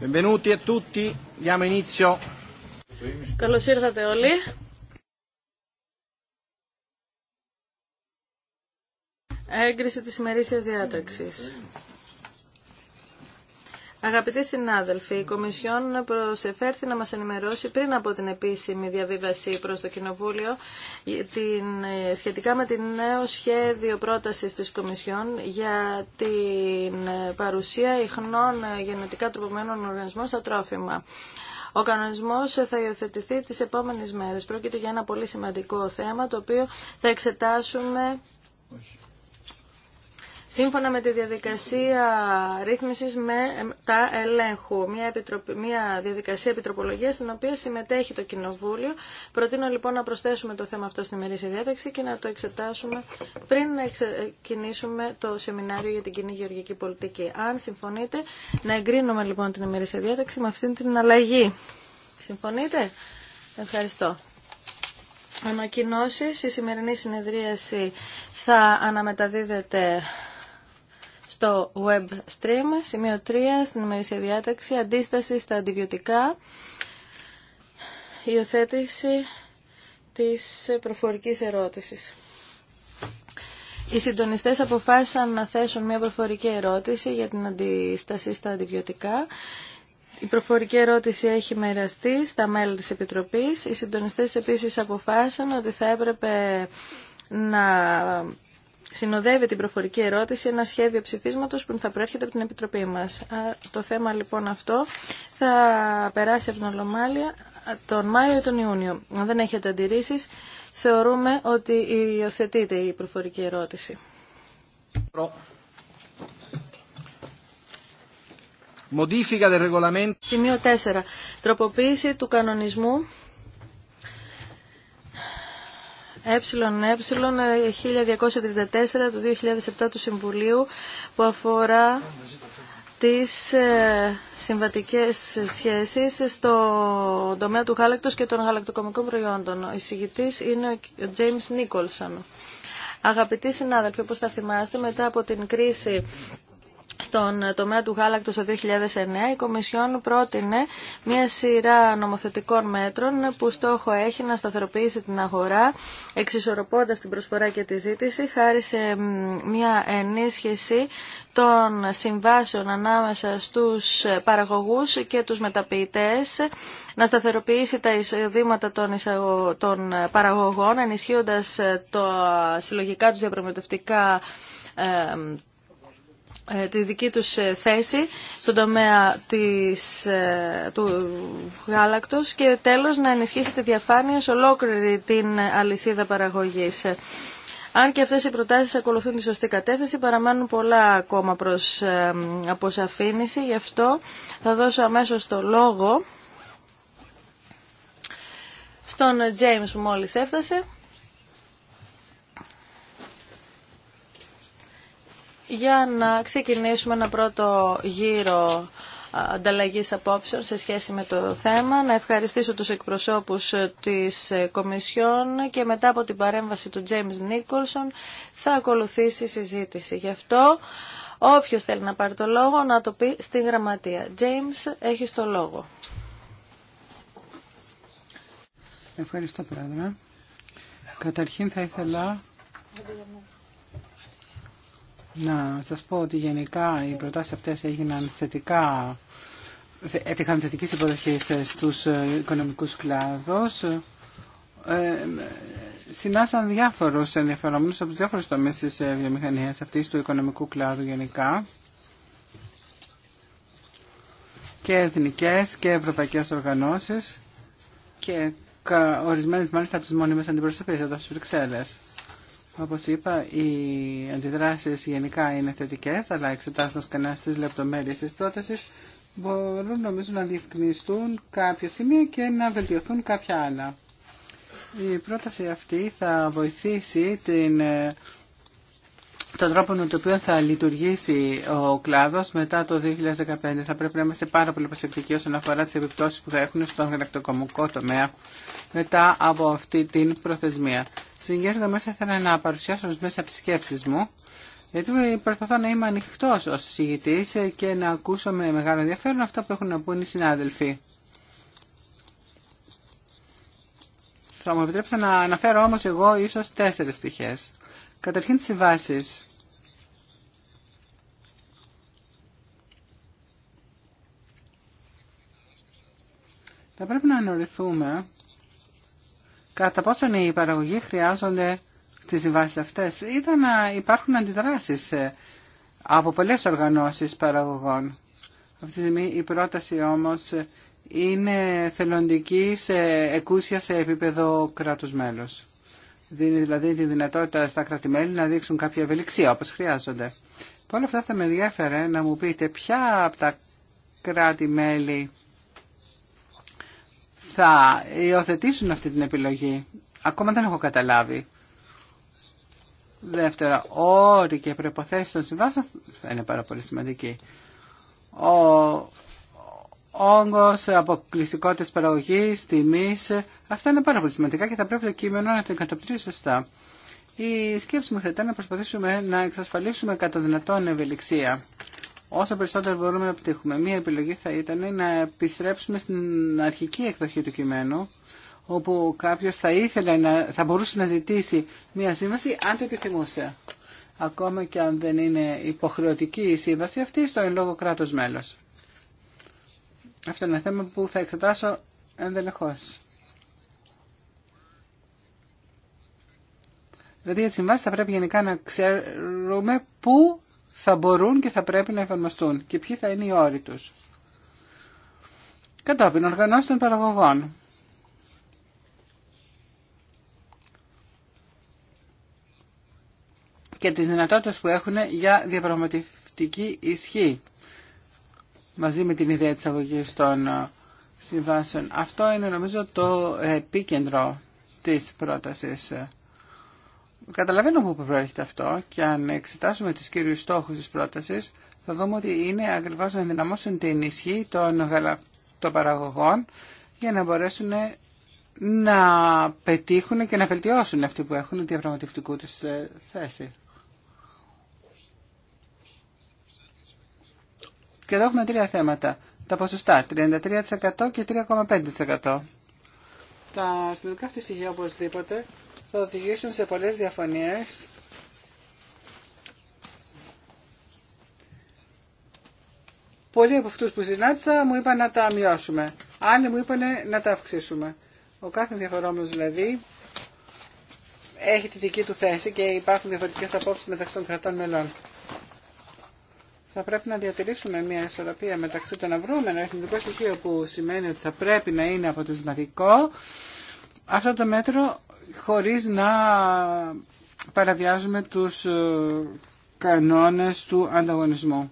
Benvenuti Καλώς ήρθατε όλοι. Έγκριση της ημερήσιας διάταξης. Αγαπητοί συνάδελφοι, η Κομισιόν προσεφέρθη να μας ενημερώσει πριν από την επίσημη διαβίβαση προς το Κοινοβούλιο την, σχετικά με την νέο σχέδιο πρότασης της Κομισιόν για την παρουσία ιχνών γενετικά τροπομένων οργανισμών στα τρόφιμα. Ο κανονισμό θα υιοθετηθεί τι επόμενε μέρε. Πρόκειται για ένα πολύ σημαντικό θέμα το οποίο θα εξετάσουμε σύμφωνα με τη διαδικασία ρύθμισης με τα ελέγχου. Μια, μια διαδικασία επιτροπολογίας στην οποία συμμετέχει το Κοινοβούλιο. Προτείνω λοιπόν να προσθέσουμε το θέμα αυτό στην ημερήσια διάταξη και να το εξετάσουμε πριν να ξεκινήσουμε το σεμινάριο για την κοινή γεωργική πολιτική. Αν συμφωνείτε, να εγκρίνουμε λοιπόν την ημερήσια διάταξη με αυτήν την αλλαγή. Συμφωνείτε? Ευχαριστώ. Ανακοινώσεις. Η σημερινή συνεδρίαση θα αναμεταδίδεται στο web stream, σημείο 3 στην ημερήσια διάταξη, αντίσταση στα αντιβιωτικά, υιοθέτηση της προφορικής ερώτησης. Οι συντονιστές αποφάσισαν να θέσουν μια προφορική ερώτηση για την αντίσταση στα αντιβιωτικά. Η προφορική ερώτηση έχει μεραστεί στα μέλη της Επιτροπής. Οι συντονιστές επίσης αποφάσισαν ότι θα έπρεπε να συνοδεύει την προφορική ερώτηση ένα σχέδιο ψηφίσματος που θα προέρχεται από την Επιτροπή μας. Το θέμα λοιπόν αυτό θα περάσει από την Ολομάλεια τον Μάιο ή τον Ιούνιο. Αν δεν έχετε αντιρρήσεις, θεωρούμε ότι υιοθετείται η προφορική ερώτηση. Σημείο 4. Τροποποίηση του κανονισμού ΕΕ 1234 του 2007 του Συμβουλίου που αφορά τις ε, συμβατικές σχέσεις στο τομέα του γάλακτος και των γαλακτοκομικών προϊόντων. Ο εισηγητής είναι ο James Nicholson. Αγαπητοί συνάδελφοι, όπως θα θυμάστε, μετά από την κρίση στον τομέα του γάλακτος το 2009 η Κομισιόν πρότεινε μια σειρά νομοθετικών μέτρων που στόχο έχει να σταθεροποιήσει την αγορά εξισορροπώντας την προσφορά και τη ζήτηση χάρη σε μια ενίσχυση των συμβάσεων ανάμεσα στους παραγωγούς και τους μεταποιητές να σταθεροποιήσει τα εισοδήματα των, παραγωγών ενισχύοντας ε, τα συλλογικά τους διαπραγματευτικά ε, ε, τη δική τους ε, θέση στον τομέα της, ε, του γάλακτος και τέλος να ενισχύσει τη διαφάνεια σε ολόκληρη την αλυσίδα παραγωγής. Αν και αυτές οι προτάσεις ακολουθούν τη σωστή κατεύθυνση, παραμένουν πολλά ακόμα προς αποσαφήνιση. Γι' αυτό θα δώσω αμέσως το λόγο στον James που μόλις έφτασε. για να ξεκινήσουμε ένα πρώτο γύρο ανταλλαγή απόψεων σε σχέση με το θέμα. Να ευχαριστήσω τους εκπροσώπους της Κομισιόν και μετά από την παρέμβαση του James Νίκολσον θα ακολουθήσει η συζήτηση. Γι' αυτό όποιος θέλει να πάρει το λόγο να το πει στη γραμματεία. James, έχει το λόγο. Ευχαριστώ, Πρόεδρε. Καταρχήν θα ήθελα να σας πω ότι γενικά οι προτάσεις αυτές έγιναν θετικά, έτυχαν θετική υποδοχή ε, στους ε, οικονομικούς κλάδους. Ε, ε, συνάσαν διάφορους ενδιαφερόμενους από διάφορους τομείς της βιομηχανίας αυτής του οικονομικού κλάδου γενικά και εθνικές και ευρωπαϊκές οργανώσεις και ορισμένες μάλιστα από τις μόνιμες αντιπροσωπείες εδώ στις Βρυξέλλες. Όπως είπα, οι αντιδράσεις γενικά είναι θετικές, αλλά εξετάζοντας κανένα στις λεπτομέρειες της πρότασης, μπορούν νομίζω να διευκρινιστούν κάποια σημεία και να βελτιωθούν κάποια άλλα. Η πρόταση αυτή θα βοηθήσει την, ε, τον τρόπο με τον οποίο θα λειτουργήσει ο κλάδος μετά το 2015. Θα πρέπει να είμαστε πάρα πολύ προσεκτικοί όσον αφορά τις επιπτώσεις που θα έχουν στον γαλακτοκομικό τομέα μετά από αυτή την προθεσμία. Στι γενικέ ήθελα να παρουσιάσω μέσα από τι σκέψει μου, γιατί προσπαθώ να είμαι ανοιχτό ω συγητή και να ακούσω με μεγάλο ενδιαφέρον αυτά που έχουν να πούν οι συνάδελφοι. Θα μου επιτρέψετε να αναφέρω όμω εγώ ίσω τέσσερι πτυχέ. Καταρχήν τι συμβάσει. Θα πρέπει να αναρωτηθούμε κατά πόσο οι παραγωγοί χρειάζονται τις συμβάσει αυτές. Ήταν να υπάρχουν αντιδράσεις ε, από πολλέ οργανώσει παραγωγών. Αυτή τη στιγμή η πρόταση όμως ε, είναι θελοντική σε εκούσια σε επίπεδο κράτου μέλου. Δίνει δηλαδή τη δυνατότητα στα κράτη-μέλη να δείξουν κάποια ευελιξία όπως χρειάζονται. Πολλά αυτά θα με ενδιαφέρε να μου πείτε ποια από τα κράτη-μέλη θα υιοθετήσουν αυτή την επιλογή. Ακόμα δεν έχω καταλάβει. Δεύτερα, όροι και προποθέσει των συμβάσεων θα είναι πάρα πολύ σημαντικοί. Ο όγκο, αποκλειστικότητα παραγωγή, τιμή, αυτά είναι πάρα πολύ σημαντικά και θα πρέπει το κείμενο να το εγκαταπτύσσει σωστά. Η σκέψη μου θα ήταν να προσπαθήσουμε να εξασφαλίσουμε κατά δυνατόν ευελιξία όσο περισσότερο μπορούμε να επιτύχουμε. Μία επιλογή θα ήταν να επιστρέψουμε στην αρχική εκδοχή του κειμένου, όπου κάποιος θα, ήθελε να, θα μπορούσε να ζητήσει μία σύμβαση αν το επιθυμούσε. Ακόμα και αν δεν είναι υποχρεωτική η σύμβαση αυτή στο εν λόγω κράτος μέλος. Αυτό είναι ένα θέμα που θα εξετάσω ενδελεχώς. Δηλαδή για τη συμβάση θα πρέπει γενικά να ξέρουμε πού θα μπορούν και θα πρέπει να εφαρμοστούν και ποιοι θα είναι οι όροι τους. Κατόπιν οργανώσει των παραγωγών. και τις δυνατότητες που έχουν για διαπραγματευτική ισχύ μαζί με την ιδέα της αγωγής των ε, συμβάσεων. Αυτό είναι νομίζω το επίκεντρο της πρότασης. Ε, Καταλαβαίνω πού προέρχεται αυτό και αν εξετάσουμε τους κύριου στόχους της πρότασης θα δούμε ότι είναι ακριβώς να ενδυναμώσουν την ισχύ των γαλακτοπαραγωγών για να μπορέσουν να πετύχουν και να βελτιώσουν αυτοί που έχουν διαπραγματευτικού τους ε, θέση. Και εδώ έχουμε τρία θέματα. Τα ποσοστά 33% και 3,5%. Τα αστυνομικά αυτή στοιχεία οπωσδήποτε θα οδηγήσουν σε πολλές διαφωνίες Πολλοί από αυτούς που συνάντησα μου είπαν να τα μειώσουμε. Άλλοι μου είπαν να τα αυξήσουμε. Ο κάθε διαφορόμενος δηλαδή έχει τη δική του θέση και υπάρχουν διαφορετικές απόψεις μεταξύ των κρατών μελών. Θα πρέπει να διατηρήσουμε μια ισορροπία μεταξύ των να βρούμε ένα εθνικό στοιχείο που σημαίνει ότι θα πρέπει να είναι αποτελεσματικό. Αυτό το μέτρο χωρίς να παραβιάζουμε τους ε, κανόνες του ανταγωνισμού.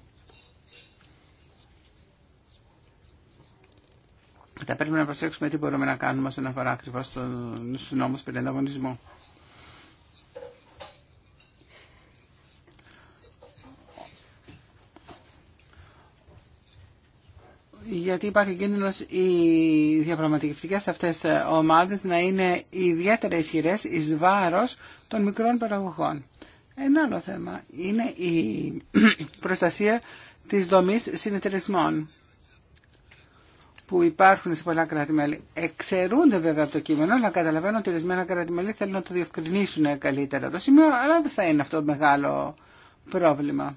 Θα πρέπει να προσέξουμε τι μπορούμε να κάνουμε όσον αφορά ακριβώς στους νόμους περί ανταγωνισμού. γιατί υπάρχει κίνδυνος οι διαπραγματεύτικέ αυτές ομάδες να είναι ιδιαίτερα ισχυρέ εις βάρος των μικρών παραγωγών. Ένα άλλο θέμα είναι η προστασία της δομής συνεταιρισμών που υπάρχουν σε πολλά κράτη-μέλη. Εξαιρούνται βέβαια από το κείμενο, αλλά καταλαβαίνω ότι ορισμένα κράτη-μέλη θέλουν να το διευκρινίσουν καλύτερα το σημείο, αλλά δεν θα είναι αυτό το μεγάλο πρόβλημα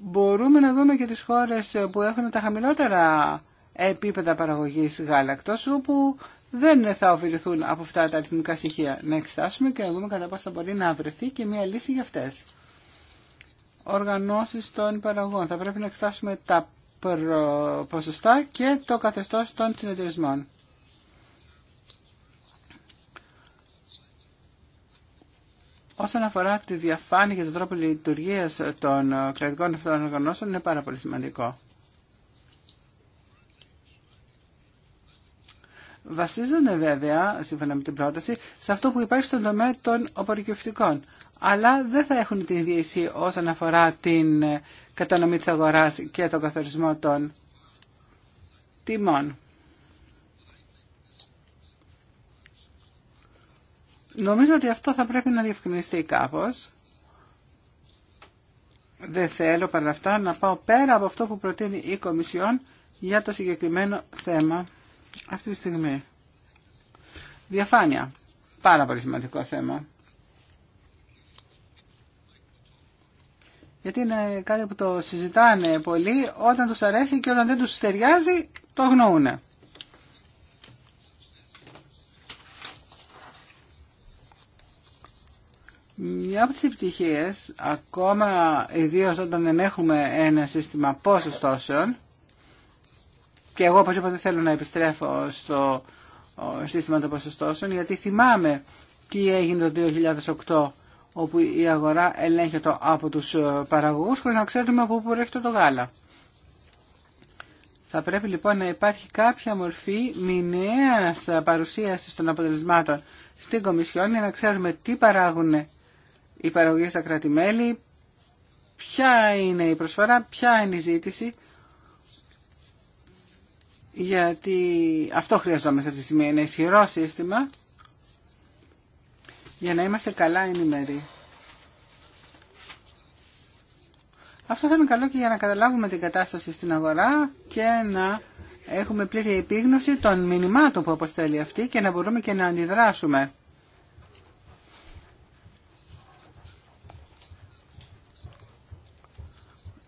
μπορούμε να δούμε και τις χώρες που έχουν τα χαμηλότερα επίπεδα παραγωγής γάλακτος, όπου δεν θα ωφεληθούν από αυτά τα αριθμικά στοιχεία. Να εξετάσουμε και να δούμε κατά πόσο μπορεί να βρεθεί και μια λύση για αυτές. Οργανώσεις των παραγωγών. Θα πρέπει να εξετάσουμε τα ποσοστά και το καθεστώς των συνεταιρισμών. Όσον αφορά τη διαφάνεια και τον τρόπο λειτουργία των ε, κρατικών αυτών οργανώσεων, είναι πάρα πολύ σημαντικό. Βασίζονται βέβαια, σύμφωνα με την πρόταση, σε αυτό που υπάρχει στον τομέα των οπορικευτικών. Αλλά δεν θα έχουν την ίδια όσον αφορά την ε, κατανομή της αγοράς και τον καθορισμό των τιμών. Νομίζω ότι αυτό θα πρέπει να διευκρινιστεί κάπως. Δεν θέλω παρά αυτά να πάω πέρα από αυτό που προτείνει η Κομισιόν για το συγκεκριμένο θέμα αυτή τη στιγμή. Διαφάνεια. Πάρα πολύ σημαντικό θέμα. Γιατί είναι κάτι που το συζητάνε πολύ, όταν τους αρέσει και όταν δεν τους στεριάζει το γνώουνε. Μια από τις επιτυχίες, ακόμα ιδίω όταν δεν έχουμε ένα σύστημα ποσοστώσεων, και εγώ δεν θέλω να επιστρέφω στο σύστημα των ποσοστώσεων, γιατί θυμάμαι τι έγινε το 2008, όπου η αγορά ελέγχεται από τους ε, παραγωγούς, χωρίς να ξέρουμε από πού προέρχεται το γάλα. Θα πρέπει λοιπόν να υπάρχει κάποια μορφή μηνιαίας παρουσίασης των αποτελεσμάτων στην Κομισιόν για να ξέρουμε τι παράγουν η παραγωγή στα κράτη-μέλη, ποια είναι η προσφορά, ποια είναι η ζήτηση, γιατί αυτό χρειαζόμαστε αυτή τη στιγμή, ένα ισχυρό σύστημα, για να είμαστε καλά ενημεροί. Αυτό θα είναι καλό και για να καταλάβουμε την κατάσταση στην αγορά και να έχουμε πλήρη επίγνωση των μηνυμάτων που αποστέλει αυτή και να μπορούμε και να αντιδράσουμε.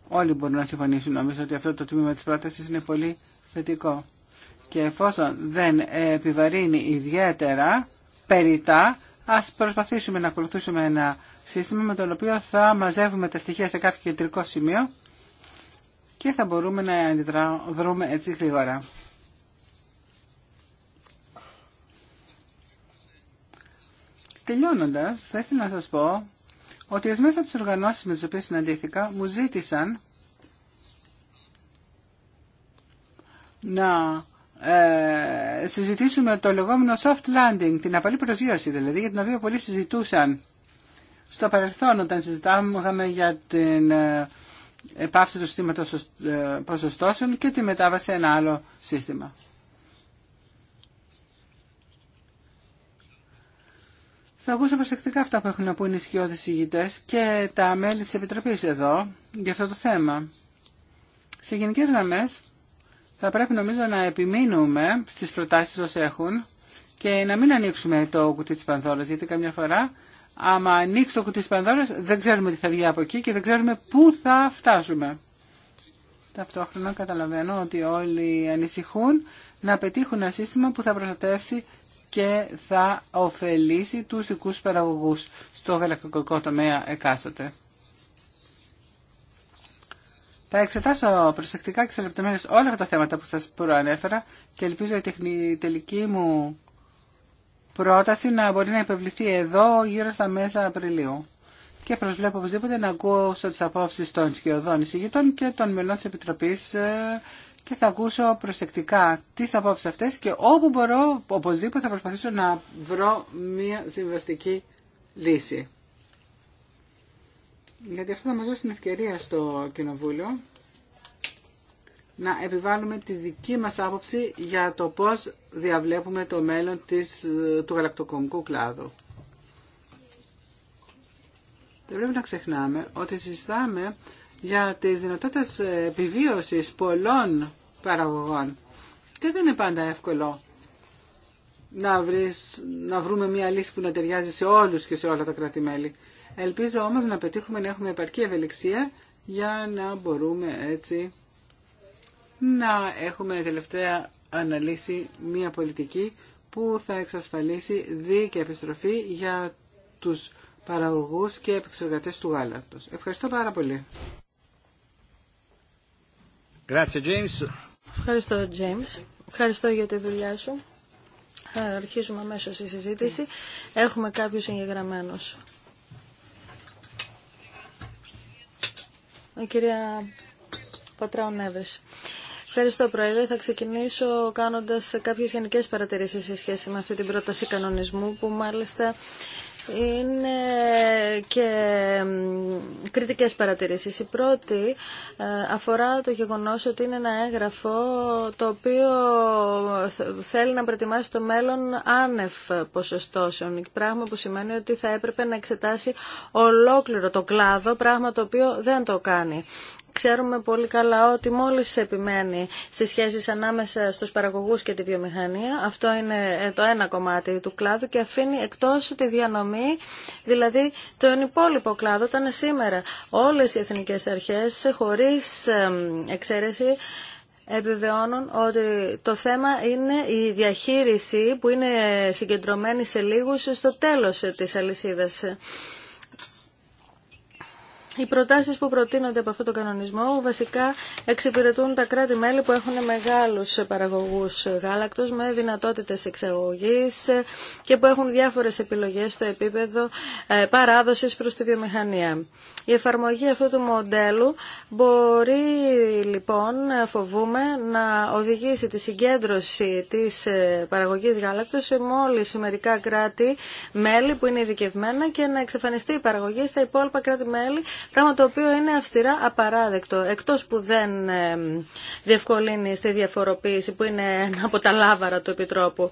όλοι μπορούν να συμφωνήσουν. Νομίζω ότι αυτό το τμήμα της πρότασης είναι πολύ θετικό. Και εφόσον δεν επιβαρύνει ιδιαίτερα, περιτά, ας προσπαθήσουμε να ακολουθήσουμε ένα σύστημα με το οποίο θα μαζεύουμε τα στοιχεία σε κάποιο κεντρικό σημείο και θα μπορούμε να αντιδρούμε έτσι γρήγορα. Τελειώνοντας, θα ήθελα να σας πω ότι ορισμένε από τι οργανώσει με τι οποίε συναντήθηκα μου ζήτησαν να ε, συζητήσουμε το λεγόμενο soft landing, την απαλή προσγείωση δηλαδή, για την οποία πολλοί συζητούσαν στο παρελθόν όταν συζητάμε για την ε, επάψη του συστήματος ε, ποσοστώσεων και τη μετάβαση σε ένα άλλο σύστημα. Θα ακούσω προσεκτικά αυτά που έχουν να πούν οι σκιώδεις ηγητές και τα μέλη της Επιτροπής εδώ για αυτό το θέμα. Σε γενικέ γραμμέ θα πρέπει νομίζω να επιμείνουμε στις προτάσεις όσες έχουν και να μην ανοίξουμε το κουτί της πανδόλας, γιατί καμιά φορά άμα ανοίξει το κουτί της πανδόλας δεν ξέρουμε τι θα βγει από εκεί και δεν ξέρουμε πού θα φτάσουμε. Ταυτόχρονα καταλαβαίνω ότι όλοι ανησυχούν να πετύχουν ένα σύστημα που θα προστατεύσει και θα ωφελήσει τους δικούς παραγωγούς στο γαλακτοκοκό τομέα εκάστοτε. Θα εξετάσω προσεκτικά και σε λεπτομέρειες όλα τα θέματα που σας προανέφερα και ελπίζω η τελική μου πρόταση να μπορεί να υπευληθεί εδώ γύρω στα μέσα Απριλίου. Και προσβλέπω οπωσδήποτε να ακούσω τις απόψεις των σκιωδών εισηγητών και των μελών της Επιτροπής ε, και θα ακούσω προσεκτικά τις απόψεις αυτές και όπου μπορώ οπωσδήποτε θα προσπαθήσω να βρω μια συμβαστική λύση. Γιατί αυτό θα μας δώσει την ευκαιρία στο Κοινοβούλιο να επιβάλλουμε τη δική μας άποψη για το πώς διαβλέπουμε το μέλλον της, του γαλακτοκομικού κλάδου. Δεν πρέπει να ξεχνάμε ότι συζητάμε για τις δυνατότητες επιβίωσης πολλών παραγωγών. Και δεν είναι πάντα εύκολο να, βρεις, να βρούμε μια λύση που να ταιριάζει σε όλους και σε όλα τα κράτη-μέλη. Ελπίζω όμως να πετύχουμε να έχουμε επαρκή ευελιξία για να μπορούμε έτσι να έχουμε τελευταία αναλύσει μια πολιτική που θα εξασφαλίσει δίκαιη επιστροφή για τους παραγωγούς και επεξεργατές του γάλακτος. Ευχαριστώ πάρα πολύ. Grazie James. Ευχαριστώ, James. Ευχαριστώ για τη δουλειά σου. Θα αρχίσουμε αμέσως τη συζήτηση. Έχουμε κάποιους εγγεγραμμένους. Η κυρία Πατράου Νέβες. Ευχαριστώ, Πρόεδρε. Θα ξεκινήσω κάνοντας κάποιες γενικές παρατηρήσεις σε σχέση με αυτή την πρόταση κανονισμού που μάλιστα είναι και κριτικές παρατηρήσεις. Η πρώτη ε, αφορά το γεγονός ότι είναι ένα έγγραφο το οποίο θέλει να προετοιμάσει το μέλλον άνευ ποσοστώσεων. Πράγμα που σημαίνει ότι θα έπρεπε να εξετάσει ολόκληρο το κλάδο, πράγμα το οποίο δεν το κάνει. Ξέρουμε πολύ καλά ότι μόλις επιμένει στις σχέσεις ανάμεσα στους παραγωγούς και τη βιομηχανία, αυτό είναι ε, το ένα κομμάτι του κλάδου και αφήνει εκτός τη διανομή, δηλαδή το υπόλοιπο κλάδο, όταν σήμερα όλες οι εθνικές αρχές χωρίς εξαίρεση επιβεώνουν ότι το θέμα είναι η διαχείριση που είναι συγκεντρωμένη σε λίγους στο τέλος της αλυσίδας. Οι προτάσει που προτείνονται από αυτό τον κανονισμό βασικά εξυπηρετούν τα κράτη-μέλη που έχουν μεγάλου παραγωγού γάλακτο με δυνατότητε εξαγωγή και που έχουν διάφορε επιλογέ στο επίπεδο ε, παράδοση προ τη βιομηχανία. Η εφαρμογή αυτού του μοντέλου μπορεί λοιπόν, φοβούμε, να οδηγήσει τη συγκέντρωση τη ε, παραγωγή γάλακτο σε μόλι μερικα μερικά κράτη-μέλη που είναι ειδικευμένα και να εξαφανιστεί η παραγωγή στα υπόλοιπα κράτη-μέλη Πράγμα το οποίο είναι αυστηρά απαράδεκτο. Εκτός που δεν ε, διευκολύνει στη διαφοροποίηση που είναι ένα από τα λάβαρα του Επιτρόπου.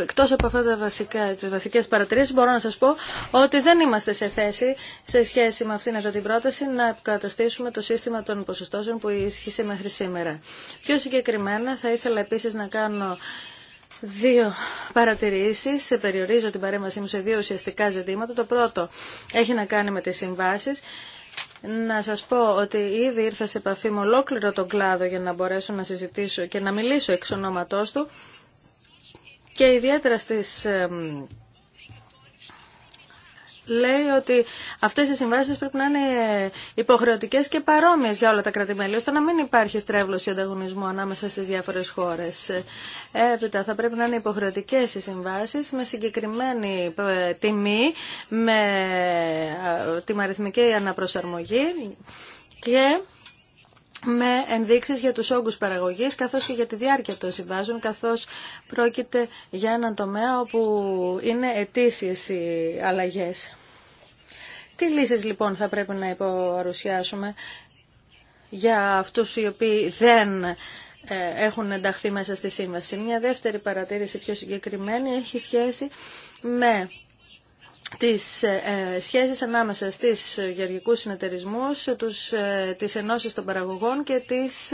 Εκτός από αυτά τα βασικά, τις βασικές παρατηρήσεις μπορώ να σας πω ότι δεν είμαστε σε θέση σε σχέση με αυτήν την πρόταση να επικαταστήσουμε το σύστημα των ποσοστώσεων που ίσχυσε μέχρι σήμερα. Πιο συγκεκριμένα θα ήθελα επίσης να κάνω Δύο παρατηρήσεις. Περιορίζω την παρέμβασή μου σε δύο ουσιαστικά ζητήματα. Το πρώτο έχει να κάνει με τις συμβάσει Να σας πω ότι ήδη ήρθα σε επαφή με ολόκληρο τον κλάδο για να μπορέσω να συζητήσω και να μιλήσω εξ ονόματός του και ιδιαίτερα στις λέει ότι αυτέ οι συμβάσει πρέπει να είναι υποχρεωτικέ και παρόμοιε για όλα τα κράτη-μέλη, ώστε να μην υπάρχει στρέβλωση ανταγωνισμού ανάμεσα στι διάφορε χώρε. Έπειτα, θα πρέπει να είναι υποχρεωτικέ οι συμβάσει με συγκεκριμένη ε, τιμή, με ε, τιμαριθμική αναπροσαρμογή και με ενδείξεις για τους όγκους παραγωγής καθώς και για τη διάρκεια των συμβάζων καθώς πρόκειται για έναν τομέα όπου είναι ετήσιες οι αλλαγές. Τι λύσεις λοιπόν θα πρέπει να υποαρουσιάσουμε για αυτούς οι οποίοι δεν ε, έχουν ενταχθεί μέσα στη σύμβαση. Μια δεύτερη παρατήρηση πιο συγκεκριμένη έχει σχέση με τις ε, σχέσεις ανάμεσα στις γεωργικούς συνεταιρισμούς, τους, ε, τις ενώσεις των παραγωγών και τις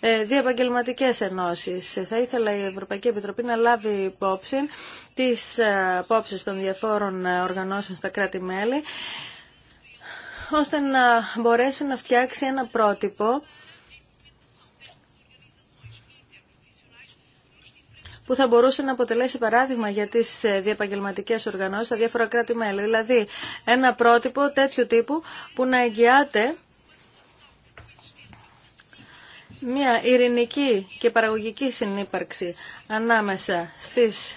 ε, διαπαγγελματικές ενώσεις. Θα ήθελα η Ευρωπαϊκή Επιτροπή να λάβει υπόψη τις απόψεις των διαφόρων οργανώσεων στα κράτη-μέλη, ώστε να μπορέσει να φτιάξει ένα πρότυπο που θα μπορούσε να αποτελέσει παράδειγμα για τις ε, διαπαγγελματικέ οργανώσεις στα διάφορα κράτη-μέλη. Δηλαδή ένα πρότυπο τέτοιου τύπου που να εγγυάται μια ειρηνική και παραγωγική συνύπαρξη ανάμεσα στις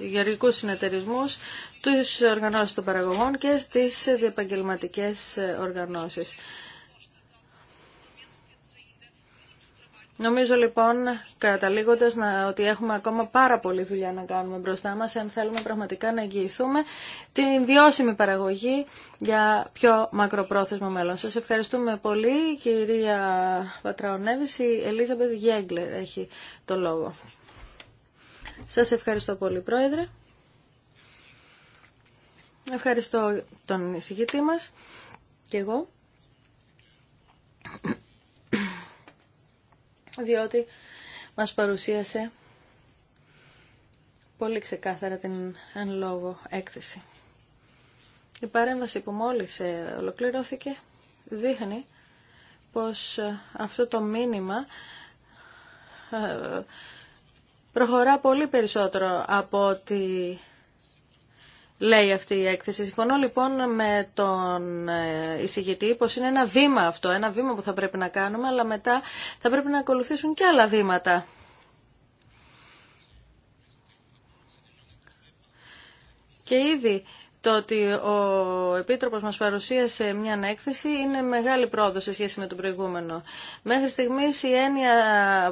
γεωργικούς συνεταιρισμούς, τους οργανώσεις των παραγωγών και στις διαπαγγελματικές ε, οργανώσεις. Νομίζω λοιπόν, καταλήγοντα ότι έχουμε ακόμα πάρα πολλή δουλειά να κάνουμε μπροστά μα. αν θέλουμε πραγματικά να εγγυηθούμε την βιώσιμη παραγωγή για πιο μακροπρόθεσμο μέλλον. Σας ευχαριστούμε πολύ, κυρία Πατραονέβης. Η Ελίζα Γέγκλερ έχει το λόγο. Σας ευχαριστώ πολύ, Πρόεδρε. Ευχαριστώ τον εισηγητή μας και εγώ διότι μας παρουσίασε πολύ ξεκάθαρα την εν λόγω έκθεση. Η παρέμβαση που μόλις ε, ολοκληρώθηκε δείχνει πως ε, αυτό το μήνυμα ε, προχωρά πολύ περισσότερο από ότι λέει αυτή η έκθεση. Συμφωνώ λοιπόν με τον ε, εισηγητή πως είναι ένα βήμα αυτό, ένα βήμα που θα πρέπει να κάνουμε, αλλά μετά θα πρέπει να ακολουθήσουν και άλλα βήματα. Και ήδη το ότι ο επίτροπο μα παρουσίασε μια ανέκθεση είναι μεγάλη πρόοδο σε σχέση με τον προηγούμενο. Μέχρι στιγμή η έννοια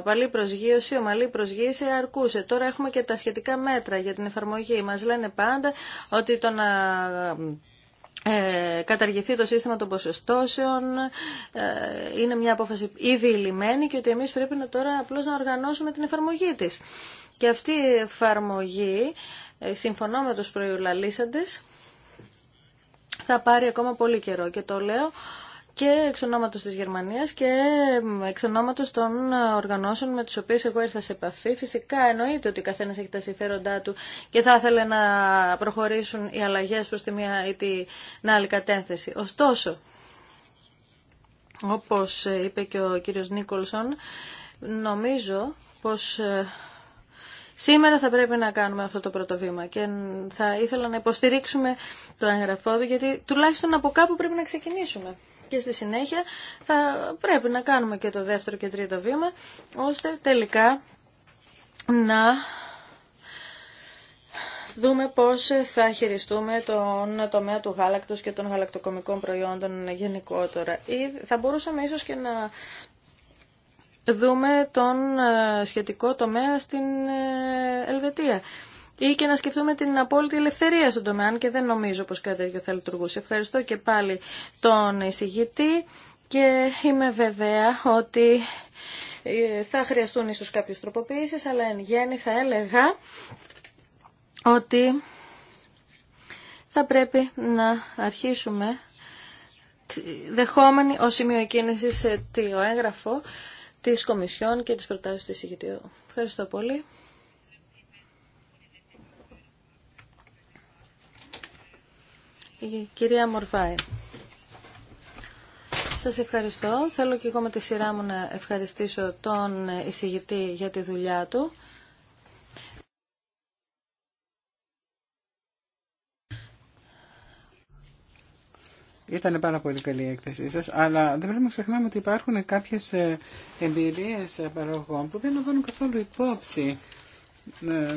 παλή προσγείωση, ομαλή προσγείωση αρκούσε. Τώρα έχουμε και τα σχετικά μέτρα για την εφαρμογή. Μα λένε πάντα ότι το να ε, καταργηθεί το σύστημα των ποσοστώσεων ε, είναι μια απόφαση ήδη λιμένη και ότι εμείς πρέπει να τώρα απλώς να οργανώσουμε την εφαρμογή της. Και αυτή η εφαρμογή, ε, συμφωνώ με τους προϊουλαλίσαντες θα πάρει ακόμα πολύ καιρό και το λέω και εξ ονόματος της Γερμανίας και εξ ονόματος των οργανώσεων με τους οποίες εγώ ήρθα σε επαφή. Φυσικά εννοείται ότι καθένας έχει τα συμφέροντά του και θα ήθελε να προχωρήσουν οι αλλαγές προς τη μία ή την άλλη κατένθεση. Ωστόσο, όπως είπε και ο κύριος Νίκολσον, νομίζω πως ε, Σήμερα θα πρέπει να κάνουμε αυτό το πρώτο βήμα και θα ήθελα να υποστηρίξουμε το εγγραφό του γιατί τουλάχιστον από κάπου πρέπει να ξεκινήσουμε. Και στη συνέχεια θα πρέπει να κάνουμε και το δεύτερο και τρίτο βήμα ώστε τελικά να δούμε πώς θα χειριστούμε τον τομέα του γάλακτος και των γαλακτοκομικών προϊόντων γενικότερα. Ή θα μπορούσαμε ίσως και να δούμε τον ε, σχετικό τομέα στην ε, Ελβετία. Ή και να σκεφτούμε την απόλυτη ελευθερία στον τομέα, αν και δεν νομίζω πως κάτι τέτοιο θα λειτουργούσε. Ευχαριστώ και πάλι τον εισηγητή και είμαι βεβαία ότι ε, θα χρειαστούν ίσως κάποιες τροποποίησεις, αλλά εν γέννη θα έλεγα ότι θα πρέπει να αρχίσουμε δεχόμενοι ως σημείο το έγγραφο της Κομισιόν και τις προτάσεις του εισηγητήου. Ευχαριστώ πολύ. Η κυρία Μορβάη. Σας ευχαριστώ. Θέλω και εγώ με τη σειρά μου να ευχαριστήσω τον εισηγητή για τη δουλειά του. Ήταν πάρα πολύ καλή η έκθεσή σα. αλλά δεν πρέπει να ξεχνάμε ότι υπάρχουν κάποιες ε, εμπειρίες ε, παραγωγών που δεν λαμβάνουν καθόλου υπόψη. Ε,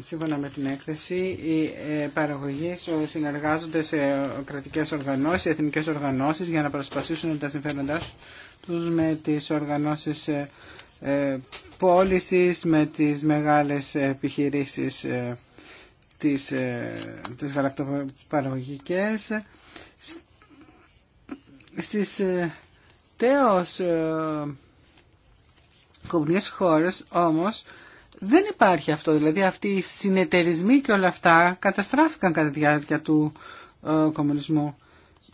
σύμφωνα με την έκθεση, οι παραγωγοί συνεργάζονται σε κρατικές οργανώσεις, εθνικές οργανώσεις για να προσπαθήσουν τα συμφέροντά τους με τις οργανώσεις πώληση, με τις μεγάλες επιχειρήσεις τις, ε, τις γαλακτοπαραγωγικές στις ε, τέως ε, κομμουνίες χώρες όμως δεν υπάρχει αυτό, δηλαδή αυτοί οι συνεταιρισμοί και όλα αυτά καταστράφηκαν κατά τη διάρκεια του ε, κομμουνισμού.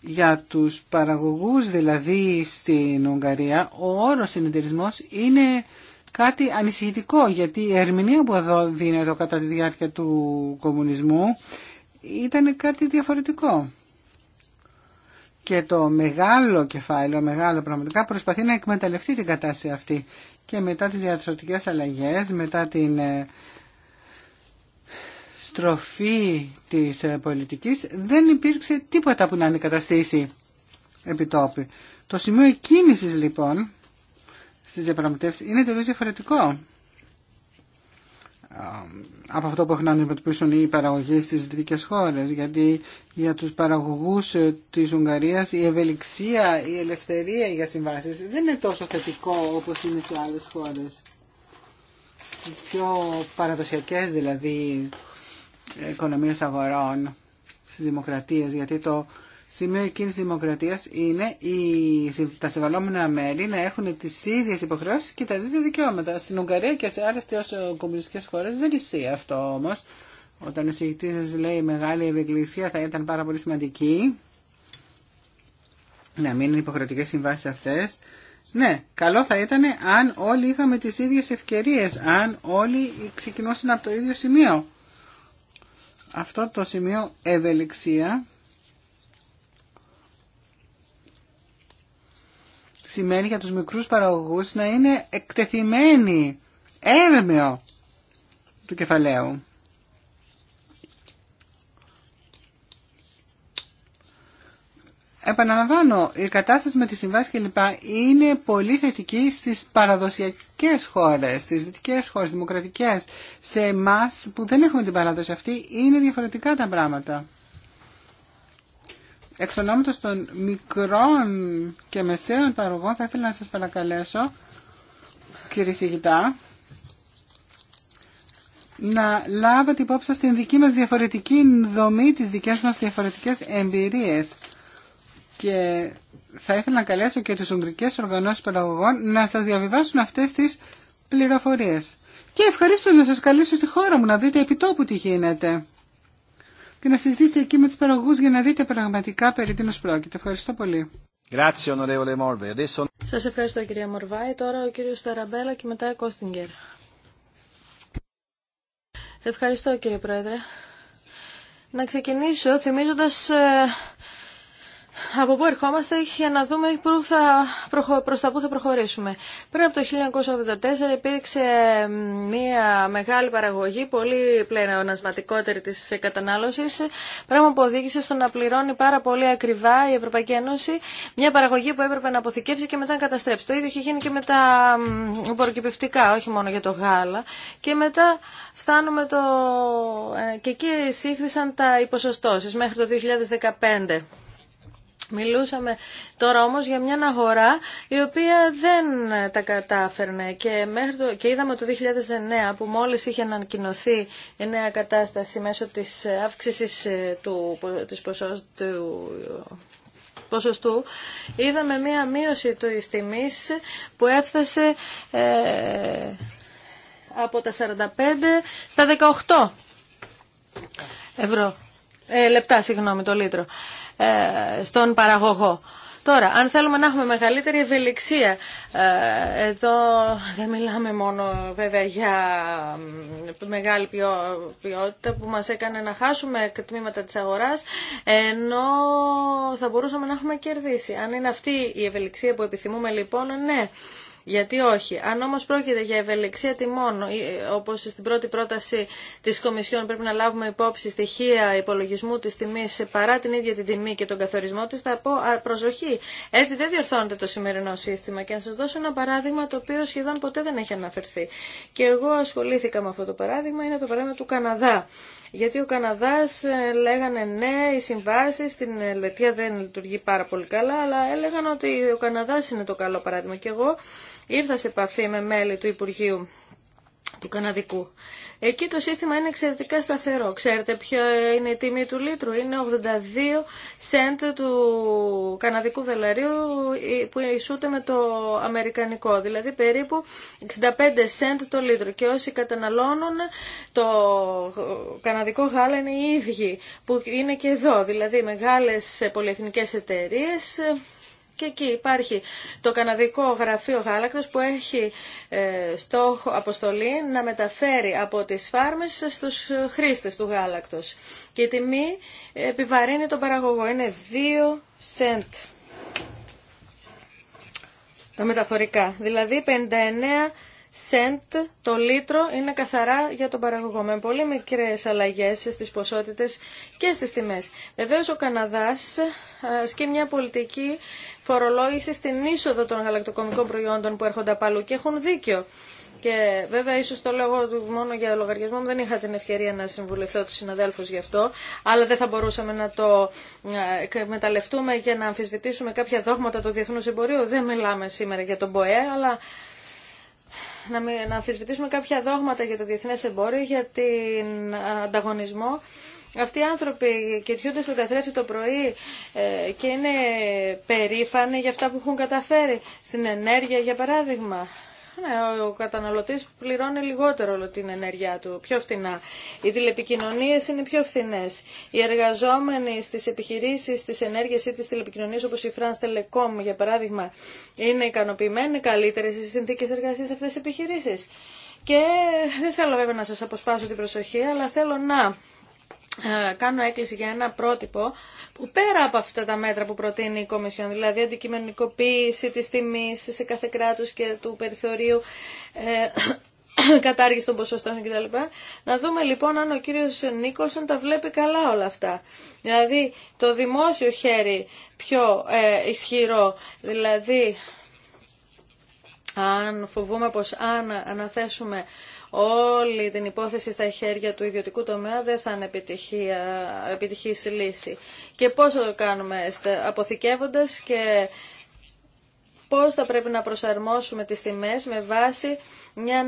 Για τους παραγωγούς δηλαδή στην Ουγγαρία ο όρος συνεταιρισμός είναι κάτι ανησυχητικό γιατί η ερμηνεία που εδώ δίνεται κατά τη διάρκεια του κομμουνισμού ήταν κάτι διαφορετικό. Και το μεγάλο κεφάλαιο, μεγάλο πραγματικά, προσπαθεί να εκμεταλλευτεί την κατάσταση αυτή. Και μετά τις διαρθρωτικές αλλαγές, μετά την ε, στροφή της ε, πολιτικής, δεν υπήρξε τίποτα που να αντικαταστήσει επιτόπι. Το σημείο κίνησης λοιπόν στις διαπραγματεύσεις είναι τελείως διαφορετικό ε, από αυτό που έχουν να αντιμετωπίσουν οι παραγωγοί στις δυτικές χώρες γιατί για τους παραγωγούς ε, της Ουγγαρίας η ευελιξία, η ελευθερία για συμβάσεις δεν είναι τόσο θετικό όπως είναι σε άλλες χώρες στις πιο παραδοσιακές δηλαδή οικονομίες αγορών στις δημοκρατίες γιατί το σημείο εκείνης της δημοκρατίας είναι τα συμβαλόμενα μέλη να έχουν τις ίδιες υποχρεώσεις και τα ίδια δικαιώματα. Στην Ουγγαρία και σε άλλες ε, κομμουνιστικές χώρες δεν ισχύει αυτό όμως. Όταν ο συγητής σας λέει η μεγάλη ευεκκλησία θα ήταν πάρα πολύ σημαντική να μείνουν υποχρεωτικές συμβάσεις αυτές. Ναι, καλό θα ήταν αν όλοι είχαμε τις ίδιες ευκαιρίες, αν όλοι ξεκινούσαν από το ίδιο σημείο. Αυτό το σημείο ευελιξία σημαίνει για τους μικρούς παραγωγούς να είναι εκτεθειμένοι, έρμεο του κεφαλαίου. Επαναλαμβάνω, η κατάσταση με τη συμβάση κλπ. είναι πολύ θετική στις παραδοσιακές χώρες, στις δυτικές χώρες, δημοκρατικές. Σε εμά που δεν έχουμε την παράδοση αυτή, είναι διαφορετικά τα πράγματα. Εξ ονόματος των μικρών και μεσαίων παραγωγών θα ήθελα να σας παρακαλέσω, κύριε Σιγητά, να λάβετε υπόψη στην δική μας διαφορετική δομή, τις δικές μας διαφορετικές εμπειρίες. Και θα ήθελα να καλέσω και τις Ουγγρικές Οργανώσεις Παραγωγών να σας διαβιβάσουν αυτές τις πληροφορίες. Και ευχαρίστω να σας καλέσω στη χώρα μου να δείτε επιτόπου τι γίνεται και να συζητήσετε εκεί με τους παραγωγούς για να δείτε πραγματικά περί τίνος πρόκειται. Ευχαριστώ πολύ. Σας ευχαριστώ κυρία Μορβάη. Τώρα ο κύριος Ταραμπέλα και μετά ο Κώστιγκερ. Ευχαριστώ κύριε Πρόεδρε. Να ξεκινήσω θυμίζοντας ε, από πού ερχόμαστε για να δούμε πού θα προχω... προς τα πού θα προχωρήσουμε. Πριν από το 1984 υπήρξε μια μεγάλη παραγωγή, πολύ πλεονασματικότερη της κατανάλωσης, πράγμα που οδήγησε στο να πληρώνει πάρα πολύ ακριβά η Ευρωπαϊκή Ένωση μια παραγωγή που έπρεπε να αποθηκεύσει και μετά να καταστρέψει. Το ίδιο είχε γίνει και με τα μποροκυπευτικά, όχι μόνο για το γάλα. Και μετά φτάνουμε το... Ε, και εκεί σύγχρησαν τα υποσοστώσεις μέχρι το 2015. Μιλούσαμε τώρα όμως για μια αγορά η οποία δεν τα κατάφερνε και, μέχρι το, και είδαμε το 2009 που μόλις είχε ανακοινωθεί η νέα κατάσταση μέσω της αύξησης ε, του, της ποσός, ποσοστού είδαμε μια μείωση του τιμής που έφτασε ε, από τα 45 στα 18 ευρώ. Ε, λεπτά, συγγνώμη, το λίτρο. Ε, στον παραγωγό. Τώρα, αν θέλουμε να έχουμε μεγαλύτερη ευελιξία, ε, εδώ δεν μιλάμε μόνο βέβαια για μεγάλη ποιότητα που μας έκανε να χάσουμε τμήματα της αγοράς, ενώ θα μπορούσαμε να έχουμε κερδίσει. Αν είναι αυτή η ευελιξία που επιθυμούμε λοιπόν, ναι, γιατί όχι. Αν όμω πρόκειται για ευελιξία τιμών, ε, όπω στην πρώτη πρόταση τη Κομισιόν πρέπει να λάβουμε υπόψη στοιχεία υπολογισμού τη τιμή παρά την ίδια την τιμή και τον καθορισμό τη, θα πω προσοχή. Έτσι δεν διορθώνεται το σημερινό σύστημα. Και να σα δώσω ένα παράδειγμα το οποίο σχεδόν ποτέ δεν έχει αναφερθεί. Και εγώ ασχολήθηκα με αυτό το παράδειγμα, είναι το παράδειγμα του Καναδά. Γιατί ο Καναδά ε, λέγανε ναι, οι συμβάσει στην Ελβετία δεν λειτουργεί πάρα πολύ καλά, αλλά έλεγαν ότι ο Καναδά είναι το καλό παράδειγμα. Και εγώ ήρθα σε επαφή με μέλη του Υπουργείου του Καναδικού. Εκεί το σύστημα είναι εξαιρετικά σταθερό. Ξέρετε ποια είναι η τιμή του λίτρου. Είναι 82 σέντ του καναδικού δολαρίου ε, που ισούται με το αμερικανικό. Δηλαδή περίπου 65 σέντ το λίτρο. Και όσοι καταναλώνουν το καναδικό γάλα είναι οι ίδιοι που είναι και εδώ. Δηλαδή μεγάλες πολυεθνικές εταιρείες ε, και εκεί υπάρχει το καναδικό γραφείο γάλακτος που έχει ε, στόχο αποστολή να μεταφέρει από τις φάρμες στους χρήστες του γάλακτος. Και η τιμή επιβαρύνει τον παραγωγό. Είναι 2 σεντ. Τα μεταφορικά. Δηλαδή 59 Σεντ, το λίτρο είναι καθαρά για τον παραγωγό με πολύ μικρές αλλαγές στις ποσότητες και στις τιμές. Βεβαίω ο Καναδάς ε, ασκεί μια πολιτική φορολόγηση στην είσοδο των γαλακτοκομικών προϊόντων που έρχονται από αλλού και έχουν δίκιο. Και βέβαια, ίσω το λέω μόνο για λογαριασμό μου, δεν είχα την ευκαιρία να συμβουλευτώ του συναδέλφου γι' αυτό, αλλά δεν θα μπορούσαμε να το ε, μεταλλευτούμε και να αμφισβητήσουμε κάποια δόγματα του διεθνού εμπορίου. Δεν μιλάμε σήμερα για τον ΠΟΕ, αλλά να, να αμφισβητήσουμε κάποια δόγματα για το Διεθνέ εμπόριο, για την ε, ανταγωνισμό. Αυτοί οι άνθρωποι κοιτούνται στον καθρέφτη το πρωί ε, και είναι περήφανοι για αυτά που έχουν καταφέρει στην ενέργεια, για παράδειγμα. Ναι, ο καταναλωτής πληρώνει λιγότερο όλο την ενέργειά του, πιο φθηνά. Οι τηλεπικοινωνίε είναι πιο φθηνέ. Οι εργαζόμενοι στις επιχειρήσεις τη ενέργεια ή τηλεπικοινωνία, όπω ή τη τηλεπικοινωνίες όπως η France Telecom για παράδειγμα είναι ικανοποιημένοι καλύτερε οι συνθήκες εργασίας αυτές τι επιχειρήσεις. Και δεν θέλω βέβαια να σα αποσπάσω την προσοχή, αλλά θέλω να ε, κάνω έκκληση για ένα πρότυπο που πέρα από αυτά τα μέτρα που προτείνει η Κομισιόν, δηλαδή αντικειμενικοποίηση της τιμής σε κάθε κράτος και του περιθωρίου ε, κατάργηση των ποσοστών κτλ. Να δούμε λοιπόν αν ο κύριος Νίκολσον τα βλέπει καλά όλα αυτά. Δηλαδή το δημόσιο χέρι πιο ε, ισχυρό, δηλαδή αν φοβούμε πως αν αναθέσουμε όλη την υπόθεση στα χέρια του ιδιωτικού τομέα δεν θα είναι επιτυχία, λύση. Και πώς θα το κάνουμε, αποθηκεύοντας και πώς θα πρέπει να προσαρμόσουμε τις τιμές με βάση μια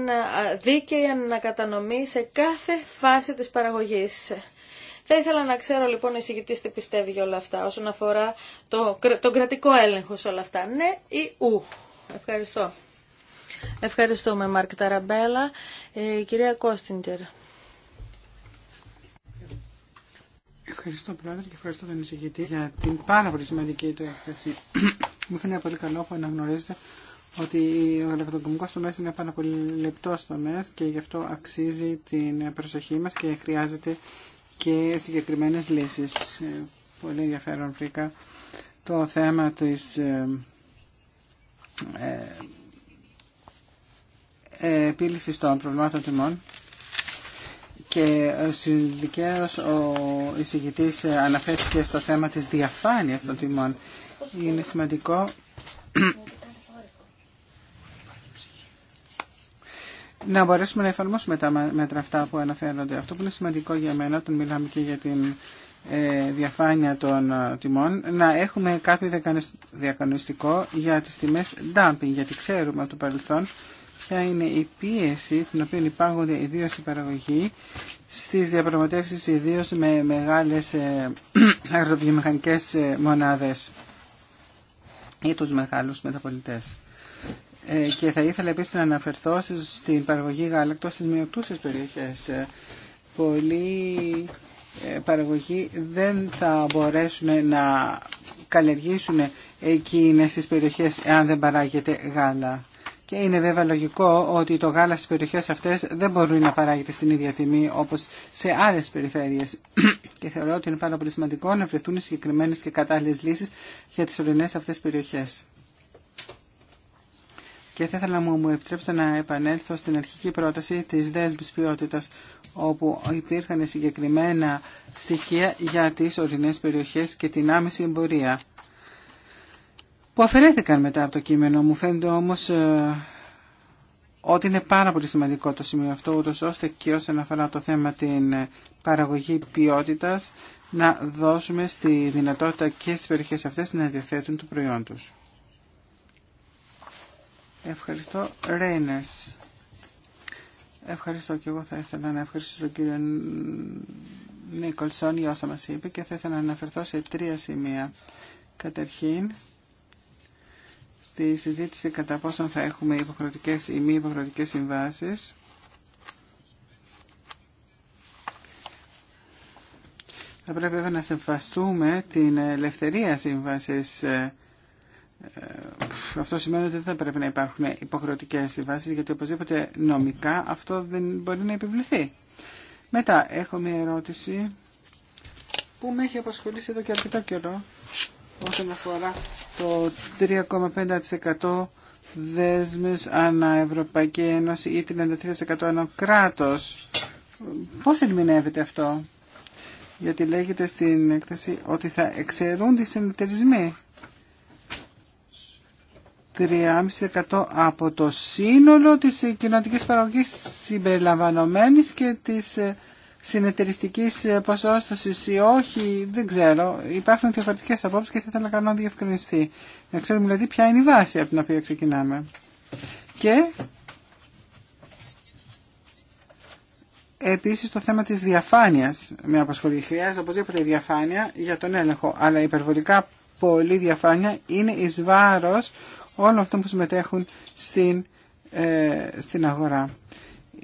δίκαιη ανακατανομή σε κάθε φάση της παραγωγής. Θα ήθελα να ξέρω λοιπόν η τι πιστεύει για όλα αυτά όσον αφορά το, τον κρατικό έλεγχο όλα αυτά. Ναι ή ου. Ευχαριστώ. Ευχαριστούμε Μάρκ Ταραμπέλα. Ε, κυρία Κόστιντερ. Ευχαριστώ Πρόεδρε και ευχαριστώ τον εισηγητή για την πάρα πολύ σημαντική του έκθεση. Μου φαίνεται πολύ καλό που αναγνωρίζετε ότι ο γαλακτοκομικό τομέα είναι πάρα πολύ λεπτό τομέα και γι' αυτό αξίζει την προσοχή μα και χρειάζεται και συγκεκριμένε λύσει. Ε, πολύ ενδιαφέρον βρήκα το θέμα της ε, επίλυσης των προβλημάτων τιμών και ε, συνδικαίως ο εισηγητής ε, αναφέρθηκε στο θέμα της διαφάνειας των τιμών. Είναι σημαντικό να μπορέσουμε να εφαρμόσουμε τα μέτρα αυτά που αναφέρονται. Αυτό που είναι σημαντικό για μένα όταν μιλάμε και για την ε, διαφάνεια των τιμών να έχουμε κάποιο διακανονιστικό για τις τιμές dumping γιατί ξέρουμε από το παρελθόν ποια είναι η πίεση την οποία υπάρχουν ιδίω οι παραγωγή στις διαπραγματεύσεις ιδίω με μεγάλες ε, αγροδιομηχανικές ε, μονάδες ή τους μεγάλους μεταπολιτές. Ε, και θα ήθελα επίσης να αναφερθώ στην παραγωγή γάλακτος στις μειωτούσες περιοχές. Ε, πολλοί παραγωγοί δεν θα μπορέσουν να καλλιεργήσουν εκείνες τις περιοχές εάν δεν παράγεται γάλα. Και είναι βέβαια λογικό ότι το γάλα στις περιοχές αυτές δεν μπορεί να παράγεται στην ίδια τιμή όπως σε άλλες περιφέρειες. και θεωρώ ότι είναι πάρα πολύ σημαντικό να βρεθούν συγκεκριμένε και κατάλληλε λύσεις για τις ορεινές αυτές περιοχές. Και θα ήθελα να μου επιτρέψετε να επανέλθω στην αρχική πρόταση της δέσμης ποιότητας, όπου υπήρχαν συγκεκριμένα στοιχεία για τις ορεινές περιοχές και την άμεση εμπορία που αφαιρέθηκαν μετά από το κείμενο. Μου φαίνεται όμως ε, ότι είναι πάρα πολύ σημαντικό το σημείο αυτό, ούτως ώστε και όσον αφορά το θέμα την ε, παραγωγή ποιότητας, να δώσουμε στη δυνατότητα και στις περιοχές αυτές να διαθέτουν το προϊόν τους. Ευχαριστώ. Ρέινες. Ευχαριστώ και εγώ θα ήθελα να ευχαριστήσω τον κύριο Νίκολσον για όσα μας είπε και θα ήθελα να αναφερθώ σε τρία σημεία. Καταρχήν, τη συζήτηση κατά πόσον θα έχουμε υποχρεωτικές ή μη υποχρεωτικές συμβάσεις. Θα πρέπει να συμφαστούμε την ελευθερία σύμβασης. Ε, ε, αυτό σημαίνει ότι δεν θα πρέπει να υπάρχουν υποχρεωτικές συμβάσεις, γιατί οπωσδήποτε νομικά αυτό δεν μπορεί να επιβληθεί. Μετά έχω μια ερώτηση που με έχει απασχολήσει εδώ και αρκετό καιρό όσον αφορά το 3,5% δέσμες ανά Ευρωπαϊκή Ένωση ή 33% ανά κράτος. Πώς ερμηνεύεται αυτό, γιατί λέγεται στην έκθεση ότι θα εξαιρούν τις συνεταιρισμοί. 3,5% από το σύνολο της κοινωνικής παραγωγής συμπεριλαμβανομένης και της ε, συνεταιριστική ε, ποσόστοση ή όχι, δεν ξέρω. Υπάρχουν διαφορετικέ απόψεις και θα ήθελα να κάνω να διευκρινιστεί. Να ξέρουμε δηλαδή ποια είναι η βάση από την οποία ξεκινάμε. Και Επίσης το θέμα της διαφάνειας με απασχολεί. Χρειάζεται οπωσδήποτε διαφάνεια για τον έλεγχο, αλλά υπερβολικά πολύ διαφάνεια είναι ει βάρο όλων αυτών που συμμετέχουν στην, ε, στην αγορά.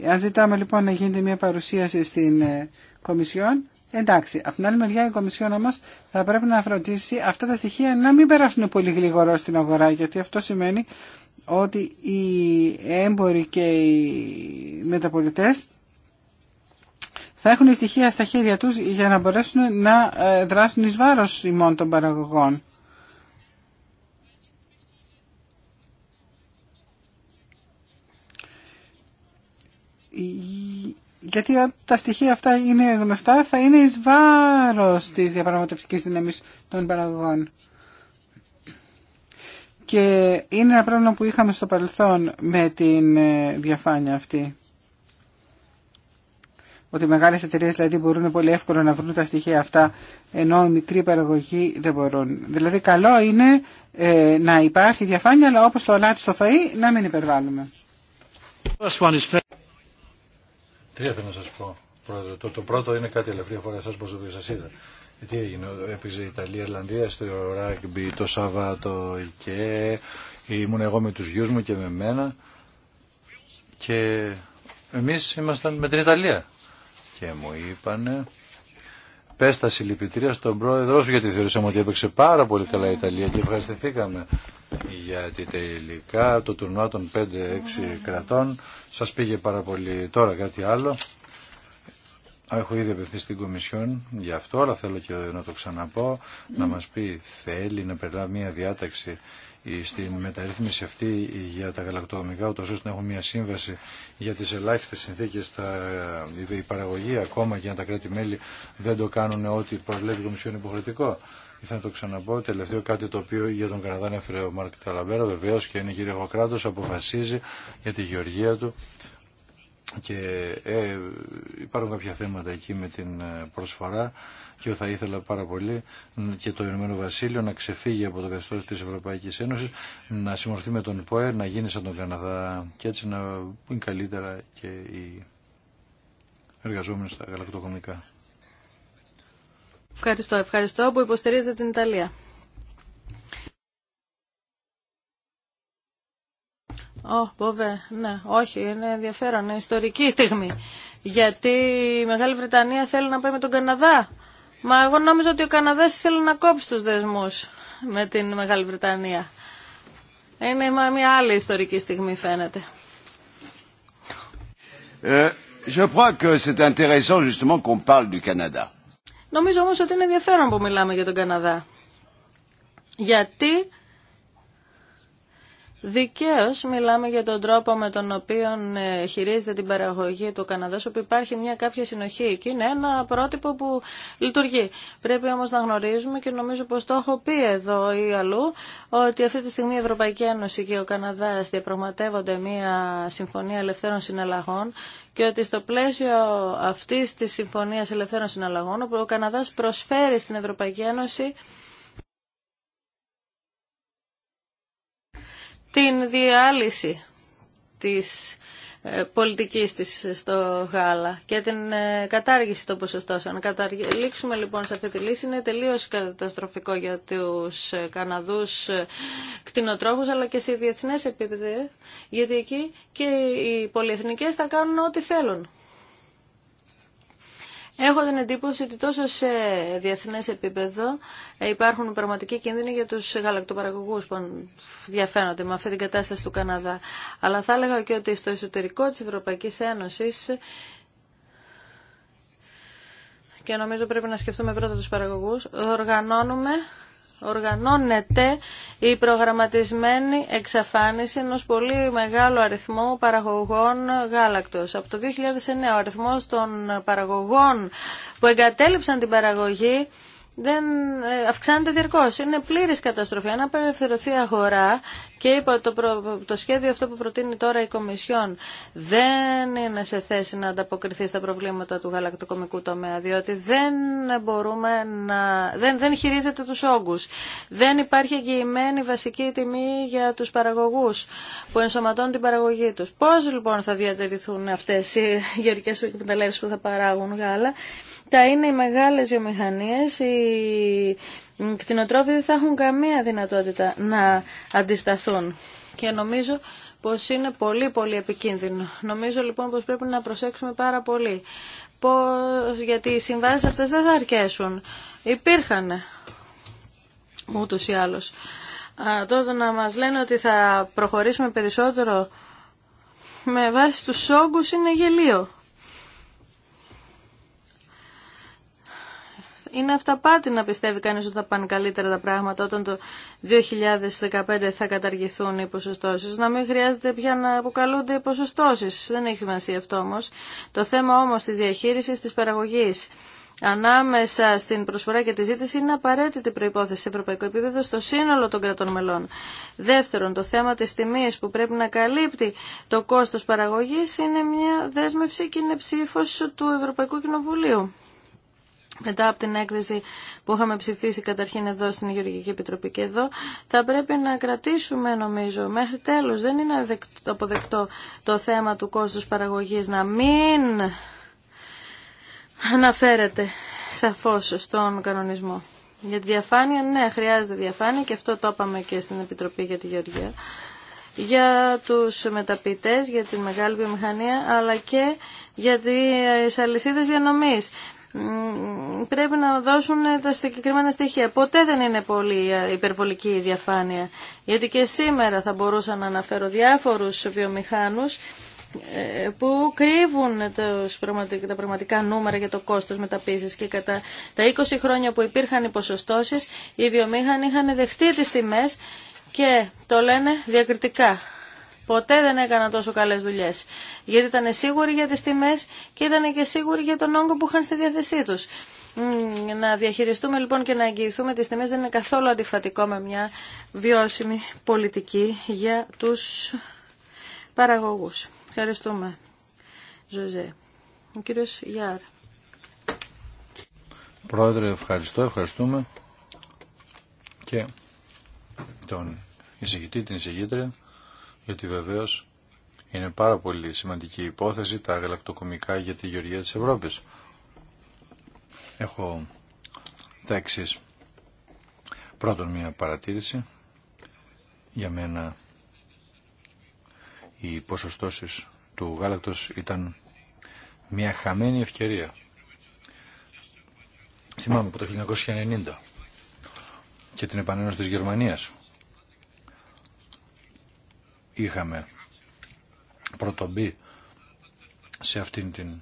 Αν ζητάμε λοιπόν να γίνεται μια παρουσίαση στην ε, Κομισιόν, εντάξει. Από την άλλη μεριά η Κομισιόν όμω θα πρέπει να φροντίσει αυτά τα στοιχεία να μην περάσουν πολύ γλυγορό στην αγορά, γιατί αυτό σημαίνει ότι οι έμποροι και οι μεταπολιτές θα έχουν στοιχεία στα χέρια τους για να μπορέσουν να ε, δράσουν εις βάρος ημών των παραγωγών. γιατί όταν τα στοιχεία αυτά είναι γνωστά θα είναι εις βάρος της διαπραγματευτικής δύναμης των παραγωγών. Και είναι ένα πρόβλημα που είχαμε στο παρελθόν με την ε, διαφάνεια αυτή. Ότι μεγάλες εταιρείε δηλαδή μπορούν πολύ εύκολα να βρουν τα στοιχεία αυτά, ενώ οι μικροί παραγωγοί δεν μπορούν. Δηλαδή καλό είναι ε, να υπάρχει διαφάνεια, αλλά όπως το αλάτι στο φαΐ να μην υπερβάλλουμε. Τρία θέλω να σα πω. Το, το πρώτο είναι κάτι ελευθερία φορά σα πω το σα είδα. Ε, τι έγινε, έπαιζε η Ιταλία, Ιρλανδία στο ράγκμπι το Σάββατο και ήμουν εγώ με τους Γιού μου και με μένα και εμείς ήμασταν με την Ιταλία και μου είπανε πες τα συλληπιτήρια στον πρόεδρό σου γιατί θεωρήσαμε ότι έπαιξε πάρα πολύ καλά η Ιταλία και ευχαριστηθήκαμε γιατί τελικά το τουρνουά των 5-6 κρατών σας πήγε πάρα πολύ τώρα κάτι άλλο. Έχω ήδη απευθύνει στην Κομισιόν για αυτό, αλλά θέλω και να το ξαναπώ, να μας πει θέλει να περνά μια διάταξη στην μεταρρύθμιση αυτή για τα γαλακτοδομικά, ούτως ώστε να έχουμε μια σύμβαση για τις ελάχιστες συνθήκες στα, η παραγωγή, ακόμα και αν τα κράτη-μέλη δεν το κάνουν ό,τι προβλέπει η Κομισιόν υποχρεωτικό. Ήθελα να το ξαναπώ. Τελευταίο κάτι το οποίο για τον Καναδά έφερε ο Μάρκ Ταλαμπέρα. Βεβαίω και είναι κύριο κράτο, αποφασίζει για τη γεωργία του. Και ε, υπάρχουν κάποια θέματα εκεί με την ε, προσφορά και θα ήθελα πάρα πολύ και το Ηνωμένο Βασίλειο να ξεφύγει από το καθεστώ τη Ευρωπαϊκή Ένωση, να συμμορφθεί με τον ΠΟΕ, να γίνει σαν τον Καναδά και έτσι να είναι καλύτερα και οι εργαζόμενοι στα γαλακτοκομικά. Ευχαριστώ, ευχαριστώ που υποστηρίζετε την Ιταλία. Ω, ναι, όχι, είναι ενδιαφέρον, είναι ιστορική στιγμή. Γιατί η Μεγάλη Βρετανία θέλει να πάει με τον Καναδά. Μα εγώ νόμιζα ότι ο Καναδάς θέλει να κόψει τους δεσμούς με την Μεγάλη Βρετανία. Είναι μια άλλη ιστορική στιγμή φαίνεται. Ε, je crois que c'est intéressant justement qu'on parle du Canada. Νομίζω όμως ότι είναι ενδιαφέρον που μιλάμε για τον Καναδά. Γιατί Δικαίως μιλάμε για τον τρόπο με τον οποίο ε, χειρίζεται την παραγωγή του Καναδά, όπου υπάρχει μια κάποια συνοχή και είναι ένα πρότυπο που λειτουργεί. Πρέπει όμως να γνωρίζουμε και νομίζω πως το έχω πει εδώ ή αλλού, ότι αυτή τη στιγμή η Ευρωπαϊκή Ένωση και ο Καναδάς διαπραγματεύονται μια συμφωνία ελευθέρων συναλλαγών και ότι στο πλαίσιο αυτής της συμφωνίας ελευθέρων συναλλαγών ο Καναδάς προσφέρει στην Ευρωπαϊκή Ένωση την διάλυση της ε, πολιτικής της στο γάλα και την ε, κατάργηση των ποσοστών. Αν λοιπόν σε αυτή τη λύση είναι τελείως καταστροφικό για τους ε, Καναδούς κτηνοτρόφους αλλά και σε διεθνές επίπεδες γιατί εκεί και οι πολυεθνικές θα κάνουν ό,τι θέλουν. Έχω την εντύπωση ότι τόσο σε διεθνές επίπεδο ε, υπάρχουν πραγματικοί κίνδυνοι για τους γαλακτοπαραγωγούς που διαφαίνονται με αυτή την κατάσταση του Καναδά. Αλλά θα έλεγα και ότι στο εσωτερικό της Ευρωπαϊκής Ένωσης και νομίζω πρέπει να σκεφτούμε πρώτα τους παραγωγούς, οργανώνουμε οργανώνεται η προγραμματισμένη εξαφάνιση ενός πολύ μεγάλου αριθμού παραγωγών γάλακτος. Από το 2009 ο αριθμός των παραγωγών που εγκατέλειψαν την παραγωγή δεν ε, αυξάνεται διαρκώς. Είναι πλήρης καταστροφή. Αν απελευθερωθεί η αγορά και είπα το, το σχέδιο αυτό που προτείνει τώρα η Κομισιόν δεν είναι σε θέση να ανταποκριθεί στα προβλήματα του γαλακτοκομικού τομέα διότι δεν μπορούμε να... δεν, δεν χειρίζεται τους όγκους. Δεν υπάρχει εγγυημένη βασική τιμή για τους παραγωγούς που ενσωματώνουν την παραγωγή τους. Πώς λοιπόν θα διατηρηθούν αυτές οι γεωργικές εκμεταλλεύσεις που θα παράγουν γάλα τα είναι οι μεγάλες βιομηχανίες, οι κτηνοτρόφοι δεν θα έχουν καμία δυνατότητα να αντισταθούν. Και νομίζω πως είναι πολύ πολύ επικίνδυνο. Νομίζω λοιπόν πως πρέπει να προσέξουμε πάρα πολύ. Πως, γιατί οι συμβάσεις αυτές δεν θα αρκέσουν. Υπήρχαν ούτως ή άλλως. Α, τώρα να μας λένε ότι θα προχωρήσουμε περισσότερο με βάση τους όγκους είναι γελίο. είναι αυταπάτη να πιστεύει κανεί ότι θα πάνε καλύτερα τα πράγματα όταν το 2015 θα καταργηθούν οι ποσοστώσεις. Να μην χρειάζεται πια να αποκαλούνται οι ποσοστώσεις. Δεν έχει σημασία αυτό όμω. Το θέμα όμω τη διαχείριση τη παραγωγή ανάμεσα στην προσφορά και τη ζήτηση είναι απαραίτητη προϋπόθεση σε ευρωπαϊκό επίπεδο στο σύνολο των κρατών μελών. Δεύτερον, το θέμα της τιμής που πρέπει να καλύπτει το κόστος παραγωγής είναι μια δέσμευση και είναι ψήφο του Ευρωπαϊκού Κοινοβουλίου μετά από την έκθεση που είχαμε ψηφίσει καταρχήν εδώ στην Γεωργική Επιτροπή και εδώ, θα πρέπει να κρατήσουμε νομίζω μέχρι τέλος. Δεν είναι αποδεκτό το θέμα του κόστους παραγωγής να μην αναφέρεται σαφώς στον κανονισμό. Για τη διαφάνεια, ναι, χρειάζεται διαφάνεια και αυτό το είπαμε και στην Επιτροπή για τη Γεωργία. Για τους μεταποιητές, για τη μεγάλη βιομηχανία, αλλά και για τις αλυσίδες διανομής πρέπει να δώσουν τα συγκεκριμένα στοιχεία. Ποτέ δεν είναι πολύ ε, υπερβολική η διαφάνεια. Γιατί και σήμερα θα μπορούσα να αναφέρω διάφορους βιομηχάνους ε, που κρύβουν τα πραγματικά νούμερα για το κόστος μεταπίσης και κατά τα 20 χρόνια που υπήρχαν οι ποσοστώσεις οι βιομήχανοι είχαν δεχτεί τις τιμές και το λένε διακριτικά Ποτέ δεν έκανα τόσο καλές δουλειές. Γιατί ήταν σίγουροι για τις τιμές και ήταν και σίγουροι για τον όγκο που είχαν στη διάθεσή τους. Να διαχειριστούμε λοιπόν και να εγγυηθούμε τις τιμές δεν είναι καθόλου αντιφατικό με μια βιώσιμη πολιτική για τους παραγωγούς. Ευχαριστούμε. Ζωζέ. Ο κύριος Γιάρ. Πρόεδρε, ευχαριστώ, ευχαριστούμε και τον εισηγητή, την εισηγήτρια γιατί βεβαίως είναι πάρα πολύ σημαντική υπόθεση τα γαλακτοκομικά για τη γεωργία της Ευρώπης. Έχω τα Πρώτον μια παρατήρηση. Για μένα οι ποσοστώσεις του γάλακτος ήταν μια χαμένη ευκαιρία. Θυμάμαι από το 1990 και την επανένωση της Γερμανίας είχαμε πρωτομπεί σε, αυτήν την,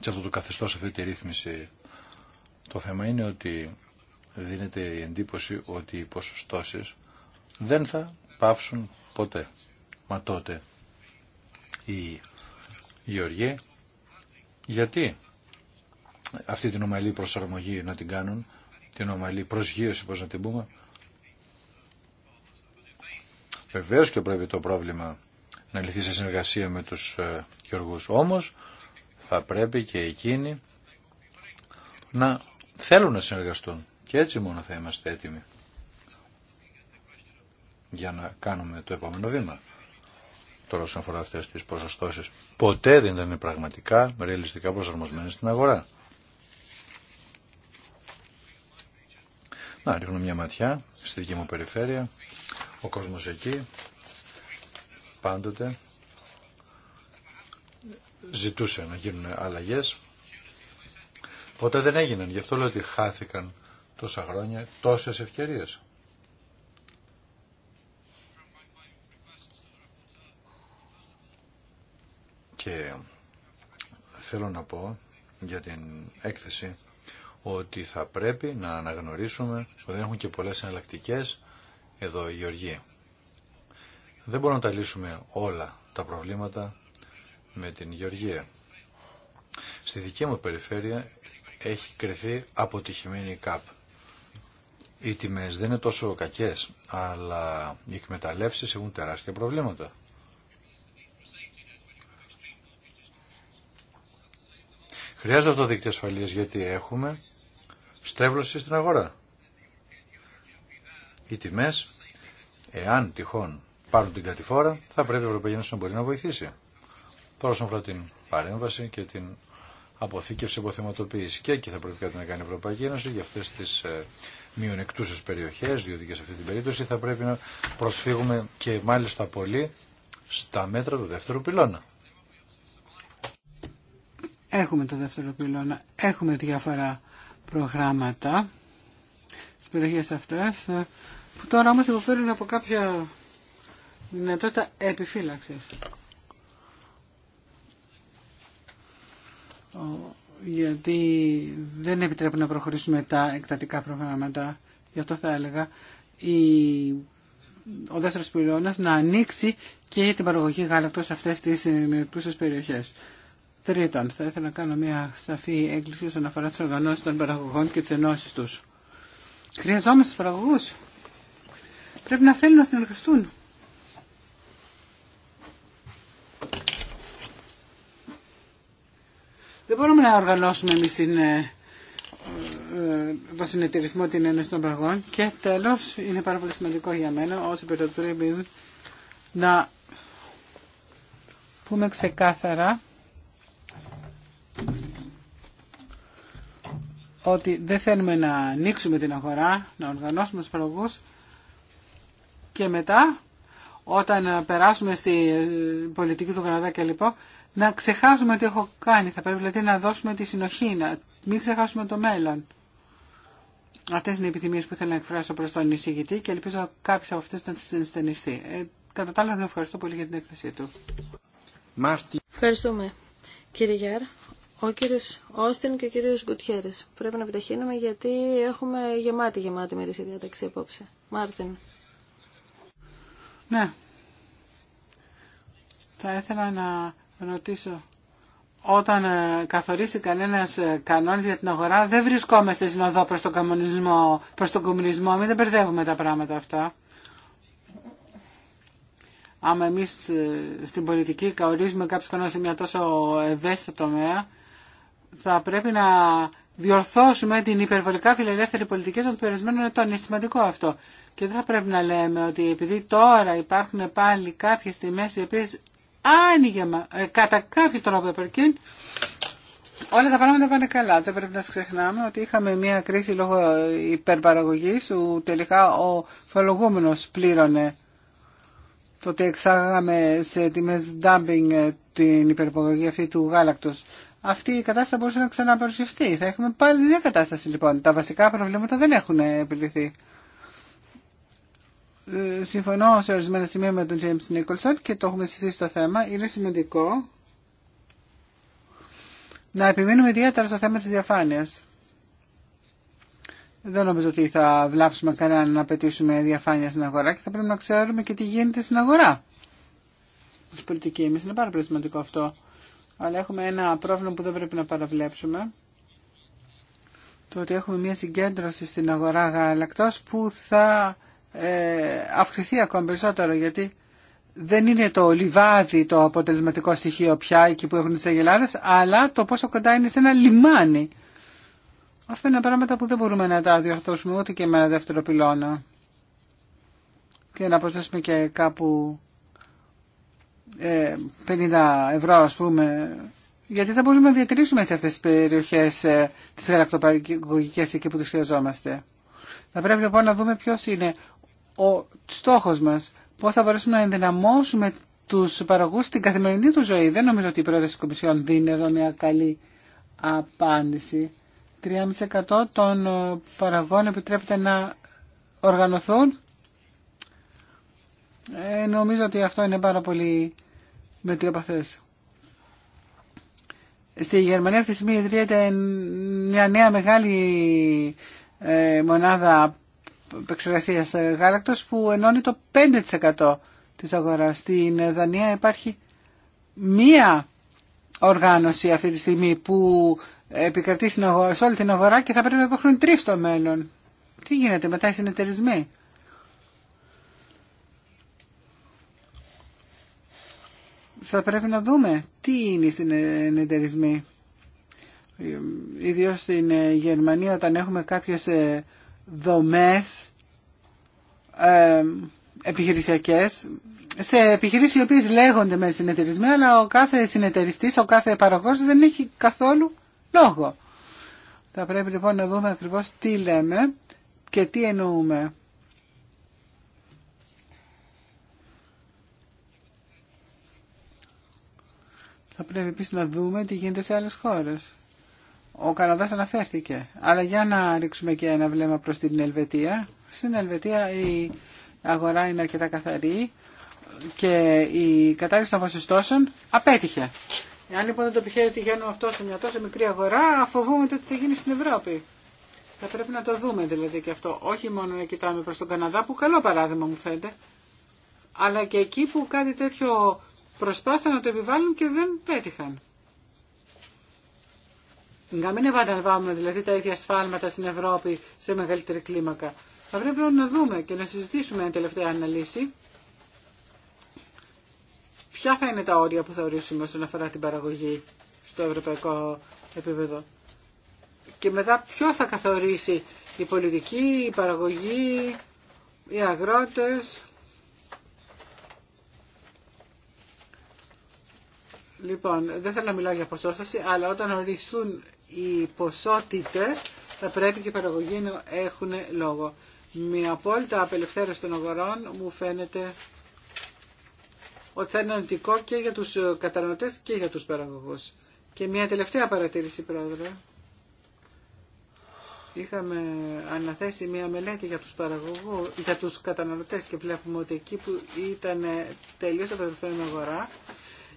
σε αυτό το καθεστώ σε αυτή τη ρύθμιση. Το θέμα είναι ότι δίνεται η εντύπωση ότι οι ποσοστώσεις δεν θα πάψουν ποτέ. Μα τότε η γεωργία, γιατί αυτή την ομαλή προσαρμογή να την κάνουν, την ομαλή προσγείωση πώς να την πούμε, Βεβαίω και πρέπει το πρόβλημα να λυθεί σε συνεργασία με τους ε, γεωργούς. Όμως θα πρέπει και εκείνοι να θέλουν να συνεργαστούν. Και έτσι μόνο θα είμαστε έτοιμοι για να κάνουμε το επόμενο βήμα. Τώρα όσον αφορά αυτές τις ποσοστώσεις, ποτέ δεν ήταν πραγματικά ρεαλιστικά προσαρμοσμένες στην αγορά. Να ρίχνω μια ματιά στη δική μου περιφέρεια ο κόσμος εκεί πάντοτε ζητούσε να γίνουν αλλαγές. Ποτέ δεν έγιναν. Γι' αυτό λέω ότι χάθηκαν τόσα χρόνια τόσες ευκαιρίες. Και θέλω να πω για την έκθεση ότι θα πρέπει να αναγνωρίσουμε ότι δεν έχουν και πολλές εναλλακτικές εδώ η Γεωργία. Δεν μπορούμε να τα λύσουμε όλα τα προβλήματα με την Γεωργία. Στη δική μου περιφέρεια έχει κρυθεί αποτυχημένη η ΚΑΠ. Οι τιμές δεν είναι τόσο κακές, αλλά οι εκμεταλλεύσεις έχουν τεράστια προβλήματα. Χρειάζεται αυτό δίκτυο ασφαλείας γιατί έχουμε στρέβλωση στην αγορά οι τιμέ, εάν τυχόν πάρουν την κατηφόρα, θα πρέπει η Ευρωπαϊκή Ένωση να μπορεί να βοηθήσει. Τώρα όσον αφορά την παρέμβαση και την αποθήκευση αποθεματοποίηση και εκεί θα πρέπει κάτι να κάνει η Ευρωπαϊκή Ένωση για αυτές τις ε, μειονεκτούσε περιοχέ, διότι και σε αυτή την περίπτωση θα πρέπει να προσφύγουμε και μάλιστα πολύ στα μέτρα του δεύτερου πυλώνα. Έχουμε το δεύτερο πυλώνα, έχουμε διάφορα προγράμματα στις περιοχές αυτές που τώρα όμως υποφέρουν από κάποια δυνατότητα επιφύλαξης. Γιατί δεν επιτρέπουν να προχωρήσουμε τα εκτατικά προγράμματα. Γι' αυτό θα έλεγα η... ο δεύτερο πυρώνας να ανοίξει και την παραγωγή γάλακτος σε αυτές τις μειοκτούσες περιοχές. Τρίτον, θα ήθελα να κάνω μια σαφή έγκληση όσον αφορά τι οργανώσει των παραγωγών και τι ενώσει του. Χρειαζόμαστε του παραγωγού πρέπει να θέλουν να συνεργαστούν. Δεν μπορούμε να οργανώσουμε εμείς την, ε, ε, το συνεταιρισμό την Ένωση των Πραγών και τέλος είναι πάρα πολύ σημαντικό για μένα ως υπηρετορή να πούμε ξεκάθαρα ότι δεν θέλουμε να ανοίξουμε την αγορά, να οργανώσουμε τους παραγωγούς και μετά όταν περάσουμε στη πολιτική του Καναδά κλπ. να ξεχάσουμε τι έχω κάνει. Θα πρέπει δηλαδή να δώσουμε τη συνοχή, να μην ξεχάσουμε το μέλλον. Αυτές είναι οι επιθυμίες που θέλω να εκφράσω προς τον εισηγητή και ελπίζω κάποιε από αυτές να τις συνστενιστεί. Ε, κατά τα άλλα, να ευχαριστώ πολύ για την έκθεσή του. Ευχαριστούμε. Κύριε Γιάρ, ο κύριος Όστιν και ο κύριος Γκουτιέρης. Πρέπει να επιταχύνουμε γιατί έχουμε γεμάτη γεμάτη τη διάταξη απόψε. Μάρτιν. Ναι. Θα ήθελα να ρωτήσω. Όταν ε, καθορίσει κανένας ε, κανόνες για την αγορά, δεν βρισκόμαστε στην οδό προς τον, κομμουνισμό, προς τον κομμουνισμό. Μην δεν μπερδεύουμε τα πράγματα αυτά. Άμα εμεί ε, στην πολιτική καορίζουμε κάποιους κανόνες σε μια τόσο ευαίσθητη τομέα, θα πρέπει να διορθώσουμε την υπερβολικά φιλελεύθερη πολιτική των περισμένων ετών. Είναι σημαντικό αυτό. Και δεν θα πρέπει να λέμε ότι επειδή τώρα υπάρχουν πάλι κάποιες τιμές οι οποίες άνοιγε ε, κατά κάποιο τρόπο επαρκήν, όλα τα πράγματα πάνε καλά. Δεν πρέπει να ξεχνάμε ότι είχαμε μια κρίση λόγω υπερπαραγωγής που τελικά ο φορολογούμενος πλήρωνε το ότι εξάγαμε σε τιμές dumping ε, την υπερπαραγωγή αυτή του γάλακτος. Αυτή η κατάσταση μπορούσε να ξαναπαρουσιαστεί. Θα έχουμε πάλι μια κατάσταση λοιπόν. Τα βασικά προβλήματα δεν έχουν επιληθεί συμφωνώ σε ορισμένα σημεία με τον James Nicholson και το έχουμε συζητήσει το θέμα. Είναι σημαντικό να επιμείνουμε ιδιαίτερα στο θέμα της διαφάνειας. Δεν νομίζω ότι θα βλάψουμε κανέναν να απαιτήσουμε διαφάνεια στην αγορά και θα πρέπει να ξέρουμε και τι γίνεται στην αγορά. Στην πολιτική εμείς είναι πάρα πολύ σημαντικό αυτό. Αλλά έχουμε ένα πρόβλημα που δεν πρέπει να παραβλέψουμε. Το ότι έχουμε μια συγκέντρωση στην αγορά γαλακτός που θα ε, αυξηθεί ακόμα περισσότερο γιατί δεν είναι το λιβάδι το αποτελεσματικό στοιχείο πια εκεί που έχουν τις αγελάδες αλλά το πόσο κοντά είναι σε ένα λιμάνι. Αυτά είναι πράγματα που δεν μπορούμε να τα διορθώσουμε ούτε και με ένα δεύτερο πυλώνα. Και να προσθέσουμε και κάπου 50 ε, ευρώ ας πούμε γιατί δεν μπορούμε να διατηρήσουμε σε αυτές τις περιοχές ε, τις εκεί που τις χρειαζόμαστε. Θα πρέπει λοιπόν να δούμε ποιος είναι ο στόχος μας. Πώς θα μπορέσουμε να ενδυναμώσουμε τους παραγωγούς στην καθημερινή του ζωή. Δεν νομίζω ότι η πρόεδρος της Κομισιόν δίνει εδώ μια καλή απάντηση. 3,5% των ε, παραγών επιτρέπεται να οργανωθούν. Ε, νομίζω ότι αυτό είναι πάρα πολύ μετριοπαθές. Στη Γερμανία αυτή τη στιγμή ιδρύεται μια νέα μεγάλη ε, μονάδα επεξεργασία γάλακτος που ενώνει το 5% της αγοράς. Στην Δανία υπάρχει μία οργάνωση αυτή τη στιγμή που επικρατεί σε όλη την αγορά και θα πρέπει να υπάρχουν τρει στο μέλλον. Τι γίνεται μετά οι συνεταιρισμοί. Θα πρέπει να δούμε τι είναι οι συνεταιρισμοί. Ιδίως στην Γερμανία όταν έχουμε κάποιες ε, δομές ε, επιχειρησιακές σε επιχειρήσεις οι οποίες λέγονται με συνεταιρισμένα αλλά ο κάθε συνεταιριστής, ο κάθε παραγωγός δεν έχει καθόλου λόγο. Θα πρέπει λοιπόν να δούμε ακριβώς τι λέμε και τι εννοούμε. Θα πρέπει επίσης να δούμε τι γίνεται σε άλλες χώρες. Ο Καναδάς αναφέρθηκε. Αλλά για να ρίξουμε και ένα βλέμμα προς την Ελβετία. Στην Ελβετία η αγορά είναι αρκετά καθαρή και η κατάσταση των ποσοστώσεων απέτυχε. Εάν λοιπόν δεν το πηγαίνουμε αυτό σε μια τόσο μικρή αγορά, το ότι θα γίνει στην Ευρώπη. Θα πρέπει να το δούμε δηλαδή και αυτό. Όχι μόνο να κοιτάμε προς τον Καναδά, που καλό παράδειγμα μου φαίνεται, αλλά και εκεί που κάτι τέτοιο προσπάθησαν να το επιβάλλουν και δεν πέτυχαν να μην επαναλαμβάνουμε δηλαδή τα ίδια σφάλματα στην Ευρώπη σε μεγαλύτερη κλίμακα. Θα πρέπει λοιπόν να δούμε και να συζητήσουμε μια τελευταία αναλύση. Ποια θα είναι τα όρια που θα ορίσουμε όσον αφορά την παραγωγή στο ευρωπαϊκό επίπεδο. Και μετά ποιο θα καθορίσει η πολιτική, η παραγωγή, οι αγρότες. Λοιπόν, δεν θέλω να μιλάω για ποσόσταση, αλλά όταν οριστούν οι ποσότητες θα πρέπει και οι παραγωγοί να έχουν λόγο. Μια απόλυτα απελευθέρωση των αγορών μου φαίνεται ότι θα είναι και για τους καταναλωτές και για τους παραγωγούς. Και μια τελευταία παρατήρηση, Πρόεδρε. Είχαμε αναθέσει μια μελέτη για τους παραγωγούς, για τους καταναλωτές και βλέπουμε ότι εκεί που ήταν τελείως των αγορά,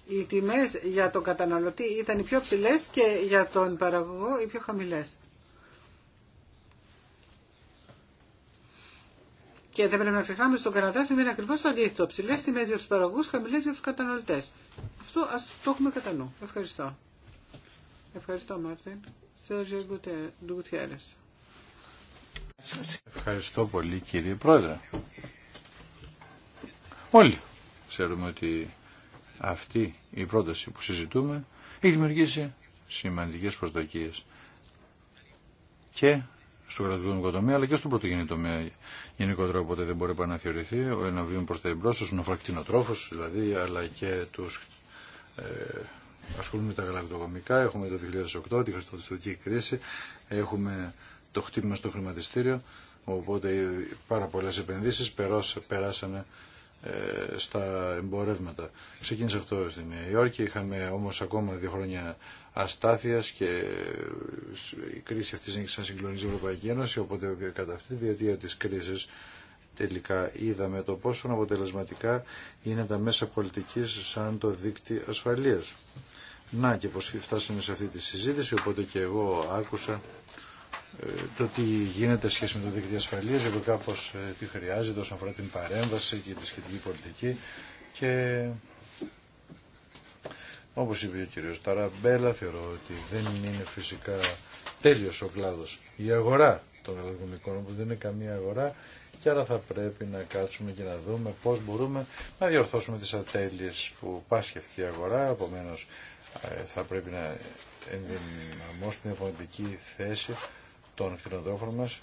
οι τιμές για τον καταναλωτή ήταν οι πιο ψηλές και για τον παραγωγό οι πιο χαμηλές. Και δεν πρέπει να ξεχνάμε στον Καναδά συμβαίνει ακριβώς το αντίθετο. Ψηλές τιμές για τους παραγωγούς, χαμηλές για τους καταναλωτές. Αυτό ας το έχουμε κατά νου. Ευχαριστώ. Ευχαριστώ Μάρτιν. Σέργιο Γκουτιέρες. Ευχαριστώ πολύ κύριε Πρόεδρε. Όλοι ξέρουμε ότι αυτή η πρόταση που συζητούμε έχει δημιουργήσει σημαντικές προσδοκίες και στο κρατικό τομέα αλλά και στον πρωτογενή τομέα γενικότερα οπότε δεν μπορεί να θεωρηθεί ένα βήμα προς τα εμπρός ο αφορά δηλαδή αλλά και τους ε, ασχολούνται με τα γαλακτοκομικά έχουμε το 2008 τη χρηματιστική κρίση έχουμε το χτύπημα στο χρηματιστήριο οπότε πάρα πολλές επενδύσεις περάσανε ε, στα εμπορεύματα. Ξεκίνησε αυτό στη Νέα Υόρκη, είχαμε όμως ακόμα δύο χρόνια αστάθειας και ε, η κρίση αυτή συνέχισε σαν συγκλονίζει η Ευρωπαϊκή Ένωση, οπότε ε, κατά αυτή τη διατία της κρίσης τελικά είδαμε το πόσο αποτελεσματικά είναι τα μέσα πολιτικής σαν το δίκτυο ασφαλείας. Να και πως φτάσαμε σε αυτή τη συζήτηση, οπότε και εγώ άκουσα το τι γίνεται σχέση με το δίκτυο ασφαλείας, για το κάπως ε, τι χρειάζεται όσον αφορά την παρέμβαση και τη σχετική πολιτική και όπως είπε ο κύριος Ταραμπέλα, θεωρώ ότι δεν είναι φυσικά τέλειος ο κλάδος. Η αγορά των αλλαγωνικών, που δεν είναι καμία αγορά και άρα θα πρέπει να κάτσουμε και να δούμε πώς μπορούμε να διορθώσουμε τις ατέλειες που πάσχει αυτή η αγορά, Επομένω ε, θα πρέπει να ενδυναμώσουμε την φωνητική θέση των κτηνοτρόφων μας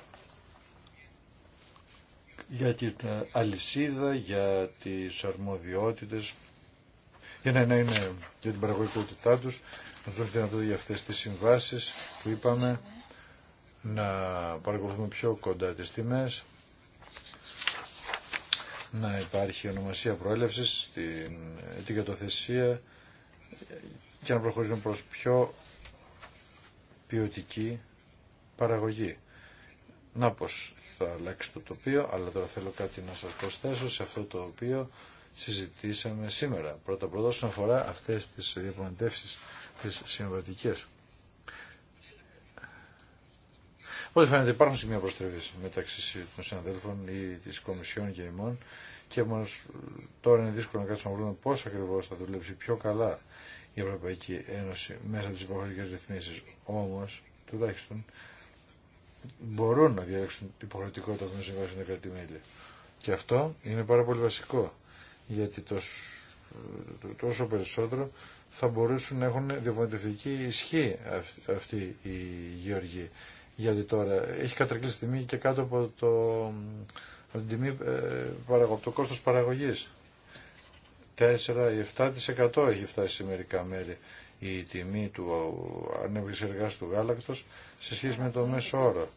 για την αλυσίδα, για τις αρμοδιότητες, για να, είναι για την παραγωγικότητά του, να δώσουν δυνατότητα για αυτές τις συμβάσει που είπαμε, να παρακολουθούμε πιο κοντά τις τιμές, να υπάρχει ονομασία προέλευσης στην ετικατοθεσία και να προχωρήσουμε προς πιο ποιοτική παραγωγή. Να πως θα αλλάξει το τοπίο, αλλά τώρα θέλω κάτι να σα προσθέσω σε αυτό το οποίο συζητήσαμε σήμερα. Πρώτα πρώτα όσον αφορά αυτές τις διαπραγματεύσεις τις συμβατικές. Ό,τι φαίνεται υπάρχουν σημεία προστριβής μεταξύ των συναδέλφων ή της Κομισιόν και ημών και όμω τώρα είναι δύσκολο να κάτσουμε να βρούμε πώς ακριβώς θα δουλέψει πιο καλά η Ευρωπαϊκή Ένωση μέσα από τις υποχρεωτικές ρυθμίσεις. Όμως, τουλάχιστον, μπορούν να διαλέξουν την ταμείο συμβάσεων τα κρατημέλη. Και αυτό είναι πάρα πολύ βασικό, γιατί τόσο περισσότερο θα μπορούσαν να έχουν διαπραγματευτική ισχύ αυτή η γεωργοί. Γιατί τώρα έχει κατρακλείσει τιμή και κάτω από, το, από την τιμή, ε, από το κόστος παραγωγής. 4 ή 7% έχει φτάσει σε μερικά μέρη η τιμή του ανέβης εργάς του γάλακτος σε σχέση με το μέσο όρο.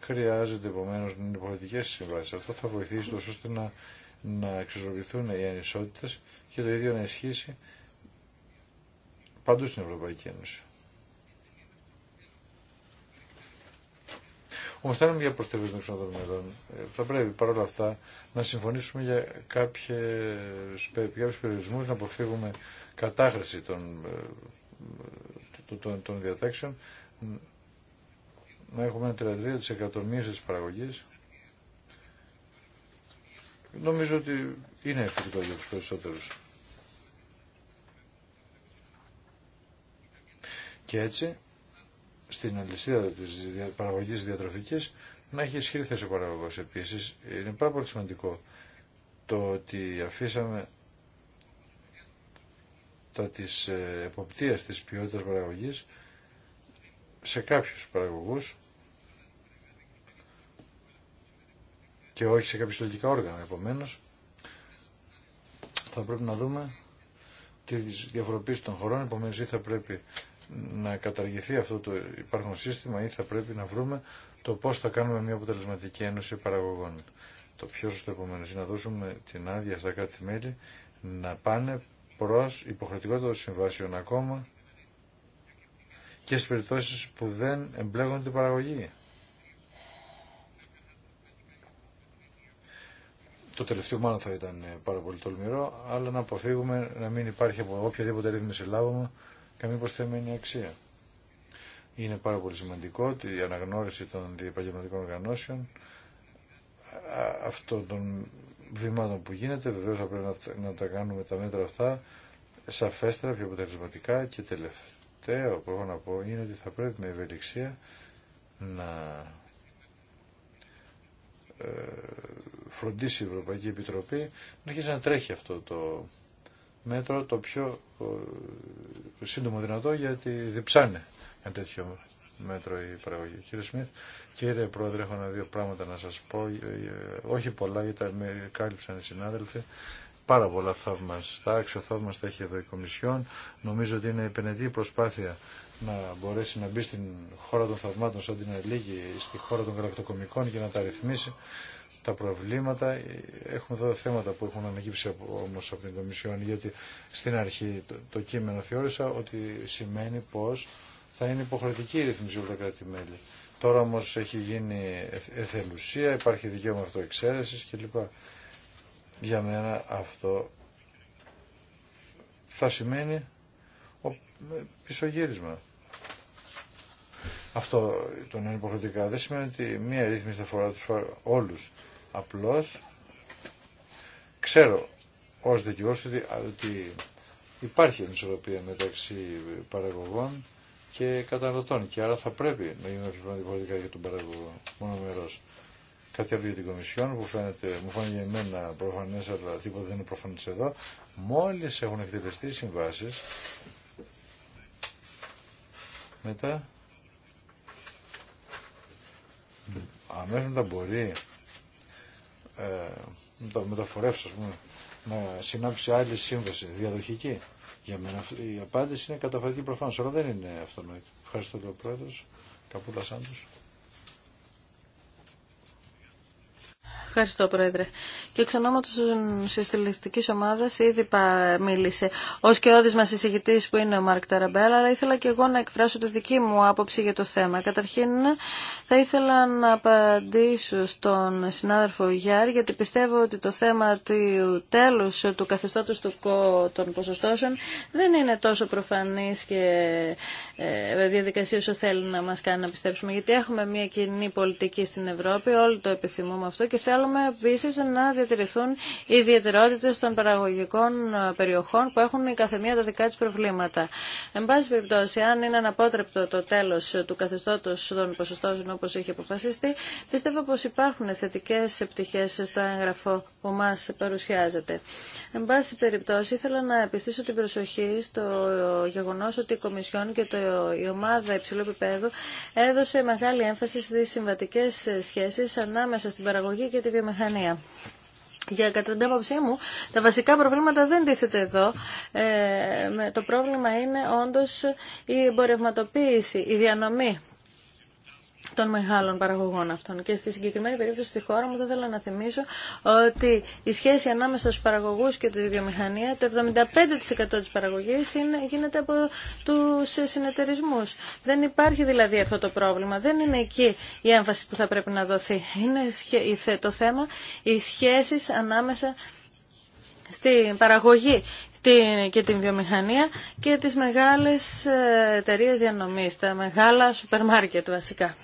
Χρειάζεται επομένω πολιτικέ συμβάσει. Αυτό θα βοηθήσει τόσο ώστε να, να εξισορροπηθούν οι ανισότητε και το ίδιο να ισχύσει παντού στην Ευρωπαϊκή Ένωση. Όμω, θα είναι μια προστεύωση των μέλων. Ε, θα πρέπει παρόλα αυτά να συμφωνήσουμε για κάποιου περιορισμού, να αποφύγουμε κατάχρηση των ε, των, των διατάξεων να έχουμε ένα 33% μείωση της παραγωγής. Νομίζω ότι είναι εφικτό για τους περισσότερους. Και έτσι, στην αλυσίδα της παραγωγής διατροφικής, να έχει ισχυρή θέση ο παραγωγός. Επίσης, είναι πάρα πολύ σημαντικό το ότι αφήσαμε τα της ε, εποπτείας της ποιότητας παραγωγής σε κάποιους παραγωγούς και όχι σε κάποια συλλογικά όργανα. Επομένως, θα πρέπει να δούμε τη διαφοροποίηση των χωρών, επομένως ή θα πρέπει να καταργηθεί αυτό το υπάρχον σύστημα ή θα πρέπει να βρούμε το πώς θα κάνουμε μια αποτελεσματική ένωση παραγωγών. Το πιο σωστό επομένως είναι να δώσουμε την άδεια στα κράτη-μέλη να πάνε προς υποχρεωτικότητα των συμβάσεων ακόμα και στις περιπτώσεις που δεν εμπλέγονται την παραγωγή. Το τελευταίο μάλλον θα ήταν πάρα πολύ τολμηρό, αλλά να αποφύγουμε να μην υπάρχει από οποιαδήποτε ρύθμιση λάβουμε καμία προσθεμένη αξία. Είναι πάρα πολύ σημαντικό ότι η αναγνώριση των διεπαγγελματικών οργανώσεων αυτών των βημάτων που γίνεται. Βεβαίως θα πρέπει να, τα κάνουμε τα μέτρα αυτά σαφέστερα, πιο αποτελεσματικά και τελευταίο που έχω να πω είναι ότι θα πρέπει με ευελιξία να ε, φροντίσει η Ευρωπαϊκή Επιτροπή να αρχίσει να τρέχει αυτό το μέτρο το πιο ε, σύντομο δυνατό γιατί διψάνε ένα τέτοιο μέτρο η παραγωγή. Κύριε Σμιθ, κύριε Πρόεδρε, έχω ένα δύο πράγματα να σας πω. Ε, όχι πολλά, γιατί με κάλυψαν οι συνάδελφοι. Πάρα πολλά θαύμαστα, άξιο θαύμαστα έχει εδώ η Κομισιόν. Νομίζω ότι είναι επενετή προσπάθεια να μπορέσει να μπει στην χώρα των θαυμάτων σαν την Ελίγη, στη χώρα των γαλακτοκομικών και να τα ρυθμίσει τα προβλήματα. Ε, έχουμε εδώ θέματα που έχουν ανακύψει όμω από την Κομισιόν, γιατί στην αρχή το, το κείμενο θεώρησα ότι σημαίνει πως θα είναι υποχρεωτική η ρύθμιση όλα τα κράτη-μέλη. Τώρα όμω έχει γίνει εθελουσία, υπάρχει δικαίωμα αυτοεξαίρεση κλπ. Για μένα αυτό θα σημαίνει πισωγύρισμα. Ε, αυτό το να είναι υποχρεωτικά δεν σημαίνει ότι μία ρύθμιση θα αφορά τους όλους. Απλώς ξέρω ως δικαιώστη ότι, υπάρχει ανισορροπία μεταξύ παραγωγών και καταναλωτών. Και άρα θα πρέπει να γίνουν πολιτικά για τον παράγωγο μόνο μέρο. Κάτι από την Κομισιόν που φαίνεται, μου για εμένα προφανέ, αλλά τίποτα δεν είναι προφανέ εδώ. Μόλι έχουν εκτελεστεί οι συμβάσει, μετά αμέσω μετά μπορεί ε, με τα μεταφορεύσει, α πούμε, να συνάψει άλλη σύμβαση διαδοχική. Για μένα η απάντηση είναι καταφατική προφανώς, αλλά δεν είναι αυτονόητη. Ευχαριστώ τον πρόεδρος, Καπούλα σάντους. Ευχαριστώ, Πρόεδρε. Και εξ ονόματο τη Συστηλιστική Ομάδα ήδη μίλησε ο μας μα εισηγητή που είναι ο Μάρκ Ταραμπέλα, αλλά ήθελα και εγώ να εκφράσω τη δική μου άποψη για το θέμα. Καταρχήν, θα ήθελα να απαντήσω στον συνάδελφο Γιάρ, γιατί πιστεύω ότι το θέμα του τέλου του καθεστώτο των ποσοστώσεων δεν είναι τόσο προφανή και ε, Διαδικασίε όσο θέλει να μα κάνει να πιστέψουμε. Γιατί έχουμε μια κοινή πολιτική στην Ευρώπη, όλοι το επιθυμούμε αυτό και θέλουμε επίση να διατηρηθούν οι ιδιαιτερότητε των παραγωγικών ε, περιοχών που έχουν η καθεμία τα δικά τη προβλήματα. Εν πάση περιπτώσει, αν είναι αναπότρεπτο το τέλο του καθεστώτος των ποσοστών όπω έχει αποφασιστεί, πιστεύω πω υπάρχουν θετικέ επιτυχίες στο έγγραφο που μα παρουσιάζεται. Εν πάση περιπτώσει, ήθελα να επιστήσω την προσοχή στο γεγονό ότι η Κομισιόν και το η ομάδα υψηλού επίπεδου έδωσε μεγάλη έμφαση στις συμβατικές σχέσεις ανάμεσα στην παραγωγή και τη βιομηχανία. Για κατά την άποψή μου, τα βασικά προβλήματα δεν τίθεται εδώ. Ε, το πρόβλημα είναι όντως η εμπορευματοποίηση, η διανομή των μεγάλων παραγωγών αυτών. Και στη συγκεκριμένη περίπτωση στη χώρα μου θα ήθελα να θυμίσω ότι η σχέση ανάμεσα στους παραγωγούς και τη βιομηχανία, το 75% της παραγωγής είναι, γίνεται από τους συνεταιρισμού. Δεν υπάρχει δηλαδή αυτό το πρόβλημα. Δεν είναι εκεί η έμφαση που θα πρέπει να δοθεί. Είναι το θέμα οι σχέσεις ανάμεσα στην παραγωγή και την βιομηχανία και τις μεγάλες ε, εταιρείε διανομής, τα μεγάλα σούπερ μάρκετ βασικά.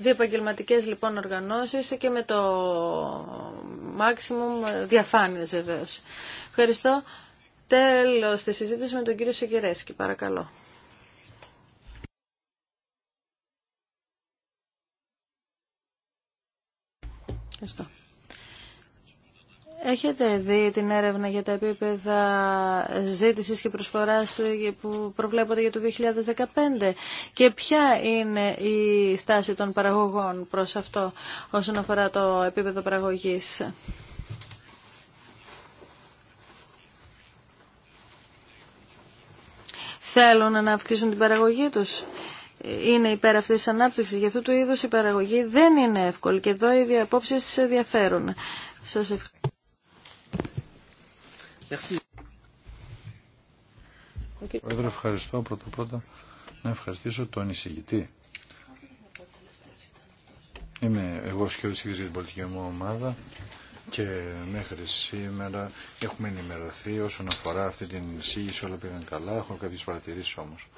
Δύο επαγγελματικέ λοιπόν οργανώσεις και με το maximum διαφάνειας βεβαίω. Ευχαριστώ. Τέλος τη συζήτηση με τον κύριο Σεγκερέσκη, παρακαλώ. Ευχαριστώ. Έχετε δει την έρευνα για τα επίπεδα ζήτησης και προσφοράς που προβλέπονται για το 2015 και ποια είναι η στάση των παραγωγών προς αυτό όσον αφορά το επίπεδο παραγωγής. Θέλουν να αυξήσουν την παραγωγή τους είναι υπέρ αυτή τη ανάπτυξη. Για αυτού του είδου η παραγωγή δεν είναι εύκολη και εδώ οι απόψει ενδιαφέρουν. Σα ευχαριστώ. Πρόεδρε, ευχαριστώ πρώτα πρώτα να ευχαριστήσω τον εισηγητή. Είμαι εγώ σκιώδης για την πολιτική μου ομάδα και μέχρι σήμερα έχουμε ενημερωθεί όσον αφορά αυτή την εισήγηση όλα πήγαν καλά, έχω κάποιες παρατηρήσεις όμως.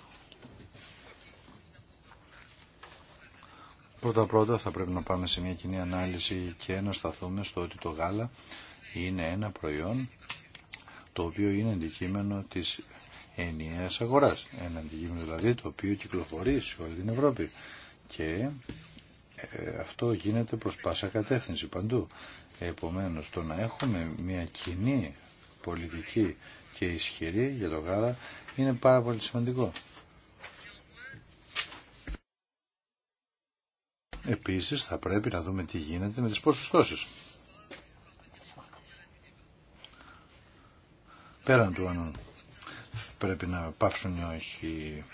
Πρώτα πρώτα θα πρέπει να πάμε σε μια κοινή ανάλυση και να σταθούμε στο ότι το γάλα είναι ένα προϊόν το οποίο είναι αντικείμενο της ενιαίας αγοράς. Ένα αντικείμενο δηλαδή το οποίο κυκλοφορεί σε όλη την Ευρώπη. Και ε, αυτό γίνεται προς πάσα κατεύθυνση παντού. Επομένως, το να έχουμε μια κοινή πολιτική και ισχυρή για το γάλα είναι πάρα πολύ σημαντικό. Επίσης, θα πρέπει να δούμε τι γίνεται με τις ποσοστώσεις. πέραν του αν πρέπει να πάψουν ή όχι.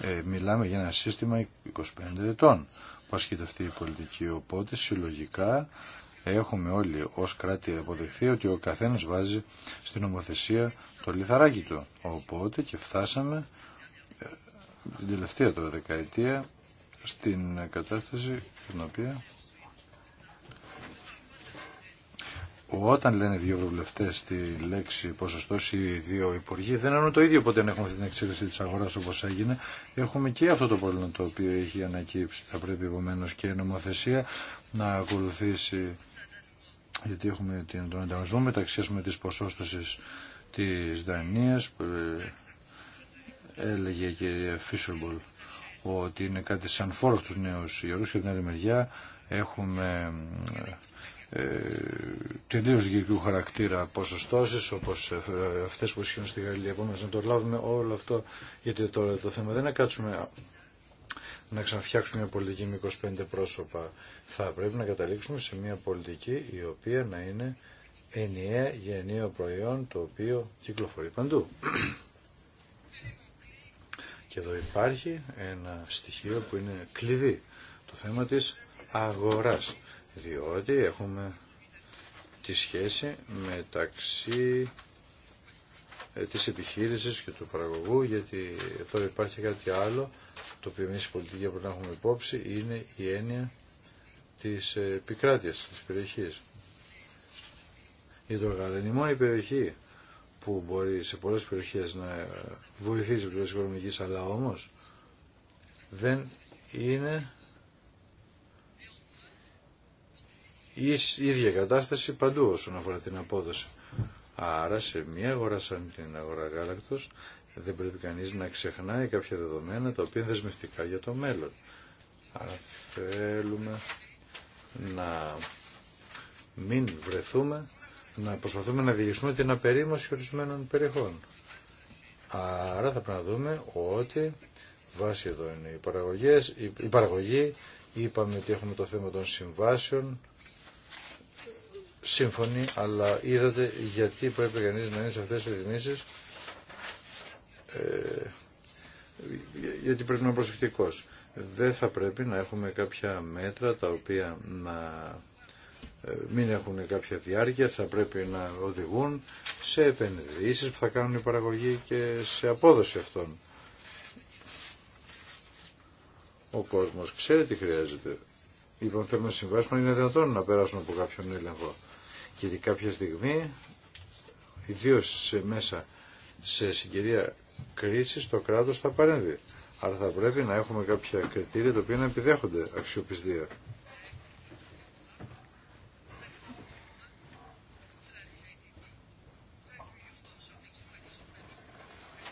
Ε, μιλάμε για ένα σύστημα 25 ετών που ασκείται αυτή η οχι μιλαμε για Οπότε συλλογικά έχουμε όλοι ως κράτη αποδεχθεί ότι ο καθένας βάζει στην νομοθεσία το λιθαράκι του. Οπότε και φτάσαμε ε, την τελευταία τώρα δεκαετία στην κατάσταση την οποία όταν λένε δύο ευρωβουλευτέ τη λέξη ποσοστό ή δύο υπουργοί, δεν είναι το ίδιο ποτέ να έχουμε αυτή την εξέλιξη τη αγορά όπω έγινε. Έχουμε και αυτό το πρόβλημα το οποίο έχει ανακύψει. Θα πρέπει επομένω και η νομοθεσία να ακολουθήσει, γιατί έχουμε τον ανταγωνισμό μεταξύ με τη ποσόστοση τη Δανία. Ε, έλεγε η κυρία Φίσορμπολ ότι είναι κάτι σαν φόρο του νέου ιερούς και την άλλη μεριά έχουμε ε, ε, τελείως χαρακτήρα ποσοστώσεις όπως ε, αυτές που ισχύουν στη Γαλλία επόμενες να το λάβουμε όλο αυτό γιατί τώρα το θέμα δεν είναι να κάτσουμε να ξαναφτιάξουμε μια πολιτική με 25 πρόσωπα θα πρέπει να καταλήξουμε σε μια πολιτική η οποία να είναι ενιαία για ενιαίο προϊόν το οποίο κυκλοφορεί παντού και εδώ υπάρχει ένα στοιχείο που είναι κλειδί το θέμα της αγοράς διότι έχουμε τη σχέση μεταξύ ε, της επιχείρησης και του παραγωγού, γιατί τώρα υπάρχει κάτι άλλο, το οποίο εμείς οι πολιτικοί να έχουμε υπόψη, είναι η έννοια της ε, επικράτειας της περιοχής. Γιατί το είναι μόνο η περιοχή που μπορεί σε πολλές περιοχές να βοηθήσει τη οικονομικής, αλλά όμως δεν είναι η ίδια κατάσταση παντού όσον αφορά την απόδοση. Άρα σε μια αγορά σαν την αγορά γάλακτος δεν πρέπει κανείς να ξεχνάει κάποια δεδομένα τα οποία είναι δεσμευτικά για το μέλλον. Άρα θέλουμε να μην βρεθούμε να προσπαθούμε να διηγηθούμε την απερίμωση ορισμένων περιοχών. Άρα θα πρέπει να δούμε ότι βάση εδώ είναι οι παραγωγές, η παραγωγή, είπαμε ότι έχουμε το θέμα των συμβάσεων, σύμφωνοι, αλλά είδατε γιατί πρέπει κανεί να είναι σε αυτές τι ρυθμίσεις, ε, γιατί πρέπει να είναι προσεκτικό. Δεν θα πρέπει να έχουμε κάποια μέτρα τα οποία να ε, μην έχουν κάποια διάρκεια, θα πρέπει να οδηγούν σε επενδύσεις που θα κάνουν η παραγωγή και σε απόδοση αυτών. Ο κόσμος ξέρει τι χρειάζεται. Λοιπόν, θέλουμε να είναι δυνατόν να περάσουν από κάποιον έλεγχο. Γιατί κάποια στιγμή, ιδίω μέσα σε συγκυρία κρίσης, το κράτος θα παρέμβει. Άρα θα πρέπει να έχουμε κάποια κριτήρια τα οποία να επιδέχονται αξιοπιστία.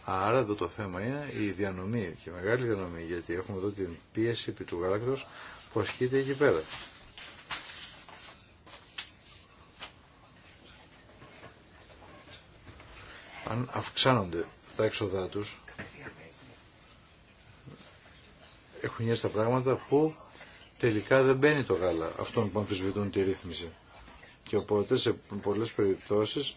Άρα εδώ το θέμα είναι η διανομή και η μεγάλη διανομή γιατί έχουμε εδώ την πίεση επί του γάλακτος που ασκείται εκεί πέρα. αν αυξάνονται τα έξοδά τους, έχουν γίνει στα πράγματα που τελικά δεν μπαίνει το γάλα αυτών λοιπόν που αμφισβητούν τη ρύθμιση. Και οπότε σε πολλές περιπτώσεις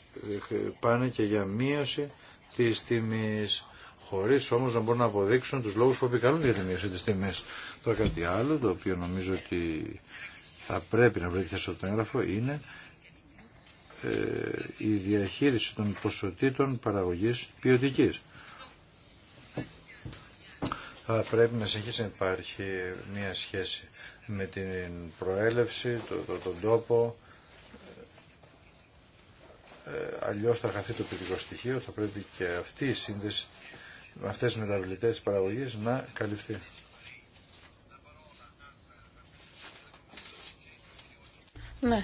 ε, πάνε και για μείωση της τιμής χωρίς όμως να μπορούν να αποδείξουν τους λόγους που επικαλούν για τη μείωση της τιμής. Τώρα κάτι άλλο το οποίο νομίζω ότι θα πρέπει να βρεθεί στο έγγραφο είναι ε, η διαχείριση των ποσοτήτων παραγωγής ποιοτικής. Θα πρέπει να συνεχίσει να υπάρχει μία σχέση με την προέλευση, το, τον τόπο, ε, αλλιώς θα χαθεί το ποιοτικό στοιχείο, θα πρέπει και αυτή η σύνδεση με αυτές τις μεταβλητές της παραγωγής να καλυφθεί. Ναι,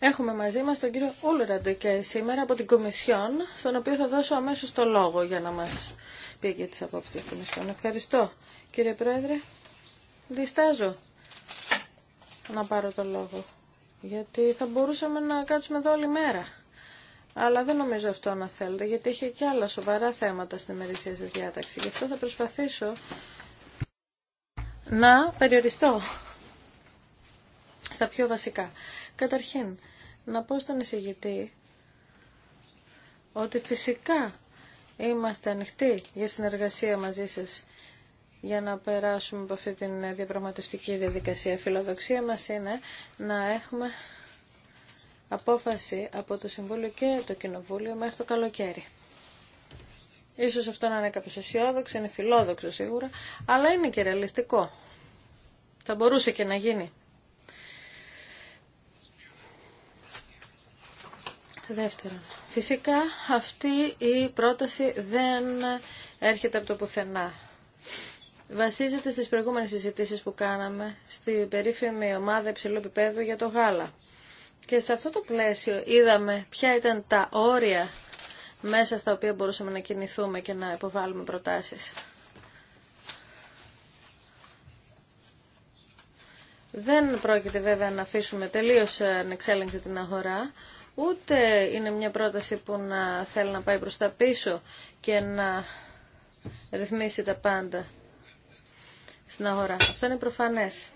Έχουμε μαζί μας τον κύριο Ούλραντε και σήμερα από την Κομισιόν, στον οποίο θα δώσω αμέσως το λόγο για να μας πει και τις απόψεις της Κομισιόν. Ευχαριστώ. Κύριε Πρόεδρε, διστάζω να πάρω το λόγο, γιατί θα μπορούσαμε να κάτσουμε εδώ όλη μέρα. Αλλά δεν νομίζω αυτό να θέλετε, γιατί έχει και άλλα σοβαρά θέματα στην ημερησία σας διάταξη. Γι' αυτό θα προσπαθήσω να περιοριστώ στα πιο βασικά. Καταρχήν, να πω στον εισηγητή ότι φυσικά είμαστε ανοιχτοί για συνεργασία μαζί σας για να περάσουμε από αυτή την διαπραγματευτική διαδικασία. φιλοδοξία μας είναι να έχουμε απόφαση από το Συμβούλιο και το Κοινοβούλιο μέχρι το καλοκαίρι. Ίσως αυτό να είναι κάπως αισιόδοξο, είναι φιλόδοξο σίγουρα, αλλά είναι και ρεαλιστικό. Θα μπορούσε και να γίνει. Δεύτερον, φυσικά αυτή η πρόταση δεν έρχεται από το πουθενά. Βασίζεται στις προηγούμενες συζητήσεις που κάναμε στη περίφημη ομάδα υψηλού επίπεδου για το γάλα. Και σε αυτό το πλαίσιο είδαμε ποια ήταν τα όρια μέσα στα οποία μπορούσαμε να κινηθούμε και να υποβάλουμε προτάσεις. Δεν πρόκειται βέβαια να αφήσουμε τελείως ανεξέλεγκτη την αγορά, ούτε είναι μια πρόταση που να θέλει να πάει προς τα πίσω και να ρυθμίσει τα πάντα στην αγορά. Αυτό είναι προφανές.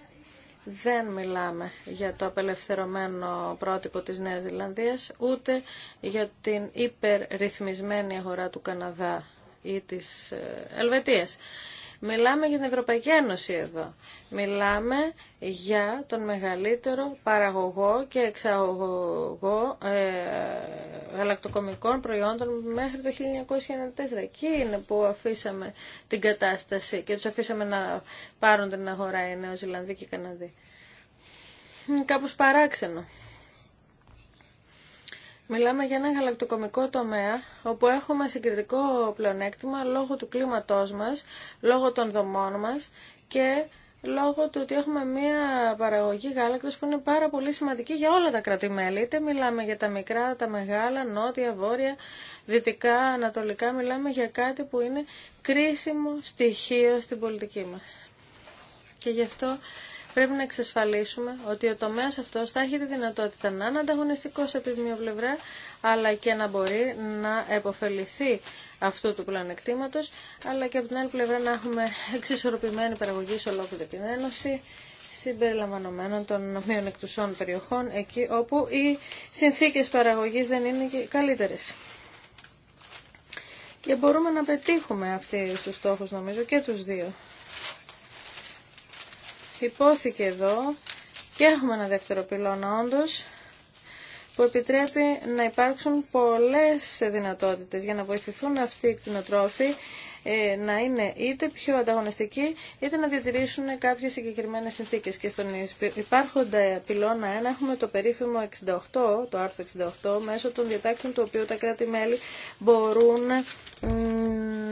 Δεν μιλάμε για το απελευθερωμένο πρότυπο της Νέας Ζηλανδίας, ούτε για την υπερρυθμισμένη αγορά του Καναδά ή της ε, Ελβετίας. Μιλάμε για την Ευρωπαϊκή Ένωση εδώ. Μιλάμε για τον μεγαλύτερο παραγωγό και εξαγωγό ε, γαλακτοκομικών προϊόντων μέχρι το 1994. Εκεί είναι που αφήσαμε την κατάσταση και τους αφήσαμε να πάρουν την αγορά οι Νέο Ζηλανδοί και οι Καναδοί. Κάπως παράξενο. Μιλάμε για ένα γαλακτοκομικό τομέα όπου έχουμε συγκριτικό πλεονέκτημα λόγω του κλίματός μας, λόγω των δομών μας και λόγω του ότι έχουμε μια παραγωγή γάλακτος που είναι πάρα πολύ σημαντική για όλα τα κρατημέλη. Είτε μιλάμε για τα μικρά, τα μεγάλα, νότια, βόρεια, δυτικά, ανατολικά. Μιλάμε για κάτι που είναι κρίσιμο στοιχείο στην πολιτική μας. Και γι' αυτό πρέπει να εξασφαλίσουμε ότι ο τομέας αυτό θα έχει τη δυνατότητα να είναι ανταγωνιστικό από τη μία πλευρά, αλλά και να μπορεί να επωφεληθεί αυτού του πλανεκτήματο, αλλά και από την άλλη πλευρά να έχουμε εξισορροπημένη παραγωγή σε ολόκληρη την Ένωση, συμπεριλαμβανομένων των μειονεκτουσών περιοχών, εκεί όπου οι συνθήκες παραγωγής δεν είναι και καλύτερες. Και μπορούμε να πετύχουμε αυτοί στους στόχους, νομίζω, και τους δύο υπόθηκε εδώ και έχουμε ένα δεύτερο πυλώνα όντως που επιτρέπει να υπάρξουν πολλές δυνατότητες για να βοηθηθούν αυτοί οι κτηνοτρόφοι ε, να είναι είτε πιο ανταγωνιστικοί είτε να διατηρήσουν κάποιες συγκεκριμένε συνθήκες. Και στον υπάρχοντα πυλώνα 1 έχουμε το περίφημο 68, το άρθρο 68, μέσω των διατάξεων του οποίου τα κράτη-μέλη μπορούν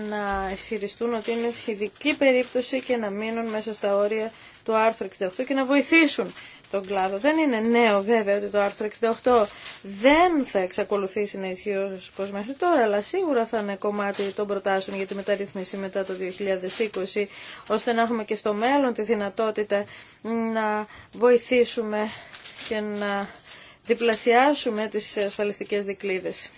να ισχυριστούν ότι είναι σχεδική περίπτωση και να μείνουν μέσα στα όρια το άρθρου 68 και να βοηθήσουν τον κλάδο. Δεν είναι νέο βέβαια ότι το άρθρο 68 δεν θα εξακολουθήσει να ισχύει όπω μέχρι τώρα, αλλά σίγουρα θα είναι κομμάτι των προτάσεων για τη μεταρρύθμιση μετά το 2020, ώστε να έχουμε και στο μέλλον τη δυνατότητα να βοηθήσουμε και να διπλασιάσουμε τις ασφαλιστικές δικλείδες.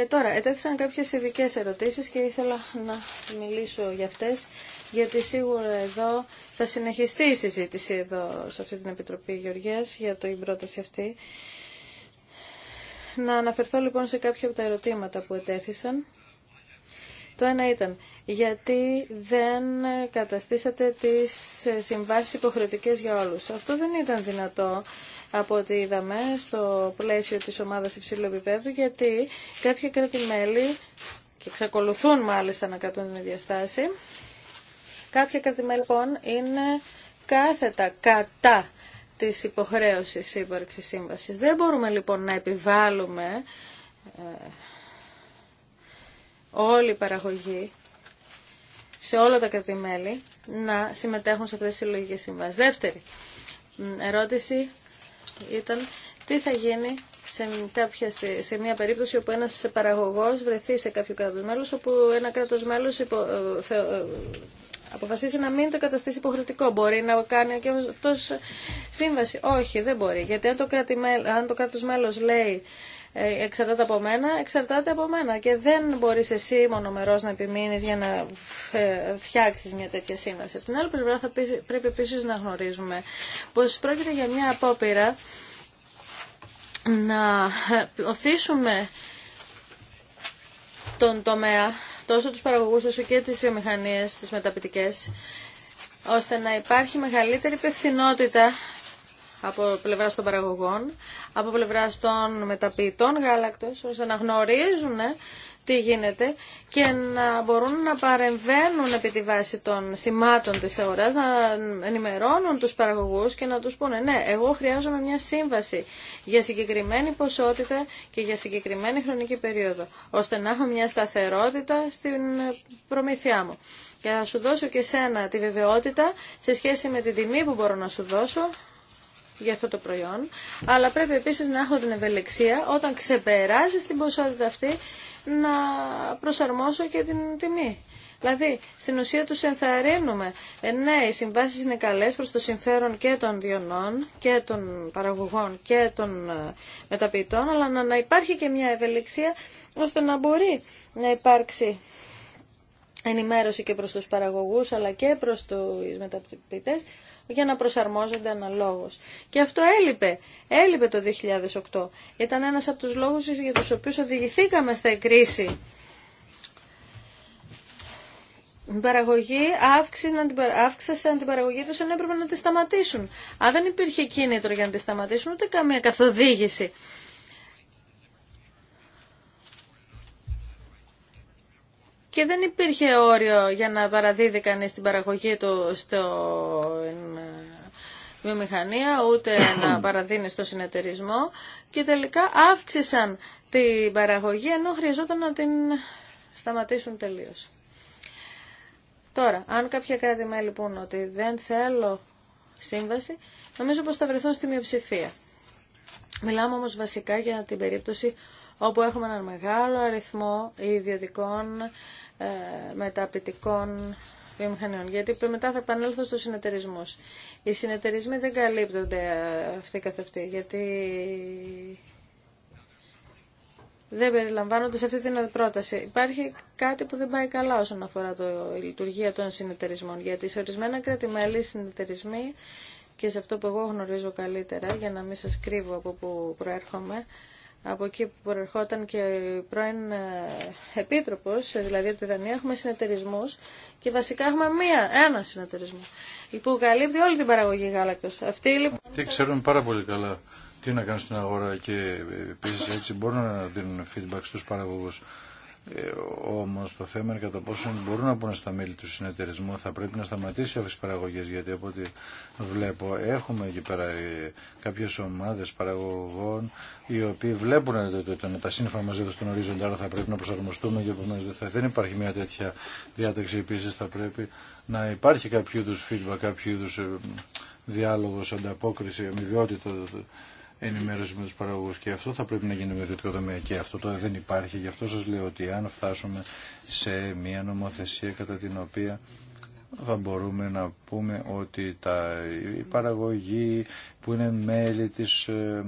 Ε, τώρα, ετέθησαν κάποιες ειδικέ ερωτήσεις και ήθελα να μιλήσω για αυτές γιατί σίγουρα εδώ θα συνεχιστεί η συζήτηση εδώ σε αυτή την Επιτροπή Γεωργίας για την πρόταση αυτή. Να αναφερθώ λοιπόν σε κάποια από τα ερωτήματα που ετέθησαν. Το ένα ήταν, γιατί δεν καταστήσατε τις συμβάσεις υποχρεωτικές για όλους. Αυτό δεν ήταν δυνατό από ό,τι είδαμε στο πλαίσιο της ομάδας υψηλού επίπεδου, γιατί κάποια κράτη-μέλη, και εξακολουθούν μάλιστα να κατούν την διαστάση, Κάποια κρατημέλη λοιπόν είναι κάθετα κατά της υποχρέωσης ύπαρξης σύμβασης. Δεν μπορούμε λοιπόν να επιβάλλουμε ε, όλη η παραγωγή σε όλα τα κρατημέλη να συμμετέχουν σε αυτές τις συλλογικές συμβάσεις. Δεύτερη ερώτηση ήταν τι θα γίνει σε, κάποια, σε μια περίπτωση όπου ένας παραγωγός βρεθεί σε κάποιο κράτος μέλος όπου ένα κράτος μέλος υπο, ε, ε, αποφασίσει να μην το καταστήσει υποχρεωτικό. Μπορεί να κάνει και αυτό σύμβαση. Όχι, δεν μπορεί. Γιατί αν το, αν το κράτος μέλος λέει ε, εξαρτάται από μένα, εξαρτάται από μένα. Και δεν μπορείς εσύ μονομερό να επιμεινεί για να ε, φτιάξει μια τέτοια σύμβαση. Από την άλλη πλευρά θα πρέπει επίση να γνωρίζουμε πω πρόκειται για μια απόπειρα να οθήσουμε τον τομέα τόσο τους παραγωγούς όσο και τις βιομηχανίες, τις μεταπητικές, ώστε να υπάρχει μεγαλύτερη υπευθυνότητα από πλευρά των παραγωγών, από πλευρά των μεταποιητών γάλακτος, ώστε να γνωρίζουν τι γίνεται και να μπορούν να παρεμβαίνουν επί τη βάση των σημάτων της αγοράς, να ενημερώνουν τους παραγωγούς και να τους πούνε ναι, εγώ χρειάζομαι μια σύμβαση για συγκεκριμένη ποσότητα και για συγκεκριμένη χρονική περίοδο, ώστε να έχω μια σταθερότητα στην προμήθειά μου. Και θα σου δώσω και σένα τη βεβαιότητα σε σχέση με την τιμή που μπορώ να σου δώσω για αυτό το προϊόν, αλλά πρέπει επίσης να έχω την ευελιξία όταν ξεπεράσεις την ποσότητα αυτή να προσαρμόσω και την τιμή. Δηλαδή, στην ουσία τους ενθαρρύνουμε. Ε, ναι, οι συμβάσεις είναι καλές προς το συμφέρον και των διονών και των παραγωγών και των ε, μεταποιητών, αλλά να υπάρχει και μια ευελιξία ώστε να μπορεί να υπάρξει ενημέρωση και προς τους παραγωγούς αλλά και προς τους μεταποιητές για να προσαρμόζονται αναλόγως. Και αυτό έλειπε. Έλειπε το 2008. Ήταν ένα από τους λόγους για τους οποίους οδηγηθήκαμε στα κρίση. Η παραγωγή αύξησαν την παραγωγή του ενώ έπρεπε να τη σταματήσουν. Αν δεν υπήρχε κίνητρο για να τη σταματήσουν, ούτε καμία καθοδήγηση. και δεν υπήρχε όριο για να παραδίδει κανείς την παραγωγή του στο ε, βιομηχανία, ούτε να παραδίνει στο συνεταιρισμό και τελικά αύξησαν την παραγωγή ενώ χρειαζόταν να την σταματήσουν τελείως. Τώρα, αν κάποια κράτη με λοιπόν ότι δεν θέλω σύμβαση, νομίζω πως θα βρεθούν στη μειοψηφία. Μιλάμε όμως βασικά για την περίπτωση όπου έχουμε έναν μεγάλο αριθμό ιδιωτικών ε, μεταπητικών βιομηχανιών, γιατί μετά θα επανέλθω στους συνεταιρισμού. Οι συνεταιρισμοί δεν καλύπτονται ε, αυτοί καθ' αυτοί, γιατί δεν περιλαμβάνονται σε αυτή την πρόταση. Υπάρχει κάτι που δεν πάει καλά όσον αφορά το, η λειτουργία των συνεταιρισμών, γιατί σε ορισμένα οι συνεταιρισμοί και σε αυτό που εγώ γνωρίζω καλύτερα, για να μην σας κρύβω από που προέρχομαι, από εκεί που προερχόταν και πρώην ε, επίτροπος, ε, δηλαδή από τη Δανία, έχουμε συνεταιρισμού και βασικά έχουμε μία, ένα συνεταιρισμό που καλύπτει όλη την παραγωγή γάλακτο. Αυτοί λοιπόν... Τι ξέρουν πάρα πολύ καλά τι να κάνουν στην αγορά και επίση έτσι μπορούν να δίνουν feedback στου παραγωγού. Ε, όμως το θέμα είναι κατά πόσο μπορούν να πούνε στα μέλη του συνεταιρισμού θα πρέπει να σταματήσει αυτές τις παραγωγές γιατί από ό,τι βλέπω έχουμε εκεί πέρα ε, κάποιες ομάδες παραγωγών οι οποίοι βλέπουν το, τα σύνφα μας εδώ στον ορίζοντα αλλά θα πρέπει να προσαρμοστούμε και δεν, υπάρχει μια τέτοια διάταξη επίσης θα πρέπει να υπάρχει κάποιο είδους feedback κάποιο είδους ε, διάλογος, ανταπόκριση, αμοιβιότητα ενημέρωση με του παραγωγού. και αυτό θα πρέπει να γίνει με ιδιωτικό τομέα και αυτό τώρα δεν υπάρχει. Γι' αυτό σας λέω ότι αν φτάσουμε σε μια νομοθεσία κατά την οποία θα μπορούμε να πούμε ότι τα, η παραγωγή που είναι μέλη της ε,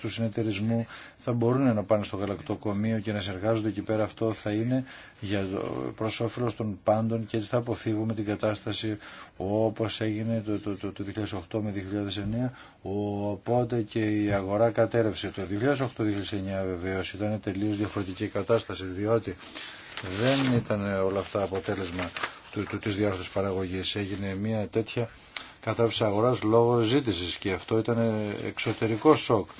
του συνεταιρισμού θα μπορούν να πάνε στο γαλακτοκομείο και να συνεργάζονται εκεί πέρα. Αυτό θα είναι για, προς όφελος των πάντων και έτσι θα αποφύγουμε την κατάσταση όπως έγινε το, 2008 με 2009. Οπότε και η αγορά κατέρευσε. Το 2008-2009 βεβαίω ήταν τελείως διαφορετική κατάσταση διότι δεν ήταν όλα αυτά αποτέλεσμα του, της διάρθρωσης παραγωγής. Έγινε μια τέτοια κατάψη αγοράς λόγω ζήτησης και αυτό ήταν εξωτερικό σοκ.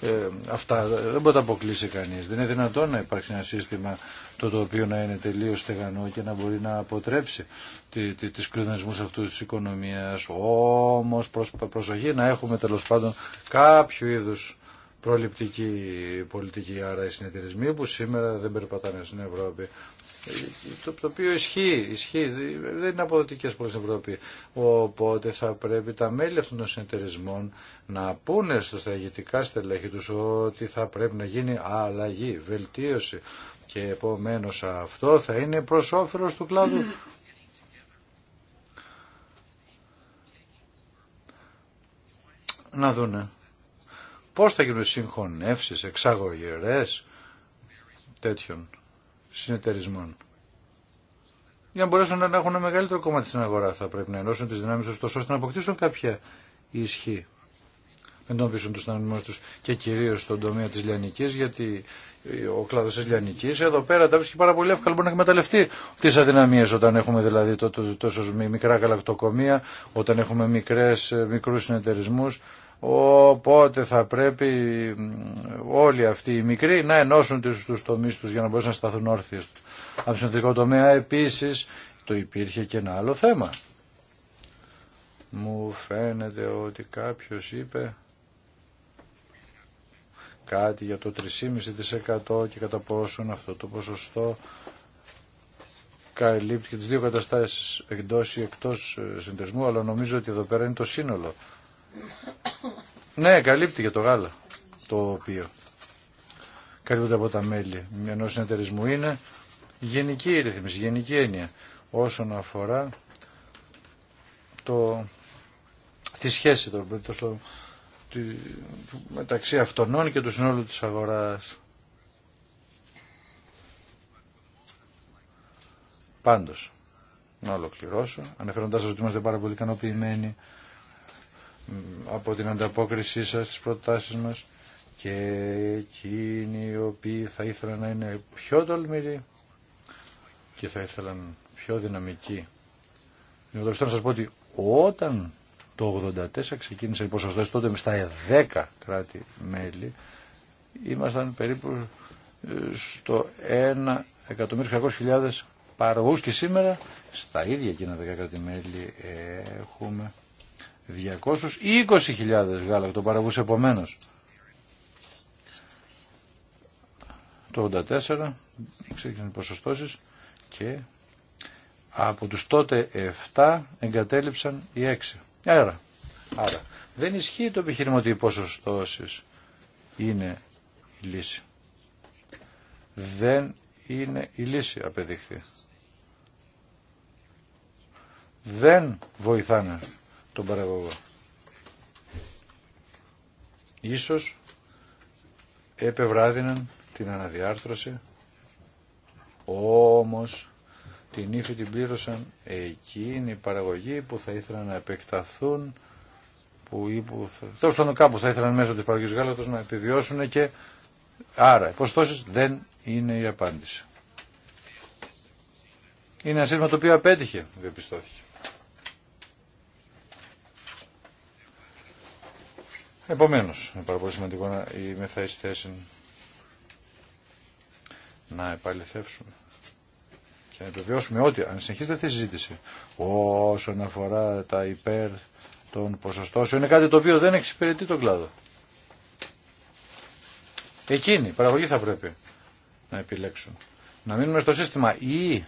Ε, αυτά δεν μπορεί να αποκλείσει κανεί. Δεν είναι δυνατόν να υπάρξει ένα σύστημα το, το οποίο να είναι τελείω στεγανό και να μπορεί να αποτρέψει του κλειδονισμού τις αυτού τη οικονομίας. Όμως προσοχή να έχουμε τέλο πάντων κάποιο είδου προληπτική πολιτική. Άρα οι συνεταιρισμοί που σήμερα δεν περπατάνε στην Ευρώπη το, το οποίο ισχύει, ισχύει, δεν είναι αποδοτικές προς την Ευρώπη. Οπότε θα πρέπει τα μέλη αυτών των συνεταιρισμών να πούνε στα ηγετικά στελέχη τους ότι θα πρέπει να γίνει αλλαγή, βελτίωση και επομένως αυτό θα είναι προς του κλάδου. Να δούνε. Πώς θα γίνουν συγχωνεύσεις, εξαγωγερές τέτοιων συνεταιρισμών. Για να μπορέσουν να έχουν ένα μεγαλύτερο κομμάτι στην αγορά θα πρέπει να ενώσουν τι δυνάμει τους τόσο ώστε να αποκτήσουν κάποια ισχύ. Δεν τον πείσουν του και κυρίω στον τομέα τη Λιανική, γιατί ο κλάδο τη Λιανική. εδώ πέρα τα βρίσκει πάρα πολύ εύκολα μπορεί να εκμεταλλευτεί τι αδυναμίε όταν έχουμε δηλαδή τόσο μικρά καλακτοκομεία, όταν έχουμε ε, μικρού συνεταιρισμού. Οπότε θα πρέπει όλοι αυτοί οι μικροί να ενώσουν τους τομείς τους για να μπορέσουν να σταθούν όρθιοι Από τον εθνικό τομέα επίσης το υπήρχε και ένα άλλο θέμα. Μου φαίνεται ότι κάποιος είπε κάτι για το 3,5% και κατά πόσον αυτό το ποσοστό καλύπτει και τις δύο καταστάσεις εντός ή εκτός ε, συνδεσμού, αλλά νομίζω ότι εδώ πέρα είναι το σύνολο ναι, καλύπτει και το γάλα το οποίο καλύπτει από τα μέλη ενός συνεταιρισμού. Είναι γενική η ρυθμίση, γενική έννοια όσον αφορά το, τη σχέση το, το, τη, μεταξύ αυτονών και του συνόλου της αγοράς. Πάντως, να ολοκληρώσω, αναφέροντάς ότι είμαστε πάρα πολύ ικανοποιημένοι από την ανταπόκρισή σας στις προτάσεις μας και εκείνοι οι οποίοι θα ήθελαν να είναι πιο τολμηροί και θα ήθελαν πιο δυναμικοί. Δηλαδή να σας πω ότι όταν το 84 ξεκίνησε η ποσοστές τότε στα 10 κράτη-μέλη ήμασταν περίπου ε, στο 1.600.000 παραγωγούς και σήμερα στα ίδια εκείνα 10 κράτη-μέλη έχουμε 220.000 γάλακτο παραβούσε επομένω. Το 84 ξέχνουν οι ποσοστώσεις και από τους τότε 7 εγκατέλειψαν οι 6. Άρα, άρα δεν ισχύει το επιχείρημα ότι οι ποσοστώσεις είναι η λύση. Δεν είναι η λύση απεδείχθη. Δεν βοηθάνε τον παραγωγό. Ίσως επευράδυναν την αναδιάρθρωση, όμως την ύφη την πλήρωσαν εκείνη οι παραγωγοί που θα ήθελαν να επεκταθούν, που, ή που θα... Τόσο θα ήθελαν μέσω της παραγωγής γάλατος να επιβιώσουν και άρα υποστώσεις δεν είναι η απάντηση. Είναι ένα σύστημα το οποίο απέτυχε, διαπιστώθηκε. Επομένω, είναι πάρα πολύ σημαντικό να είμαι θέση να επαληθεύσουμε και να επιβιώσουμε ότι αν συνεχίσετε αυτή η συζήτηση όσον αφορά τα υπέρ των ποσοστώσεων είναι κάτι το οποίο δεν εξυπηρετεί τον κλάδο. Εκείνοι, παραγωγή θα πρέπει να επιλέξουν. Να μείνουμε στο σύστημα ή e,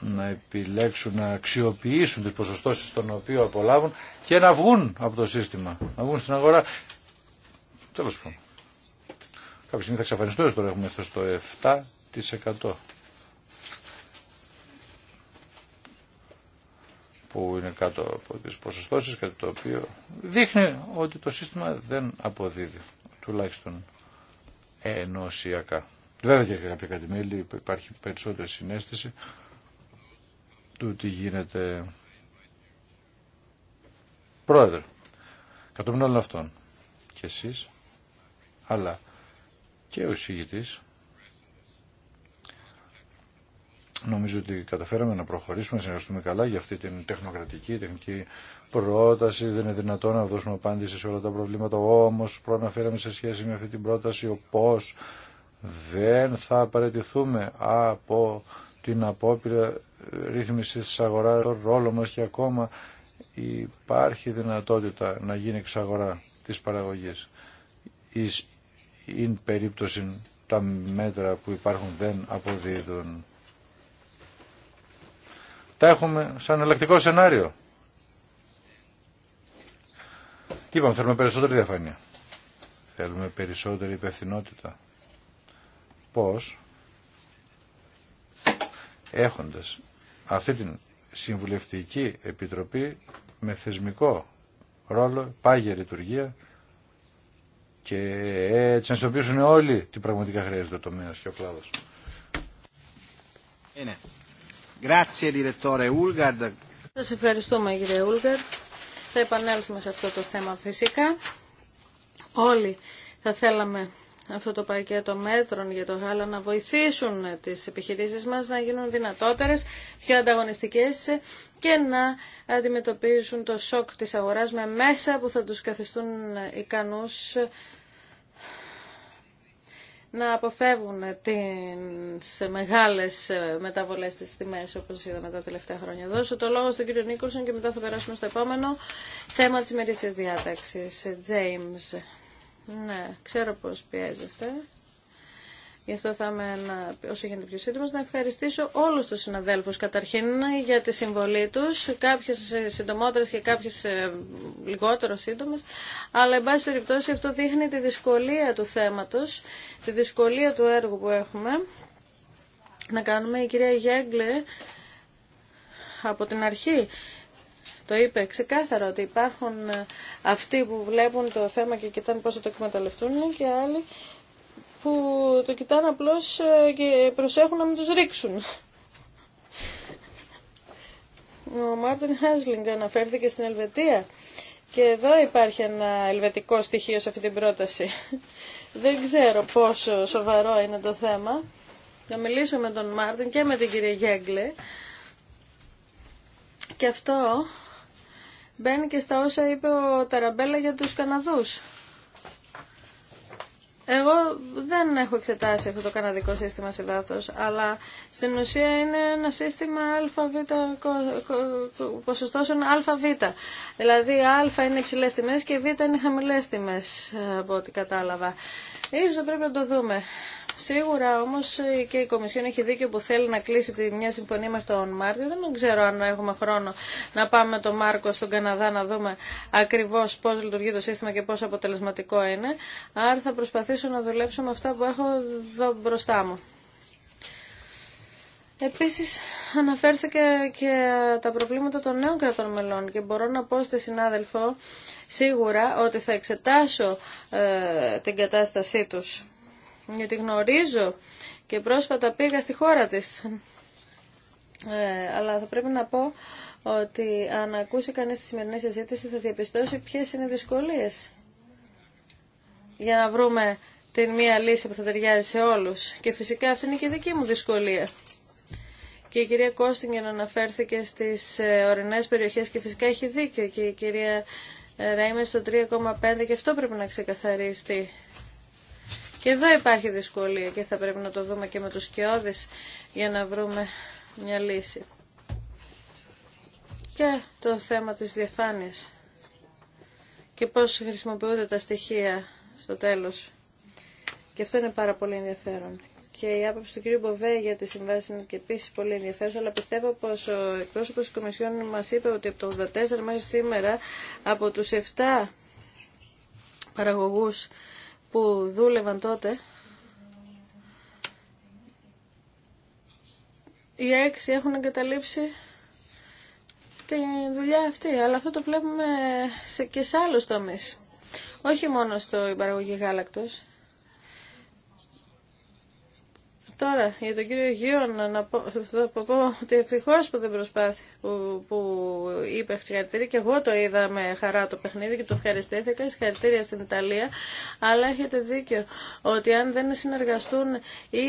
να επιλέξουν να αξιοποιήσουν τις ποσοστώσεις των οποίων απολάβουν και να βγουν από το σύστημα, να βγουν στην αγορά. Τέλος πάντων. Κάποια στιγμή θα εξαφανιστούν, τώρα έχουμε στο 7% που είναι κάτω από τις ποσοστώσεις, κάτι το οποίο δείχνει ότι το σύστημα δεν αποδίδει, τουλάχιστον ενωσιακά. Βέβαια και κάποια κατημέλη υπάρχει περισσότερη συνέστηση του τι γίνεται. Πρόεδρε, κατόπιν όλων αυτών και εσείς, αλλά και ο εισηγητής, νομίζω ότι καταφέραμε να προχωρήσουμε, να συνεργαστούμε καλά για αυτή την τεχνοκρατική, τεχνική πρόταση. Δεν είναι δυνατόν να δώσουμε απάντηση σε όλα τα προβλήματα. Όμως προαναφέραμε σε σχέση με αυτή την πρόταση ο πώς δεν θα απαρατηθούμε από την απόπειρα ρύθμιση της αγοράς, το ρόλο μας και ακόμα υπάρχει δυνατότητα να γίνει εξαγορά της παραγωγής. Εις, περίπτωση τα μέτρα που υπάρχουν δεν αποδίδουν. Τα έχουμε σαν ελεκτικό σενάριο. Τι λοιπόν, είπαμε, θέλουμε περισσότερη διαφάνεια. Θέλουμε περισσότερη υπευθυνότητα. Πώς, έχοντας αυτή την Συμβουλευτική Επιτροπή με θεσμικό ρόλο, πάγια λειτουργία και έτσι ενσωπήσουν όλοι τι πραγματικά χρειάζεται ο τομέα και ο κλάδο. Σα ευχαριστούμε κύριε Ούλγαρντ. Θα επανέλθουμε σε αυτό το θέμα φυσικά. Όλοι θα θέλαμε αυτό το πακέτο μέτρων για το γάλα να βοηθήσουν τις επιχειρήσεις μας να γίνουν δυνατότερες, πιο ανταγωνιστικές και να αντιμετωπίζουν το σοκ της αγοράς με μέσα που θα τους καθιστούν ικανούς να αποφεύγουν τις μεγάλες μεταβολές της τιμές όπως είδαμε τα τελευταία χρόνια. Δώσω το λόγο στον κύριο Νίκολσον και μετά θα περάσουμε στο επόμενο θέμα της ημερήσιας διάταξης. James. Ναι, ξέρω πώς πιέζεστε. Γι' αυτό θα είμαι ένα, όσο γίνεται πιο σύντομο να ευχαριστήσω όλους τους συναδέλφους καταρχήν για τη συμβολή τους, Κάποιε συντομότερες και κάποιες ε, λιγότερο σύντομε. αλλά εν πάση περιπτώσει αυτό δείχνει τη δυσκολία του θέματος, τη δυσκολία του έργου που έχουμε. Να κάνουμε η κυρία Γέγκλε από την αρχή το είπε ξεκάθαρα ότι υπάρχουν ε, αυτοί που βλέπουν το θέμα και κοιτάνε πώς το εκμεταλλευτούν και άλλοι που το κοιτάνε απλώς ε, και προσέχουν να μην τους ρίξουν. Ο Μάρτιν Χάσλινγκ αναφέρθηκε στην Ελβετία και εδώ υπάρχει ένα ελβετικό στοιχείο σε αυτή την πρόταση. Δεν ξέρω πόσο σοβαρό είναι το θέμα. Να μιλήσω με τον Μάρτιν και με την κυρία Γέγκλε. Και αυτό μπαίνει και στα όσα είπε ο Ταραμπέλα για τους Καναδούς. Εγώ δεν έχω εξετάσει αυτό το καναδικό σύστημα σε βάθος, αλλά στην ουσία είναι ένα σύστημα ΑΒ, ποσοστώσεων ΑΒ. Δηλαδή Α είναι υψηλές τιμές και Β είναι χαμηλές τιμές, από ό,τι κατάλαβα. Ίσως πρέπει να το δούμε. Σίγουρα όμω και η Κομισιόν έχει δίκιο που θέλει να κλείσει τη μια συμφωνία μέχρι τον Μάρτιο. Δεν ξέρω αν έχουμε χρόνο να πάμε τον Μάρκο στον Καναδά να δούμε ακριβώ πώ λειτουργεί το σύστημα και πόσο αποτελεσματικό είναι. Άρα θα προσπαθήσω να δουλέψω με αυτά που έχω εδώ μπροστά μου. Επίση, αναφέρθηκε και τα προβλήματα των νέων κρατών μελών και μπορώ να πω στη συνάδελφο σίγουρα ότι θα εξετάσω ε, την κατάστασή τους γιατί γνωρίζω και πρόσφατα πήγα στη χώρα της. Ε, αλλά θα πρέπει να πω ότι αν ακούσει κανείς τη σημερινή συζήτηση θα διαπιστώσει ποιες είναι οι δυσκολίες για να βρούμε την μία λύση που θα ταιριάζει σε όλους. Και φυσικά αυτή είναι και η δική μου δυσκολία. Και η κυρία Κώστιγκεν αναφέρθηκε στις ε, ορεινές περιοχές και φυσικά έχει δίκιο και η κυρία ε, Ρέιμες στο 3,5 και αυτό πρέπει να ξεκαθαριστεί. Και εδώ υπάρχει δυσκολία και θα πρέπει να το δούμε και με τους σκιώδεις για να βρούμε μια λύση. Και το θέμα της διαφάνειας και πώς χρησιμοποιούνται τα στοιχεία στο τέλος. Και αυτό είναι πάρα πολύ ενδιαφέρον. Και η άποψη του κ. Μποβέ για τη συμβάση είναι και επίση πολύ ενδιαφέρουσα, αλλά πιστεύω πω ο εκπρόσωπο τη Κομισιόν μα είπε ότι από το 84 μέχρι σήμερα από του 7 παραγωγού που δούλευαν τότε, οι έξι έχουν εγκαταλείψει τη δουλειά αυτή. Αλλά αυτό το βλέπουμε και σε άλλους τομείς. Όχι μόνο στο υπαραγωγή γάλακτος. Τώρα, για τον κύριο Γιώνα, να πω, θα πω, ότι ευτυχώ που δεν προσπάθησε που, που είπε συγχαρητήρια και εγώ το είδα με χαρά το παιχνίδι και το ευχαριστήθηκα. Συγχαρητήρια στην Ιταλία. Αλλά έχετε δίκιο ότι αν δεν συνεργαστούν οι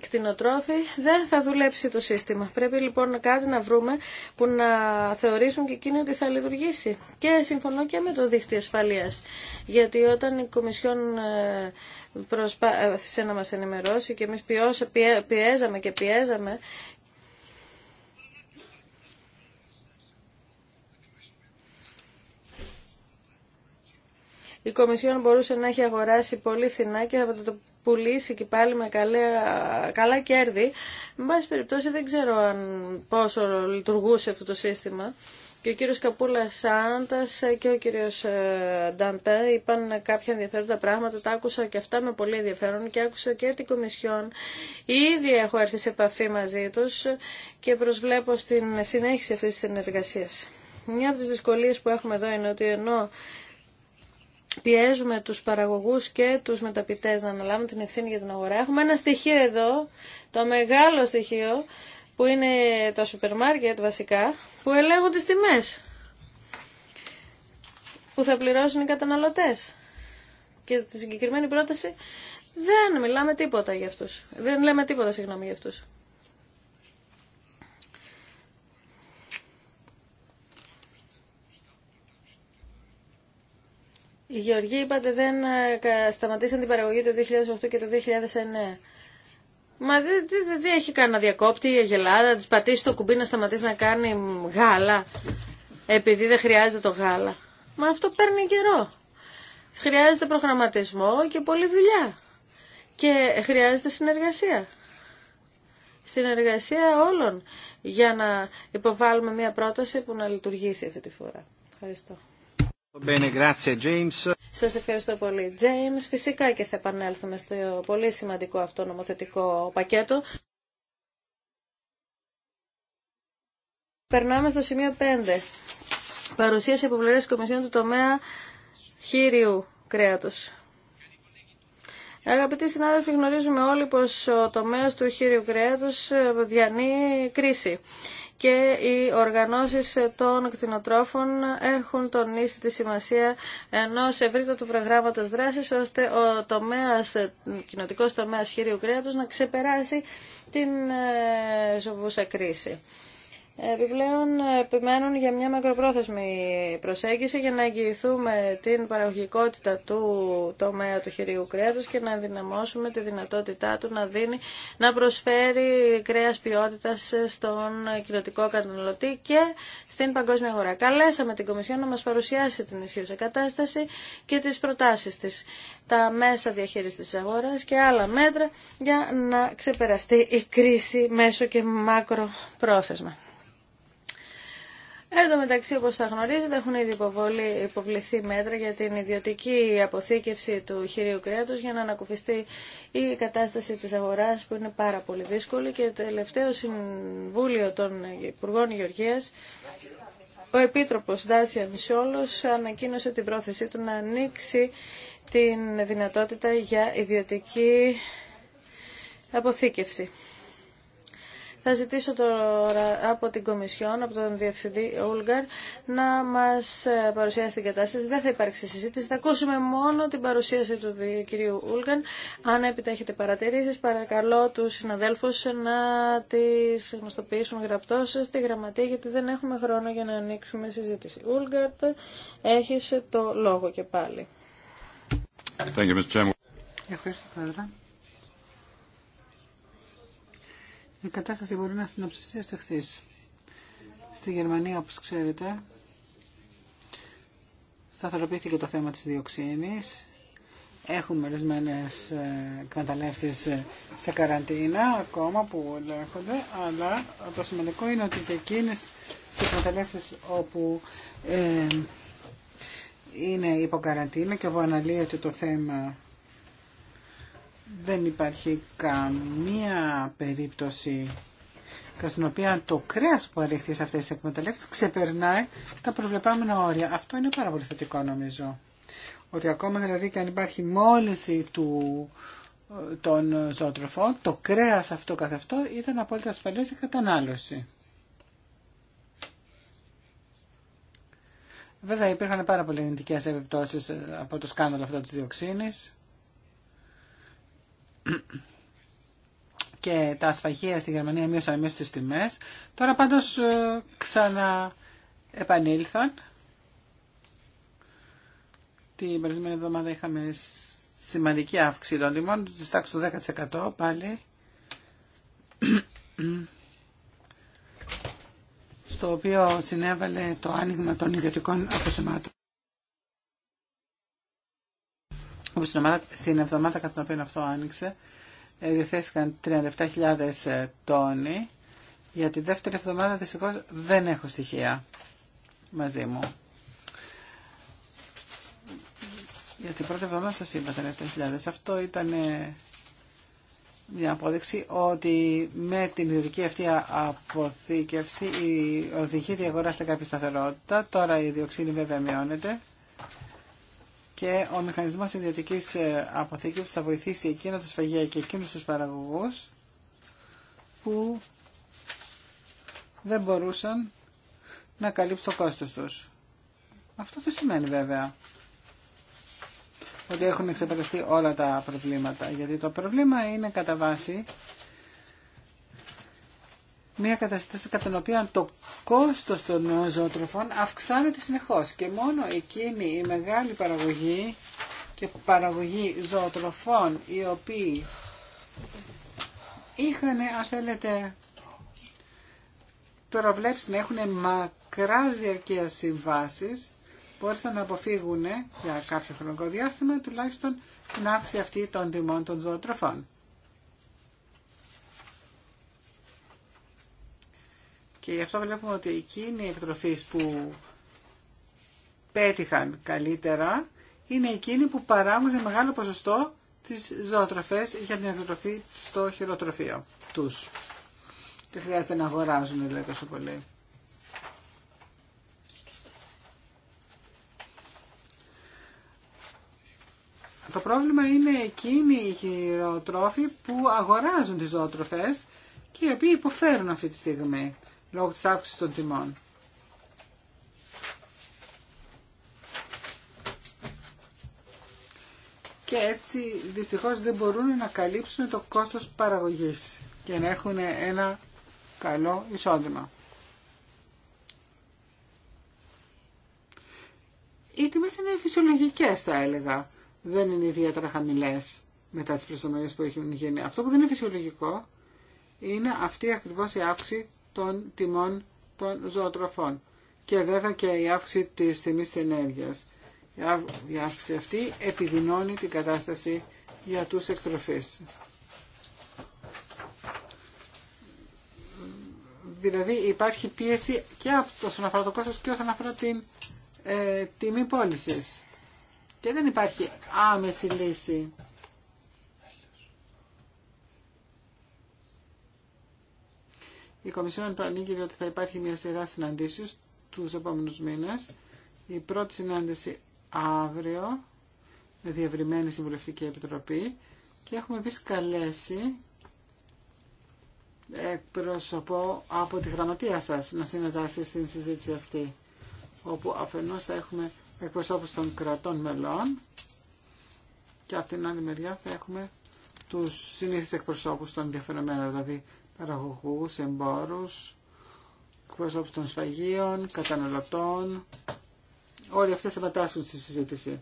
κτηνοτρόφοι, δεν θα δουλέψει το σύστημα. Πρέπει λοιπόν κάτι να βρούμε που να θεωρήσουν και εκείνοι ότι θα λειτουργήσει. Και συμφωνώ και με το δίχτυ ασφαλεία. Γιατί όταν η Κομισιόν ε, προσπάθησε να μας ενημερώσει και εμείς πιέζαμε και πιέζαμε η Κομισιόν μπορούσε να έχει αγοράσει πολύ φθηνά και θα το πουλήσει και πάλι με καλά, καλά κέρδη. Με πάση περιπτώσει δεν ξέρω αν, πόσο λειτουργούσε αυτό το σύστημα και ο κύριος Καπούλα Σάντα και ο κύριος ε, Νταντέ είπαν κάποια ενδιαφέροντα πράγματα, τα άκουσα και αυτά με πολύ ενδιαφέρον και άκουσα και την Κομισιόν. Ήδη έχω έρθει σε επαφή μαζί τους και προσβλέπω στην συνέχιση αυτής της συνεργασίας. Μια από τις δυσκολίες που έχουμε εδώ είναι ότι ενώ πιέζουμε τους παραγωγούς και τους μεταπιτές να αναλάβουν την ευθύνη για την αγορά, έχουμε ένα στοιχείο εδώ, το μεγάλο στοιχείο, που είναι τα σούπερ μάρκετ βασικά, που ελέγχουν τις τιμές που θα πληρώσουν οι καταναλωτές. Και στη συγκεκριμένη πρόταση δεν μιλάμε τίποτα για αυτούς. Δεν λέμε τίποτα, συγγνώμη, για αυτούς. Οι Γεωργοί, είπατε, δεν ε, σταματήσαν την παραγωγή το 2008 και το 2009. Μα δεν, δεν, δεν έχει κανένα διακόπτη η Αγελάδα, τη πατήσει το κουμπί να σταματήσει να κάνει γάλα, επειδή δεν χρειάζεται το γάλα. Μα αυτό παίρνει καιρό. Χρειάζεται προγραμματισμό και πολλή δουλειά. Και χρειάζεται συνεργασία. Συνεργασία όλων για να υποβάλουμε μια πρόταση που να λειτουργήσει αυτή τη φορά. Ευχαριστώ. Σας ευχαριστώ πολύ, James. Φυσικά και θα επανέλθουμε στο πολύ σημαντικό αυτό νομοθετικό πακέτο. Περνάμε στο σημείο 5. Παρουσίαση υποπληρές κομισιών του τομέα χείριου κρέατος. Αγαπητοί συνάδελφοι, γνωρίζουμε όλοι πως ο τομέας του χείριου κρέατος ε, διανύει κρίση και οι οργανώσεις των κτηνοτρόφων έχουν τονίσει τη σημασία ενός ευρύτατου προγράμματος δράσης ώστε ο τομέας, ε, κοινοτικός τομέας χείριου κρέατος να ξεπεράσει την ε, ζωβούσα κρίση. Επιπλέον επιμένουν για μια μακροπρόθεσμη προσέγγιση για να εγγυηθούμε την παραγωγικότητα του τομέα του χειριού κρέατος και να ενδυναμώσουμε τη δυνατότητά του να, δίνει, να προσφέρει κρέας ποιότητας στον κοινοτικό καταναλωτή και στην παγκόσμια αγορά. Καλέσαμε την Κομισιόν να μας παρουσιάσει την ισχύουσα κατάσταση και τις προτάσεις της, τα μέσα διαχείρισης της αγοράς και άλλα μέτρα για να ξεπεραστεί η κρίση μέσω και μακροπρόθεσμα. Εν τω μεταξύ, όπω θα γνωρίζετε, έχουν ήδη υποβολή, υποβληθεί μέτρα για την ιδιωτική αποθήκευση του χειρίου κρέατος για να ανακουφιστεί η κατάσταση της αγοράς που είναι πάρα πολύ δύσκολη και το τελευταίο Συμβούλιο των Υπουργών Γεωργίας ο Επίτροπος Ντάσιαν Σόλος ανακοίνωσε την πρόθεσή του να ανοίξει την δυνατότητα για ιδιωτική αποθήκευση. Θα ζητήσω τώρα από την Κομισιόν, από τον Διευθυντή Ούλγκαρ, να μας ε, παρουσιάσει την κατάσταση. Δεν θα υπάρξει συζήτηση, θα ακούσουμε μόνο την παρουσίαση του κυρίου Ούλγκαρ. Αν επιτέχετε παρατηρήσεις, παρακαλώ τους συναδέλφους να τις γνωστοποιήσουν γραπτώς στη γραμματεία, γιατί δεν έχουμε χρόνο για να ανοίξουμε συζήτηση. Ούλγκαρ, έχεις το λόγο και πάλι. Thank you, Mr. Ευχαριστώ, Πρόεδρε. η κατάσταση μπορεί να συνοψιστεί ως τεχθείς. Στη Γερμανία, όπως ξέρετε, σταθεροποιήθηκε το θέμα της διοξίνης. Έχουμε ορισμένε εκμεταλλεύσει ε, σε καραντίνα ακόμα που ελέγχονται, αλλά το σημαντικό είναι ότι και εκείνε τι εκμεταλλεύσει όπου ε, είναι υποκαραντίνα και όπου αναλύεται το θέμα δεν υπάρχει καμία περίπτωση κατά την οποία το κρέα που αριχθεί σε αυτές τις εκμεταλλεύσεις ξεπερνάει τα προβλεπάμενα όρια. Αυτό είναι πάρα πολύ θετικό νομίζω. Ότι ακόμα δηλαδή και αν υπάρχει μόλυνση του, ε, των ζωοτροφών, το κρέα αυτό καθ' αυτό ήταν απόλυτα ασφαλές η κατανάλωση. Βέβαια υπήρχαν πάρα πολύ ενδικέ επιπτώσει ε, από το σκάνδαλο αυτό τη διοξίνη και τα ασφαγεία στη Γερμανία μείωσαν μέσα στις τιμές. Τώρα πάντως ε, ξανά επανήλθαν. Την περασμένη εβδομάδα είχαμε σημαντική αύξηση των τιμών, της τάξης του 10% πάλι. στο οποίο συνέβαλε το άνοιγμα των ιδιωτικών αποθεμάτων. Όπως στην εβδομάδα κατά την οποία αυτό άνοιξε, ε, διαθέστηκαν 37.000 ε, τόνοι. Για τη δεύτερη εβδομάδα δυστυχώ δεν έχω στοιχεία μαζί μου. Για την πρώτη εβδομάδα σας είπα 37.000. Αυτό ήταν ε, μια απόδειξη ότι με την ιδιωτική αυτή αποθήκευση η οδηγή διαγορά κάποια σταθερότητα. Τώρα η διοξίνη βέβαια μειώνεται και ο μηχανισμός ιδιωτικής ε, αποθήκευσης θα βοηθήσει εκείνα τα σφαγεία και εκείνους τους παραγωγούς που δεν μπορούσαν να καλύψουν το κόστος τους. Αυτό δεν σημαίνει βέβαια ότι έχουν εξεταστεί όλα τα προβλήματα, γιατί το πρόβλημα είναι κατά βάση μια κατάσταση κατά την οποία το κόστος των ζωοτροφών αυξάνεται συνεχώς και μόνο εκείνη η μεγάλη παραγωγή και παραγωγή ζωοτροφών οι οποίοι είχαν, αν θέλετε, τώρα βλέπεις να έχουν μακρά διαρκεία συμβάσεις, μπορούσαν να αποφύγουν για κάποιο χρονικό διάστημα τουλάχιστον την αύξηση αυτή των τιμών των ζωοτροφών. Και γι' αυτό βλέπουμε ότι εκείνοι οι εκτροφείς που πέτυχαν καλύτερα είναι εκείνοι που παράγουν σε μεγάλο ποσοστό τις ζωοτροφές για την εκτροφή στο χειροτροφείο τους. Δεν χρειάζεται να αγοράζουν δηλαδή, τόσο πολύ. Το πρόβλημα είναι εκείνοι οι χειροτρόφοι που αγοράζουν τις ζωοτροφές και οι οποίοι υποφέρουν αυτή τη στιγμή λόγω της αύξησης των τιμών. Και έτσι δυστυχώς δεν μπορούν να καλύψουν το κόστος παραγωγής και να έχουν ένα καλό εισόδημα. Οι τιμές είναι φυσιολογικές θα έλεγα. Δεν είναι ιδιαίτερα χαμηλές μετά τις προσαρμογές που έχουν γίνει. Αυτό που δεν είναι φυσιολογικό είναι αυτή ακριβώς η αύξηση των τιμών των ζωοτροφών και βέβαια και η αύξηση της τιμής ενέργειας. Η αύξηση αυτή επιδεινώνει την κατάσταση για τους εκτροφείς. Δηλαδή υπάρχει πίεση και όσον αφορά το κόστος και όσον αφορά την ε, τιμή πώληση. Και δεν υπάρχει άμεση λύση. Η Κομισιόν προανήγγειλε ότι θα υπάρχει μια σειρά συναντήσεων τους επόμενους μήνες. Η πρώτη συνάντηση αύριο με διευρυμένη συμβουλευτική επιτροπή και έχουμε επίση καλέσει εκπροσωπό από τη γραμματεία σας να συνεδάσει στην συζήτηση αυτή όπου αφενός θα έχουμε εκπροσώπους των κρατών μελών και από την άλλη μεριά θα έχουμε τους συνήθεις εκπροσώπους των ενδιαφερομένων, δηλαδή ραγωγούς, εμπόρους, εκπρόσωπους των σφαγείων, καταναλωτών. Όλοι αυτές συμμετάσχουν στη συζήτηση.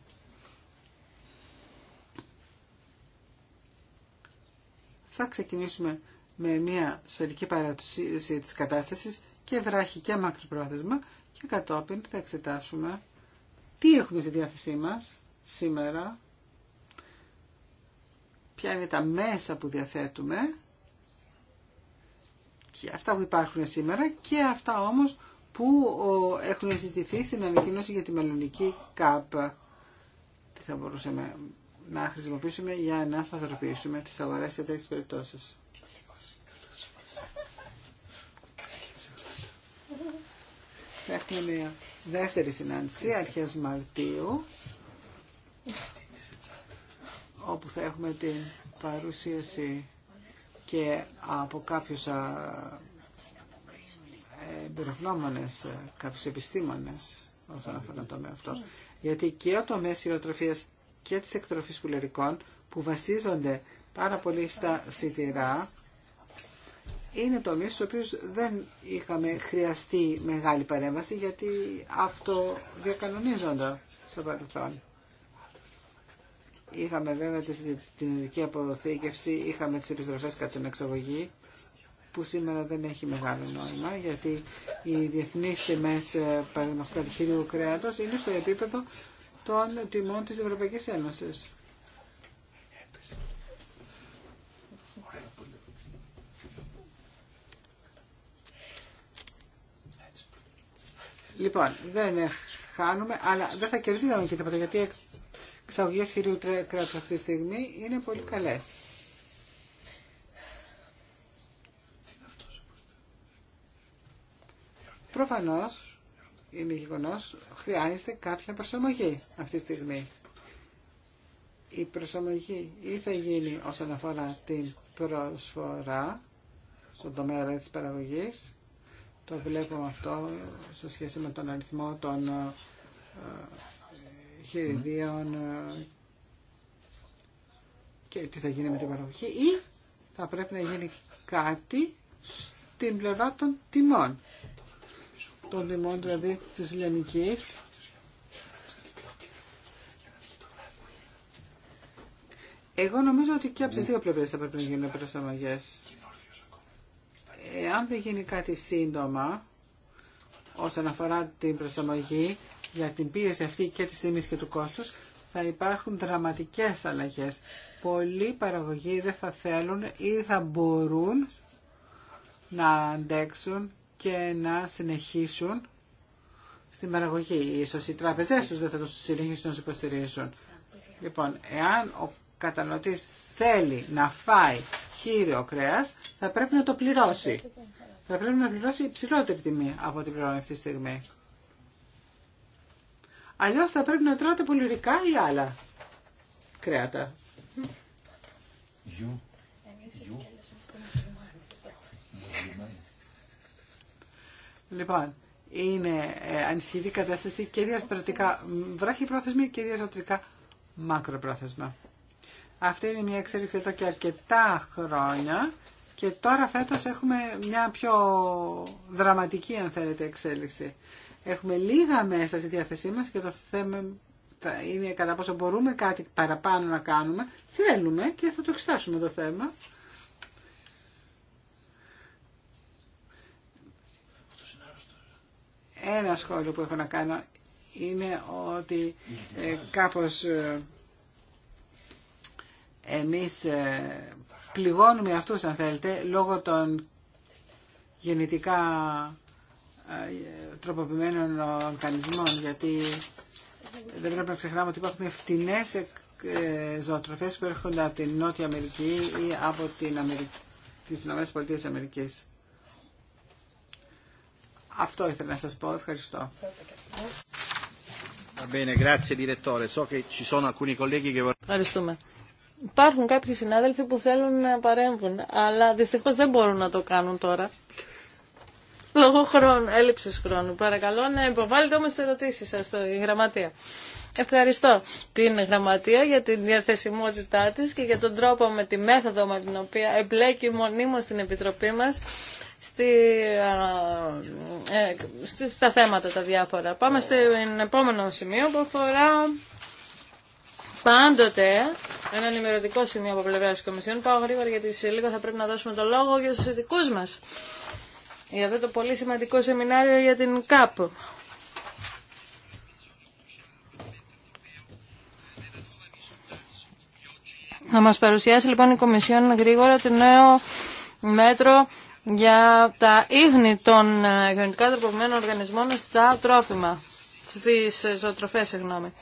Θα ξεκινήσουμε με μια σφαιρική παρατήρηση της κατάστασης και βράχη και μακροπρόθεσμα και κατόπιν θα εξετάσουμε τι έχουμε στη διάθεσή μας σήμερα, ποια είναι τα μέσα που διαθέτουμε και αυτά που υπάρχουν σήμερα και αυτά όμως που έχουν ζητηθεί στην ανακοίνωση για τη μελλοντική ΚΑΠ. Τι θα μπορούσαμε να χρησιμοποιήσουμε για να σταθεροποιήσουμε τις αγορές σε τέτοιες περιπτώσεις. έχουμε μια δεύτερη συνάντηση αρχές Μαρτίου όπου θα έχουμε την παρουσίαση και από κάποιους εμπειρογνώμονες, κάποιους επιστήμονες όσον αφορά το τομέα αυτό. Γιατί και ο τομέα υλοτροφίας και τη εκτροφή πουλερικών που βασίζονται πάρα πολύ στα σιτηρά είναι τομεί στους οποίου δεν είχαμε χρειαστεί μεγάλη παρέμβαση γιατί αυτό διακανονίζονται στο παρελθόν. Είχαμε βέβαια την ειδική αποθήκευση, είχαμε τις επιστροφές κατά την εξαγωγή, που σήμερα δεν έχει μεγάλο νόημα, γιατί οι διεθνείς τιμές, ε, παραδείγματος χειρίου κρέατος, είναι στο επίπεδο των τιμών της Ευρωπαϊκής Ένωσης. Λοιπόν, δεν χάνουμε, αλλά δεν θα κερδίσουμε και τίποτα, γιατί εξαγωγέ χειρίου κράτου αυτή τη στιγμή είναι πολύ καλέ. Προφανώ είναι γεγονό χρειάζεται κάποια προσαρμογή αυτή τη στιγμή. Η προσαρμογή ή θα γίνει όσον αφορά την προσφορά στον τομέα δηλαδή, της παραγωγής. Το βλέπουμε αυτό σε σχέση με τον αριθμό των ε, χειριδίων ε, και τι θα γίνει με την παραγωγή ή θα πρέπει να γίνει κάτι στην πλευρά των τιμών. Των τιμών δηλαδή της λιανικής Εγώ νομίζω ότι και από τις δύο πλευρές θα πρέπει να γίνουν προσαρμογές. Εάν δεν γίνει κάτι σύντομα όσον αφορά την προσαρμογή, για την πίεση αυτή και τη τιμή και του κόστου, θα υπάρχουν δραματικές αλλαγές. Πολλοί παραγωγοί δεν θα θέλουν ή θα μπορούν να αντέξουν και να συνεχίσουν στην παραγωγή. Ίσως οι τραπεζέ του δεν θα του συνεχίσουν να του υποστηρίζουν. Λοιπόν, εάν ο καταναλωτή θέλει να φάει χείριο κρέας, θα πρέπει να το πληρώσει. Θα πρέπει να πληρώσει υψηλότερη τιμή από την πληρώνει αυτή τη στιγμή. Αλλιώ θα πρέπει να τρώτε πολυρικά ή άλλα κρέατα. Λοιπόν, είναι ε, κατάσταση και διαστρωτικά βράχη πρόθεσμη και διαστρωτικά μακροπρόθεσμα. Αυτή είναι μια εξέλιξη εδώ και αρκετά χρόνια και τώρα φέτος έχουμε μια πιο δραματική αν θέλετε εξέλιξη. Έχουμε λίγα μέσα στη διάθεσή μας και το θέμα είναι κατά πόσο μπορούμε κάτι παραπάνω να κάνουμε. Θέλουμε και θα το εξετάσουμε το θέμα. Ένα σχόλιο που έχω να κάνω είναι ότι ε, κάπως ε, εμείς ε, πληγώνουμε αυτούς αν θέλετε λόγω των γεννητικά ε, τροποποιημένων οργανισμών γιατί δεν πρέπει να ξεχνάμε ότι υπάρχουν φτηνέ ε, ζωοτροφέ που έρχονται από την Νότια Αμερική ή από την Αμερική, τις ΗΠΑ Αυτό ήθελα να σας πω. Ευχαριστώ. Ευχαριστούμε. Υπάρχουν κάποιοι συνάδελφοι που θέλουν να παρέμβουν, αλλά δυστυχώ δεν μπορούν να το κάνουν τώρα. Λόγω χρόνου, έλλειψη χρόνου. Παρακαλώ να υποβάλλετε όμως τι ερωτήσεις σας στο γραμματεία. Ευχαριστώ την Γραμματεία για την διαθεσιμότητά τη και για τον τρόπο με τη μέθοδο με την οποία εμπλέκει μονίμω την Επιτροπή μας ε, στη, στα θέματα τα διάφορα. Πάμε στο επόμενο σημείο που αφορά πάντοτε ένα ενημερωτικό σημείο από πλευρά τη Κομισιόν. Πάω γρήγορα γιατί σε λίγο θα πρέπει να δώσουμε το λόγο για του ειδικού μα για αυτό το πολύ σημαντικό σεμινάριο για την ΚΑΠ. Να μας παρουσιάσει λοιπόν η Κομισιόν γρήγορα το νέο μέτρο για τα ίχνη των γενικά τροποποιημένων οργανισμών στα τρόφιμα, στις ζωοτροφές, συγγνώμη.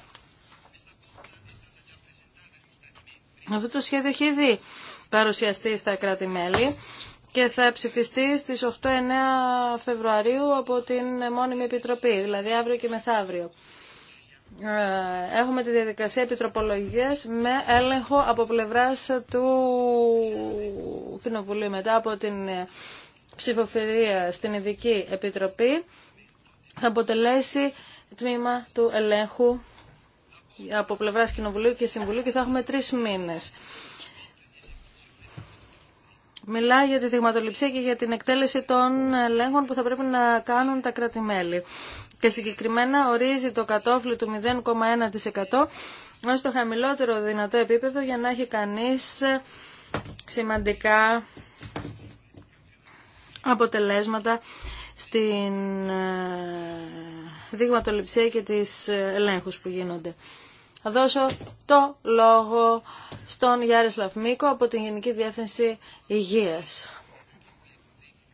Αυτό το σχέδιο έχει ήδη παρουσιαστεί στα κράτη-μέλη και θα ψηφιστεί στις 8-9 Φεβρουαρίου από την Μόνιμη Επιτροπή, δηλαδή αύριο και μεθαύριο. Ε, έχουμε τη διαδικασία επιτροπολογίας με έλεγχο από πλευράς του Κοινοβουλίου μετά από την ψηφοφορία στην Ειδική Επιτροπή θα αποτελέσει τμήμα του ελέγχου από πλευράς Κοινοβουλίου και Συμβουλίου και θα έχουμε τρεις μήνες. Μιλάει για τη δειγματοληψία και για την εκτέλεση των ελέγχων που θα πρέπει να κάνουν τα κράτη-μέλη. Και συγκεκριμένα ορίζει το κατόφλι του 0,1% ως το χαμηλότερο δυνατό επίπεδο για να έχει κανείς σημαντικά αποτελέσματα στην ε, δειγματοληψία και τις ελέγχους που γίνονται. Θα δώσω το λόγο στον Γιάρη Μίκο από την Γενική Διεύθυνση Υγείας.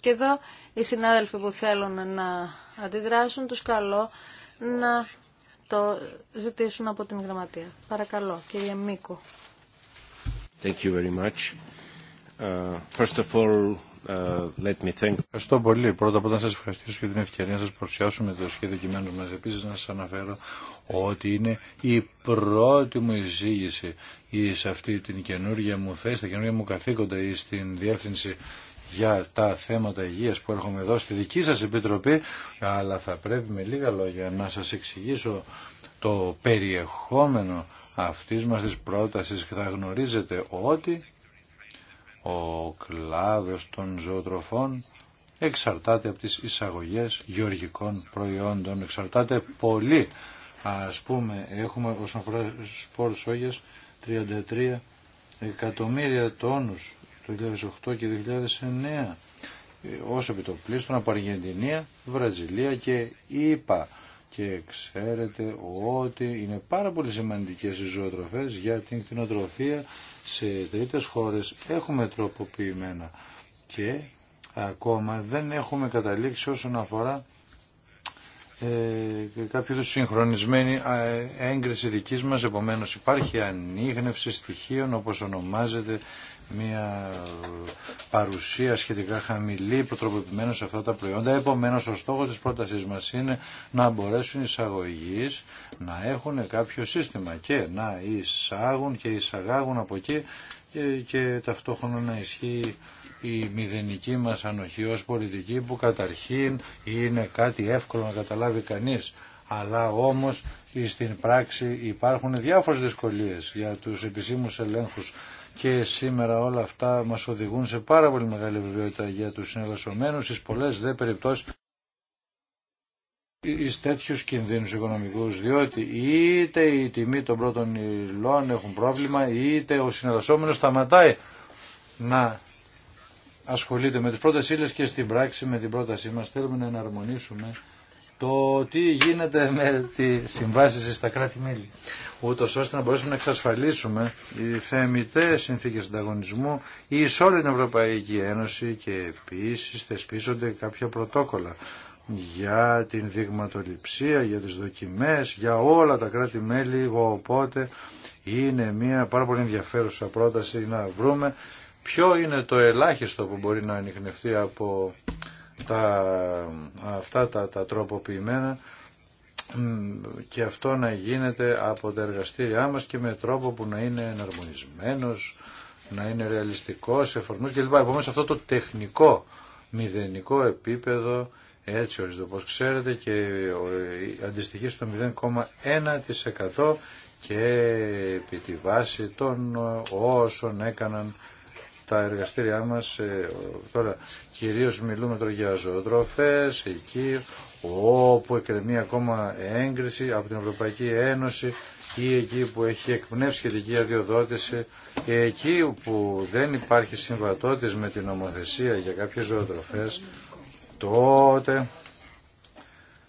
Και εδώ οι συνάδελφοι που θέλουν να αντιδράσουν, τους καλώ να το ζητήσουν από την Γραμματεία. Παρακαλώ, κύριε Μίκο. Thank you very much. Uh, first of all... Uh, let me think. Ευχαριστώ πολύ. Πρώτα απ' όλα σας ευχαριστήσω για την ευκαιρία να σα παρουσιάσουμε το σχέδιο κειμένου μας. Επίσης να σα αναφέρω ότι είναι η πρώτη μου εισήγηση σε αυτή την καινούργια μου θέση, τα καινούργια μου καθήκοντα ή στην διεύθυνση για τα θέματα υγείας που έρχομαι εδώ στη δική σας Επιτροπή, αλλά θα πρέπει με λίγα λόγια να σας εξηγήσω το περιεχόμενο αυτής μας της πρότασης και θα γνωρίζετε ότι ο κλάδος των ζωοτροφών εξαρτάται από τις εισαγωγές γεωργικών προϊόντων, εξαρτάται πολύ. Ας πούμε, έχουμε όσον αφορά σπόρους 33 εκατομμύρια τόνους το 2008 και 2009 ε, ως επιτοπλίστων από Αργεντινία, Βραζιλία και ΙΠΑ και ξέρετε ότι είναι πάρα πολύ σημαντικές οι ζωοτροφές για την κτηνοτροφία σε τρίτες χώρες. Έχουμε τροποποιημένα και ακόμα δεν έχουμε καταλήξει όσον αφορά ε, κάποιο συγχρονισμένη έγκριση δικής μας, επομένως υπάρχει ανείχνευση στοιχείων όπως ονομάζεται μια παρουσία σχετικά χαμηλή, προτροποποιημένη σε αυτά τα προϊόντα. επομένω ο στόχο της πρότασής μας είναι να μπορέσουν οι εισαγωγείς να έχουν κάποιο σύστημα και να εισάγουν και εισαγάγουν από εκεί και, και ταυτόχρονα να ισχύει η μηδενική μας ανοχή ως πολιτική που καταρχήν είναι κάτι εύκολο να καταλάβει κανείς αλλά όμως στην πράξη υπάρχουν διάφορες δυσκολίες για τους επισήμους ελέγχους και σήμερα όλα αυτά μας οδηγούν σε πάρα πολύ μεγάλη βεβαιότητα για τους συνελασσομένους στις πολλές δε περιπτώσεις εις τέτοιους κινδύνους οικονομικούς διότι είτε η τιμή των πρώτων υλών έχουν πρόβλημα είτε ο συνελασσόμενος σταματάει να ασχολείται με τις πρώτες ύλες και στην πράξη με την πρότασή μας θέλουμε να εναρμονίσουμε το τι γίνεται με τι συμβάσεις στα κράτη-μέλη, Ούτω ώστε να μπορέσουμε να εξασφαλίσουμε οι θεμητέ συνθήκε ανταγωνισμού ή όλη την Ευρωπαϊκή Ένωση και επίση θεσπίζονται κάποια πρωτόκολλα για την δειγματοληψία, για τις δοκιμές, για όλα τα κράτη-μέλη, οπότε είναι μια πάρα πολύ ενδιαφέρουσα πρόταση να βρούμε ποιο είναι το ελάχιστο που μπορεί να ανοιχνευτεί από τα, αυτά τα, τα τροποποιημένα και αυτό να γίνεται από τα εργαστήριά μας και με τρόπο που να είναι εναρμονισμένος, να είναι ρεαλιστικός, εφαρμός κλπ. Επομένως αυτό το τεχνικό μηδενικό επίπεδο έτσι το όπως ξέρετε και αντιστοιχεί στο 0,1% και επί τη βάση των όσων έκαναν τα εργαστήριά μας. Ε, τώρα κυρίως μιλούμε τώρα για ζωοτροφές, εκεί όπου εκκρεμεί ακόμα έγκριση από την Ευρωπαϊκή Ένωση ή εκεί που έχει εκπνεύσει σχετική αδειοδότηση, εκεί που δεν υπάρχει συμβατότητα με την νομοθεσία για κάποιες ζωοτροφές, τότε...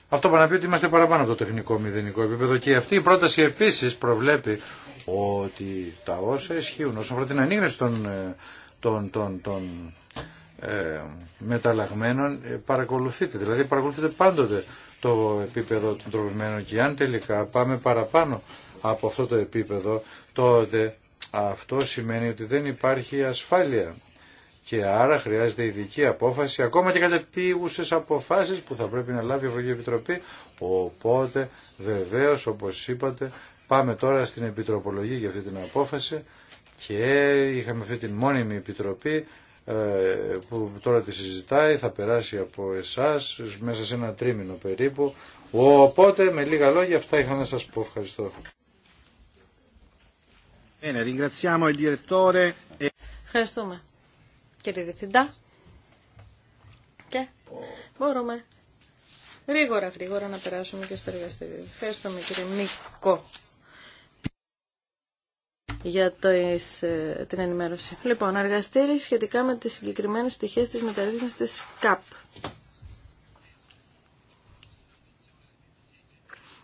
Αυτό πάνε να πει ότι είμαστε παραπάνω από το τεχνικό μηδενικό επίπεδο και αυτή η πρόταση επίσης προβλέπει ότι τα όσα ισχύουν όσον αφορά την ανοίγνωση των ε, των, των, των ε, μεταλλαγμένων ε, παρακολουθείτε. Δηλαδή παρακολουθείτε πάντοτε το επίπεδο των τροπημένων και αν τελικά πάμε παραπάνω από αυτό το επίπεδο τότε αυτό σημαίνει ότι δεν υπάρχει ασφάλεια και άρα χρειάζεται ειδική απόφαση ακόμα και κατεπίγουσες αποφάσεις που θα πρέπει να λάβει η Ευρωπαϊκή Επιτροπή οπότε βεβαίω, όπως είπατε πάμε τώρα στην επιτροπολογία για αυτή την απόφαση και είχαμε αυτή την μόνιμη επιτροπή ε, που τώρα τη συζητάει, θα περάσει από εσάς μέσα σε ένα τρίμηνο περίπου. Οπότε με λίγα λόγια αυτά είχα να σας πω. Ευχαριστώ. E- Ευχαριστούμε κύριε Διευθυντά και μπορούμε γρήγορα γρήγορα να περάσουμε και στο εργαστήριο. Ευχαριστούμε κύριε Μίκο για το, ε, την ενημέρωση. Λοιπόν, εργαστήρι σχετικά με τις συγκεκριμένες πτυχές της μεταρρύθμισης της ΚΑΠ.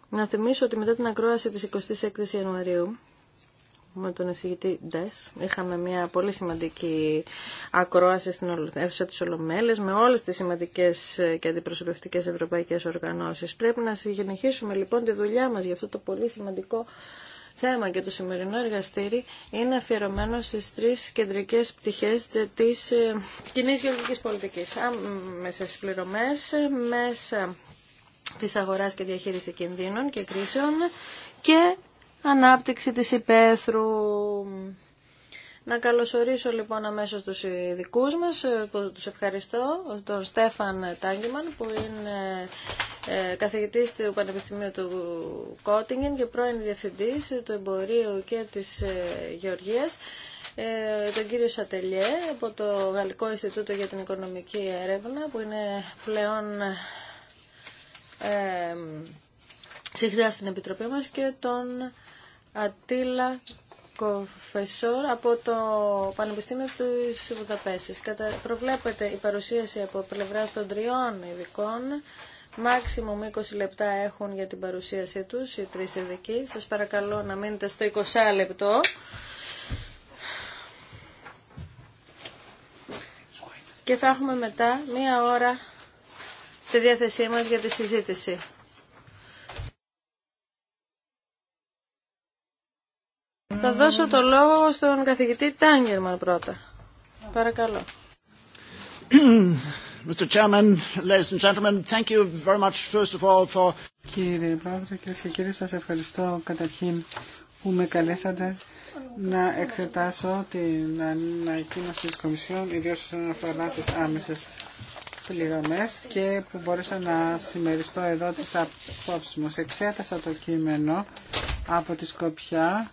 Να θυμίσω ότι μετά την ακρόαση της 26 Ιανουαρίου με τον εισηγητή Ντες. Είχαμε μια πολύ σημαντική ακρόαση στην αίθουσα της Ολομέλες με όλες τις σημαντικές και αντιπροσωπευτικές ευρωπαϊκές οργανώσεις. Πρέπει να συνεχίσουμε λοιπόν τη δουλειά μας για αυτό το πολύ σημαντικό θέμα και το σημερινό εργαστήρι είναι αφιερωμένο στις τρεις κεντρικές πτυχές της ε, κοινή γεωργικής πολιτικής. στις πληρωμές, μέσα της αγοράς και διαχείριση κινδύνων και κρίσεων και ανάπτυξη της υπαίθρου. Να καλωσορίσω λοιπόν αμέσω τους ειδικού μας, ε, που τους ευχαριστώ, τον Στέφαν Τάγκημαν που είναι ε, καθηγητής του Πανεπιστημίου του Κότιγκεν και πρώην διευθυντή του εμπορίου και της ε, ε, τον κύριο Σατελιέ από το Γαλλικό Ινστιτούτο για την Οικονομική Έρευνα που είναι πλέον ε, συχνά στην Επιτροπή μας και τον ατήλα Κοφεσόρ από το Πανεπιστήμιο του Βουδαπέστης. Κατα... Προβλέπεται η παρουσίαση από πλευρά των τριών ειδικών. Μάξιμο 20 λεπτά έχουν για την παρουσίασή τους οι τρεις ειδικοί. Σας παρακαλώ να μείνετε στο 20 λεπτό. Και θα έχουμε μετά μία ώρα στη διάθεσή μας για τη συζήτηση. Θα δώσω το λόγο στον καθηγητή Τάγκερμαν πρώτα. Παρακαλώ. Mr. Chairman, ladies and gentlemen, thank you very much first of all for... Κύριε Πρόεδρε, κύριε και κύριοι, σας ευχαριστώ καταρχήν που με καλέσατε να εξετάσω την ανακοίνωση της Κομισιόν, ιδίως όσον αφορά τις άμεσες πληρωμές και που μπόρεσα να συμμεριστώ εδώ τις απόψεις μου. Εξέτασα το κείμενο από τη Σκοπιά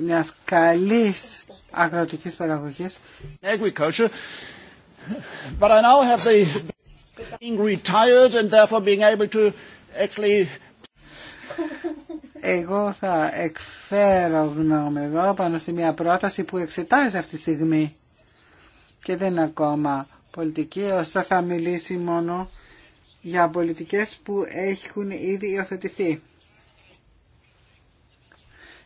μιας καλής αγροτικής παραγωγής. But I now have the being retired and εγώ θα εκφέρω γνώμη εδώ πάνω σε μια πρόταση που εξετάζει αυτή τη στιγμή και δεν είναι ακόμα πολιτική, ώστε θα μιλήσει μόνο για πολιτικές που έχουν ήδη υιοθετηθεί.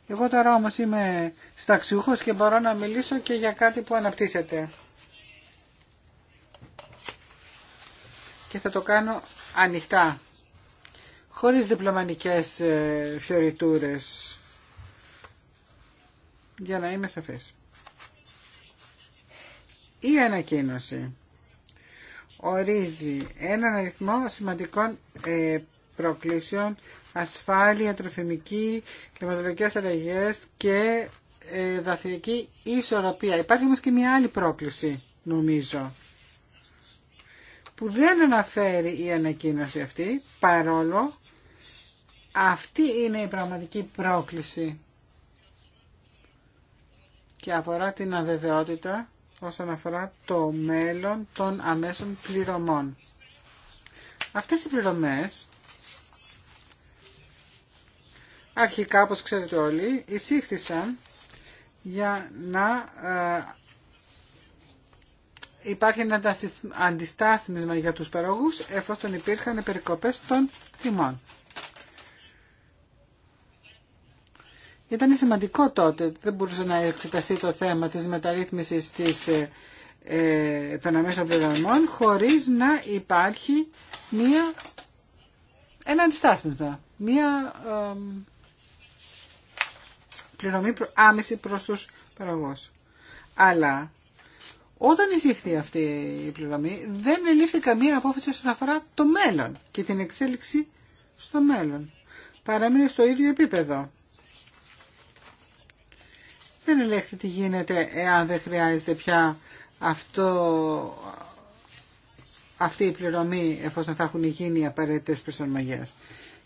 Εγώ τώρα όμως είμαι σταξιούχος και μπορώ να μιλήσω και για κάτι που αναπτύσσεται. Και θα το κάνω ανοιχτά, χωρίς διπλωμανικές ε, φιωριτούρε. για να είμαι σαφής. Η ανακοίνωση ορίζει έναν αριθμό σημαντικών ε, προκλήσεων ασφάλεια, τροφιμική, κλιματολογικέ αλλαγέ και ε, δαφυρική ισορροπία. Υπάρχει όμω και μια άλλη πρόκληση, νομίζω, που δεν αναφέρει η ανακοίνωση αυτή, παρόλο αυτή είναι η πραγματική πρόκληση και αφορά την αβεβαιότητα όσον αφορά το μέλλον των αμέσων πληρωμών. Αυτές οι πληρωμές αρχικά, όπως ξέρετε όλοι, εισήχθησαν για να ε, υπάρχει ένα αντιστάθμισμα για τους παρόγους, εφόσον υπήρχαν περικοπές των τιμών. Ήταν σημαντικό τότε, δεν μπορούσε να εξεταστεί το θέμα της μεταρρύθμισης της, ε, ε των αμέσων πληρωμών χωρίς να υπάρχει μία, ένα αντιστάθμισμα, μία ε, πληρωμή άμεση προς τους παραγωγούς. Αλλά όταν εισήχθη αυτή η πληρωμή δεν ελήφθη καμία απόφαση όσον αφορά το μέλλον και την εξέλιξη στο μέλλον. Παραμείνει στο ίδιο επίπεδο. Δεν ελέγχθη τι γίνεται εάν δεν χρειάζεται πια αυτό, αυτή η πληρωμή εφόσον θα έχουν γίνει οι απαραίτητες προσαρμογές.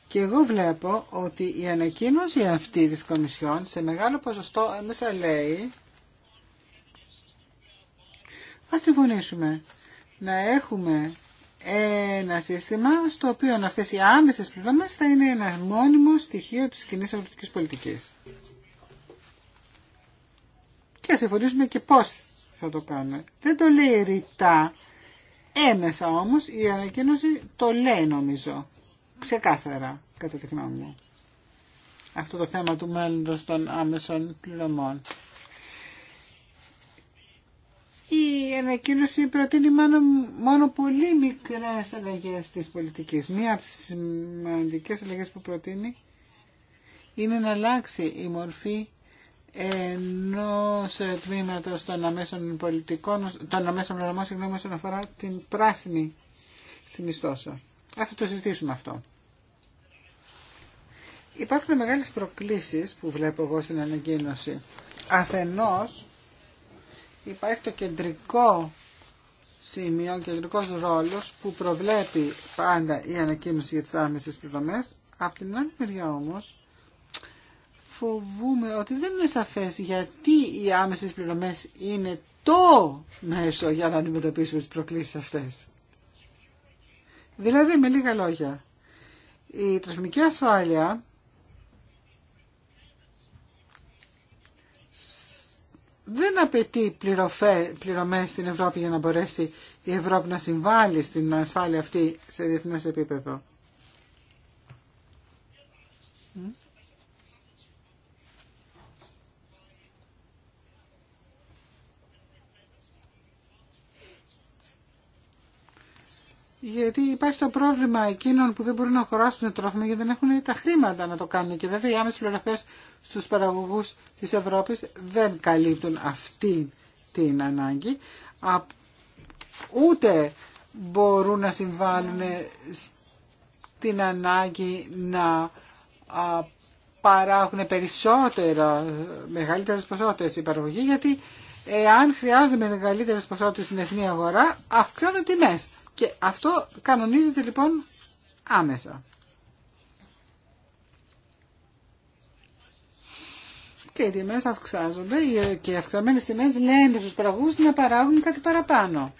Και εγώ βλέπω ότι η ανακοίνωση αυτή της Κομισιόν σε μεγάλο ποσοστό μέσα λέει Ας συμφωνήσουμε να έχουμε ένα σύστημα στο οποίο αυτές οι άμεσες πληρώμες θα είναι ένα μόνιμο στοιχείο της κοινή αγροτικής πολιτικής. Και ας συμφωνήσουμε και πώς θα το κάνουμε. Δεν το λέει ρητά, έμεσα όμως η ανακοίνωση το λέει νομίζω ξεκάθαρα κατά τη γνώμη μου αυτό το θέμα του μέλλοντος των άμεσων πληρωμών. Η ανακοίνωση προτείνει μόνο, μόνο πολύ μικρές αλλαγές της πολιτικής. Μία από τις σημαντικές αλλαγές που προτείνει είναι να αλλάξει η μορφή ενός τμήματο των αμέσων πολιτικών, των αμέσων πληρωμών, συγγνώμη, όσον αφορά την πράσινη στην ιστόσα θα το συζητήσουμε αυτό. Υπάρχουν μεγάλες προκλήσεις που βλέπω εγώ στην ανακοίνωση. Αφενός υπάρχει το κεντρικό σημείο, κεντρικός ρόλος που προβλέπει πάντα η ανακοίνωση για τις άμεσες πληρωμές. Από την άλλη μεριά όμως φοβούμε ότι δεν είναι σαφές γιατί οι άμεσες πληρωμές είναι το μέσο για να αντιμετωπίσουμε τις προκλήσεις αυτές. Δηλαδή με λίγα λόγια, η τροφιμική ασφάλεια δεν απαιτεί πληροφέ, πληρωμές στην Ευρώπη για να μπορέσει η Ευρώπη να συμβάλλει στην ασφάλεια αυτή σε διεθνές επίπεδο. γιατί υπάρχει το πρόβλημα εκείνων που δεν μπορούν να αγοράσουν τρόφιμο γιατί δεν έχουν τα χρήματα να το κάνουν. Και βέβαια οι άμεσε πληροφορίε στου παραγωγού τη Ευρώπη δεν καλύπτουν αυτή την ανάγκη. Ούτε μπορούν να συμβάλλουν στην ανάγκη να παράγουν περισσότερα, μεγαλύτερες ποσότητες η παραγωγή, γιατί εάν χρειάζονται μεγαλύτερες ποσότητες στην εθνή αγορά, αυξάνουν τιμές. Και αυτό κανονίζεται λοιπόν άμεσα. Και οι τιμές αυξάζονται και οι αυξαμένες τιμές λένε στους παραγωγούς να παράγουν κάτι παραπάνω.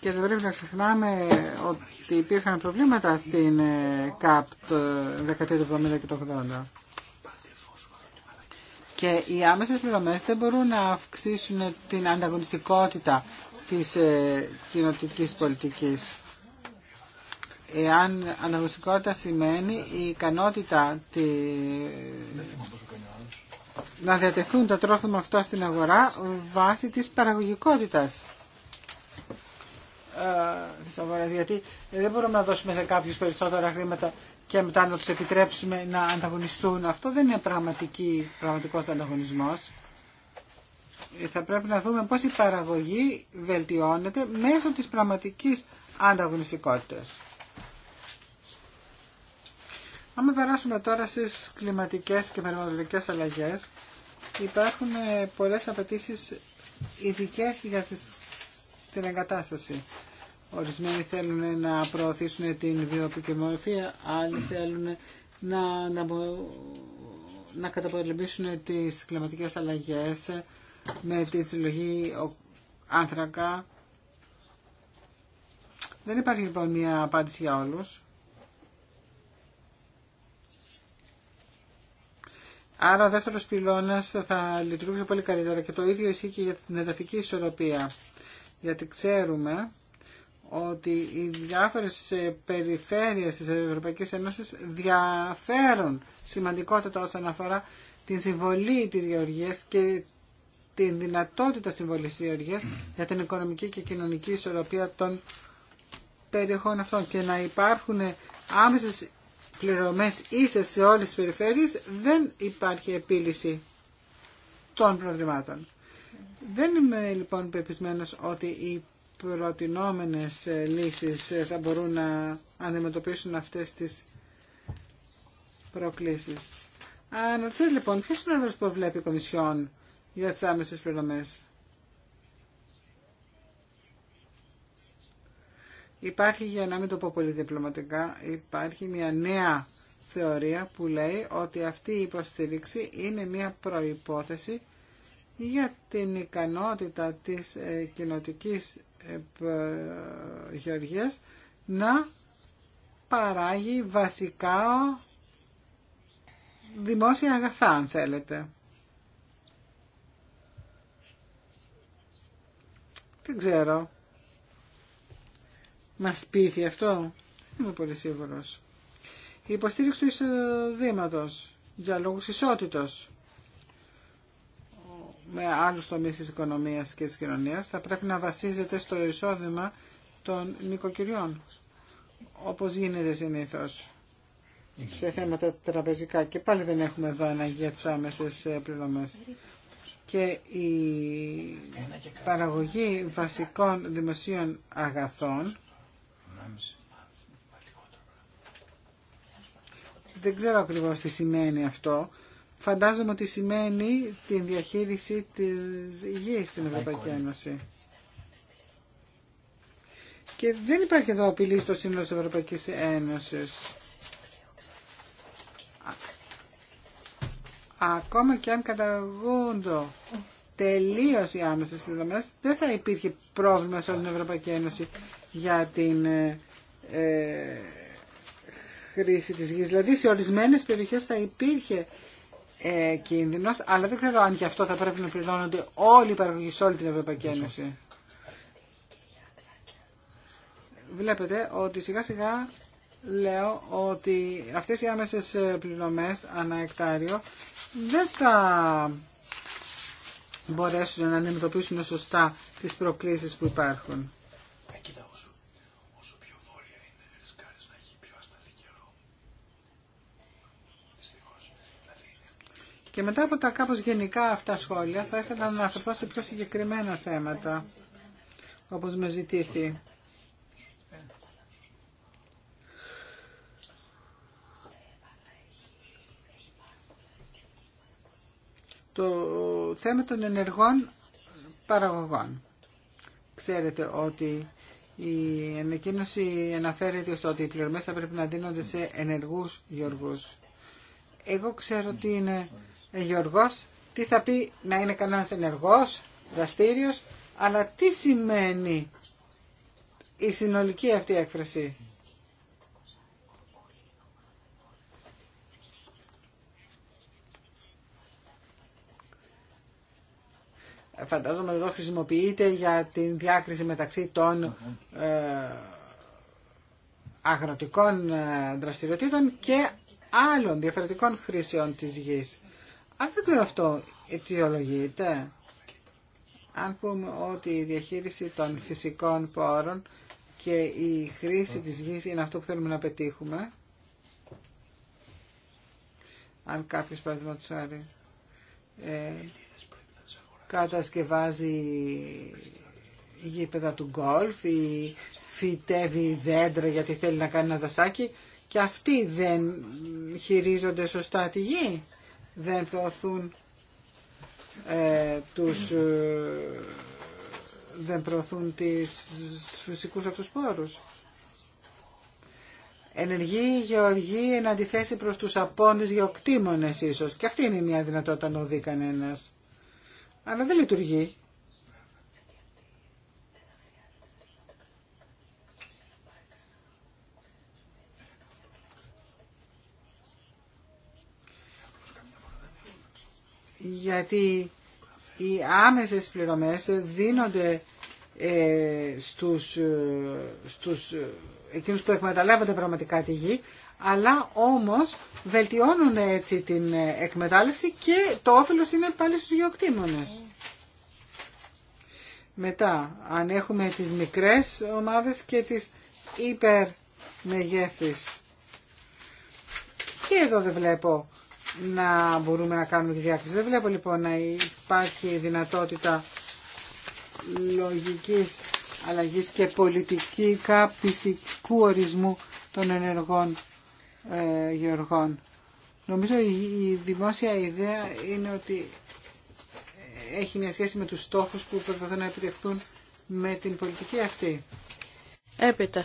Και δεν πρέπει να ξεχνάμε ότι υπήρχαν προβλήματα στην ε, ΚΑΠ το του και το 80 και οι άμεσες πληρωμές δεν μπορούν να αυξήσουν την ανταγωνιστικότητα της ε, κοινοτικής πολιτικής. Εάν ανταγωνιστικότητα σημαίνει η ικανότητα τη... να διατεθούν το τρόφιμα αυτό στην αγορά βάσει της παραγωγικότητας ε, της αγοράς. Γιατί δεν μπορούμε να δώσουμε σε κάποιους περισσότερα χρήματα και μετά να του επιτρέψουμε να ανταγωνιστούν. Αυτό δεν είναι πραγματική, πραγματικός ανταγωνισμός. Ε, θα πρέπει να δούμε πώς η παραγωγή βελτιώνεται μέσω της πραγματικής ανταγωνιστικότητας. Αν περάσουμε τώρα στις κλιματικές και περιβαλλοντικές αλλαγές, υπάρχουν ε, πολλές απαιτήσει ειδικέ για την εγκατάσταση. Ορισμένοι θέλουν να προωθήσουν την βιοποικιμορφία, άλλοι θέλουν να, να, να καταπολεμήσουν τις κλιματικές αλλαγές με τη συλλογή άνθρακα. Δεν υπάρχει λοιπόν μια απάντηση για όλους. Άρα ο δεύτερος πυλώνας θα λειτουργούσε πολύ καλύτερα και το ίδιο ισχύει και για την εδαφική ισορροπία. Γιατί ξέρουμε ότι οι διάφορες ε, περιφέρειες της Ευρωπαϊκής Ένωσης διαφέρουν σημαντικότητα όσον αφορά τη συμβολή της γεωργίας και την δυνατότητα συμβολής της γεωργίας για την οικονομική και κοινωνική ισορροπία των περιοχών αυτών και να υπάρχουν άμεσες πληρωμές ίσες σε όλες τις περιφέρειες δεν υπάρχει επίλυση των προβλημάτων. Δεν είμαι λοιπόν πεπισμένος ότι η προτινόμενες ε, λύσεις ε, θα μπορούν να αντιμετωπίσουν αυτές τις προκλήσεις. Αναρωτιέται λοιπόν ποιος είναι ο ρόλος που βλέπει η Κομισιόν για τις άμεσες πληρωμές. Υπάρχει, για να μην το πω πολύ διπλωματικά, υπάρχει μια νέα θεωρία που λέει ότι αυτή η υποστήριξη είναι μια προϋπόθεση για την ικανότητα της ε, κοινοτικής Γεωργίας να παράγει βασικά δημόσια αγαθά αν θέλετε. Δεν ξέρω. Μα πείθει αυτό. Δεν είμαι πολύ σίγουρος. Η υποστήριξη του εισοδήματος για λόγους ισότητος με άλλους τομείς της οικονομίας και της κοινωνίας θα πρέπει να βασίζεται στο εισόδημα των νοικοκυριών, όπως γίνεται συνήθω. σε θέματα τραπεζικά. Και πάλι δεν έχουμε εδώ ένα για τις άμεσες ε, πληρωμές. Και η παραγωγή βασικών δημοσίων αγαθών δεν ξέρω ακριβώς τι σημαίνει αυτό, φαντάζομαι ότι σημαίνει τη διαχείριση της υγείας στην Ευρωπαϊκή Ένωση. Και δεν υπάρχει εδώ απειλή στο σύνολο της Ευρωπαϊκής Ένωσης. Ακόμα και αν καταργούνται τελείως οι άμεσες πληρωμές, δεν θα υπήρχε πρόβλημα σε όλη την Ευρωπαϊκή Ένωση για την ε, ε, χρήση της γης. Δηλαδή σε ορισμένες περιοχές θα υπήρχε ε, κίνδυνος, αλλά δεν ξέρω αν και αυτό θα πρέπει να πληρώνονται όλοι οι παραγωγοί σε όλη την Ευρωπαϊκή Ένωση. Βλέπετε ότι σιγά σιγά λέω ότι αυτές οι άμεσες ε, πληρωμές ανά εκτάριο δεν θα μπορέσουν να αντιμετωπίσουν σωστά τις προκλήσεις που υπάρχουν. Και μετά από τα κάπως γενικά αυτά σχόλια θα ήθελα να αναφερθώ σε πιο συγκεκριμένα θέματα, όπως με ζητήθη. Το θέμα των ενεργών παραγωγών. Ξέρετε ότι η ανακοίνωση αναφέρεται στο ότι οι πληρωμές θα πρέπει να δίνονται σε ενεργούς γεωργούς. Εγώ ξέρω ότι είναι ε, Γιώργος, τι θα πει να είναι κανένας ενεργός, δραστήριος, αλλά τι σημαίνει η συνολική αυτή έκφραση. Φαντάζομαι εδώ χρησιμοποιείται για την διάκριση μεταξύ των ε, αγροτικών ε, δραστηριοτήτων και άλλων διαφορετικών χρήσεων της γης. Αν δεν ξέρω αυτό αιτιολογείται, αν πούμε ότι η διαχείριση των φυσικών πόρων και η χρήση της γης είναι αυτό που θέλουμε να πετύχουμε, αν κάποιος παραδείγματος ε, κατασκευάζει γήπεδα του γκολφ ή φυτεύει δέντρα γιατί θέλει να κάνει ένα δασάκι και αυτοί δεν χειρίζονται σωστά τη γη δεν προωθούν ε, τους ε, δεν προωθούν τις φυσικούς αυτούς πόρους. Ενεργή γεωργή εν αντιθέσει προς τους απόντες γεωκτήμονες ίσως. Και αυτή είναι μια δυνατότητα να οδεί κανένας. Αλλά δεν λειτουργεί. γιατί οι άμεσες πληρωμές δίνονται ε, στους, ε, στους ε, εκείνους που εκμεταλλεύονται πραγματικά τη γη, αλλά όμως βελτιώνουν έτσι την ε, εκμετάλλευση και το όφελος είναι πάλι στους γεωκτήμονες. Μετά, αν έχουμε τις μικρές ομάδες και τις υπερμεγέθεις. Και εδώ δεν βλέπω να μπορούμε να κάνουμε τη διάκριση. Δεν βλέπω λοιπόν να υπάρχει δυνατότητα λογικής αλλαγής και πολιτική καπιστικού ορισμού των ενεργών ε, γεωργών. Νομίζω η, η δημόσια ιδέα είναι ότι έχει μια σχέση με τους στόχους που προσπαθούν να επιτευχθούν με την πολιτική αυτή. Έπειτα,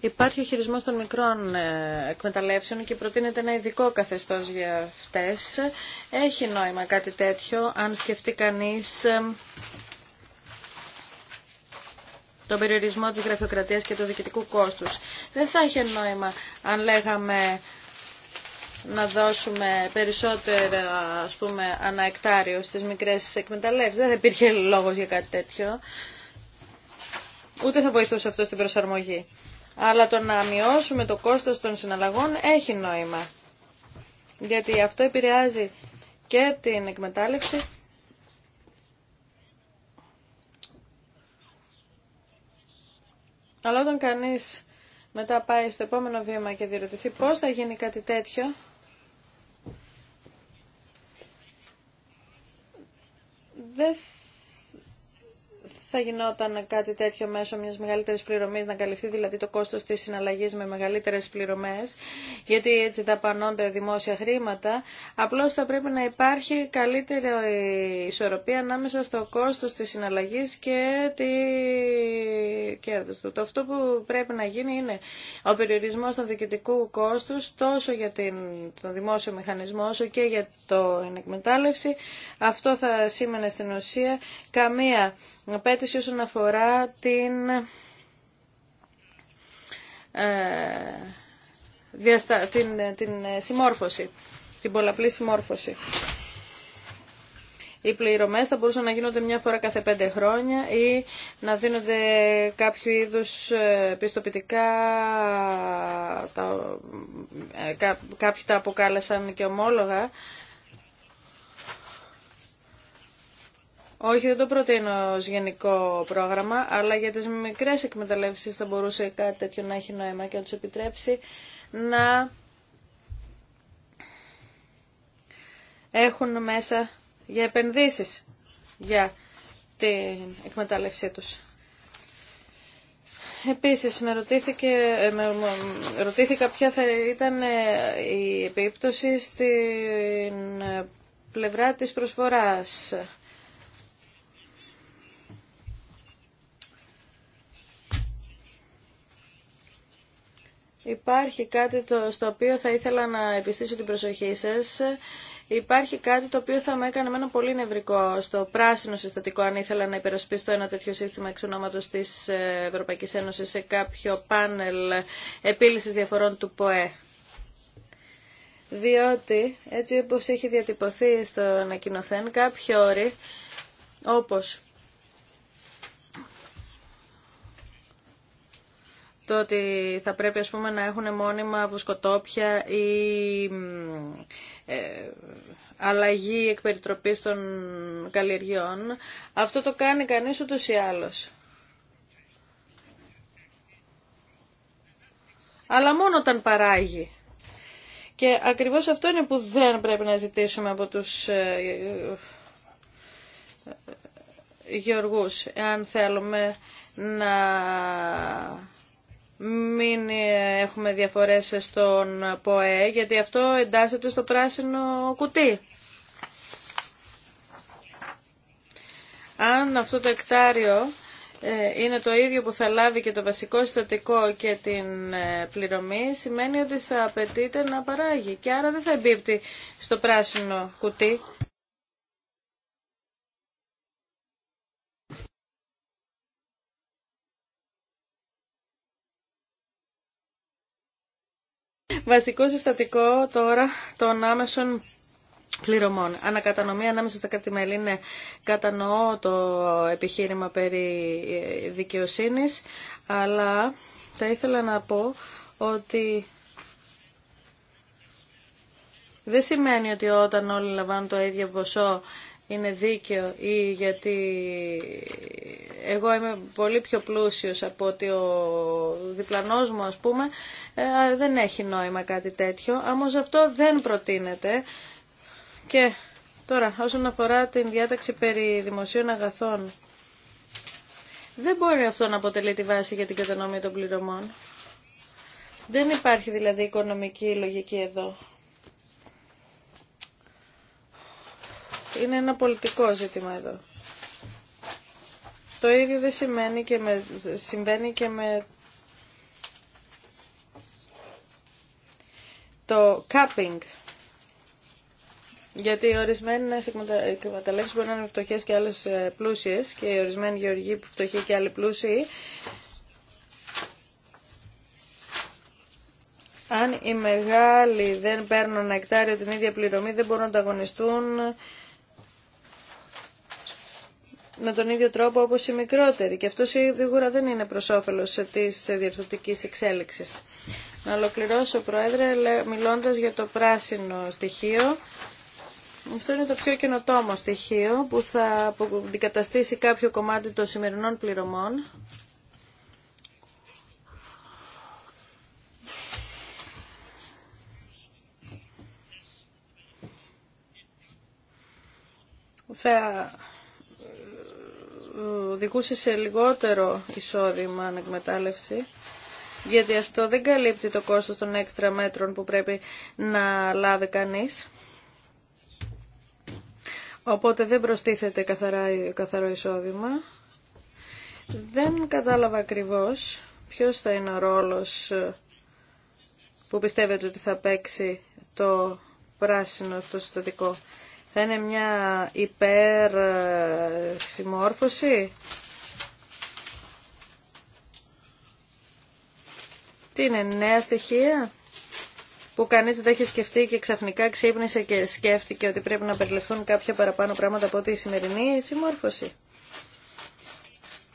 υπάρχει ο χειρισμός των μικρών ε, εκμεταλλεύσεων και προτείνεται ένα ειδικό καθεστώ για αυτέ. Έχει νόημα κάτι τέτοιο, αν σκεφτεί κανείς ε, τον περιορισμό της γραφειοκρατίας και του διοικητικού κόστους. Δεν θα είχε νόημα αν λέγαμε να δώσουμε περισσότερα ας πούμε, αναεκτάριο στις μικρές εκμεταλλεύσεις. Δεν υπήρχε λόγος για κάτι τέτοιο ούτε θα βοηθούσε αυτό στην προσαρμογή. Αλλά το να μειώσουμε το κόστος των συναλλαγών έχει νόημα. Γιατί αυτό επηρεάζει και την εκμετάλλευση Αλλά όταν κανείς μετά πάει στο επόμενο βήμα και διερωτηθεί πώς θα γίνει κάτι τέτοιο, δεν θα γινόταν κάτι τέτοιο μέσω μιας μεγαλύτερης πληρωμής, να καλυφθεί δηλαδή το κόστος της συναλλαγής με μεγαλύτερες πληρωμές, γιατί έτσι δαπανώνται δημόσια χρήματα. Απλώς θα πρέπει να υπάρχει καλύτερη ισορροπία ανάμεσα στο κόστος της συναλλαγής και τη κέρδος του. Το αυτό που πρέπει να γίνει είναι ο περιορισμός των διοικητικού κόστους τόσο για την, τον δημόσιο μηχανισμό όσο και για την εκμετάλλευση. Αυτό θα σήμαινε στην ουσία καμία όσον αφορά την ε, την, την συμμόρφωση, την πολλαπλή συμμόρφωση. Οι πληρωμέ θα μπορούσαν να γίνονται μια φορά κάθε πέντε χρόνια ή να δίνονται κάποιο είδου ε, πιστοποιητικά, τα, ε, κάποιοι τα αποκάλεσαν και ομόλογα, Όχι, δεν το προτείνω ω γενικό πρόγραμμα, αλλά για τι μικρές εκμεταλλεύσεις θα μπορούσε κάτι τέτοιο να έχει νόημα και να του επιτρέψει να έχουν μέσα για επενδύσεις για την εκμετάλλευσή του. Επίσης, με, ρωτήθηκε, ε, με ρωτήθηκα ποια θα ήταν ε, η επίπτωση στην ε, πλευρά της προσφοράς. Υπάρχει κάτι το, στο οποίο θα ήθελα να επιστήσω την προσοχή σας. Υπάρχει κάτι το οποίο θα με έκανε εμένα πολύ νευρικό στο πράσινο συστατικό αν ήθελα να υπερασπίσω ένα τέτοιο σύστημα εξ ονόματος της ε, Ευρωπαϊκής Ένωσης σε κάποιο πάνελ επίλυσης διαφορών του ΠΟΕ. Διότι, έτσι όπως έχει διατυπωθεί στο ανακοινοθέν, κάποιοι όροι, όπως το ότι θα πρέπει ας πούμε, να έχουν μόνιμα βουσκοτόπια ή ε, αλλαγή εκπεριτροπής των καλλιεργιών. Αυτό το κάνει κανείς ούτως ή άλλως. Αλλά μόνο όταν παράγει. Και ακριβώς αυτό είναι που δεν πρέπει να ζητήσουμε από τους ε, ε, γεωργούς, εάν θέλουμε να μην ε, έχουμε διαφορές στον ΠΟΕ, γιατί αυτό εντάσσεται στο πράσινο κουτί. Αν αυτό το εκτάριο ε, είναι το ίδιο που θα λάβει και το βασικό συστατικό και την ε, πληρωμή, σημαίνει ότι θα απαιτείται να παράγει και άρα δεν θα εμπίπτει στο πράσινο κουτί. βασικό συστατικό τώρα των άμεσων πληρωμών. Ανακατανομία ανάμεσα στα κρατη είναι, κατανοώ το επιχείρημα περί ε, δικαιοσύνης, αλλά θα ήθελα να πω ότι δεν σημαίνει ότι όταν όλοι λαμβάνουν το ίδιο ποσό είναι δίκαιο ή γιατί εγώ είμαι πολύ πιο πλούσιος από ότι ο διπλανός μου ας πούμε ε, δεν έχει νόημα κάτι τέτοιο όμως αυτό δεν προτείνεται και τώρα όσον αφορά την διάταξη περί δημοσίων αγαθών δεν μπορεί αυτό να αποτελεί τη βάση για την κατανομή των πληρωμών δεν υπάρχει δηλαδή οικονομική λογική εδώ είναι ένα πολιτικό ζήτημα εδώ. Το ίδιο δεν σημαίνει και συμβαίνει και με το κάπινγκ. Γιατί ορισμένε εκμεταλλεύσει μπορεί να είναι φτωχέ και άλλε πλούσιε και οι ορισμένοι γεωργοί που φτωχοί και άλλοι πλούσιοι. Αν οι μεγάλοι δεν παίρνουν ένα εκτάριο την ίδια πληρωμή, δεν μπορούν να ανταγωνιστούν με τον ίδιο τρόπο όπως οι μικρότεροι. Και αυτό σίγουρα δεν είναι προ όφελο τη διορθωτική εξέλιξη. Να ολοκληρώσω, Πρόεδρε, μιλώντας για το πράσινο στοιχείο. Αυτό είναι το πιο καινοτόμο στοιχείο που θα αντικαταστήσει κάποιο κομμάτι των σημερινών πληρωμών. Θα οδηγούσε σε λιγότερο εισόδημα ανεκμετάλλευση γιατί αυτό δεν καλύπτει το κόστος των έξτρα μέτρων που πρέπει να λάβει κανείς. Οπότε δεν προστίθεται καθαρά, καθαρό εισόδημα. Δεν κατάλαβα ακριβώς ποιος θα είναι ο ρόλος ε, που πιστεύετε ότι θα παίξει το πράσινο, το συστατικό θα είναι μια υπέρ ε, συμμόρφωση. Τι είναι, νέα στοιχεία που κανείς δεν τα είχε σκεφτεί και ξαφνικά ξύπνησε και σκέφτηκε ότι πρέπει να περιληφθούν κάποια παραπάνω πράγματα από τη σημερινή συμμόρφωση.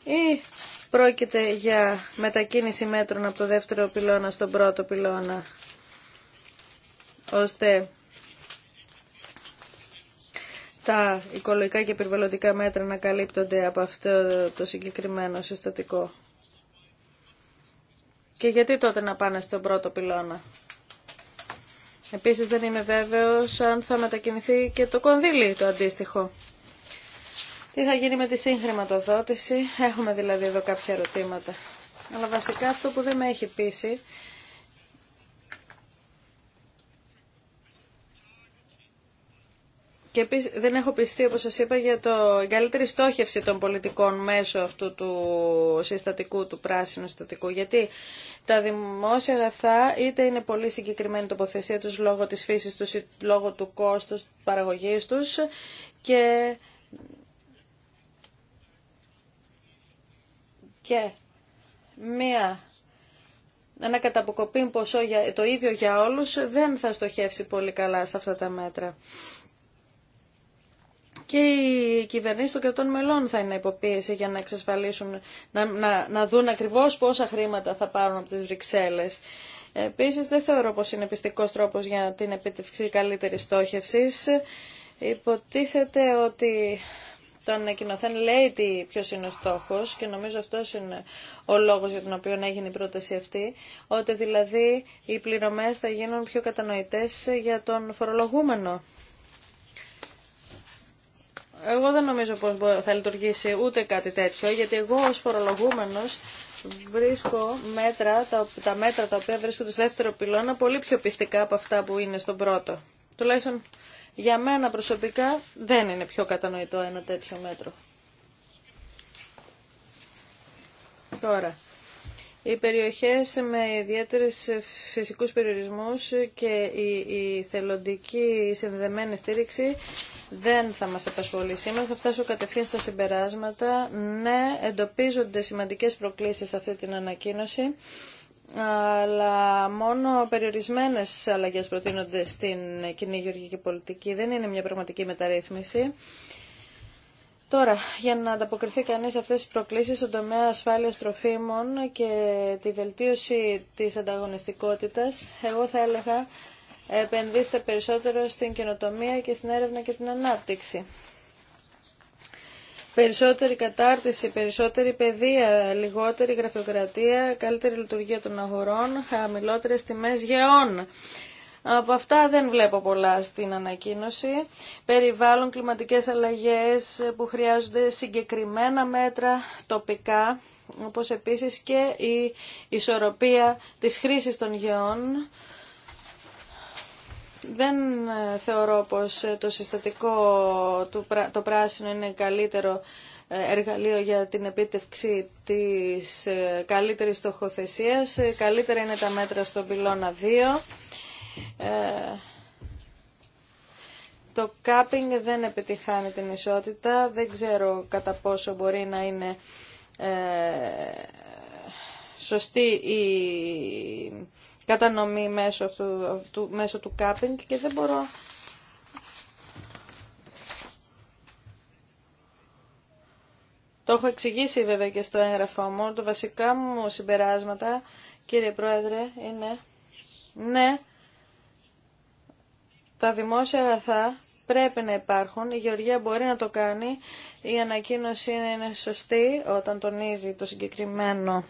Ή πρόκειται για μετακίνηση μέτρων από το δεύτερο πυλώνα στον πρώτο πυλώνα, ώστε τα οικολογικά και περιβαλλοντικά μέτρα να καλύπτονται από αυτό το συγκεκριμένο συστατικό. Και γιατί τότε να πάνε στον πρώτο πυλώνα. Επίσης δεν είμαι βέβαιος αν θα μετακινηθεί και το κονδύλι το αντίστοιχο. Τι θα γίνει με τη σύγχρηματοδότηση. Έχουμε δηλαδή εδώ κάποια ερωτήματα. Αλλά βασικά αυτό που δεν με έχει πείσει Και δεν έχω πιστεί, όπως σας είπα, για το καλύτερη στόχευση των πολιτικών μέσω αυτού του συστατικού, του πράσινου συστατικού. Γιατί τα δημόσια αγαθά είτε είναι πολύ συγκεκριμένη τοποθεσία τους λόγω της φύσης τους ή λόγω του κόστους παραγωγής τους και... και μία ένα καταποκοπήν ποσό για, το ίδιο για όλους δεν θα στοχεύσει πολύ καλά σε αυτά τα μέτρα και οι κυβερνήσει των κρατών μελών θα είναι υποπίεση για να εξασφαλίσουν, να, να, να δουν ακριβώ πόσα χρήματα θα πάρουν από τι Βρυξέλλε. Επίση, δεν θεωρώ πω είναι πιστικό τρόπο για την επιτευξή καλύτερη στόχευση. Υποτίθεται ότι το ανακοινωθέν λέει τι, ποιος είναι ο στόχος και νομίζω αυτός είναι ο λόγος για τον οποίο έγινε η πρόταση αυτή, ότι δηλαδή οι πληρωμές θα γίνουν πιο κατανοητές για τον φορολογούμενο. Εγώ δεν νομίζω πως θα λειτουργήσει ούτε κάτι τέτοιο, γιατί εγώ ως φορολογούμενος βρίσκω μέτρα, τα, τα μέτρα τα οποία βρίσκονται στο δεύτερο πυλώνα πολύ πιο πιστικά από αυτά που είναι στον πρώτο. Τουλάχιστον για μένα προσωπικά δεν είναι πιο κατανοητό ένα τέτοιο μέτρο. Τώρα, οι περιοχές με ιδιαίτερες φυσικούς περιορισμούς και η, θελοντική συνδεδεμένη στήριξη δεν θα μας απασχολεί σήμερα. Θα φτάσω κατευθείαν στα συμπεράσματα. Ναι, εντοπίζονται σημαντικές προκλήσεις σε αυτή την ανακοίνωση αλλά μόνο περιορισμένες αλλαγές προτείνονται στην κοινή γεωργική πολιτική. Δεν είναι μια πραγματική μεταρρύθμιση. Τώρα, για να ανταποκριθεί κανείς σε αυτές τις προκλήσεις στον τομέα ασφάλειας τροφίμων και τη βελτίωση της ανταγωνιστικότητας, εγώ θα έλεγα επενδύστε περισσότερο στην καινοτομία και στην έρευνα και την ανάπτυξη. Περισσότερη κατάρτιση, περισσότερη παιδεία, λιγότερη γραφειοκρατία, καλύτερη λειτουργία των αγορών, χαμηλότερες τιμές γεών. Από αυτά δεν βλέπω πολλά στην ανακοίνωση. Περιβάλλουν κλιματικές αλλαγές που χρειάζονται συγκεκριμένα μέτρα τοπικά, όπως επίσης και η ισορροπία της χρήσης των γεών. Δεν θεωρώ πως το συστατικό το πράσινο είναι καλύτερο ε, εργαλείο για την επίτευξη της ε, καλύτερης στοχοθεσίας. Ε, καλύτερα είναι τα μέτρα στον πυλώνα 2 ε, το κάπινγκ δεν επιτυχάνει την ισότητα. Δεν ξέρω κατά πόσο μπορεί να είναι ε, σωστή η κατανομή μέσω, του, μέσω του κάπινγκ και δεν μπορώ Το έχω εξηγήσει βέβαια και στο έγγραφό μου. Το βασικά μου συμπεράσματα, κύριε Πρόεδρε, είναι ναι, τα δημόσια αγαθά πρέπει να υπάρχουν, η Γεωργία μπορεί να το κάνει, η ανακοίνωση είναι σωστή όταν τονίζει το συγκεκριμένο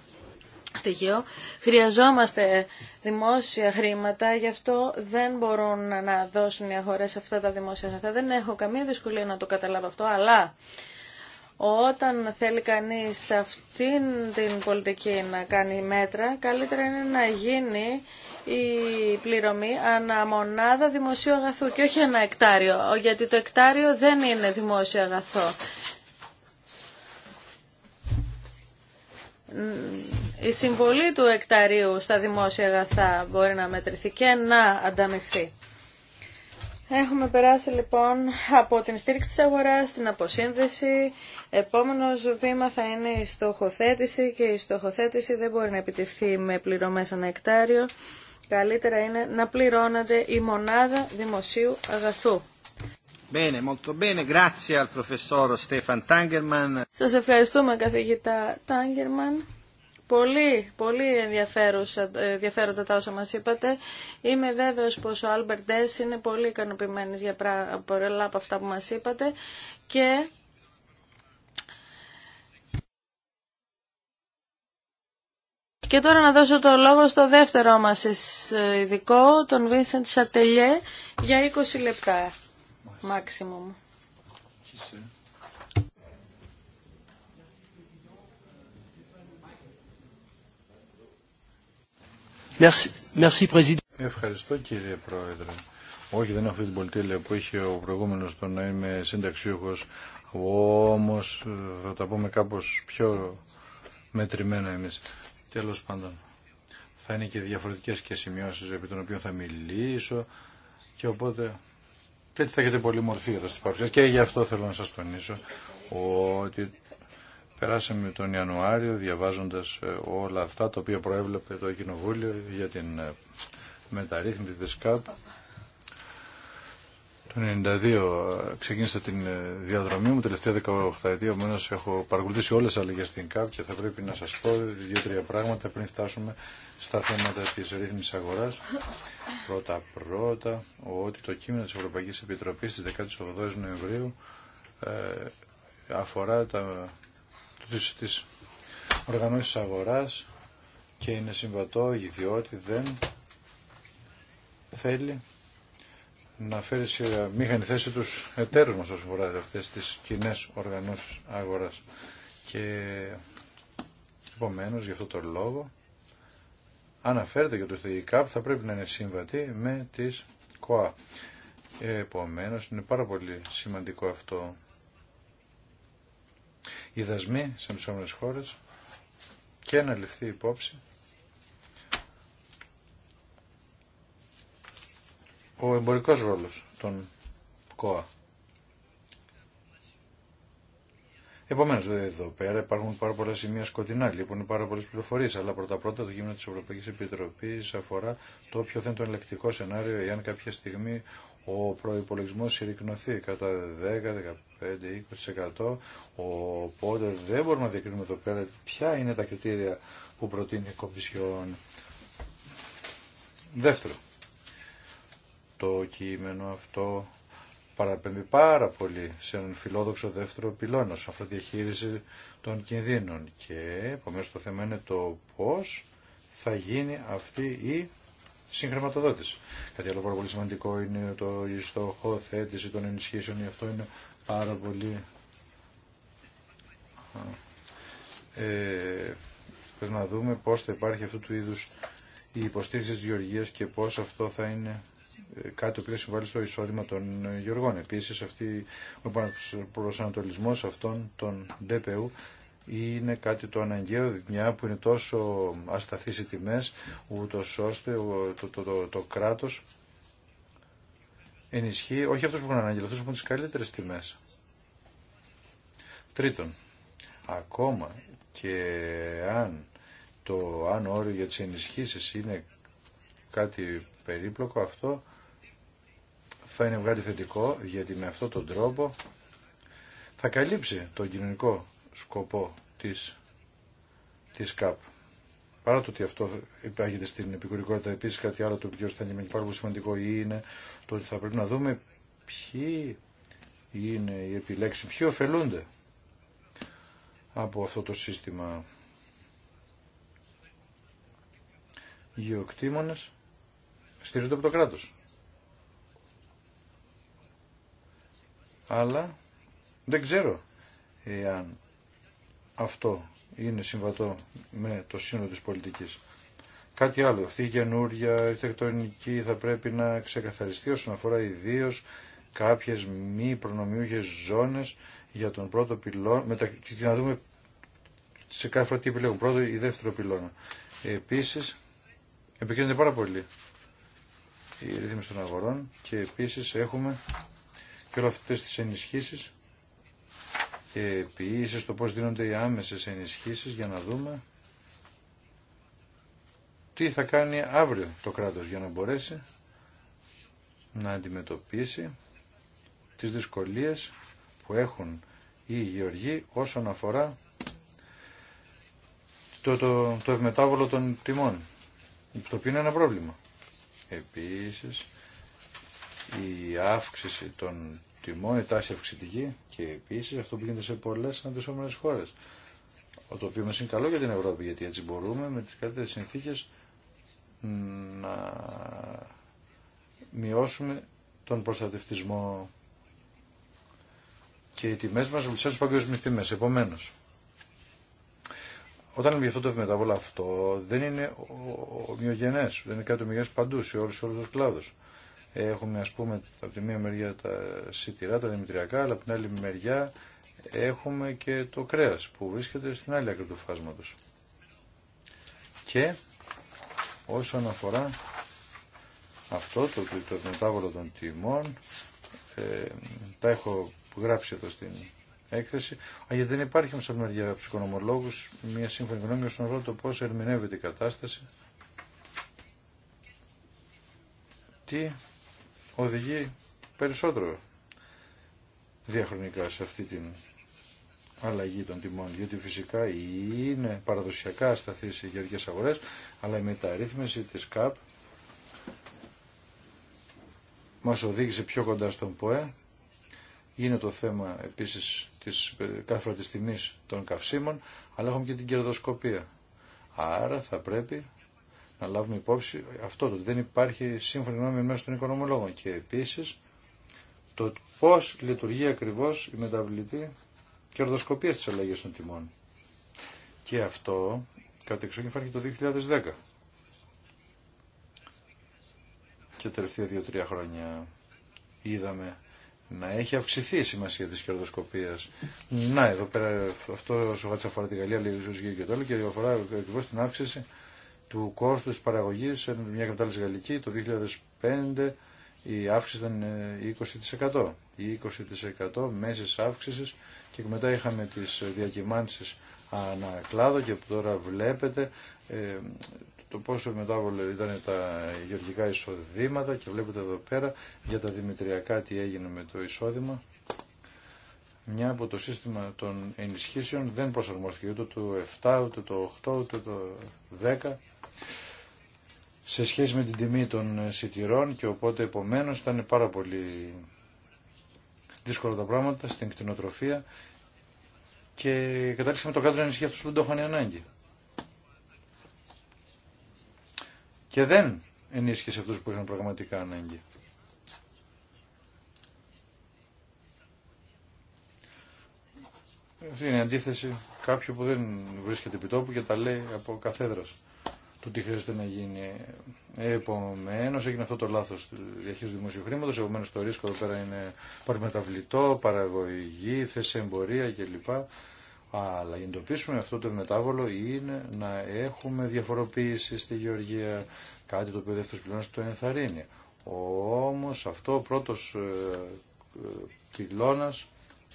στοιχείο. Χρειαζόμαστε δημόσια χρήματα, γι' αυτό δεν μπορούν να δώσουν οι αγορές αυτά τα δημόσια αγαθά. Δεν έχω καμία δυσκολία να το καταλάβω αυτό, αλλά όταν θέλει κανείς αυτήν την πολιτική να κάνει μέτρα, καλύτερα είναι να γίνει η πληρωμή αναμονάδα δημοσίου αγαθού και όχι ένα εκτάριο, γιατί το εκτάριο δεν είναι δημόσιο αγαθό. Η συμβολή του εκταρίου στα δημόσια αγαθά μπορεί να μετρηθεί και να ανταμειφθεί. Έχουμε περάσει λοιπόν από την στήριξη της αγοράς στην αποσύνδεση. Επόμενος βήμα θα είναι η στοχοθέτηση και η στοχοθέτηση δεν μπορεί να επιτευχθεί με πληρωμές ένα εκτάριο. Καλύτερα είναι να πληρώνεται η μονάδα δημοσίου αγαθού. Bene, molto bene. Grazie al professor Stefan Tangerman. Σας ευχαριστούμε καθηγητά Tangerman. Πολύ, πολύ ενδιαφέροντα τα όσα μας είπατε. Είμαι βέβαιος πως ο Άλμπερ Ντές είναι πολύ ικανοποιημένος για πολλά από αυτά που μας είπατε και Και τώρα να δώσω το λόγο στο δεύτερό μας ειδικό, τον Βίνσεντ Σατελιέ, για 20 λεπτά, μάξιμουμ. Ευχαριστώ κύριε Πρόεδρε. Όχι, δεν έχω την πολυτέλεια που είχε ο προηγούμενος το να είμαι συνταξιούχος, όμως θα τα πούμε κάπως πιο μετρημένα εμείς. Τέλος πάντων, θα είναι και διαφορετικές και σημειώσεις επί των οποίων θα μιλήσω και οπότε θα έχετε πολύ μορφή εδώ στην παρουσία και γι' αυτό θέλω να σας τονίσω ότι Περάσαμε τον Ιανουάριο διαβάζοντας ε, όλα αυτά τα οποία προέβλεπε το Κοινοβούλιο για την ε, μεταρρύθμιση της ΚΑΠ. Το 1992 ε, ξεκίνησα την διαδρομή μου, τελευταία 18 ετία, ομένως έχω παρακολουθήσει όλες τις αλλαγές στην ΚΑΠ και θα πρέπει να σας πω δύο-τρία πράγματα πριν φτάσουμε στα θέματα της ρύθμισης αγοράς. Πρώτα-πρώτα, ότι το κείμενο της Ευρωπαϊκής Επιτροπής της 18 Νοεμβρίου αφορά τα της της οργανώσεις αγοράς και είναι συμβατό διότι δεν θέλει να φέρει σε μήχανη θέση τους εταίρους μας όσον αφορά αυτές τις κοινέ οργανώσεις αγοράς. Και επομένως γι' αυτό το λόγο αναφέρεται για το ΚΑΠ θα πρέπει να είναι σύμβατη με τις ΚΟΑ. Επομένως είναι πάρα πολύ σημαντικό αυτό οι δασμοί σε μισόμενες χώρες και να ληφθεί υπόψη ο εμπορικός ρόλος των ΚΟΑ. επομενως εδω εδώ πέρα υπάρχουν πάρα πολλά σημεία σκοτεινά, λοιπόν, πάρα πολλέ πληροφορίε. Αλλά πρώτα-πρώτα το κείμενο της Ευρωπαϊκής Επιτροπής αφορά το όποιο θα είναι το ελεκτικό σενάριο εάν κάποια στιγμή ο προπολογισμό συρρυκνωθεί κατά 5 20 οπότε δεν μπορούμε να διακρίνουμε το πέρα ποια είναι τα κριτήρια που προτείνει η Κομπισιόν Δεύτερο, το κείμενο αυτό παραπέμπει πάρα πολύ σε έναν φιλόδοξο δεύτερο πυλώνα σε αυτή τη διαχείριση των κινδύνων και επομένως το θέμα είναι το πώς θα γίνει αυτή η συγχρηματοδότηση. Κάτι άλλο πάρα πολύ σημαντικό είναι το η στόχο θέτηση των ενισχύσεων. Αυτό είναι πάρα πολύ ε, πρέπει να δούμε πώς θα υπάρχει αυτού του είδους η υποστήριξη της γεωργίας και πώς αυτό θα είναι ε, κάτι που θα συμβάλλει στο εισόδημα των ε, γεωργών. Επίσης αυτή, ο προσανατολισμός αυτών των ΔΠΟΥ είναι κάτι το αναγκαίο, μια που είναι τόσο ασταθείς οι τιμές, ούτως ώστε το, το, το, το κράτος ενισχύει όχι αυτούς που έχουν ανάγκη, αυτούς που έχουν τις καλύτερες τιμές. Τρίτον, ακόμα και αν το αν όριο για τις ενισχύσεις είναι κάτι περίπλοκο, αυτό θα είναι κάτι θετικό, γιατί με αυτόν τον τρόπο θα καλύψει τον κοινωνικό σκοπό της, της ΚΑΠ. Παρά το ότι αυτό υπάρχει στην επικουρικότητα, επίση κάτι άλλο το οποίο θα είναι πάρα πολύ σημαντικό είναι το ότι θα πρέπει να δούμε ποιοι είναι οι επιλέξει, ποιοι ωφελούνται από αυτό το σύστημα γεωκτήμονες στηρίζονται από το κράτος. Αλλά δεν ξέρω εάν αυτό είναι συμβατό με το σύνολο της πολιτικής. Κάτι άλλο, αυτή η καινούρια αρχιτεκτονική θα πρέπει να ξεκαθαριστεί όσον αφορά ιδίω κάποιες μη προνομιούχες ζώνες για τον πρώτο πυλώνα, μετα... και να δούμε σε κάθε φορά τι επιλέγουν, πρώτο ή δεύτερο πυλώνα. Επίσης, επικρίνεται πάρα πολύ η ρύθμιση των αγορών και επίσης έχουμε και όλες αυτές τις ενισχύσεις και επίσης το πώς δίνονται οι άμεσες ενισχύσεις για να δούμε τι θα κάνει αύριο το κράτος για να μπορέσει να αντιμετωπίσει τις δυσκολίες που έχουν οι γεωργοί όσον αφορά το, το, το ευμετάβολο των τιμών, το οποίο είναι ένα πρόβλημα. Επίσης, η αύξηση των η τάση αυξητική και επίση αυτό που γίνεται σε πολλέ αντισώμενε χώρε, Το οποίο μα είναι καλό για την Ευρώπη γιατί έτσι μπορούμε με τι καλύτερε συνθήκε να μειώσουμε τον προστατευτισμό και οι μα μας στι παγκόσμιε τιμέ. επομένω. όταν λέμε αυτό το μεταβόλο αυτό, δεν είναι ομοιογενέ, δεν είναι κάτι ομοιογενέ παντού σε όλου του κλάδου. Έχουμε ας πούμε από τη μία μεριά τα σιτηρά, τα δημητριακά, αλλά από την άλλη μεριά έχουμε και το κρέας που βρίσκεται στην άλλη άκρη του φάσματος. Και όσον αφορά αυτό το, το, μετάβολο των τιμών, ε, τα έχω γράψει εδώ στην έκθεση, αλλά δεν υπάρχει όμως από μεριά από οικονομολόγους μια σύμφωνη γνώμη όσον αφορά το πώς ερμηνεύεται η κατάσταση. Τι οδηγεί περισσότερο διαχρονικά σε αυτή την αλλαγή των τιμών, γιατί φυσικά είναι παραδοσιακά σταθεί οι γεωργικές αγορές, αλλά η μεταρρύθμιση της ΚΑΠ μας οδήγησε πιο κοντά στον ΠΟΕ. Είναι το θέμα επίσης της ε, κάφρα της τιμής των καυσίμων, αλλά έχουμε και την κερδοσκοπία. Άρα θα πρέπει να λάβουμε υπόψη αυτό το ότι δεν υπάρχει σύμφωνη γνώμη μέσα των οικονομολόγων και επίσης το πώς λειτουργεί ακριβώς η μεταβλητή κερδοσκοπία της αλλαγή των τιμών. Και αυτό κατ' υπάρχει το 2010. Και τελευταία δύο-τρία χρόνια είδαμε να έχει αυξηθεί η σημασία της κερδοσκοπίας. Να, εδώ πέρα αυτό όσο αφορά τη Γαλλία, λέει ο και το άλλο και αφορά ακριβώ την αύξηση του κόστου τη παραγωγή σε μια κατάλληλη γαλλική το 2005 η αύξηση ήταν 20% ε, η 20% μέση αύξηση και μετά είχαμε τι διακυμάνσει ανακλάδο και που τώρα βλέπετε ε, το πόσο μετάβολο ήταν τα γεωργικά εισοδήματα και βλέπετε εδώ πέρα για τα δημητριακά τι έγινε με το εισόδημα μια από το σύστημα των ενισχύσεων δεν προσαρμόστηκε ούτε το 7, ούτε το 8, ούτε το 10 σε σχέση με την τιμή των ε, σιτηρών και οπότε επομένως ήταν πάρα πολύ δύσκολα τα πράγματα στην κτηνοτροφία και κατάληξαμε το κάτω να ενισχύει αυτούς που δεν το είχαν ανάγκη. Και δεν ενίσχυσε αυτούς που είχαν πραγματικά ανάγκη. Αυτή είναι η αντίθεση κάποιου που δεν βρίσκεται επιτόπου και τα λέει από καθέδρας του τι χρειάζεται να γίνει. Επομένω, έγινε αυτό το λάθο του διαχείριση δημοσίου χρήματο. Επομένω, το ρίσκο εδώ πέρα είναι παρμεταβλητό, παραγωγή, θέση εμπορία κλπ. Αλλά για εντοπίσουμε αυτό το μετάβολο είναι να έχουμε διαφοροποίηση στη γεωργία, κάτι το οποίο ο δεύτερο πυλώνα το ενθαρρύνει. Όμω αυτό ο πρώτο ε, ε, πυλώνα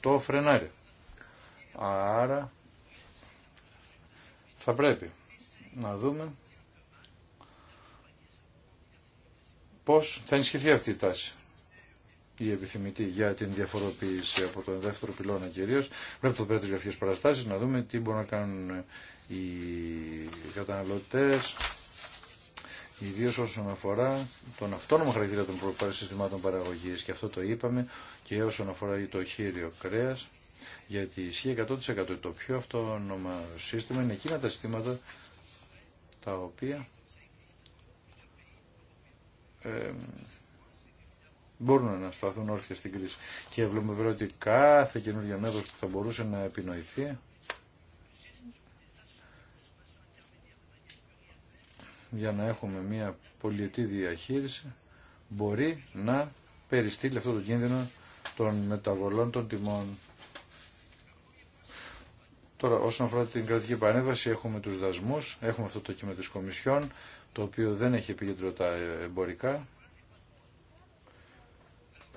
το φρενάρει. Άρα θα πρέπει να δούμε πώς θα ενισχυθεί αυτή η τάση η επιθυμητή για την διαφοροποίηση από τον δεύτερο πυλώνα κυρίω. Πρέπει το πέρα τι γραφικέ παραστάσει να δούμε τι μπορούν να κάνουν οι καταναλωτέ, ιδίω όσον αφορά τον αυτόνομο χαρακτήρα των συστημάτων παραγωγή. Και αυτό το είπαμε και όσον αφορά το χείριο κρέα, γιατί ισχύει 100% το πιο αυτόνομο σύστημα είναι εκείνα τα συστήματα τα οποία μπορούν να σταθούν όρθια στην κρίση. Και βλέπουμε βέβαια ότι κάθε καινούργια μέρο που θα μπορούσε να επινοηθεί για να έχουμε μια πολιετή διαχείριση μπορεί να περιστύλει αυτό το κίνδυνο των μεταβολών των τιμών. Τώρα όσον αφορά την κρατική πανέμβαση έχουμε τους δασμούς, έχουμε αυτό το κείμενο της Κομισιόν, το οποίο δεν έχει επίκεντρο εμπορικά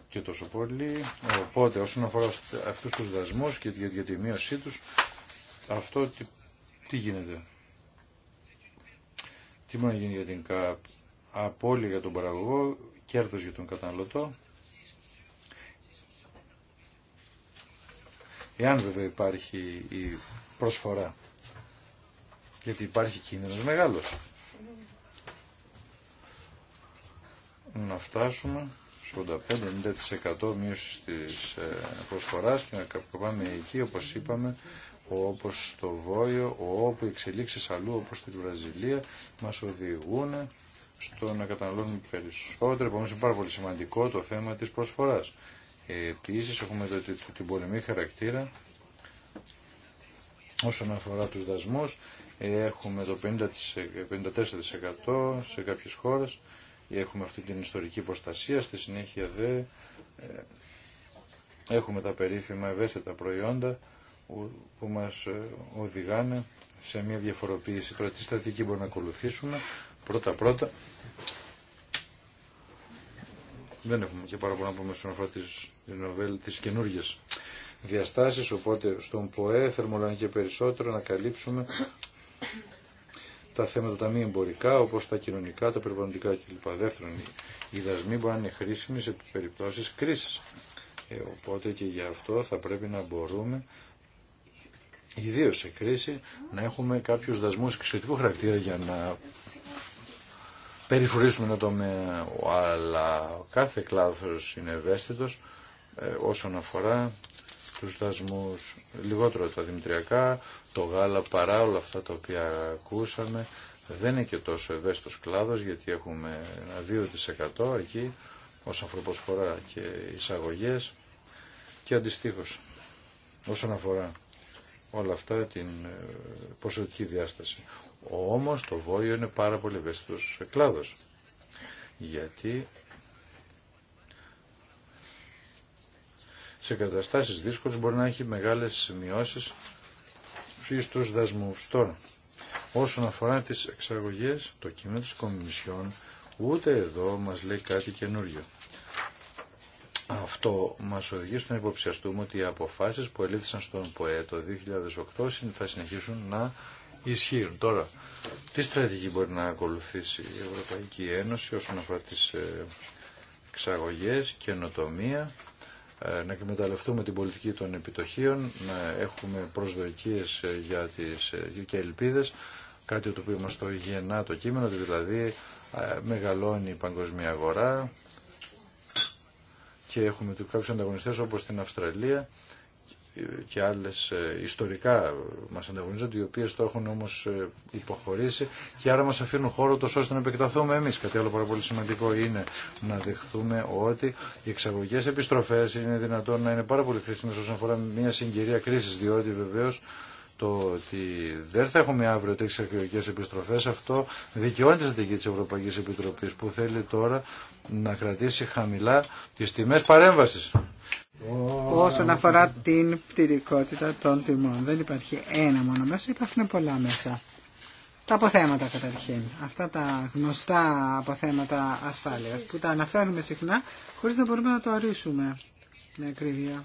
και τόσο πολύ. Οπότε όσον αφορά αυτούς τους δασμούς και για τη μείωσή τους, αυτό τι, γίνεται. Τι μπορεί να γίνει για την ΚΑΠ. για τον παραγωγό, κέρδος για τον καταναλωτό. Εάν βέβαια υπάρχει η προσφορά. Γιατί υπάρχει κίνδυνος μεγάλος. να φτάσουμε 85-90% μείωση της ε, προσφοράς και να πάμε εκεί όπως είπαμε όπως στο Βόλιο, όπου οι εξελίξεις αλλού όπως στη Βραζιλία μας οδηγούν στο να καταναλώνουμε περισσότερο, επομένως είναι πάρα πολύ σημαντικό το θέμα της προσφοράς. Επίσης έχουμε το, την πολεμή χαρακτήρα όσον αφορά του δασμούς, έχουμε το 50, 54% ε, σε κάποιες χώρες έχουμε αυτή την ιστορική προστασία, στη συνέχεια δε ε, έχουμε τα περίφημα ευαίσθητα προϊόντα που μας ε, οδηγάνε σε μια διαφοροποίηση. Τώρα τι στρατηγική μπορούμε να ακολουθήσουμε. Πρώτα πρώτα δεν έχουμε και πάρα πολλά να πούμε στον αφορά της νοβέλ διαστάσεις, οπότε στον ΠΟΕ θερμολάνε και περισσότερο να καλύψουμε τα θέματα τα μη εμπορικά, όπως τα κοινωνικά, τα περιβαλλοντικά κλπ. Δεύτερον, οι δασμοί μπορεί να είναι χρήσιμοι σε περιπτώσεις κρίσης. Ε, οπότε και γι' αυτό θα πρέπει να μπορούμε, ιδίω σε κρίση, να έχουμε κάποιους δασμούς εξωτικού χαρακτήρα για να περιφρουρήσουμε ένα τομέα. Αλλά κάθε κλάδος είναι ευαίσθητο ε, όσον αφορά τους δασμούς, λιγότερο τα δημητριακά, το γάλα, παρά όλα αυτά τα οποία ακούσαμε. Δεν είναι και τόσο ευαίσθητος κλάδος γιατί έχουμε ένα 2% εκεί ως αφορά και εισαγωγές και αντιστοίχως όσον αφορά όλα αυτά την ε, ποσοτική διάσταση. Όμως το βόλιο είναι πάρα πολύ ευαίσθητος κλάδος γιατί σε καταστάσεις δύσκολες μπορεί να έχει μεγάλες μειώσεις στους δασμούς. Τώρα, όσον αφορά τις εξαγωγές, το κείμενο της Κομισιόν ούτε εδώ μας λέει κάτι καινούριο. Αυτό μας οδηγεί στο να υποψιαστούμε ότι οι αποφάσεις που ελήφθησαν στον ΠΟΕ το 2008 θα συνεχίσουν να ισχύουν. Τώρα, τι στρατηγική μπορεί να ακολουθήσει η Ευρωπαϊκή Ένωση όσον αφορά τις ε, εξαγωγές, καινοτομία ε, να εκμεταλλευτούμε την πολιτική των επιτοχίων, να έχουμε προσδοκίες ε, για τις, ε, και ελπίδες, κάτι το οποίο μας το γεννά το κείμενο, δηλαδή μεγαλώνει η παγκοσμία αγορά και έχουμε κάποιους ανταγωνιστές όπως την Αυστραλία και άλλες ε, ιστορικά μας ανταγωνίζονται, οι οποίες το έχουν όμως ε, υποχωρήσει και άρα μας αφήνουν χώρο τόσο ώστε να επεκταθούμε εμείς. Κάτι άλλο πάρα πολύ σημαντικό είναι να δεχθούμε ότι οι εξαγωγές επιστροφές είναι δυνατόν να είναι πάρα πολύ χρήσιμες όσον αφορά μια συγκυρία κρίσης, διότι βεβαίως το ότι δεν θα έχουμε αύριο τέτοιε αρχαιολογικέ επιστροφέ, αυτό δικαιώνει τη στρατηγική τη Ευρωπαϊκή Επιτροπή που θέλει τώρα να κρατήσει χαμηλά τι τιμέ παρέμβαση όσον αφορά την πτυρικότητα των τιμών. Δεν υπάρχει ένα μόνο μέσα, υπάρχουν πολλά μέσα. Τα αποθέματα καταρχήν. Αυτά τα γνωστά αποθέματα ασφάλειας που τα αναφέρουμε συχνά χωρίς να μπορούμε να το ορίσουμε με ακρίβεια.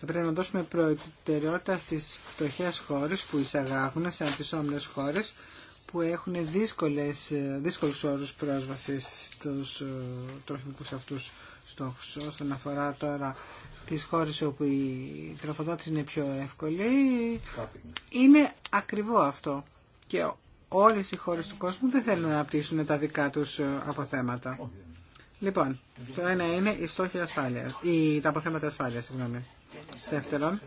Θα πρέπει να δώσουμε προτεραιότητα στις φτωχές χώρες που εισαγάγουν σε αντισόμενες χώρες που έχουν δύσκολες, δύσκολους όρους πρόσβασης στους ε, τροφικούς αυτούς Όσον αφορά τώρα τις χώρες όπου η τροφοδότηση είναι πιο εύκολη, είναι ακριβό αυτό. Και όλες οι χώρες του κόσμου δεν θέλουν να αναπτύσσουν τα δικά τους ε, αποθέματα. Λοιπόν, το ένα είναι η στόχη ασφάλειας, η, τα αποθέματα ασφάλειας, συγγνώμη. Δεύτερον,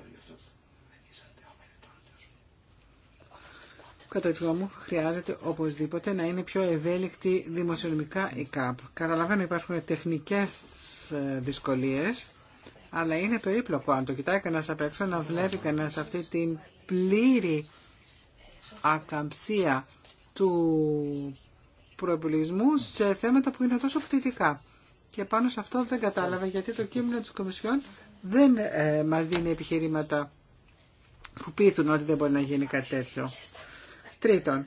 κατά τη γνώμη μου, χρειάζεται οπωσδήποτε να είναι πιο ευέλικτη δημοσιονομικά η ΚΑΠ. Καταλαβαίνω υπάρχουν τεχνικές ε, δυσκολίες, αλλά είναι περίπλοκο. Αν το κοιτάει κανένας απ' έξω, να βλέπει κανένα αυτή την πλήρη ακαμψία του προεμπολισμού σε θέματα που είναι τόσο πτυτικά. Και πάνω σε αυτό δεν κατάλαβα γιατί το κείμενο της Κομισιόν δεν ε, μας δίνει επιχειρήματα που πείθουν ότι δεν μπορεί να γίνει κάτι τέτοιο. Τρίτον,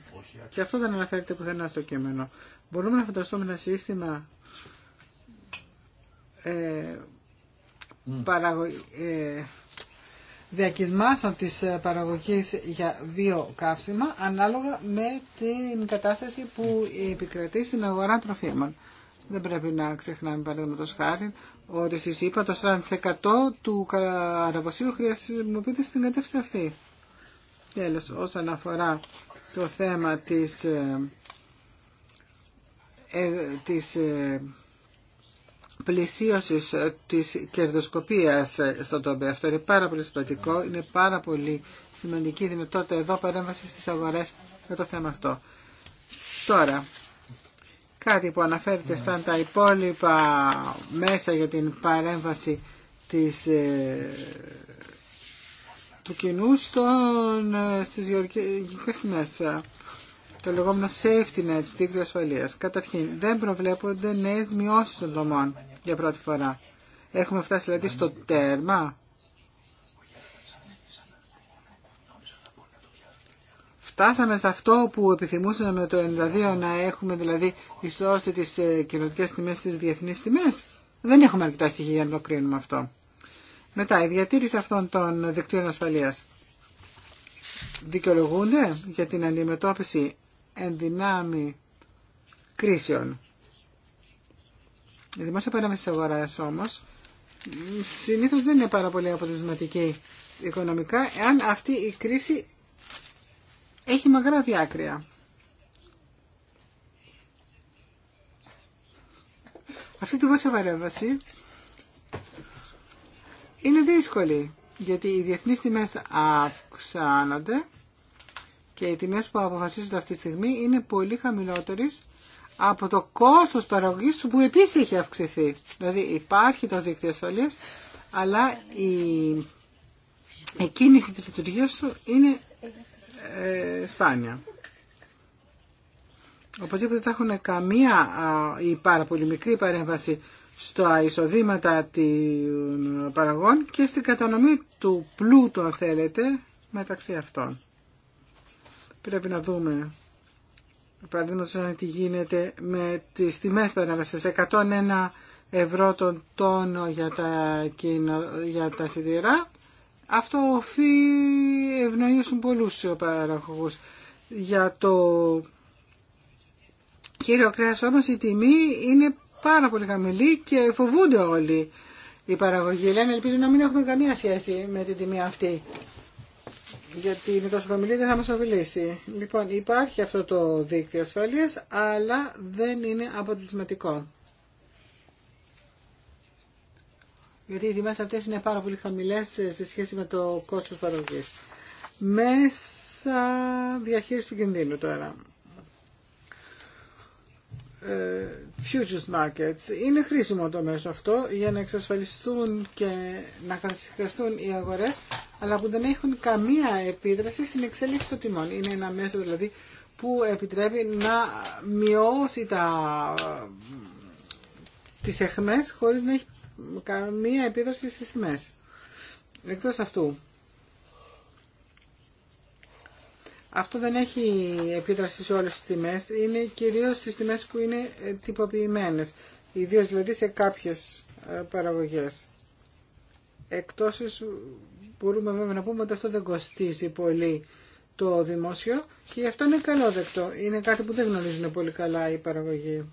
και αυτό δεν αναφέρεται πουθενά στο κείμενο, μπορούμε να φανταστούμε ένα σύστημα ε, ε, διακισμάσεων της ε, παραγωγής για βιοκαύσιμα ανάλογα με την κατάσταση που επικρατεί στην αγορά τροφίμων. Δεν πρέπει να ξεχνάμε παραδείγματο χάρη ότι είπα, το 40% του καραβοσίου χρησιμοποιείται στην κατεύθυνση αυτή. Τέλος, όσον αφορά το θέμα της, της πλαισίωσης ε, της κερδοσκοπίας ε, στον τομέα αυτό είναι πάρα πολύ σημαντικό, είναι πάρα πολύ σημαντική δυνατότητα εδώ παρέμβαση στις αγορές για το θέμα αυτό. Τώρα, κάτι που αναφέρεται σαν τα υπόλοιπα μέσα για την παρέμβαση της, ε, του κοινού στον, στις γεωργικές μέσα το λεγόμενο safety net, δίκτυο ασφαλεία. Καταρχήν, δεν προβλέπονται νέε μειώσει των δομών για πρώτη φορά. Έχουμε φτάσει δηλαδή στο τέρμα. Φτάσαμε σε αυτό που επιθυμούσαμε με το 92 να έχουμε δηλαδή ισώσει τις ε, κοινωτικέ τιμές στις διεθνείς τιμές. Δεν έχουμε αρκετά στοιχεία για να το κρίνουμε αυτό. Μετά, η διατήρηση αυτών των δικτύων ασφαλείας δικαιολογούνται για την αντιμετώπιση εν δυνάμει κρίσεων. Η δημόσια παρέμβαση τη αγορά όμως συνήθως δεν είναι πάρα πολύ αποτελεσματική οικονομικά εάν αυτή η κρίση έχει μαγρά διάκρια. Αυτή η δημόσια παρέμβαση είναι δύσκολη γιατί οι διεθνείς τιμές αυξάνονται και οι τιμές που αποφασίζονται αυτή τη στιγμή είναι πολύ χαμηλότερες από το κόστος παραγωγής του που επίσης έχει αυξηθεί. Δηλαδή υπάρχει το δίκτυο ασφαλείας, αλλά η, η κίνηση της λειτουργίας του είναι ε, σπάνια. δεν θα έχουν καμία ή πάρα πολύ μικρή παρέμβαση στα εισοδήματα των παραγών και στην κατανομή του πλούτου, αν θέλετε, μεταξύ αυτών. Πρέπει να δούμε, παραδείγματος, τι γίνεται με τις τιμές παρέμβασης. 101 ευρώ τον τόνο για τα, για τα σιδηρά. Αυτό οφεί ευνοήσουν πολλούς παραγωγούς. Για το κύριο κρέας όμως η τιμή είναι πάρα πολύ χαμηλή και φοβούνται όλοι οι παραγωγοί. Λένε ελπίζω να μην έχουμε καμία σχέση με την τιμή αυτή γιατί τόσο χαμηλή, δεν θα μας οβηλήσει. Λοιπόν, υπάρχει αυτό το δίκτυο ασφαλείας, αλλά δεν είναι αποτελεσματικό. Γιατί οι τιμές αυτές είναι πάρα πολύ χαμηλές σε σχέση με το κόστος παραγωγής. Μέσα διαχείριση του κινδύνου τώρα. Ε, futures markets. Είναι χρήσιμο το μέσο αυτό για να εξασφαλιστούν και να καθυσυχαστούν οι αγορές αλλά που δεν έχουν καμία επίδραση στην εξέλιξη των τιμών. Είναι ένα μέσο δηλαδή που επιτρέπει να μειώσει τα... τις εχμές χωρίς να έχει καμία επίδραση στις τιμές. Εκτός αυτού, Αυτό δεν έχει επίδραση σε όλες τις τιμές, είναι κυρίως στις τιμές που είναι ε, τυποποιημένες, ιδίως δηλαδή σε κάποιες ε, παραγωγές. Εκτός μπορούμε βέβαια να πούμε ότι αυτό δεν κοστίζει πολύ το δημόσιο και γι' αυτό είναι δεκτο. Είναι κάτι που δεν γνωρίζουν πολύ καλά οι παραγωγοί.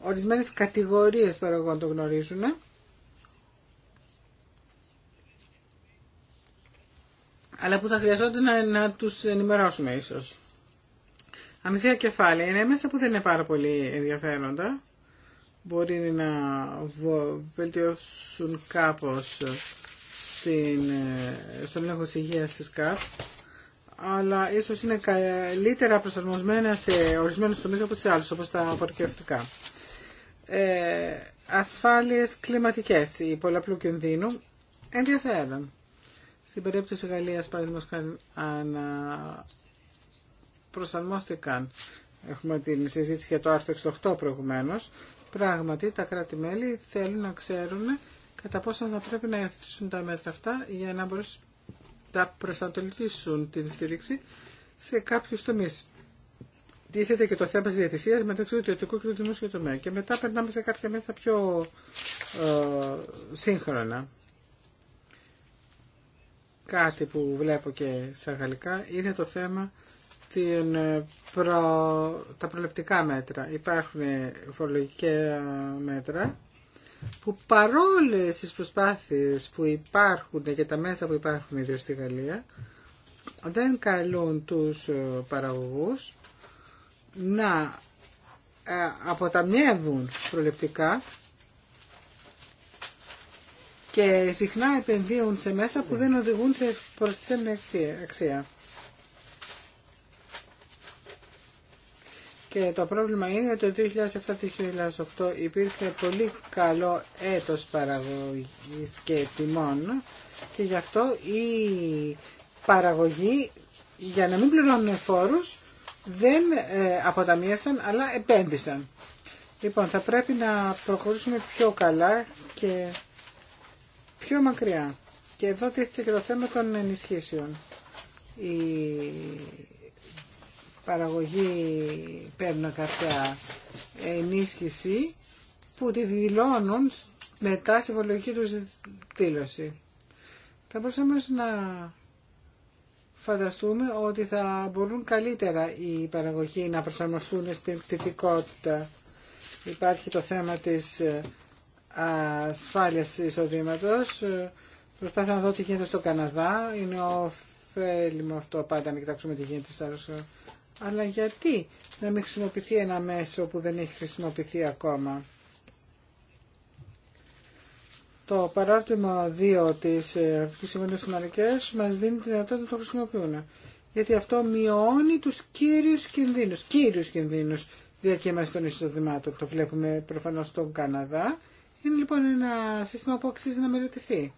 Ορισμένες κατηγορίες παραγωγών το γνωρίζουν αλλά που θα χρειαζόταν να, να τους ενημερώσουμε ίσω. Αμυθία κεφάλαια είναι μέσα που δεν είναι πάρα πολύ ενδιαφέροντα. Μπορεί να βελτιώσουν κάπω στον έλεγχο τη υγεία τη ΚΑΠ, αλλά ίσω είναι καλύτερα προσαρμοσμένα σε ορισμένου τομείς από τις άλλου, όπω τα απορκευτικά. Ε, ασφάλειες κλιματικές, η πολλαπλού κινδύνου, ενδιαφέρον. Στην περίπτωση Γαλλίας, παραδείγματος ανα... προσαρμόστηκαν. Έχουμε την συζήτηση για το άρθρο 68 προηγουμένως. Πράγματι, τα κράτη-μέλη θέλουν να ξέρουν κατά πόσο θα πρέπει να έρθουν τα μέτρα αυτά για να μπορέσουν να προσανατολίσουν την στήριξη σε κάποιους τομείς. Τίθεται και το θέμα της διατησίας μεταξύ του ιδιωτικού και του δημόσιου τομέα. Και μετά περνάμε σε κάποια μέσα πιο ε, σύγχρονα κάτι που βλέπω και στα γαλλικά είναι το θέμα την ε, τα προληπτικά μέτρα. Υπάρχουν φορολογικά μέτρα που παρόλες τι προσπάθειες που υπάρχουν και τα μέσα που υπάρχουν ιδίως στη Γαλλία δεν καλούν τους ε, παραγωγούς να ε, αποταμιεύουν προληπτικά και συχνά επενδύουν σε μέσα που δεν οδηγούν σε προσθέμενη αξία. Και το πρόβλημα είναι ότι το 2007-2008 υπήρχε πολύ καλό έτος παραγωγής και τιμών και γι' αυτό η παραγωγοί, για να μην πληρώνουν φόρους δεν ε, αποταμίασαν αλλά επένδυσαν. Λοιπόν, θα πρέπει να προχωρήσουμε πιο καλά και πιο μακριά. Και εδώ τίθεται και το θέμα των ενισχύσεων. Η παραγωγή παίρνουν κάποια ενίσχυση που τη δηλώνουν μετά σε βολογική τους δήλωση. Θα μπορούσαμε να φανταστούμε ότι θα μπορούν καλύτερα οι παραγωγοί να προσαρμοστούν στην κτητικότητα. Υπάρχει το θέμα της ασφάλεια εισοδήματο. Προσπάθησα να δω τι γίνεται στο Καναδά. Είναι ωφέλιμο αυτό πάντα να κοιτάξουμε τι γίνεται στις Αλλά γιατί να μην χρησιμοποιηθεί ένα μέσο που δεν έχει χρησιμοποιηθεί ακόμα. Το παράρτημα 2 της Ευρωπαϊκής Συμφωνίας Μαρικές μας δίνει τη δυνατότητα να το χρησιμοποιούν. Γιατί αυτό μειώνει τους κύριους κινδύνους, κύριους κινδύνους διακύμαση των εισοδημάτων. Το βλέπουμε προφανώς στον Καναδά είναι λοιπόν ένα σύστημα που αξίζει να μελετηθεί.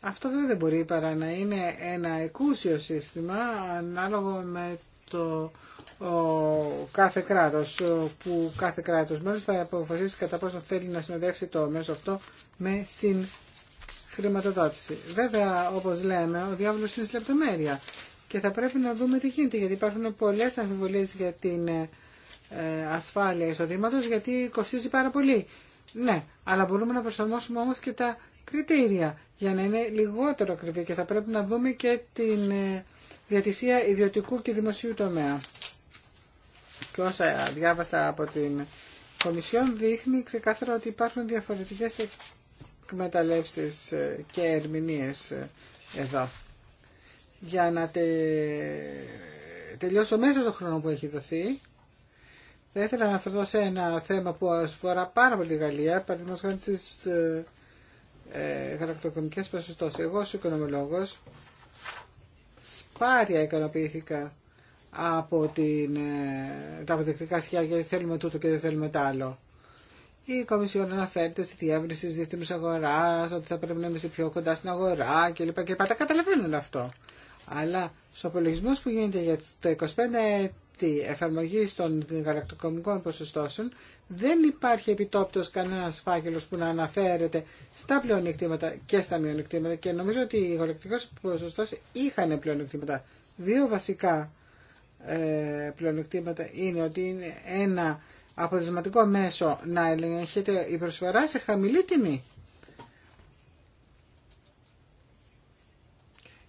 Αυτό βέβαια δεν μπορεί παρά να είναι ένα εκούσιο σύστημα ανάλογο με το ο κάθε κράτος που κάθε κράτος μέλος θα αποφασίσει κατά πόσο θέλει να συνοδεύσει το μέσο αυτό με συν χρηματοδότηση. Βέβαια, όπως λέμε, ο διάβολος είναι στη λεπτομέρεια και θα πρέπει να δούμε τι γίνεται γιατί υπάρχουν πολλές αμφιβολίες για την ε, ε, ασφάλεια εισοδήματο γιατί κοστίζει πάρα πολύ. Ναι, αλλά μπορούμε να προσαρμόσουμε όμως και τα κριτήρια για να είναι λιγότερο ακριβή και θα πρέπει να δούμε και την ε, διατησία ιδιωτικού και δημοσίου τομέα. Και όσα διάβασα από την Κομισιόν δείχνει ξεκάθαρα ότι υπάρχουν διαφορετικές εκμεταλλεύσεις ε, και ερμηνείες ε, εδώ. Για να τελειώσω μέσα στο χρόνο που έχει δοθεί, θα ήθελα να αναφερθώ σε ένα θέμα που αφορά πάρα πολύ τη Γαλλία, παραδείγματο χάρη τις ε, ε, Εγώ ω οικονομολόγο σπάρια ικανοποιήθηκα από την, ε, τα αποδεικτικά σχέδια γιατί θέλουμε τούτο και δεν θέλουμε τ' άλλο. Η Κομισιόν αναφέρεται στη διεύρυνση τη διεθνού αγορά, ότι θα πρέπει να είμαστε πιο κοντά στην αγορά κλπ. Και Τα καταλαβαίνουν αυτό. Αλλά στου απολογισμού που γίνεται για τα 25 εφαρμογή των γαλακτοκομικών ποσοστώσεων δεν υπάρχει επιτόπτος κανένα φάκελο που να αναφέρεται στα πλεονεκτήματα και στα μειονεκτήματα και νομίζω ότι οι γαλακτικές ποσοστώσεις είχαν πλεονεκτήματα. Δύο βασικά ε, πλεονεκτήματα είναι ότι είναι ένα αποτελεσματικό μέσο να ελεγχεται η προσφορά σε χαμηλή τιμή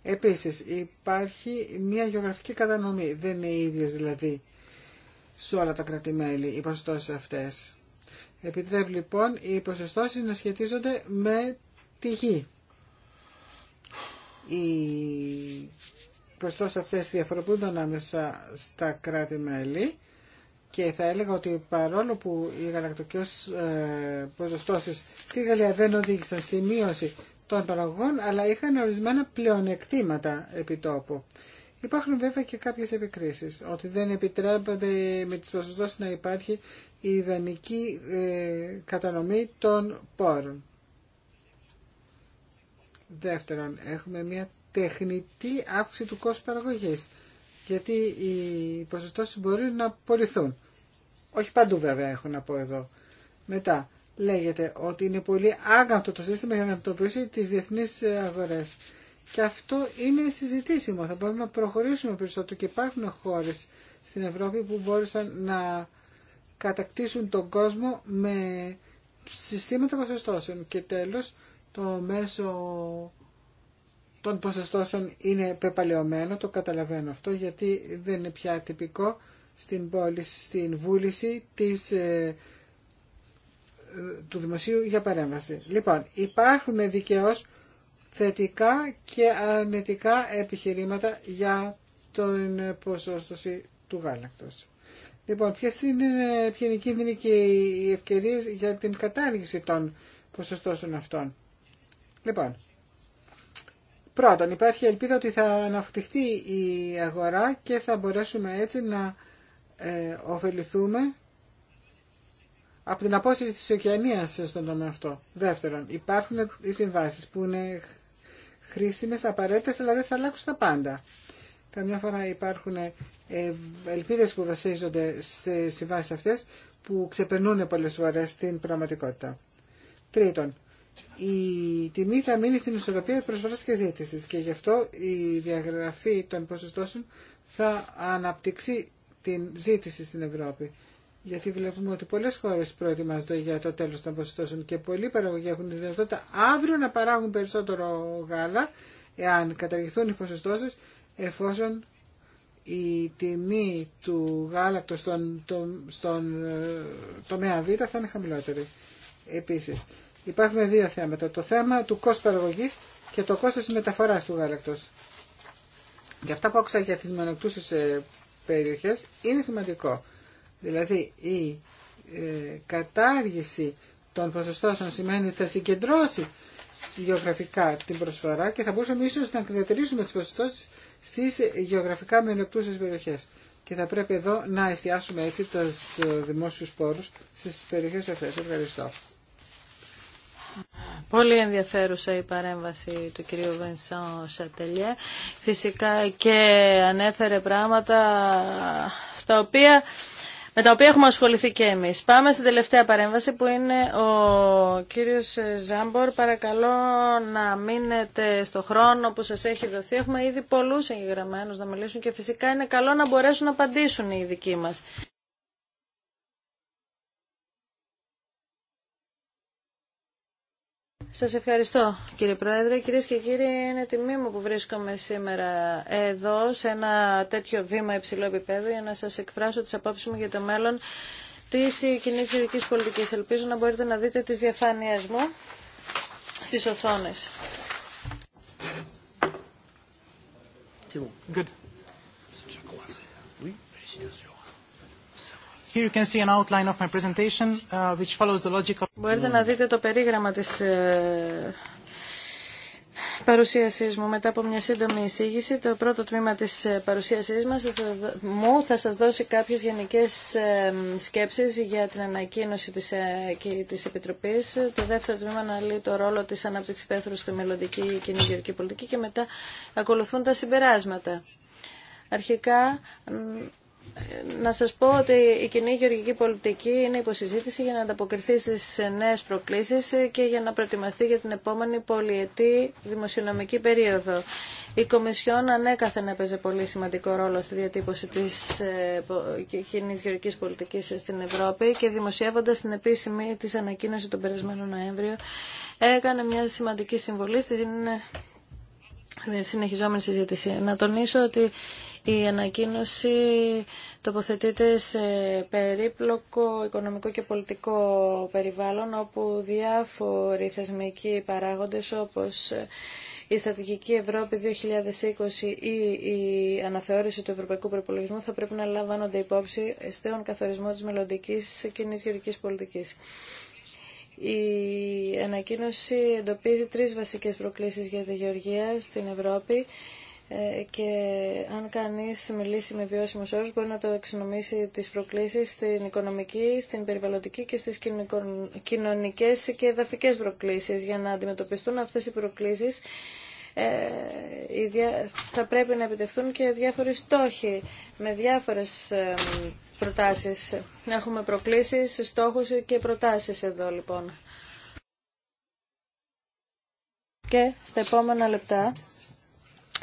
Επίσης υπάρχει μια γεωγραφική κατανομή, δεν είναι ίδιες δηλαδή σε όλα τα κρατημέλη οι ποσοστώσεις αυτές. Επιτρέπει λοιπόν οι ποσοστώσεις να σχετίζονται με τη γη. Οι ποσοστώσεις αυτές διαφοροποιούνται ανάμεσα στα κράτη-μέλη και θα έλεγα ότι παρόλο που οι γαλακτοκιές ε, ποσοστώσεις στη Γαλλία δεν οδήγησαν στη μείωση των παραγωγών, αλλά είχαν ορισμένα πλεονεκτήματα επιτόπου. Υπάρχουν βέβαια και κάποιες επικρίσεις, ότι δεν επιτρέπονται με τις ποσοστώσεις να υπάρχει η ιδανική ε, κατανομή των πόρων. Δεύτερον, έχουμε μια τεχνητή αύξηση του κόσμου παραγωγής, γιατί οι ποσοστώσεις μπορούν να απολυθούν. Όχι παντού βέβαια έχω να πω εδώ. Μετά, λέγεται ότι είναι πολύ άγαπτο το σύστημα για να αντιμετωπίσει τις διεθνεί αγορές. Και αυτό είναι συζητήσιμο. Θα μπορούμε να προχωρήσουμε περισσότερο και υπάρχουν χώρες στην Ευρώπη που μπόρεσαν να κατακτήσουν τον κόσμο με συστήματα ποσοστώσεων. Και τέλος, το μέσο των ποσοστώσεων είναι πεπαλαιωμένο, το καταλαβαίνω αυτό, γιατί δεν είναι πια τυπικό στην πόλη, στην βούληση της ε, του δημοσίου για παρέμβαση. Λοιπόν, υπάρχουν δικαίω θετικά και αρνητικά επιχειρήματα για την ποσόστοση του γάλακτος. Λοιπόν, ποιε είναι, ποιοι είναι οι κίνδυνοι και οι ευκαιρίε για την κατάργηση των ποσοστώσεων αυτών. Λοιπόν, πρώτον υπάρχει ελπίδα ότι θα αναπτυχθεί η αγορά και θα μπορέσουμε έτσι να ε, ωφεληθούμε από την απόσταση της ωκεανίας στον τομέα αυτό. Δεύτερον, υπάρχουν οι συμβάσεις που είναι χρήσιμες, απαραίτητες, αλλά δεν θα αλλάξουν τα πάντα. Καμιά φορά υπάρχουν ε, ελπίδες που βασίζονται σε συμβάσεις αυτές που ξεπερνούν πολλές φορές την πραγματικότητα. Τρίτον, η τιμή θα μείνει στην ισορροπία προσφορά και ζήτησης και γι' αυτό η διαγραφή των ποσοστώσεων θα αναπτύξει την ζήτηση στην Ευρώπη. Γιατί βλέπουμε ότι πολλέ χώρε προετοιμάζονται για το τέλο των ποσοστώσεων και πολλοί παραγωγοί έχουν τη δυνατότητα αύριο να παράγουν περισσότερο γάλα, εάν καταργηθούν οι ποσοστώσει, εφόσον η τιμή του γάλακτος στον, στον, στον ε, τομέα Β θα είναι χαμηλότερη. Επίσης, υπάρχουν δύο θέματα. Το θέμα του κόστου παραγωγής και το κόστος της μεταφοράς του γάλακτος. Για αυτά που άκουσα για τις μενοκτούσε ε, περιοχές είναι σημαντικό. Δηλαδή η ε, κατάργηση των ποσοστώσεων σημαίνει ότι θα συγκεντρώσει γεωγραφικά την προσφορά και θα μπορούσαμε ίσως να διατηρήσουμε τις ποσοστώσεις στις γεωγραφικά μειονεκτούσες περιοχές. Και θα πρέπει εδώ να εστιάσουμε έτσι τους δημόσιους πόρους στις περιοχές αυτές. Ευχαριστώ. Πολύ ενδιαφέρουσα η παρέμβαση του κυρίου Βενσόν Σατελιέ. Φυσικά και ανέφερε πράγματα στα οποία με τα οποία έχουμε ασχοληθεί και εμείς. Πάμε στην τελευταία παρέμβαση που είναι ο κύριος Ζάμπορ. Παρακαλώ να μείνετε στο χρόνο που σας έχει δοθεί. Έχουμε ήδη πολλούς εγγεγραμμένους να μιλήσουν και φυσικά είναι καλό να μπορέσουν να απαντήσουν οι ειδικοί μας. Σας ευχαριστώ κύριε Πρόεδρε. Κυρίες και κύριοι, είναι τιμή μου που βρίσκομαι σήμερα εδώ σε ένα τέτοιο βήμα υψηλό επίπεδο για να σας εκφράσω τις απόψεις μου για το μέλλον της κοινή πολιτικές, πολιτικής. Ελπίζω να μπορείτε να δείτε τις διαφάνειες μου στις οθόνες. Good. Μπορείτε να δείτε το περίγραμμα της ε, παρουσίασής μου. Μετά από μια σύντομη εισήγηση, το πρώτο τμήμα της ε, παρουσίασής μας μου θα σας δώσει κάποιες γενικές ε, σκέψεις για την ανακοίνωση της, της Επιτροπής. Το δεύτερο τμήμα αναλύει το ρόλο της ανάπτυξης πέθρου στη μελλοντική και πολιτική και μετά ακολουθούν τα συμπεράσματα. Αρχικά να σας πω ότι η κοινή γεωργική πολιτική είναι υποσυζήτηση για να ανταποκριθεί στις νέες προκλήσεις και για να προετοιμαστεί για την επόμενη πολυετή δημοσιονομική περίοδο. Η Κομισιόν ανέκαθεν έπαιζε πολύ σημαντικό ρόλο στη διατύπωση της ε, κοινή γεωργικής πολιτικής στην Ευρώπη και δημοσιεύοντα την επίσημη της ανακοίνωση τον περασμένο Νοέμβριο έκανε μια σημαντική συμβολή στην ε, συνεχιζόμενη συζήτηση. Να τονίσω ότι η ανακοίνωση τοποθετείται σε περίπλοκο οικονομικό και πολιτικό περιβάλλον όπου διάφοροι θεσμικοί παράγοντες όπως η Στρατηγική Ευρώπη 2020 ή η αναθεώρηση του Ευρωπαϊκού Προπολογισμού θα πρέπει να λαμβάνονται υπόψη στον καθορισμό της μελλοντική κοινή γεωργικής πολιτικής. Η ανακοίνωση εντοπίζει τρεις βασικές προκλήσεις για τη γεωργία στην Ευρώπη ε, και αν κανείς μιλήσει με βιώσιμους όρους μπορεί να το εξονομήσει τις προκλήσεις στην οικονομική, στην περιβαλλοντική και στις κοινωνικές και εδαφικές προκλήσεις. Για να αντιμετωπιστούν αυτές οι προκλήσεις ε, θα πρέπει να επιτευχθούν και διάφοροι στόχοι με διάφορες ε, προτάσεις. Έχουμε προκλήσεις, στόχους και προτάσεις εδώ λοιπόν. Και στα επόμενα λεπτά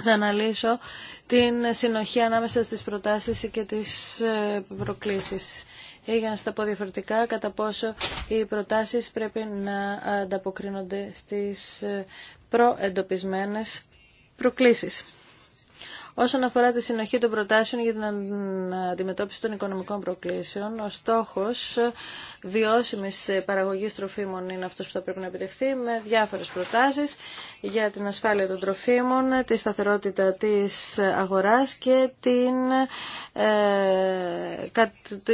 θα αναλύσω την συνοχή ανάμεσα στις προτάσεις και τις ε, προκλήσεις. Ή για να στα πω διαφορετικά, κατά πόσο οι προτάσεις πρέπει να ανταποκρίνονται στις ε, προεντοπισμένες προκλήσεις. Όσον αφορά τη συνοχή των προτάσεων για την αντιμετώπιση των οικονομικών προκλήσεων, ο στόχος βιώσιμης παραγωγής τροφίμων είναι αυτός που θα πρέπει να επιτευχθεί με διάφορες προτάσεις για την ασφάλεια των τροφίμων, τη σταθερότητα της αγοράς και την, ε,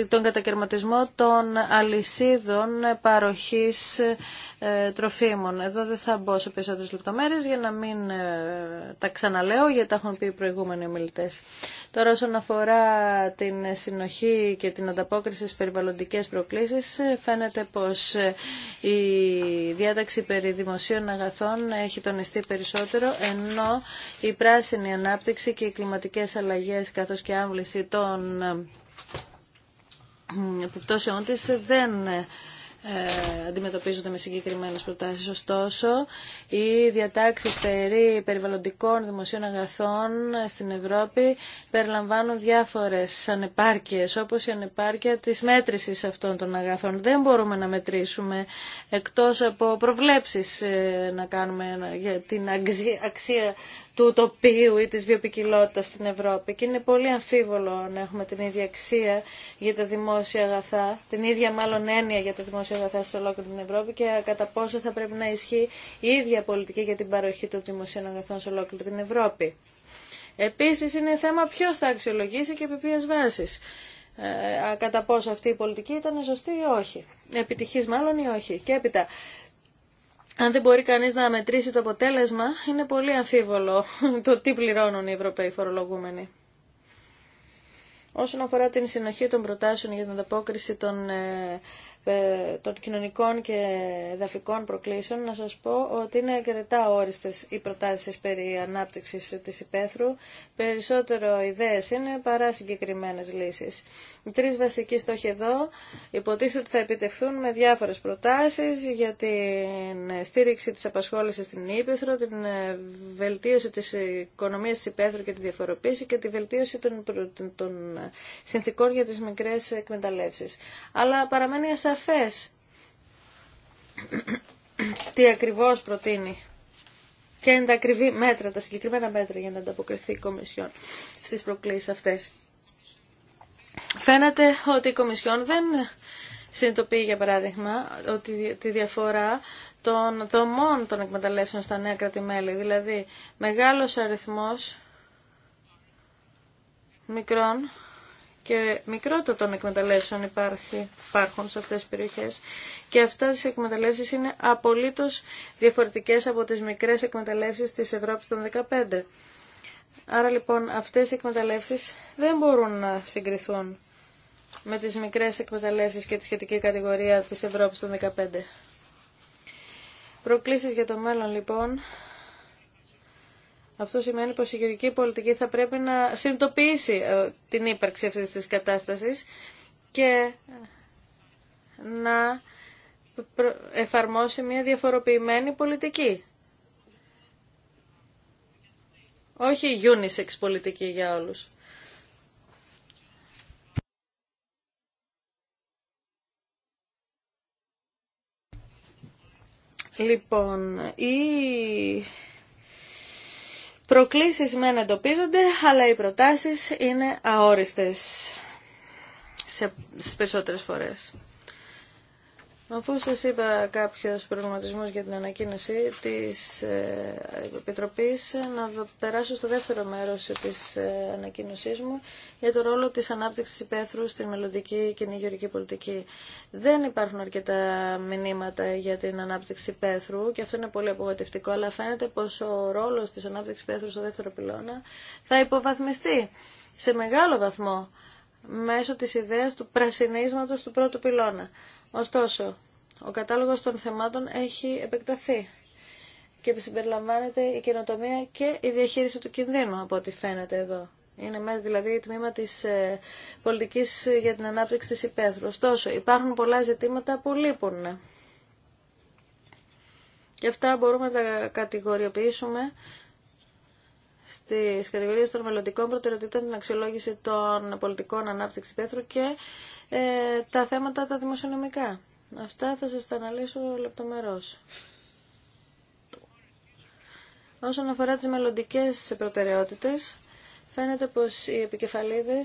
τον κατακαιρματισμό των αλυσίδων παροχής ε, τροφίμων. Εδώ δεν θα μπω σε περισσότερε λεπτομέρειε για να μην ε, τα ξαναλέω γιατί τα έχουν πει προηγούμενα Τώρα όσον αφορά την συνοχή και την ανταπόκριση στις περιβαλλοντικές προκλήσεις, φαίνεται πως η διάταξη περί δημοσίων αγαθών έχει τονιστεί περισσότερο, ενώ η πράσινη ανάπτυξη και οι κλιματικές αλλαγές καθώς και άμβληση των ε, επιπτώσεών τη. δεν ε, αντιμετωπίζονται με συγκεκριμένες προτάσεις. Ωστόσο, οι διατάξεις περί περιβαλλοντικών δημοσίων αγαθών στην Ευρώπη περιλαμβάνουν διάφορες ανεπάρκειες, όπως η ανεπάρκεια της μέτρησης αυτών των αγαθών. Δεν μπορούμε να μετρήσουμε εκτός από προβλέψεις ε, να κάνουμε για την αξία του τοπίου ή της βιοπικιλότητας στην Ευρώπη και είναι πολύ αμφίβολο να έχουμε την ίδια αξία για τα δημόσια αγαθά, την ίδια μάλλον έννοια για τα δημόσια αγαθά σε ολόκληρη την Ευρώπη και κατά πόσο θα πρέπει να ισχύει η ίδια πολιτική για την παροχή των δημοσίων αγαθών σε ολόκληρη την Ευρώπη. Επίσης είναι θέμα ποιος θα αξιολογήσει και επί ποιες βάσεις. Ε, κατά πόσο αυτή η πολιτική ήταν ζωστή ή όχι. Επιτυχής μάλλον ή όχι. Και έπειτα, αν δεν μπορεί κανείς να μετρήσει το αποτέλεσμα, είναι πολύ αμφίβολο το τι πληρώνουν οι Ευρωπαίοι φορολογούμενοι. Όσον αφορά την συνοχή των προτάσεων για την ανταπόκριση των ε, ε, των κοινωνικών και εδαφικών προκλήσεων, να σας πω ότι είναι αρκετά όριστες οι προτάσεις περί ανάπτυξης της υπαίθρου. Περισσότερο ιδέες είναι παρά συγκεκριμένες λύσεις. Οι τρεις βασικοί στόχοι εδώ υποτίθεται ότι θα επιτευχθούν με διάφορες προτάσεις για την στήριξη της απασχόλησης στην υπαίθρο, την ε, βελτίωση της οικονομίας της υπαίθρου και τη διαφοροποίηση και τη βελτίωση των, συνθήκων για τις μικρές εκμεταλλεύσεις. Αλλά παραμένει σαφές τι ακριβώς προτείνει και είναι τα ακριβή μέτρα, τα συγκεκριμένα μέτρα για να ανταποκριθεί η Κομισιόν στις προκλήσεις αυτές. Φαίνεται ότι η Κομισιόν δεν συνειδητοποιεί, για παράδειγμα, ότι τη διαφορά των δομών των εκμεταλλεύσεων στα νέα κρατημέλη, δηλαδή μεγάλος αριθμός μικρών και μικρότερο των εκμεταλλεύσεων υπάρχει, υπάρχουν σε αυτές τις περιοχές και αυτές τις εκμεταλλεύσεις είναι απολύτως διαφορετικές από τις μικρές εκμεταλλεύσεις της Ευρώπης των 15. Άρα λοιπόν αυτές οι εκμεταλλεύσεις δεν μπορούν να συγκριθούν με τις μικρές εκμεταλλεύσεις και τη σχετική κατηγορία της Ευρώπης των 15. Προκλήσεις για το μέλλον λοιπόν αυτό σημαίνει πως η γεωργική πολιτική θα πρέπει να συνειδητοποιήσει ε, την ύπαρξη αυτής της κατάστασης και να εφαρμόσει μια διαφοροποιημένη πολιτική. Όχι unisex πολιτική για όλους. Λοιπόν, η Προκλήσεις μεν εντοπίζονται, αλλά οι προτάσεις είναι αόριστες σε, στις περισσότερες φορές. Όπως σα είπα κάποιο προγραμματισμό για την ανακοίνωση τη ε, επιτροπή, να περάσω στο δεύτερο μέρο τη ε, ανακοινώσή μου για το ρόλο τη ανάπτυξη υπαίθρου στην μελλοντική κοινή γεωργική πολιτική. Δεν υπάρχουν αρκετά μηνύματα για την ανάπτυξη υπαίθρου και αυτό είναι πολύ απογοητευτικό, αλλά φαίνεται πω ο ρόλο τη ανάπτυξη υπαίθρου στο δεύτερο πυλώνα θα υποβαθμιστεί σε μεγάλο βαθμό μέσω της ιδέας του πρασινίσματος του πρώτου πυλώνα. Ωστόσο, ο κατάλογος των θεμάτων έχει επεκταθεί και συμπεριλαμβάνεται η καινοτομία και η διαχείριση του κινδύνου, από ό,τι φαίνεται εδώ. Είναι δηλαδή η τμήμα της ε, πολιτικής για την ανάπτυξη της υπαίθρου. Ωστόσο, υπάρχουν πολλά ζητήματα που λείπουν. Και αυτά μπορούμε να τα κατηγοριοποιήσουμε Στι κατηγορίε των μελλοντικών προτεραιοτήτων, την αξιολόγηση των πολιτικών ανάπτυξη πέθρου και ε, τα θέματα τα δημοσιονομικά. Αυτά θα σα τα αναλύσω λεπτομερώς. Όσον αφορά τι μελλοντικέ προτεραιότητε, φαίνεται πως οι επικεφαλίδε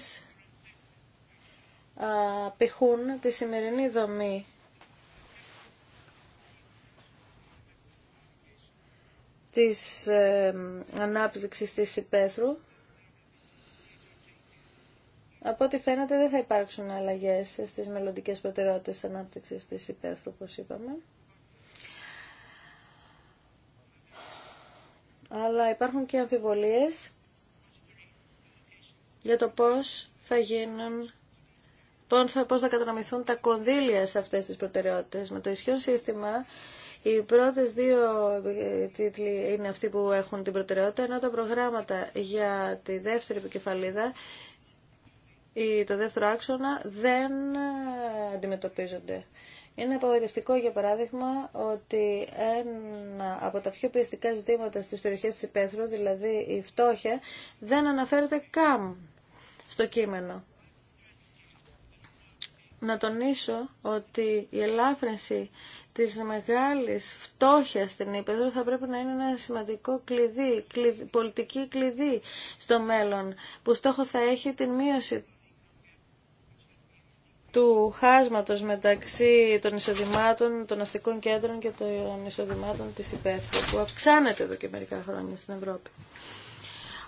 πηχούν τη σημερινή δομή της ανάπτυξης της υπαίθρου. Από ό,τι φαίνεται δεν θα υπάρξουν αλλαγές στις μελλοντικές προτεραιότητες ανάπτυξης της υπαίθρου, όπως είπαμε. Αλλά υπάρχουν και αμφιβολίες για το πώς θα γίνουν πώς θα, πώς τα κονδύλια σε αυτές τις προτεραιότητες. Με το ισχυρό σύστημα οι πρώτες δύο ε, τίτλοι είναι αυτοί που έχουν την προτεραιότητα, ενώ τα προγράμματα για τη δεύτερη επικεφαλίδα ή το δεύτερο άξονα δεν ε, αντιμετωπίζονται. Είναι απογοητευτικό, για παράδειγμα, ότι ένα από τα πιο πιεστικά ζητήματα στις περιοχές της υπαίθρου, δηλαδή η φτώχεια, δεν αναφέρεται καν στο κείμενο να τονίσω ότι η ελάφρυνση της μεγάλης φτώχειας στην Ήπεθρο θα πρέπει να είναι ένα σημαντικό κλειδί, πολιτική κλειδί στο μέλλον, που στόχο θα έχει την μείωση του χάσματος μεταξύ των εισοδημάτων των αστικών κέντρων και των εισοδημάτων της Υπέθρου, που αυξάνεται εδώ και μερικά χρόνια στην Ευρώπη.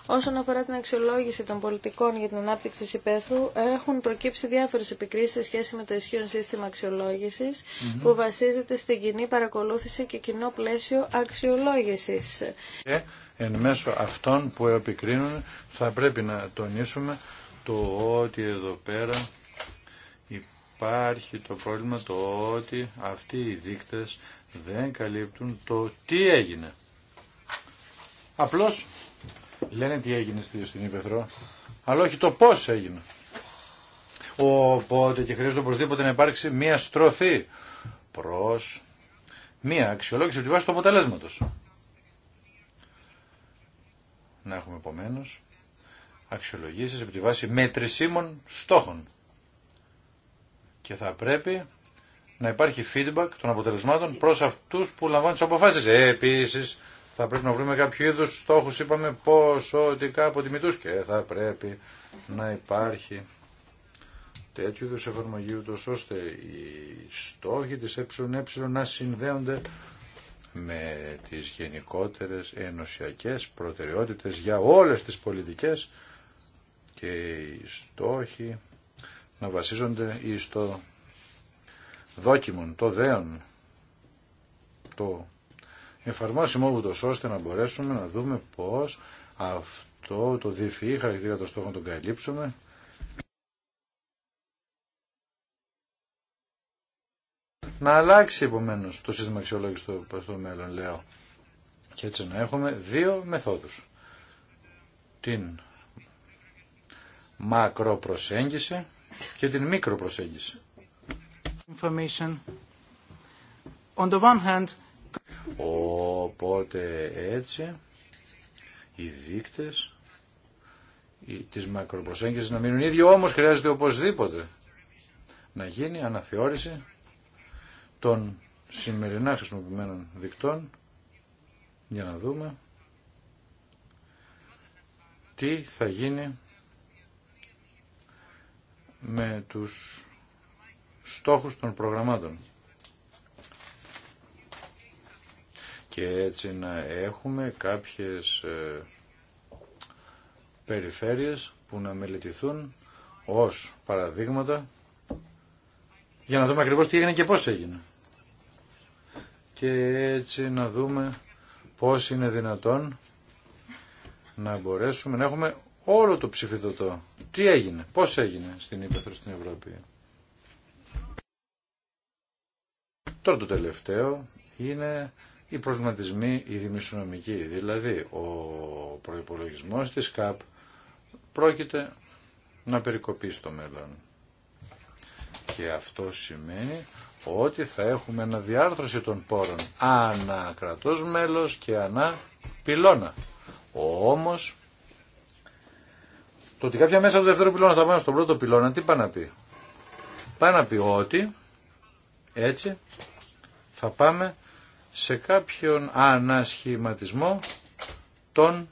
Όσον αφορά την αξιολόγηση των πολιτικών για την ανάπτυξη τη υπαίθρου, έχουν προκύψει διάφορες επικρίσεις σε σχέση με το ισχύον σύστημα αξιολόγηση που βασίζεται στην κοινή παρακολούθηση και κοινό πλαίσιο αξιολόγηση. Και εν μέσω αυτών που επικρίνουν θα πρέπει να τονίσουμε το ότι εδώ πέρα υπάρχει το πρόβλημα το ότι αυτοί οι δείκτες δεν καλύπτουν το τι έγινε. Απλώς λένε τι έγινε στην Ήπεθρο, αλλά όχι το πώς έγινε. Οπότε και χρειάζεται οπωσδήποτε να υπάρξει μία στροφή προς μία αξιολόγηση από τη βάση του αποτελέσματος. Να έχουμε επομένω αξιολογήσεις από τη βάση μετρησίμων στόχων. Και θα πρέπει να υπάρχει feedback των αποτελεσμάτων προς αυτούς που λαμβάνουν τις αποφάσεις. Ε, επίσης, θα πρέπει να βρούμε κάποιο είδου στόχου, είπαμε, ποσοτικά αποτιμητού και θα πρέπει να υπάρχει τέτοιου είδου εφαρμογή, ούτω ώστε οι στόχοι τη ΕΕ να συνδέονται με τις γενικότερες ενωσιακές προτεραιότητες για όλες τις πολιτικές και οι στόχοι να βασίζονται στο δόκιμον, το δέον, το εφαρμόσιμο ούτως ώστε να μπορέσουμε να δούμε πώς αυτό το διφυή χαρακτήρα των στόχων τον καλύψουμε να αλλάξει επομένω το σύστημα αξιολόγηση στο, στο μέλλον, λέω. Και έτσι να έχουμε δύο μεθόδους. Την μακροπροσέγγιση και την μικροπροσέγγιση. Information. On the one hand, Οπότε έτσι οι δείκτες της μακροπροσέγγισης να μείνουν ίδιοι, όμως χρειάζεται οπωσδήποτε να γίνει αναθεώρηση των σημερινά χρησιμοποιημένων δικτών για να δούμε τι θα γίνει με τους στόχους των προγραμμάτων. και έτσι να έχουμε κάποιες ε, περιφέρειες που να μελετηθούν ως παραδείγματα για να δούμε ακριβώς τι έγινε και πώς έγινε. Και έτσι να δούμε πώς είναι δυνατόν να μπορέσουμε να έχουμε όλο το ψηφιδωτό. Τι έγινε, πώς έγινε στην Ήπεθρο στην Ευρώπη. Τώρα το τελευταίο είναι οι προβληματισμοί οι δημισιονομικοί. Δηλαδή, ο προϋπολογισμός της ΚΑΠ πρόκειται να περικοπεί στο μέλλον. Και αυτό σημαίνει ότι θα έχουμε ένα διάρθρωση των πόρων ανά κρατός μέλος και ανά πυλώνα. Όμως, το ότι κάποια μέσα από το δεύτερο πυλώνα θα πάμε στον πρώτο πυλώνα, τι πάει να πει. Πάει να πει ότι έτσι θα πάμε σε κάποιον ανασχηματισμό των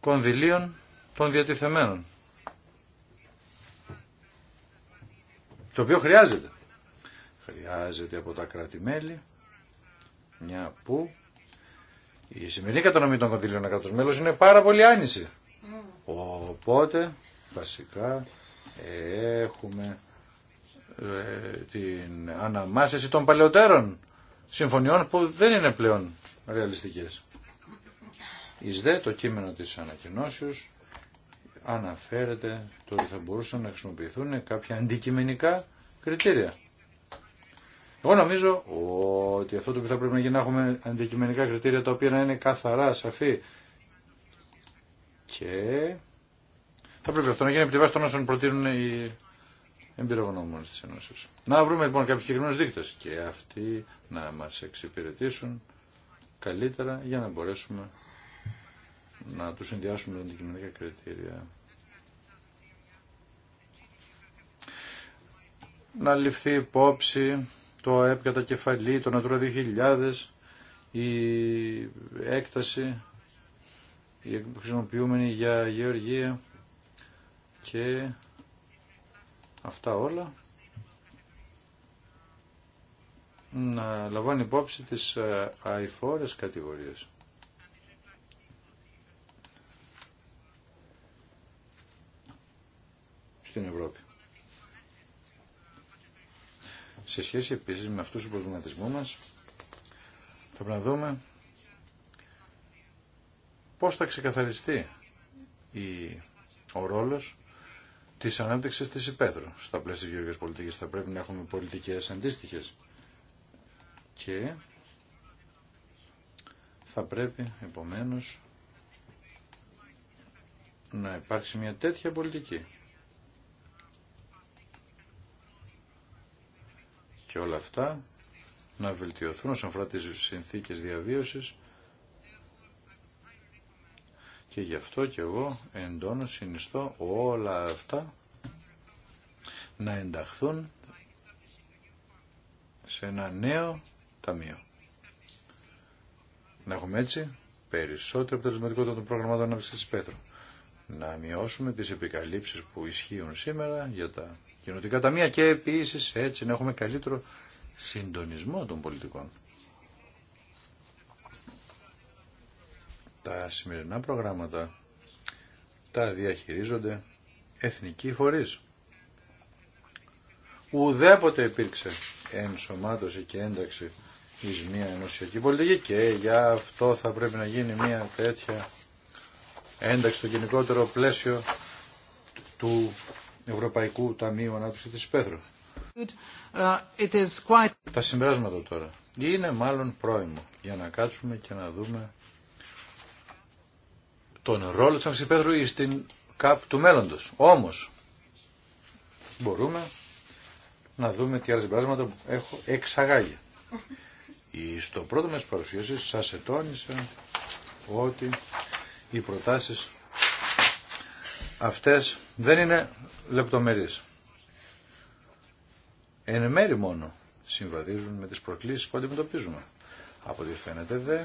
κονδυλίων των διατηθεμένων. Το οποίο χρειάζεται. Χρειάζεται από τα κράτη-μέλη, μια που η σημερινή κατανομή των κονδυλίων μέλος είναι πάρα πολύ άνηση. Οπότε, βασικά, έχουμε ε, την αναμάσταση των παλαιότερων συμφωνιών που δεν είναι πλέον ρεαλιστικές. Εις δε το κείμενο της ανακοινώσεως αναφέρεται το ότι θα μπορούσαν να χρησιμοποιηθούν κάποια αντικειμενικά κριτήρια. Εγώ νομίζω ότι αυτό το οποίο θα πρέπει να γίνει να έχουμε αντικειμενικά κριτήρια τα οποία να είναι καθαρά, σαφή και θα πρέπει αυτό να γίνει από τη βάση των όσων προτείνουν οι εμπειρογνώμονες τη Ένωση. Να βρούμε λοιπόν κάποιου συγκεκριμένου δείκτες και αυτοί να μας εξυπηρετήσουν καλύτερα για να μπορέσουμε να τους συνδυάσουμε με αντικειμενικά κριτήρια. Να ληφθεί υπόψη το ΑΕΠ κατά κεφαλή, το Natura 2000, η έκταση, η χρησιμοποιούμενη για γεωργία και αυτά όλα να λαμβάνει υπόψη τις ε, αηφόρες κατηγορίες. Στην Ευρώπη. Σε σχέση επίσης με αυτούς τους προβληματισμούς μας, θα πρέπει να δούμε πώς θα ξεκαθαριστεί η, ο ρόλος Τη ανάπτυξη τη υπαίθρου. Στα πλαίσια τη γεωργική Πολιτική. θα πρέπει να έχουμε πολιτικές αντίστοιχε. Και θα πρέπει επομένως να υπάρξει μια τέτοια πολιτική. Και όλα αυτά να βελτιωθούν όσον αφορά τις συνθήκες διαβίωσης και γι' αυτό και εγώ εντόνω, συνιστώ όλα αυτά να ενταχθούν σε ένα νέο ταμείο. Να έχουμε έτσι περισσότερο αποτελεσματικότητα των προγραμμάτων ανάπτυξη της Πέτρο, Να μειώσουμε τις επικαλύψεις που ισχύουν σήμερα για τα κοινωτικά ταμεία και επίσης έτσι να έχουμε καλύτερο συντονισμό των πολιτικών. Τα σημερινά προγράμματα τα διαχειρίζονται εθνικοί φορείς. Ουδέποτε υπήρξε ενσωμάτωση και ένταξη εις μια ενωσιακή πολιτική και για αυτό θα πρέπει να γίνει μια τέτοια ένταξη στο γενικότερο πλαίσιο του Ευρωπαϊκού Ταμείου Ανάπτυξη της Πέθρου. Ε, τα συμπεράσματα τώρα είναι μάλλον πρόημο για να κάτσουμε και να δούμε τον ρόλο της ή στην ΚΑΠ του μέλλοντος. Όμως, μπορούμε να δούμε τι άλλα συμπεράσματα έχω εξαγάγει. Στο πρώτο μας παρουσίαση σας ετώνησα ότι οι προτάσεις αυτές δεν είναι λεπτομερείς. Εν μέρη μόνο συμβαδίζουν με τις προκλήσεις που αντιμετωπίζουμε. Από ό,τι φαίνεται δε,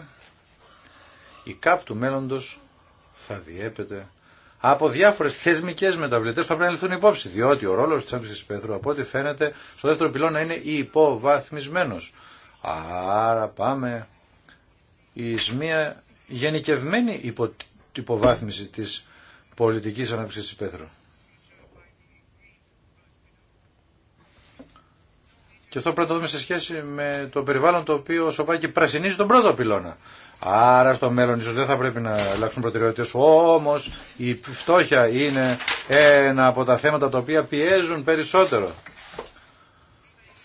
η ΚΑΠ του μέλλοντος θα διέπεται από διάφορε θεσμικέ μεταβλητέ που θα πρέπει να ληφθούν υπόψη. Διότι ο ρόλο τη της Πέθρου, από ό,τι φαίνεται, στο δεύτερο πυλώνα είναι υποβαθμισμένο. Άρα πάμε εις μια γενικευμένη υποβάθμιση της πολιτικής ανάπτυξης της Πέθρου. Και αυτό πρέπει να το δούμε σε σχέση με το περιβάλλον το οποίο Σοβάκη πρασινίζει τον πρώτο πυλώνα. Άρα στο μέλλον ίσω δεν θα πρέπει να αλλάξουν προτεραιότητε. Όμω, η φτώχεια είναι ένα από τα θέματα τα οποία πιέζουν περισσότερο.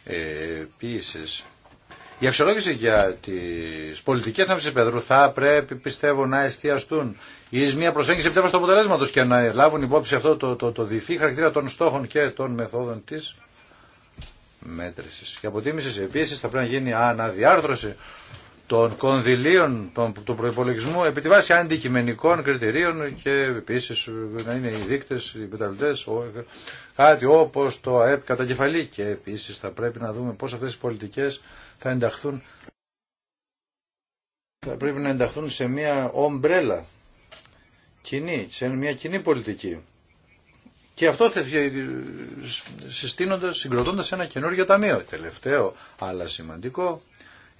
Ε, επίσης, η αξιολόγηση για τι πολιτικέ θέσει Πέδρου θα πρέπει πιστεύω να εστιαστούν ει μια προσέγγιση επιτέλου του αποτελέσματο και να λάβουν υπόψη αυτό το, το, το, χαρακτήρα των στόχων και των μεθόδων τη μέτρησης και αποτίμηση επίση θα πρέπει να γίνει αναδιάρθρωση των κονδυλίων του προπολογισμού επί τη βάση αντικειμενικών κριτηρίων και επίση να είναι οι δείκτε, οι μεταλλητές, κάτι όπω το ΑΕΠ κατά κεφαλή. Και επίση θα πρέπει να δούμε πώς αυτές οι πολιτικές θα ενταχθούν θα πρέπει να ενταχθούν σε μια ομπρέλα κοινή, σε μια κοινή πολιτική. Και αυτό ε, συστήνοντας, συγκροτώντας ένα καινούργιο ταμείο. Τελευταίο, αλλά σημαντικό,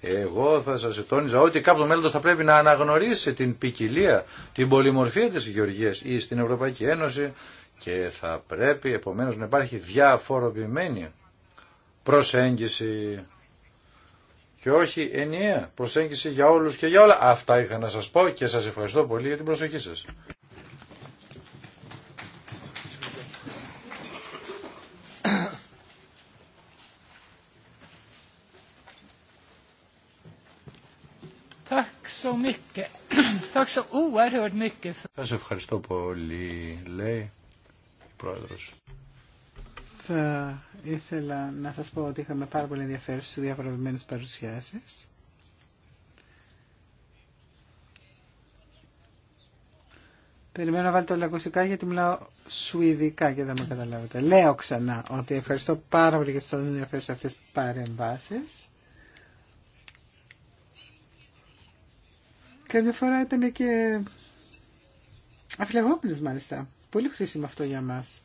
εγώ θα σας τόνιζα ότι κάποιο μέλλον θα πρέπει να αναγνωρίσει την ποικιλία, την πολυμορφία της Γεωργίας ή στην Ευρωπαϊκή Ένωση και θα πρέπει επομένως να υπάρχει διαφοροποιημένη προσέγγιση και όχι ενιαία προσέγγιση για όλους και για όλα. Αυτά είχα να σας πω και σας ευχαριστώ πολύ για την προσοχή σας. Σας ευχαριστώ πολύ, λέει η Πρόεδρος. Θα ήθελα να σας πω ότι είχαμε πάρα πολύ στις διαβραβημένες παρουσιάσεις. Περιμένω να βάλω το ακουστικά γιατί μιλάω σουηδικά και δεν με καταλάβετε. Λέω ξανά ότι ευχαριστώ πάρα πολύ για τις ενδιαφέρουσες αυτές τις παρεμβάσεις. Καμιά φορά ήταν και αφιλεγόμενες μάλιστα. Πολύ χρήσιμο αυτό για μας.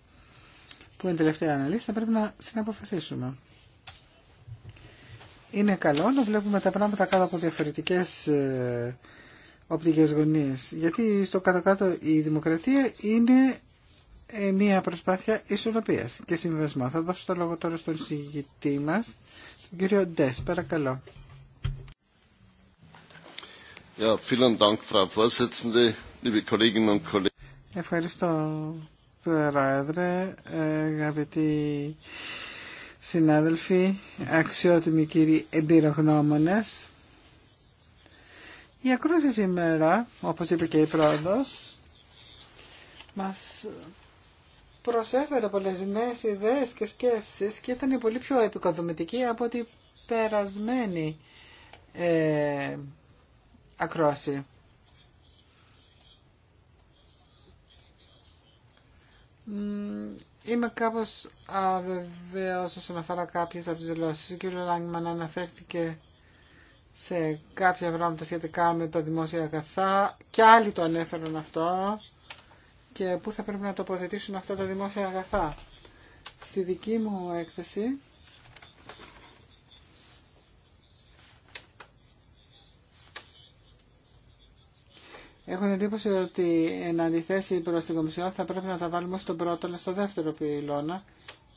Που είναι τελευταία αναλύση, θα πρέπει να συναποφασίσουμε. Είναι καλό να βλέπουμε τα πράγματα κάτω από διαφορετικές ε, οπτικές γωνίες. Γιατί στο κάτω-κάτω η δημοκρατία είναι ε, μια προσπάθεια ισορροπίας και συμβεβασμό. Θα δώσω το λόγο τώρα στον συγητή μας, τον κύριο Ντες. Παρακαλώ. Ευχαριστώ, Πρόεδρε, ε, αγαπητοί συνάδελφοι, αξιότιμοι κύριοι εμπειρογνώμονες. Η ακρόαση σήμερα, όπως είπε και η πρόεδρος, μας προσέφερε πολλές νέες ιδέες και σκέψεις και ήταν πολύ πιο επικοδομητική από την περασμένη ε, ακρόαση. Είμαι κάπως αβεβαίως όσον αφορά κάποιες από τις δηλώσει. Ο κ. Λάγκμαν αναφέρθηκε σε κάποια πράγματα σχετικά με τα δημόσια αγαθά και άλλοι το ανέφεραν αυτό και πού θα πρέπει να τοποθετήσουν αυτά τα δημόσια αγαθά. Στη δική μου έκθεση Έχω την εντύπωση ότι εν αντιθέσει προς την Κομισιόν θα πρέπει να τα βάλουμε στον πρώτο αλλά στο δεύτερο πυλώνα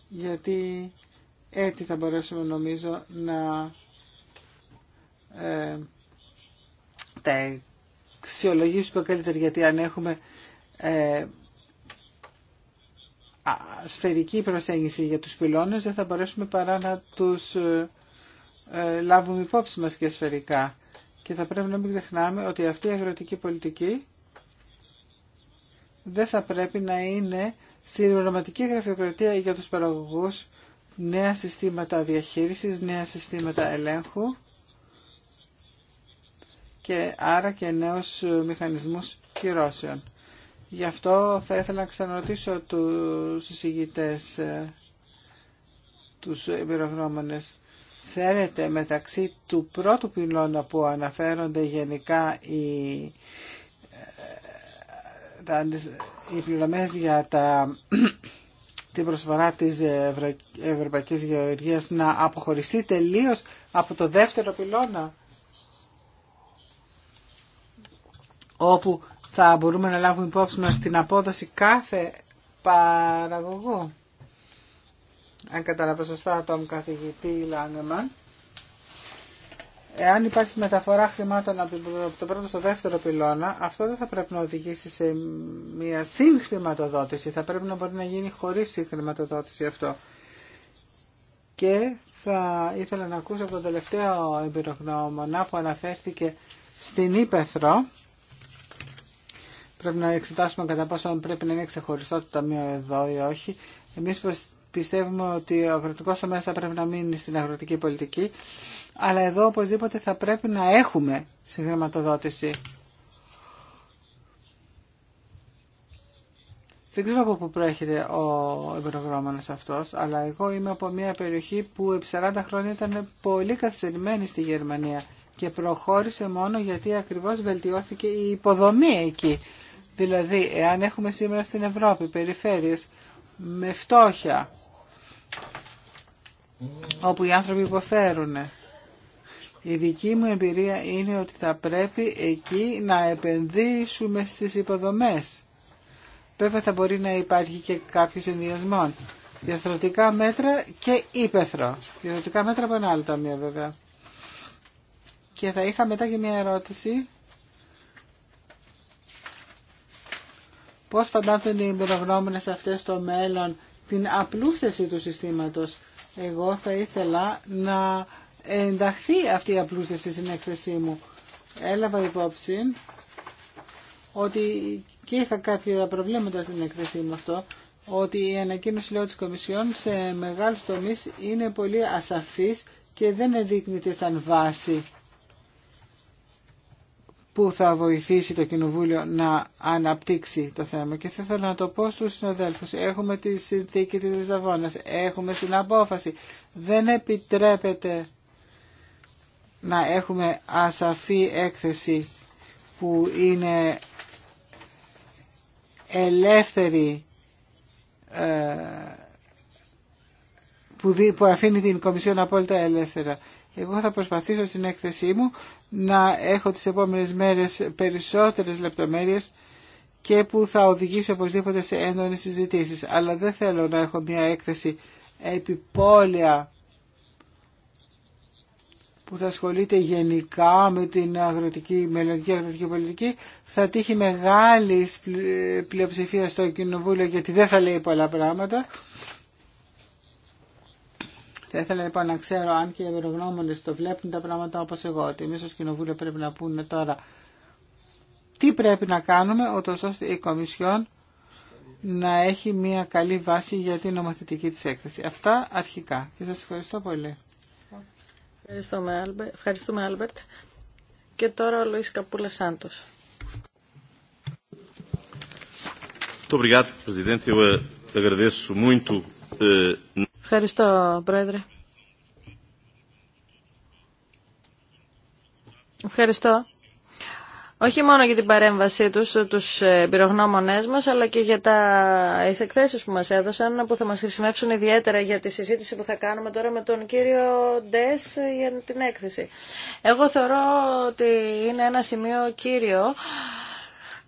γιατί έτσι θα μπορέσουμε νομίζω να ε, τα αξιολογήσουμε καλύτερα γιατί αν έχουμε ε, α, σφαιρική προσέγγιση για τους πυλώνες δεν θα μπορέσουμε παρά να τους ε, ε, λάβουμε υπόψη μας και σφαιρικά. Και θα πρέπει να μην ξεχνάμε ότι αυτή η αγροτική πολιτική δεν θα πρέπει να είναι συμπληρωματική γραφειοκρατία για τους παραγωγούς, νέα συστήματα διαχείρισης, νέα συστήματα ελέγχου και άρα και νέους μηχανισμούς κυρώσεων. Γι' αυτό θα ήθελα να ξαναρωτήσω τους συζητητές, ε, τους εμπειρογνώμονες, θέλετε μεταξύ του πρώτου πυλώνα που αναφέρονται γενικά οι, ε, τα, πληρωμές για τα, την προσφορά της Ευρω... Ευρωπαϊκής Γεωργίας να αποχωριστεί τελείως από το δεύτερο πυλώνα όπου θα μπορούμε να λάβουμε υπόψη μας την απόδοση κάθε παραγωγού αν κατάλαβα σωστά, τον καθηγητή Λάνεμαν, εάν υπάρχει μεταφορά χρημάτων από το πρώτο στο δεύτερο πυλώνα, αυτό δεν θα πρέπει να οδηγήσει σε μια συγχρηματοδότηση. Θα πρέπει να μπορεί να γίνει χωρίς συγχρηματοδότηση αυτό. Και θα ήθελα να ακούσω από τον τελευταίο εμπειρογνώμονα που αναφέρθηκε στην Ήπεθρο. Πρέπει να εξετάσουμε κατά πόσο πρέπει να είναι ξεχωριστό το ταμείο εδώ ή όχι. Εμείς πιστεύουμε ότι ο αγροτικός τομέας θα πρέπει να μείνει στην αγροτική πολιτική, αλλά εδώ οπωσδήποτε θα πρέπει να έχουμε συγχρηματοδότηση. Δεν ξέρω από πού προέρχεται ο εμπειρογνώμονας αυτός, αλλά εγώ είμαι από μια περιοχή που επί 40 χρόνια ήταν πολύ καθυστερημένη στη Γερμανία και προχώρησε μόνο γιατί ακριβώς βελτιώθηκε η υποδομή εκεί. Δηλαδή, εάν έχουμε σήμερα στην Ευρώπη περιφέρειες με φτώχεια, όπου οι άνθρωποι υποφέρουν. Η δική μου εμπειρία είναι ότι θα πρέπει εκεί να επενδύσουμε στις υποδομές. Βέβαια θα μπορεί να υπάρχει και κάποιος συνδυασμό. Διαστρωτικά μέτρα και ύπεθρο. Διαστρωτικά μέτρα από ένα άλλο ταμείο βέβαια. Και θα είχα μετά και μια ερώτηση. Πώς φαντάζονται οι εμπειρογνώμονες αυτές στο μέλλον την απλούστευση του συστήματος. Εγώ θα ήθελα να ενταχθεί αυτή η απλούσευση στην έκθεσή μου. Έλαβα υπόψη ότι και είχα κάποια προβλήματα στην έκθεσή μου αυτό, ότι η ανακοίνωση λέω της Κομισιόν σε μεγάλους τομείς είναι πολύ ασαφής και δεν ενδείκνεται σαν βάση που θα βοηθήσει το Κοινοβούλιο να αναπτύξει το θέμα. Και θα ήθελα να το πω στους συναδέλφους. Έχουμε τη συνθήκη της Λισαβόνας, έχουμε την απόφαση. Δεν επιτρέπεται να έχουμε ασαφή έκθεση που είναι ελεύθερη ε, που αφήνει την Κομισιόν απόλυτα ελεύθερα. Εγώ θα προσπαθήσω στην έκθεσή μου να έχω τις επόμενες μέρες περισσότερες λεπτομέρειες και που θα οδηγήσει οπωσδήποτε σε έντονες συζητήσεις. Αλλά δεν θέλω να έχω μια έκθεση επιπόλαια που θα ασχολείται γενικά με την αγροτική, μελλοντική αγροτική πολιτική θα τύχει μεγάλη πλειοψηφία στο κοινοβούλιο γιατί δεν θα λέει πολλά πράγματα θα ήθελα λοιπόν να ξέρω αν και οι ευρωγνώμονε το βλέπουν τα πράγματα όπω εγώ, ότι εμεί ω κοινοβούλιο πρέπει να πούμε τώρα τι πρέπει να κάνουμε, ούτως ώστε η Κομισιόν να έχει μια καλή βάση για την νομοθετική της έκθεση. Αυτά αρχικά. Και σας ευχαριστώ πολύ. Ευχαριστούμε, Άλμπερτ. Και τώρα ο Λουίς Καπούλα Σάντος. Muito obrigado, Presidente. Eu agradeço ναι. Ευχαριστώ, Πρόεδρε. Ευχαριστώ. Όχι μόνο για την παρέμβασή τους, τους ε, πυρογνώμονές μας, αλλά και για τα εκθέσει που μας έδωσαν, που θα μας χρησιμεύσουν ιδιαίτερα για τη συζήτηση που θα κάνουμε τώρα με τον κύριο Ντες για την έκθεση. Εγώ θεωρώ ότι είναι ένα σημείο κύριο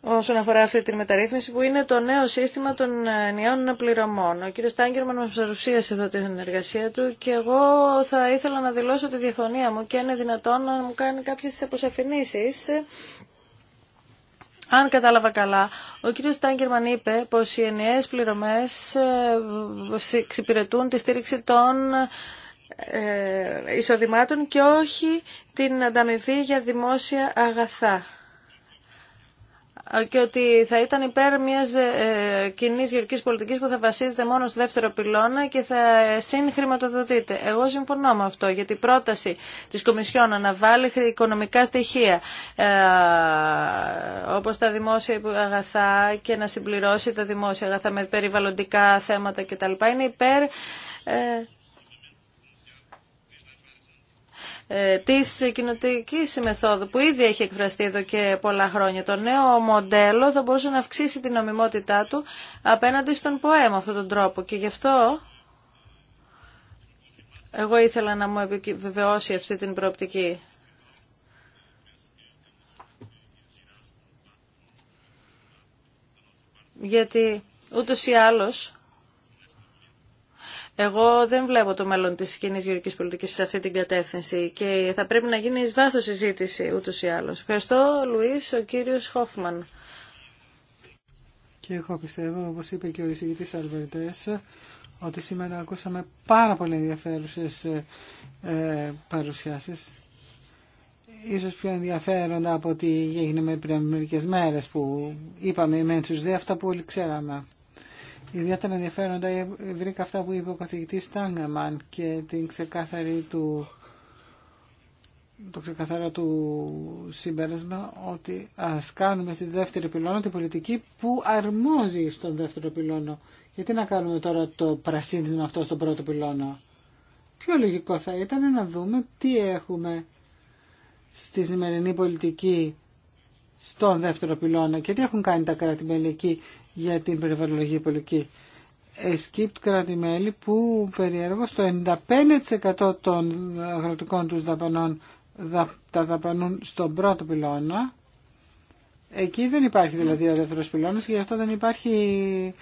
όσον αφορά αυτή τη μεταρρύθμιση που είναι το νέο σύστημα των ενιαίων πληρωμών. Ο κύριος Στάγκερμαν μας παρουσίασε εδώ την εργασία του και εγώ θα ήθελα να δηλώσω τη διαφωνία μου και είναι δυνατόν να μου κάνει κάποιες αποσαφηνήσεις. Αν κατάλαβα καλά, ο κύριος Στάγκερμαν είπε πως οι ενιαίες πληρωμές ε, εξυπηρετούν τη στήριξη των ε, εισοδημάτων και όχι την ανταμοιβή για δημόσια αγαθά και ότι θα ήταν υπέρ μιας ε, κοινή γεωργικής πολιτικής που θα βασίζεται μόνο στο δεύτερο πυλώνα και θα συγχρηματοδοτείται. Εγώ συμφωνώ με αυτό, γιατί η πρόταση της Κομισιόν να βάλει οικονομικά στοιχεία ε, όπως τα δημόσια αγαθά και να συμπληρώσει τα δημόσια αγαθά με περιβαλλοντικά θέματα κτλ. είναι υπέρ ε, Ε, της κοινοτική μεθόδου που ήδη έχει εκφραστεί εδώ και πολλά χρόνια. Το νέο μοντέλο θα μπορούσε να αυξήσει την νομιμότητά του απέναντι στον ΠΟΕΜ αυτόν τον τρόπο και γι' αυτό εγώ ήθελα να μου επιβεβαιώσει αυτή την προοπτική. Γιατί ούτως ή άλλως εγώ δεν βλέπω το μέλλον τη κοινή γεωργική πολιτική σε αυτή την κατεύθυνση και θα πρέπει να γίνει ει βάθο συζήτηση ούτω ή άλλω. Ευχαριστώ, Λουί, ο κύριο Χόφμαν. Και εγώ πιστεύω, όπω είπε και ο εισηγητή Αλβερτές, ότι σήμερα ακούσαμε πάρα πολύ ενδιαφέρουσε ε, παρουσιάσεις. Ίσως πιο ενδιαφέροντα από ότι έγινε με πριν μερικέ μέρε που είπαμε οι μέντσους αυτά που όλοι ξέραμε. Ιδιαίτερα ενδιαφέροντα βρήκα αυτά που είπε ο καθηγητής Τάγκαμαν και την του το ξεκαθαρό του συμπέρασμα ότι ας κάνουμε στη δεύτερη πυλώνα την πολιτική που αρμόζει στον δεύτερο πυλώνα. Γιατί να κάνουμε τώρα το πρασίνισμα αυτό στον πρώτο πυλώνα. Πιο λογικό θα ήταν να δούμε τι έχουμε στη σημερινή πολιτική στον δεύτερο πυλώνα και τι έχουν κάνει τα κράτη-μέλη για την περιβαλλοντική πολιτική. Εσκύπτ κράτη-μέλη που περιέργω στο 95% των αγροτικών τους δαπανών τα δαπανούν στον πρώτο πυλώνα. Εκεί δεν υπάρχει δηλαδή ο δεύτερος πυλώνας και γι' αυτό δεν υπάρχει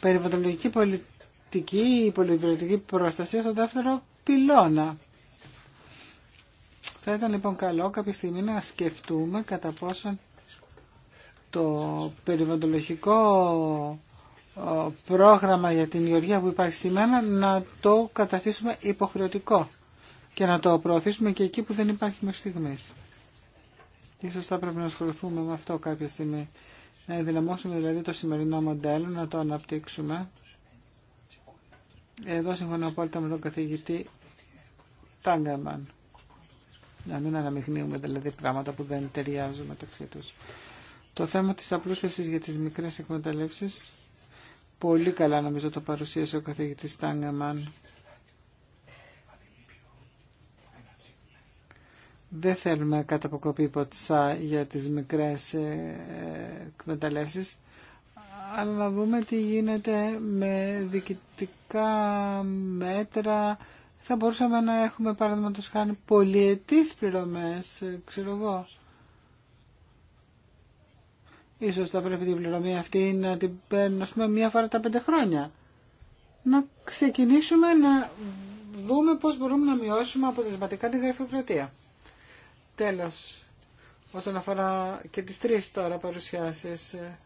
περιβαλλοντική πολιτική ή προστασία στον δεύτερο πυλώνα. Θα ήταν λοιπόν καλό κάποια στιγμή να σκεφτούμε κατά πόσον το περιβαλλοντολογικό πρόγραμμα για την γεωργία που υπάρχει σήμερα να το καταστήσουμε υποχρεωτικό και να το προωθήσουμε και εκεί που δεν υπάρχει μέχρι στιγμής. Ίσως θα πρέπει να ασχοληθούμε με αυτό κάποια στιγμή. Να ενδυναμώσουμε δηλαδή το σημερινό μοντέλο, να το αναπτύξουμε. Εδώ συμφωνώ απόλυτα με τον καθηγητή Τάγκαμαν. Να μην αναμειγνύουμε δηλαδή πράγματα που δεν ταιριάζουν μεταξύ τους. Το θέμα της απλούστευσης για τις μικρές εκμεταλλεύσεις, πολύ καλά νομίζω το παρουσίασε ο καθηγητής Τάνγκαμαν. Δεν θέλουμε καταποκοπή ποτσά για τις μικρές ε, εκμεταλλεύσεις, αλλά να δούμε τι γίνεται με διοικητικά μέτρα. Θα μπορούσαμε να έχουμε παραδείγματος χάνει πολυετής πληρωμές, ε, ξέρω εγώ. Ίσως θα πρέπει την πληρωμή αυτή να την παίρνουμε μία φορά τα πέντε χρόνια. Να ξεκινήσουμε να δούμε πώς μπορούμε να μειώσουμε αποτελεσματικά την γραφειοκρατία. Τέλος, όσον αφορά και τις τρεις τώρα παρουσιάσεις, ε,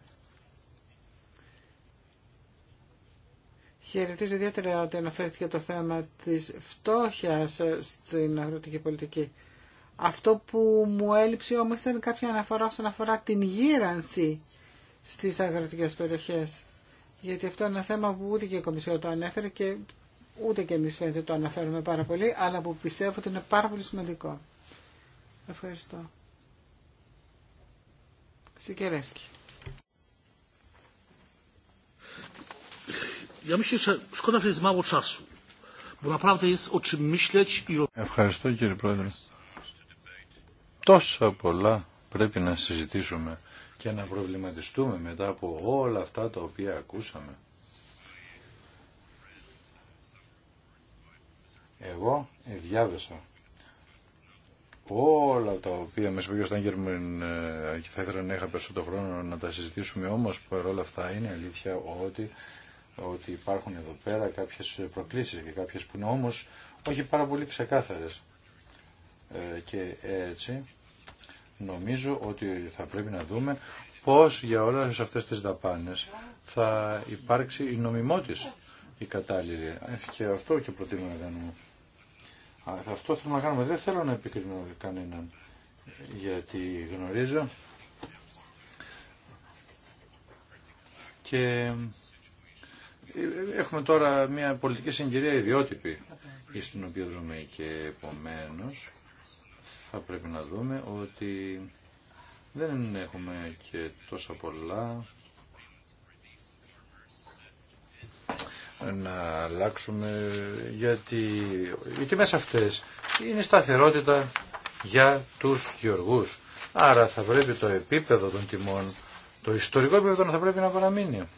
Χαιρετίζω ιδιαίτερα ότι αναφέρθηκε το θέμα της φτώχειας ε, στην αγροτική πολιτική. Αυτό που μου έλειψε όμως ήταν κάποια αναφορά όσον αφορά την γύρανση στις αγροτικές περιοχές. Γιατί αυτό είναι ένα θέμα που ούτε και η Κομισιό το ανέφερε και ούτε και εμείς φαίνεται το αναφέρουμε πάρα πολύ, αλλά που πιστεύω ότι είναι πάρα πολύ σημαντικό. Ευχαριστώ. Σικερέσκη. Ευχαριστώ κύριε Πρόεδρε τόσα πολλά πρέπει να συζητήσουμε και να προβληματιστούμε μετά από όλα αυτά τα οποία ακούσαμε. Εγώ διάβασα όλα τα οποία μέσα σπίγει ο ε, θα ήθελα να είχα περισσότερο χρόνο να τα συζητήσουμε όμως παρόλα αυτά είναι αλήθεια ότι, ότι υπάρχουν εδώ πέρα κάποιες προκλήσεις και κάποιες που είναι όμως όχι πάρα πολύ ξεκάθαρες. Ε, και έτσι νομίζω ότι θα πρέπει να δούμε πώς για όλες αυτές τις δαπάνες θα υπάρξει η νομιμότης η κατάλληλη. Και αυτό και προτείνω να κάνουμε. Αυτό θέλω να κάνουμε. Δεν θέλω να επικρινώ κανέναν γιατί γνωρίζω και έχουμε τώρα μια πολιτική συγκυρία ιδιότυπη στην οποία δούμε και επομένως θα πρέπει να δούμε ότι δεν έχουμε και τόσα πολλά να αλλάξουμε γιατί οι τιμές αυτές είναι σταθερότητα για τους γεωργούς. Άρα θα πρέπει το επίπεδο των τιμών, το ιστορικό επίπεδο θα πρέπει να παραμείνει.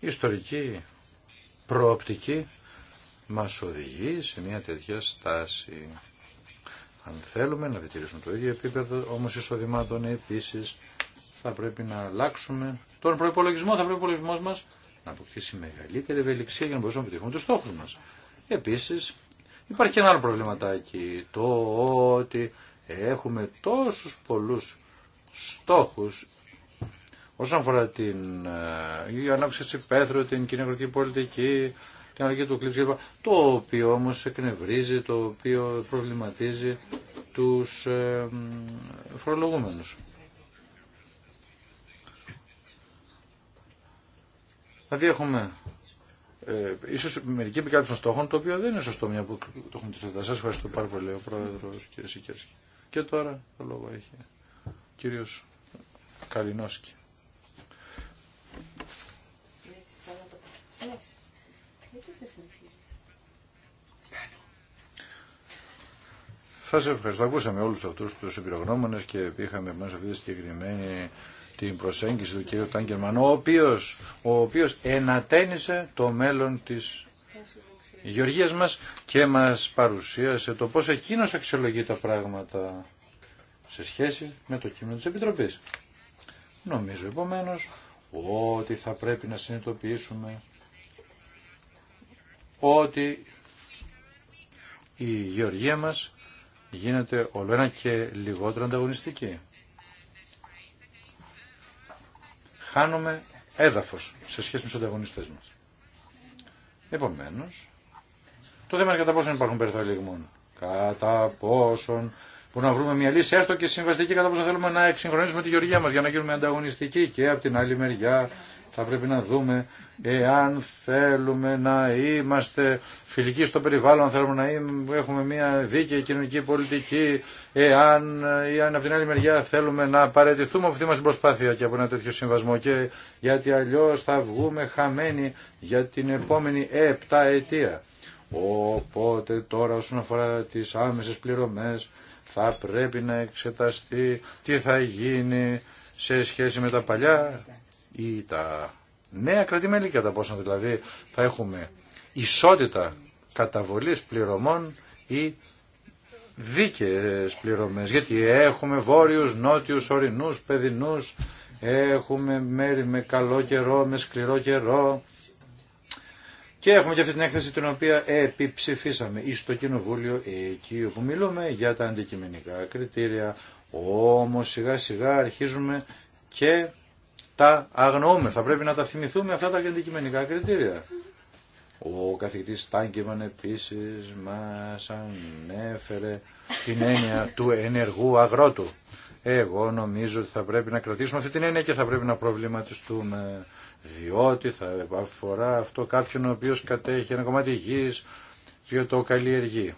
ιστορική προοπτική μας οδηγεί σε μια τέτοια στάση. Αν θέλουμε να διατηρήσουμε το ίδιο επίπεδο, όμως εισοδημάτων επίσης θα πρέπει να αλλάξουμε τον προπολογισμό. Θα πρέπει ο προπολογισμό μα να αποκτήσει μεγαλύτερη ευελιξία για να μπορέσουμε να επιτυχούμε του στόχου μα. Επίση, υπάρχει και ένα άλλο προβληματάκι. Το ότι έχουμε τόσου πολλού στόχου Όσον αφορά την ε, η ανάπτυξη της υπαίθρου, την κοινωνική πολιτική, την αλλαγή του κλίματο κλπ. Το οποίο όμω εκνευρίζει, το οποίο προβληματίζει του ε, φορολογούμενου. Δηλαδή έχουμε ε, ίσως μερική επικάλυψη των στόχων, το οποίο δεν είναι σωστό μια που το έχουμε τεθεί. Σας ευχαριστώ πάρα πολύ ο Πρόεδρος κ. Σικέρσκη. Και τώρα το λόγο έχει ο κύριος Καλινόσκη. Σα ευχαριστώ. Ακούσαμε όλου αυτού του επιρρογνώμονε και είχαμε μέσα αυτή τη συγκεκριμένη την προσέγγιση του κ. Τάγκερμαν, ο οποίος, ο οποίος ενατένισε το μέλλον της γεωργίας μας και μας παρουσίασε το πώς εκείνος αξιολογεί τα πράγματα σε σχέση με το κείμενο της Επιτροπής. Νομίζω επομένως ότι θα πρέπει να συνειδητοποιήσουμε ότι η γεωργία μας γίνεται όλο ένα και λιγότερο ανταγωνιστική. Χάνουμε έδαφος σε σχέση με τους ανταγωνιστές μας. Επομένως, το θέμα είναι κατά πόσον υπάρχουν περιθώρια Κατά πόσον που να βρούμε μια λύση, έστω και συμβαστική, κατά πόσο θέλουμε να εξυγχρονίσουμε τη γεωργία μα για να γίνουμε ανταγωνιστικοί και από την άλλη μεριά θα πρέπει να δούμε εάν θέλουμε να είμαστε φιλικοί στο περιβάλλον, αν θέλουμε να έχουμε μια δίκαιη κοινωνική πολιτική, εάν ή αν από την άλλη μεριά θέλουμε να παραιτηθούμε από αυτή μας την προσπάθεια και από ένα τέτοιο συμβασμό και γιατί αλλιώς θα βγούμε χαμένοι για την επόμενη έπτα ετία. Οπότε τώρα όσον αφορά τις άμεσες πληρωμές θα πρέπει να εξεταστεί τι θα γίνει σε σχέση με τα παλιά ή τα νέα κρατημέλη κατά πόσο δηλαδή θα έχουμε ισότητα καταβολής πληρωμών ή δίκαιες πληρωμές γιατί έχουμε βόρειους, νότιους, ορεινούς, παιδινούς έχουμε μέρη με καλό καιρό, με σκληρό καιρό και έχουμε και αυτή την έκθεση την οποία επιψηφίσαμε ή στο Κοινοβούλιο εκεί όπου μιλούμε για τα αντικειμενικά κριτήρια όμως σιγά σιγά αρχίζουμε και τα αγνοούμε. Θα πρέπει να τα θυμηθούμε αυτά τα αντικειμενικά κριτήρια. Ο καθηγητής Στάνκεβαν επίσης μας ανέφερε την έννοια του ενεργού αγρότου. Εγώ νομίζω ότι θα πρέπει να κρατήσουμε αυτή την έννοια και θα πρέπει να προβληματιστούμε διότι θα αφορά αυτό κάποιον ο οποίος κατέχει ένα κομμάτι γης και το καλλιεργεί.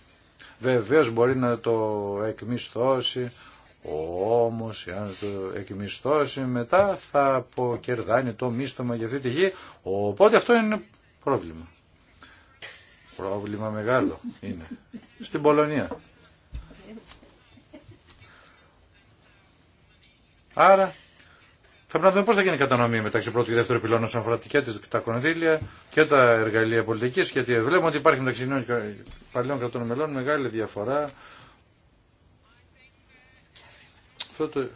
Βεβαίως μπορεί να το εκμισθώσει, όμως, εάν το εκμισθώσει μετά, θα αποκερδάνει το μίστομα για αυτή τη γη. Οπότε αυτό είναι πρόβλημα. Πρόβλημα μεγάλο είναι. Στην Πολωνία. Άρα, θα πρέπει να δούμε πώ θα γίνει η κατανομή μεταξύ πρώτου και δεύτερου πυλώνα όσον αφορά και τα κονδύλια και τα εργαλεία πολιτική. Γιατί βλέπουμε ότι υπάρχει μεταξύ νέων παλιών κρατών μελών μεγάλη διαφορά αυτό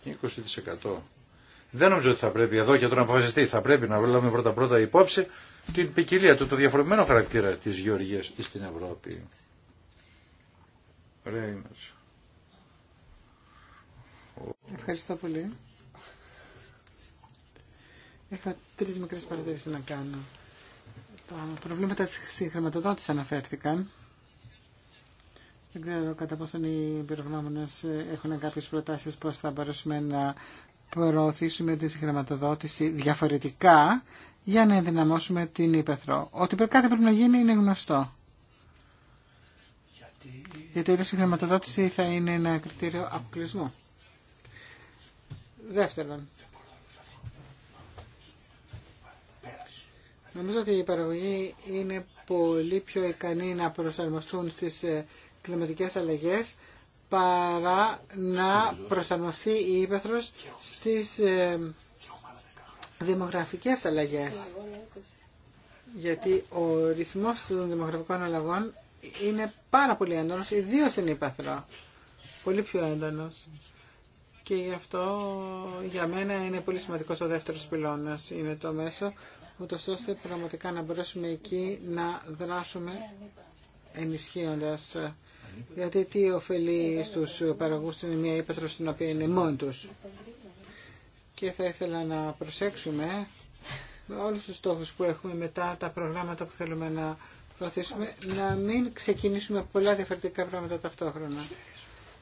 το 20%. Δεν νομίζω ότι θα πρέπει εδώ και τώρα να αποφασιστεί. Θα πρέπει να βλεπουμε πρώτα πρώτα υπόψη την ποικιλία του, το διαφορετικό χαρακτήρα της γεωργία στην Ευρώπη. Ευχαριστώ πολύ. Έχω τρεις μικρές παρατηρήσεις να κάνω. Τα προβλήματα της συγχρηματοδότησης αναφέρθηκαν. Δεν ξέρω κατά πόσον οι εμπειρογνώμονε ε, έχουν κάποιες προτάσεις πώ θα μπορέσουμε να προωθήσουμε τη συγχρηματοδότηση διαφορετικά για να ενδυναμώσουμε την ύπεθρο. Ότι κάτι πρέπει να γίνει είναι γνωστό. Γιατί, Γιατί η συγχρηματοδότηση θα είναι ένα κριτήριο αποκλεισμού. Δεύτερον, νομίζω ότι η παραγωγή είναι πολύ πιο ικανή να προσαρμοστούν στις ε, κλιματικές αλλαγές παρά να προσαρμοστεί η ύπεθρος στις ε, δημογραφικές αλλαγές. Γιατί ο ρυθμός των δημογραφικών αλλαγών είναι πάρα πολύ έντονος, ιδίως στην ύπεθρο. Πολύ πιο έντονος. Και γι' αυτό για μένα είναι πολύ σημαντικός ο δεύτερος πυλώνας. Είναι το μέσο το ώστε πραγματικά να μπορέσουμε εκεί να δράσουμε ενισχύοντας γιατί τι ωφελεί στους παραγωγούς είναι μια ύπαθρο στην οποία είναι μόνοι τους. Και θα ήθελα να προσέξουμε με όλους τους στόχους που έχουμε μετά τα προγράμματα που θέλουμε να προωθήσουμε να μην ξεκινήσουμε πολλά διαφορετικά πράγματα ταυτόχρονα.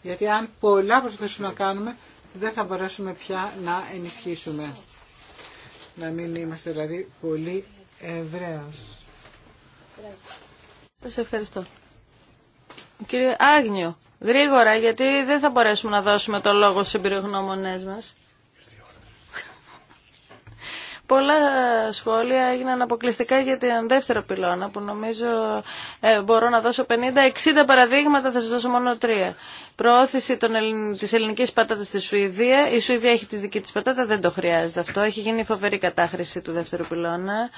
Γιατί αν πολλά προσπαθήσουμε να κάνουμε δεν θα μπορέσουμε πια να ενισχύσουμε. Να μην είμαστε δηλαδή πολύ ευραίος. Σας ευχαριστώ. Κύριε Άγνιο, γρήγορα, γιατί δεν θα μπορέσουμε να δώσουμε το λόγο στους εμπειρογνώμονές μας. Πολλά σχόλια έγιναν αποκλειστικά για την δεύτερο πυλώνα που νομίζω ε, μπορώ να δώσω 50-60 παραδείγματα, θα σας δώσω μόνο τρία. Προώθηση των της ελληνικής πατάτας στη Σουηδία. Η Σουηδία έχει τη δική της πατάτα, δεν το χρειάζεται αυτό. Έχει γίνει φοβερή κατάχρηση του δεύτερου πυλώνα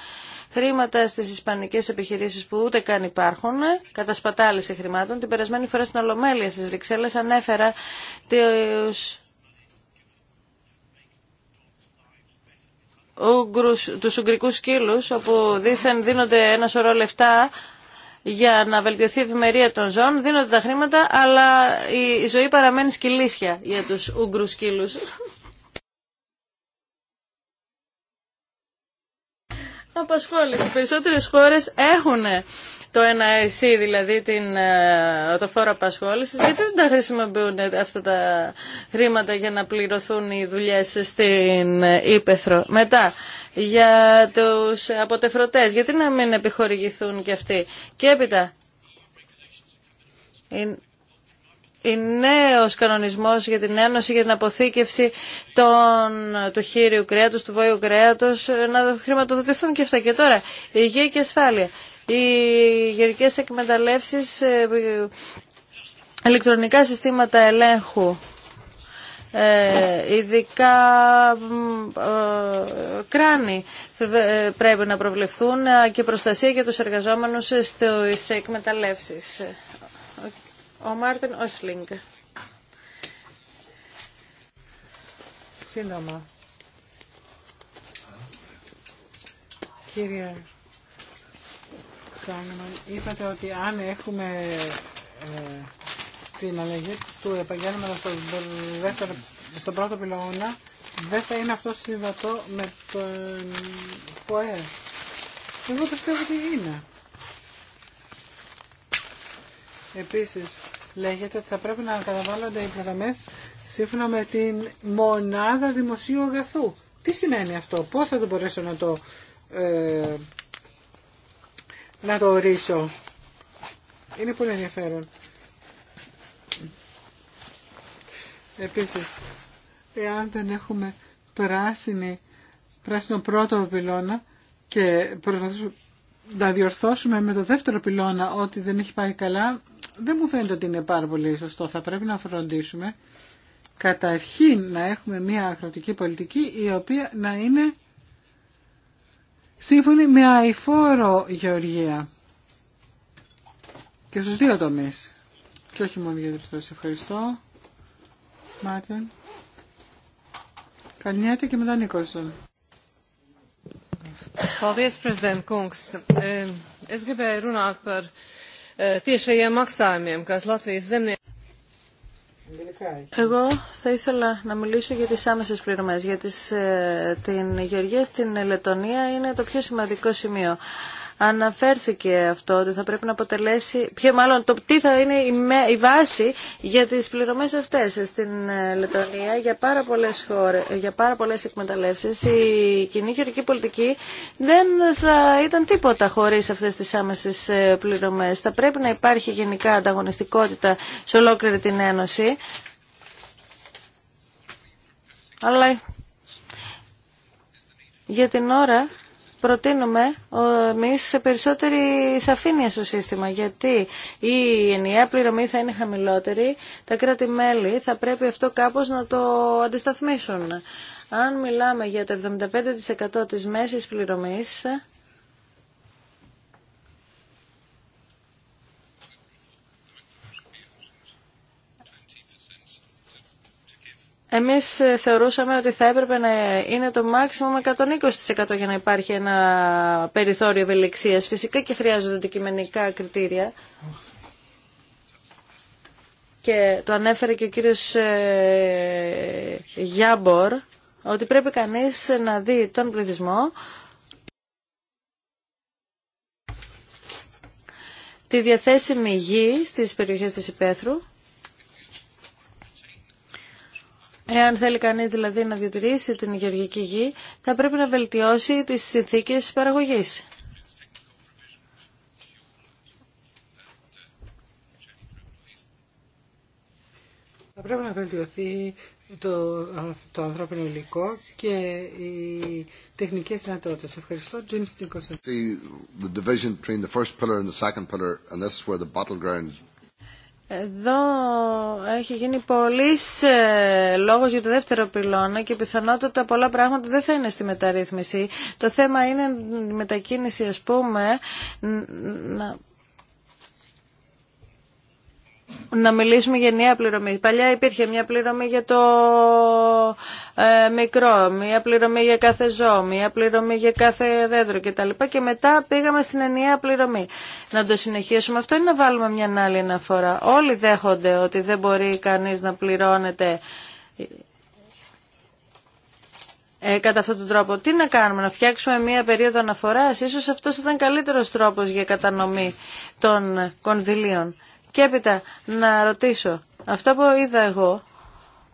χρήματα στι ισπανικέ επιχειρήσει που ούτε καν υπάρχουν, κατασπατάληση χρημάτων. Την περασμένη φορά στην Ολομέλεια στι Βρυξέλλε ανέφερα τους Ούγκρους, τους Ουγγρικούς σκύλους όπου δήθεν δίνονται ένα σωρό λεφτά για να βελτιωθεί η ευημερία των ζώων, δίνονται τα χρήματα, αλλά η ζωή παραμένει σκυλίσια για τους ουγγρους σκύλους. Απασχόληση. Περισσότερες χώρες έχουν το εσύ δηλαδή την, ε, το φόρο απασχόληση, γιατί δεν τα χρησιμοποιούν αυτά τα χρήματα για να πληρωθούν οι δουλειέ στην ε, Ήπεθρο. Μετά, για τους αποτεφρωτές, γιατί να μην επιχορηγηθούν και αυτοί. Και έπειτα, η νέος κανονισμός για την Ένωση για την αποθήκευση των, του χείριου κρέατος, του βόηου κρέατος, ε, να χρηματοδοτηθούν και αυτά. Και τώρα, υγεία και ασφάλεια οι γερικές εκμεταλλεύσεις, ε, ηλεκτρονικά συστήματα ελέγχου, ε, ειδικά ε, κράνη πρέπει να προβλεφθούν και προστασία για τους εργαζόμενους στις εκμεταλλεύσεις. Ο Μάρτιν Όσλινγκ. Σύντομα. Κύριε είπατε ότι αν έχουμε ε, την αλλαγή του επαγγέλματο στο στον πρώτο πυλώνα, δεν θα είναι αυτό συμβατό με τον ΠΟΕ. Εγώ πιστεύω ότι είναι. Επίσης, λέγεται ότι θα πρέπει να καταβάλλονται οι πληρωμέ σύμφωνα με την μονάδα δημοσίου αγαθού. Τι σημαίνει αυτό, πώς θα το μπορέσω να το ε, να το ορίσω. Είναι πολύ ενδιαφέρον. Επίσης, εάν δεν έχουμε πράσινη, πράσινο πρώτο πυλώνα και προσπαθήσουμε να διορθώσουμε με το δεύτερο πυλώνα ότι δεν έχει πάει καλά, δεν μου φαίνεται ότι είναι πάρα πολύ σωστό. Θα πρέπει να φροντίσουμε καταρχήν να έχουμε μια αγροτική πολιτική η οποία να είναι σύμφωνη με αηφόρο γεωργία. Και στους δύο τομείς. Και όχι μόνο για διευθυντές. Ευχαριστώ. Μάρτιν. Καλνιάτη και μετά Νίκολσον. kungs. Ε, es gribēju par ε, tiešajiem maksājumiem, εγώ θα ήθελα να μιλήσω για τις άμεσες πληρωμές. Για ε, την Γεωργία στην Λετωνία είναι το πιο σημαντικό σημείο αναφέρθηκε αυτό ότι θα πρέπει να αποτελέσει, μάλλον το τι θα είναι η, βάση για τις πληρωμές αυτές στην ε, Λετωνία για πάρα πολλές, χώρες, για πάρα πολλές εκμεταλλεύσεις. Η κοινή χειρική πολιτική δεν θα ήταν τίποτα χωρίς αυτές τις άμεσες ε, πληρωμές. Θα πρέπει να υπάρχει γενικά ανταγωνιστικότητα σε ολόκληρη την Ένωση. για την ώρα προτείνουμε ε, εμεί σε περισσότερη σαφήνεια στο σύστημα, γιατί η ενιαία πληρωμή θα είναι χαμηλότερη, τα κράτη-μέλη θα πρέπει αυτό κάπως να το αντισταθμίσουν. Αν μιλάμε για το 75% της μέσης πληρωμής, Εμείς ε, θεωρούσαμε ότι θα έπρεπε να είναι το μάξιμο με 120% για να υπάρχει ένα περιθώριο ευελιξίας. Φυσικά και χρειάζονται αντικειμενικά κριτήρια. Και το ανέφερε και ο κύριος ε, Γιάμπορ, ότι πρέπει κανείς να δει τον πληθυσμό, τη διαθέσιμη γη στις περιοχές της Υπέθρου, Εάν θέλει κανείς δηλαδή να διατηρήσει την γεωργική γη, θα πρέπει να βελτιώσει τις συνθήκες παραγωγής. Θα πρέπει να βελτιωθεί το, το ανθρώπινο υλικό και οι τεχνικές δυνατότητε. Ευχαριστώ. Τζιμ Stinkerson. The, the division between the first pillar and the second pillar, and this is where the battleground εδώ έχει γίνει πολλή ε, λόγος για το δεύτερο πυλώνα και πιθανότατα πολλά πράγματα δεν θα είναι στη μεταρρύθμιση. Το θέμα είναι η μετακίνηση, ας πούμε, να να μιλήσουμε για νέα πληρωμή. Παλιά υπήρχε μια πληρωμή για το ε, μικρό, μια πληρωμή για κάθε ζώο, μια πληρωμή για κάθε δέντρο κτλ. Και μετά πήγαμε στην ενιαία πληρωμή. Να το συνεχίσουμε αυτό ή να βάλουμε μια άλλη αναφορά. Όλοι δέχονται ότι δεν μπορεί κανείς να πληρώνεται ε, κατά αυτόν τον τρόπο. Τι να κάνουμε, να φτιάξουμε μία περίοδο αναφοράς. Ίσως αυτός ήταν καλύτερος τρόπος για κατανομή των κονδυλίων. Και έπειτα να ρωτήσω, αυτό που είδα εγώ,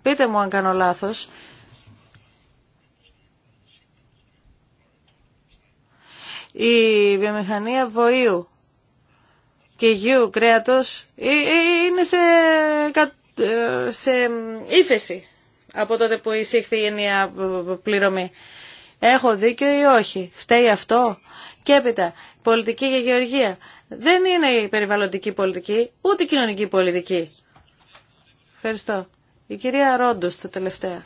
πείτε μου αν κάνω λάθος, η βιομηχανία βοήου και γιου κρέατος ε, ε, είναι σε, ε, σε ύφεση από τότε που εισήχθη η ενιαία πληρωμή. Έχω δίκιο ή όχι. Φταίει αυτό. Και έπειτα, πολιτική για γεωργία. Δεν είναι η περιβαλλοντική πολιτική, ούτε η κοινωνική πολιτική. Ευχαριστώ. Η κυρία Ρόντο, το τελευταία.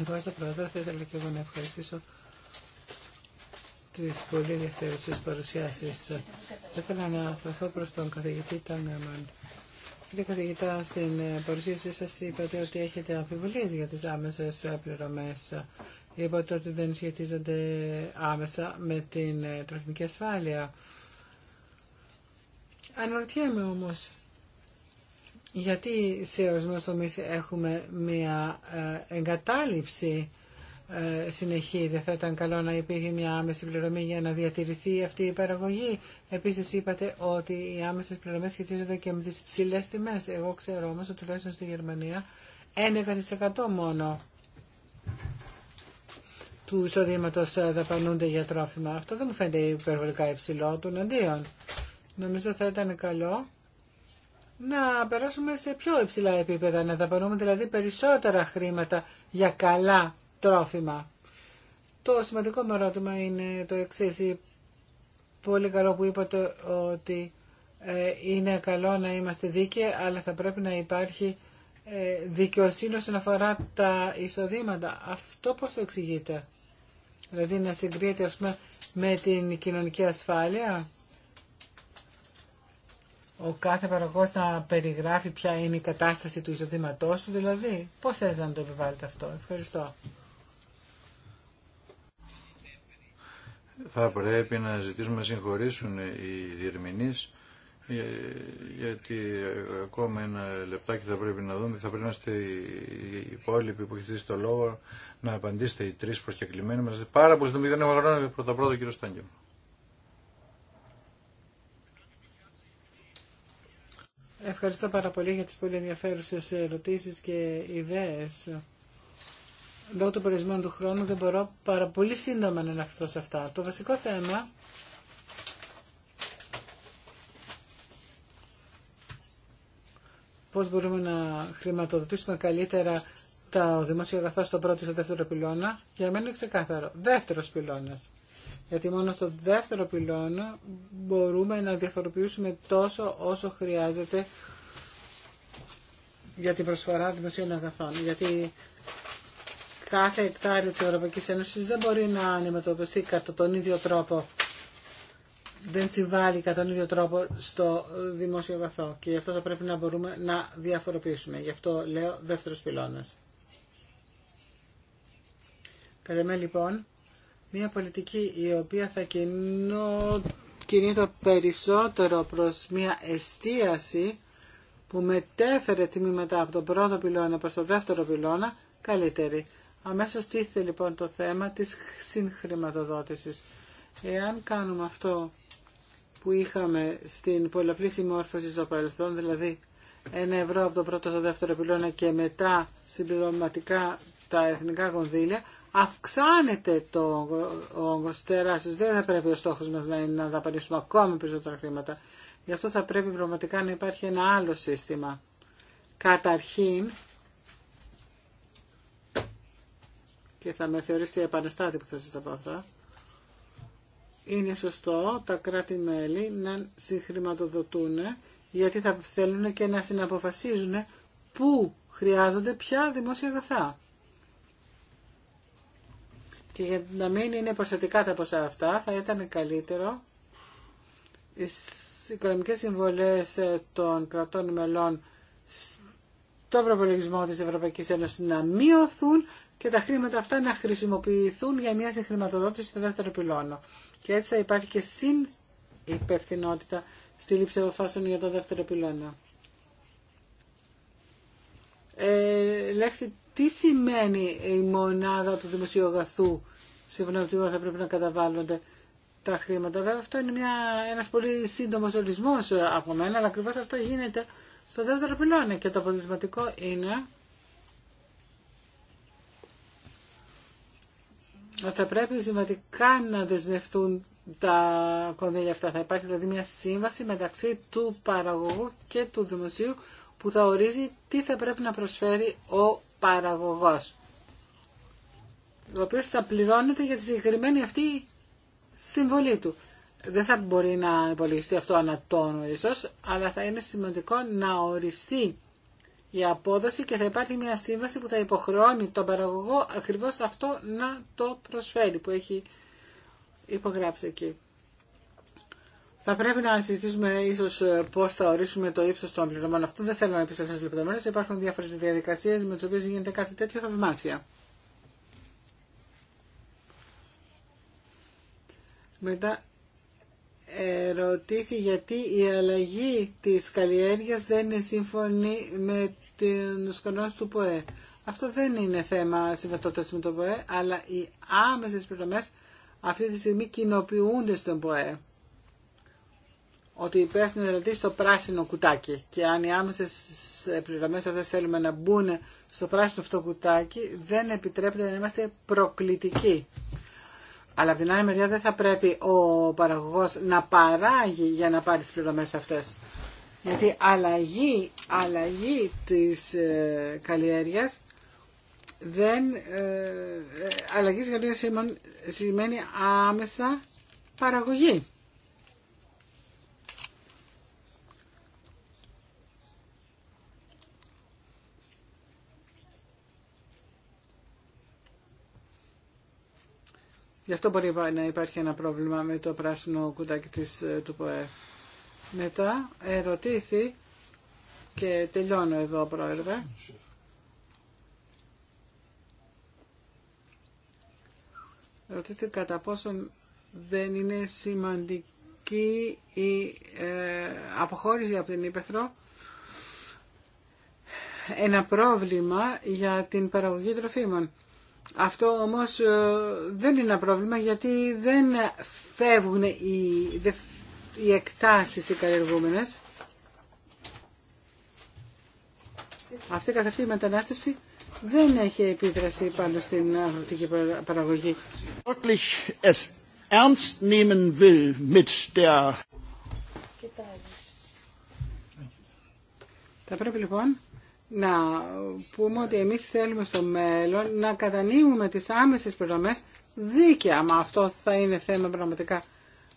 Ευχαριστώ, Πρόεδρε. Θα ήθελα και εγώ να ευχαριστήσω τι πολύ ενδιαφέρουσε παρουσιάσει. Θα ήθελα να στραφώ προ τον καθηγητή Τάνεμαν. Κύριε καθηγητά, στην ε, παρουσίασή σα είπατε ότι έχετε αμφιβολίε για τι άμεσε πληρωμέ. Είπατε ότι δεν σχετίζονται άμεσα με την ε, τροχική ασφάλεια. Αναρωτιέμαι όμως, γιατί σε ορισμό τομεί έχουμε μια ε, εγκατάλειψη ε, συνεχή, δεν θα ήταν καλό να υπήρχε μια άμεση πληρωμή για να διατηρηθεί αυτή η παραγωγή. Επίση είπατε ότι οι άμεσε πληρωμές σχετίζονται και με τι ψηλέ τιμέ. Εγώ ξέρω όμω, ότι τουλάχιστον στη Γερμανία 11% μόνο του εισοδήματο ε, δαπανούνται για τρόφιμα. Αυτό δεν μου φαίνεται υπερβολικά υψηλό, των αντίον. Νομίζω θα ήταν καλό να περάσουμε σε πιο υψηλά επίπεδα, να δαπανούμε δηλαδή περισσότερα χρήματα για καλά τρόφιμα. Το σημαντικό μου ερώτημα είναι το εξή. Πολύ καλό που είπατε ότι ε, είναι καλό να είμαστε δίκαιοι, αλλά θα πρέπει να υπάρχει ε, δικαιοσύνη όσον αφορά τα εισοδήματα. Αυτό πώς το εξηγείτε. Δηλαδή να συγκρίνεται με την κοινωνική ασφάλεια ο κάθε παραγωγό να περιγράφει ποια είναι η κατάσταση του εισόδηματό του, δηλαδή πώς θέλετε να το επιβάλλετε αυτό. Ευχαριστώ. Θα πρέπει να ζητήσουμε να συγχωρήσουν οι διερμηνείς ε, γιατί ακόμα ένα λεπτάκι θα πρέπει να δούμε, θα πρέπει να είστε οι υπόλοιποι που έχετε το λόγο να απαντήσετε οι τρει προσκεκλημένοι μα Πάρα πολύ δεν έχουμε χρόνο πρώτα πρώτα κύριο Στάνγκεμ. Ευχαριστώ πάρα πολύ για τις πολύ ενδιαφέρουσες ερωτήσεις και ιδέες. Λόγω του περιορισμένου του χρόνου δεν μπορώ πάρα πολύ σύντομα να αναφερθώ σε αυτά. Το βασικό θέμα πώς μπορούμε να χρηματοδοτήσουμε καλύτερα τα δημόσια αγαθά στον πρώτο ή στο δεύτερο πυλώνα, για μένα είναι ξεκάθαρο. Δεύτερος πυλώνας γιατί μόνο στο δεύτερο πυλώνα μπορούμε να διαφοροποιήσουμε τόσο όσο χρειάζεται για την προσφορά δημοσίων αγαθών. Γιατί κάθε εκτάριο της Ευρωπαϊκής Ένωσης δεν μπορεί να αντιμετωπιστεί κατά τον ίδιο τρόπο. Δεν συμβάλλει κατά τον ίδιο τρόπο στο δημόσιο αγαθό. Και γι' αυτό θα πρέπει να μπορούμε να διαφοροποιήσουμε. Γι' αυτό λέω δεύτερος πυλώνας. Κατά με λοιπόν μια πολιτική η οποία θα κινώ, το περισσότερο προς μια εστίαση που μετέφερε μετά από τον πρώτο πυλώνα προς τον δεύτερο πυλώνα καλύτερη. Αμέσως τίθεται λοιπόν το θέμα της συγχρηματοδότησης. Εάν κάνουμε αυτό που είχαμε στην πολλαπλή συμμόρφωση στο παρελθόν, δηλαδή ένα ευρώ από τον πρώτο στο δεύτερο πυλώνα και μετά συμπληρωματικά τα εθνικά κονδύλια, αυξάνεται το όγκος τεράστιο. Δεν θα πρέπει ο στόχο μας να είναι να δαπανίσουμε ακόμη περισσότερα χρήματα. Γι' αυτό θα πρέπει πραγματικά να υπάρχει ένα άλλο σύστημα. Καταρχήν, και θα με η επαναστάτη που θα σα τα πω αυτά, είναι σωστό τα κράτη-μέλη να συγχρηματοδοτούν γιατί θα θέλουν και να συναποφασίζουν πού χρειάζονται πια δημόσια αγαθά. Και για να μην είναι προστατικά τα ποσά αυτά, θα ήταν καλύτερο οι οικονομικές συμβολές ε, των κρατών μελών στον προπολογισμό της Ευρωπαϊκής Ένωσης να μειωθούν και τα χρήματα αυτά να χρησιμοποιηθούν για μια συγχρηματοδότηση στο δεύτερο πυλώνο. Και έτσι θα υπάρχει και συν υπευθυνότητα στη λήψη αποφάσεων για το δεύτερο πυλώνο. Ε, τι σημαίνει η μονάδα του δημοσίου σύμφωνα με την θα πρέπει να καταβάλλονται τα χρήματα. Βέβαια αυτό είναι ένα ένας πολύ σύντομος ορισμός από μένα, αλλά ακριβώ αυτό γίνεται στο δεύτερο πυλώνα και το αποτελεσματικό είναι ότι θα πρέπει σημαντικά να δεσμευτούν τα κονδύλια αυτά. Θα υπάρχει δηλαδή μια σύμβαση μεταξύ του παραγωγού και του δημοσίου που θα ορίζει τι θα πρέπει να προσφέρει ο παραγωγός ο οποίο θα πληρώνεται για τη συγκεκριμένη αυτή συμβολή του. Δεν θα μπορεί να υπολογιστεί αυτό ανατόνο ίσως, αλλά θα είναι σημαντικό να οριστεί η απόδοση και θα υπάρχει μια σύμβαση που θα υποχρεώνει τον παραγωγό ακριβώς αυτό να το προσφέρει που έχει υπογράψει εκεί. Θα πρέπει να συζητήσουμε ίσω ε, πώ θα ορίσουμε το ύψο των πληρωμών αυτό. Δεν θέλω να επιστρέψω στι λεπτομέρειε. Υπάρχουν διάφορε διαδικασίε με τι οποίε γίνεται κάτι τέτοιο θαυμάσια. Μετά ερωτήθη γιατί η αλλαγή της καλλιέργειας δεν είναι σύμφωνη με τους κανόνες του ΠΟΕ. Αυτό δεν είναι θέμα συμβατότητας με τον ΠΟΕ, αλλά οι άμεσες πληρωμές αυτή τη στιγμή κοινοποιούνται στον ΠΟΕ ότι πέφτουν δηλαδή στο πράσινο κουτάκι και αν οι άμεσε πληρωμέ αυτέ θέλουμε να μπουν στο πράσινο αυτό κουτάκι, δεν επιτρέπεται να είμαστε προκλητικοί. Αλλά από την άλλη μεριά δεν θα πρέπει ο παραγωγός να παράγει για να πάρει τι πληρωμές αυτές. Γιατί αλλαγή, αλλαγή της ε, καλλιέργειας δεν, ε, ε αλλαγή της σημαίνει άμεσα παραγωγή. Γι' αυτό μπορεί να υπάρχει ένα πρόβλημα με το πράσινο κουτάκι της, ε, του ΠΟΕ. Μετά ερωτήθη και τελειώνω εδώ πρόεδρε. Ρωτήθηκε κατά πόσον δεν είναι σημαντική η ε, αποχώρηση από την Ήπεθρο ένα πρόβλημα για την παραγωγή τροφίμων. Αυτό όμως ε, δεν είναι ένα πρόβλημα γιατί δεν φεύγουν οι, οι εκτάσεις οι καλλιεργούμενες. Αυτή η με η μετανάστευση δεν έχει επίδραση πάνω στην αγροτική παραγωγή. Τα πρέπει λοιπόν να πούμε ότι εμείς θέλουμε στο μέλλον να κατανοίγουμε τις άμεσες πληρωμές δίκαια. Μα αυτό θα είναι θέμα πραγματικά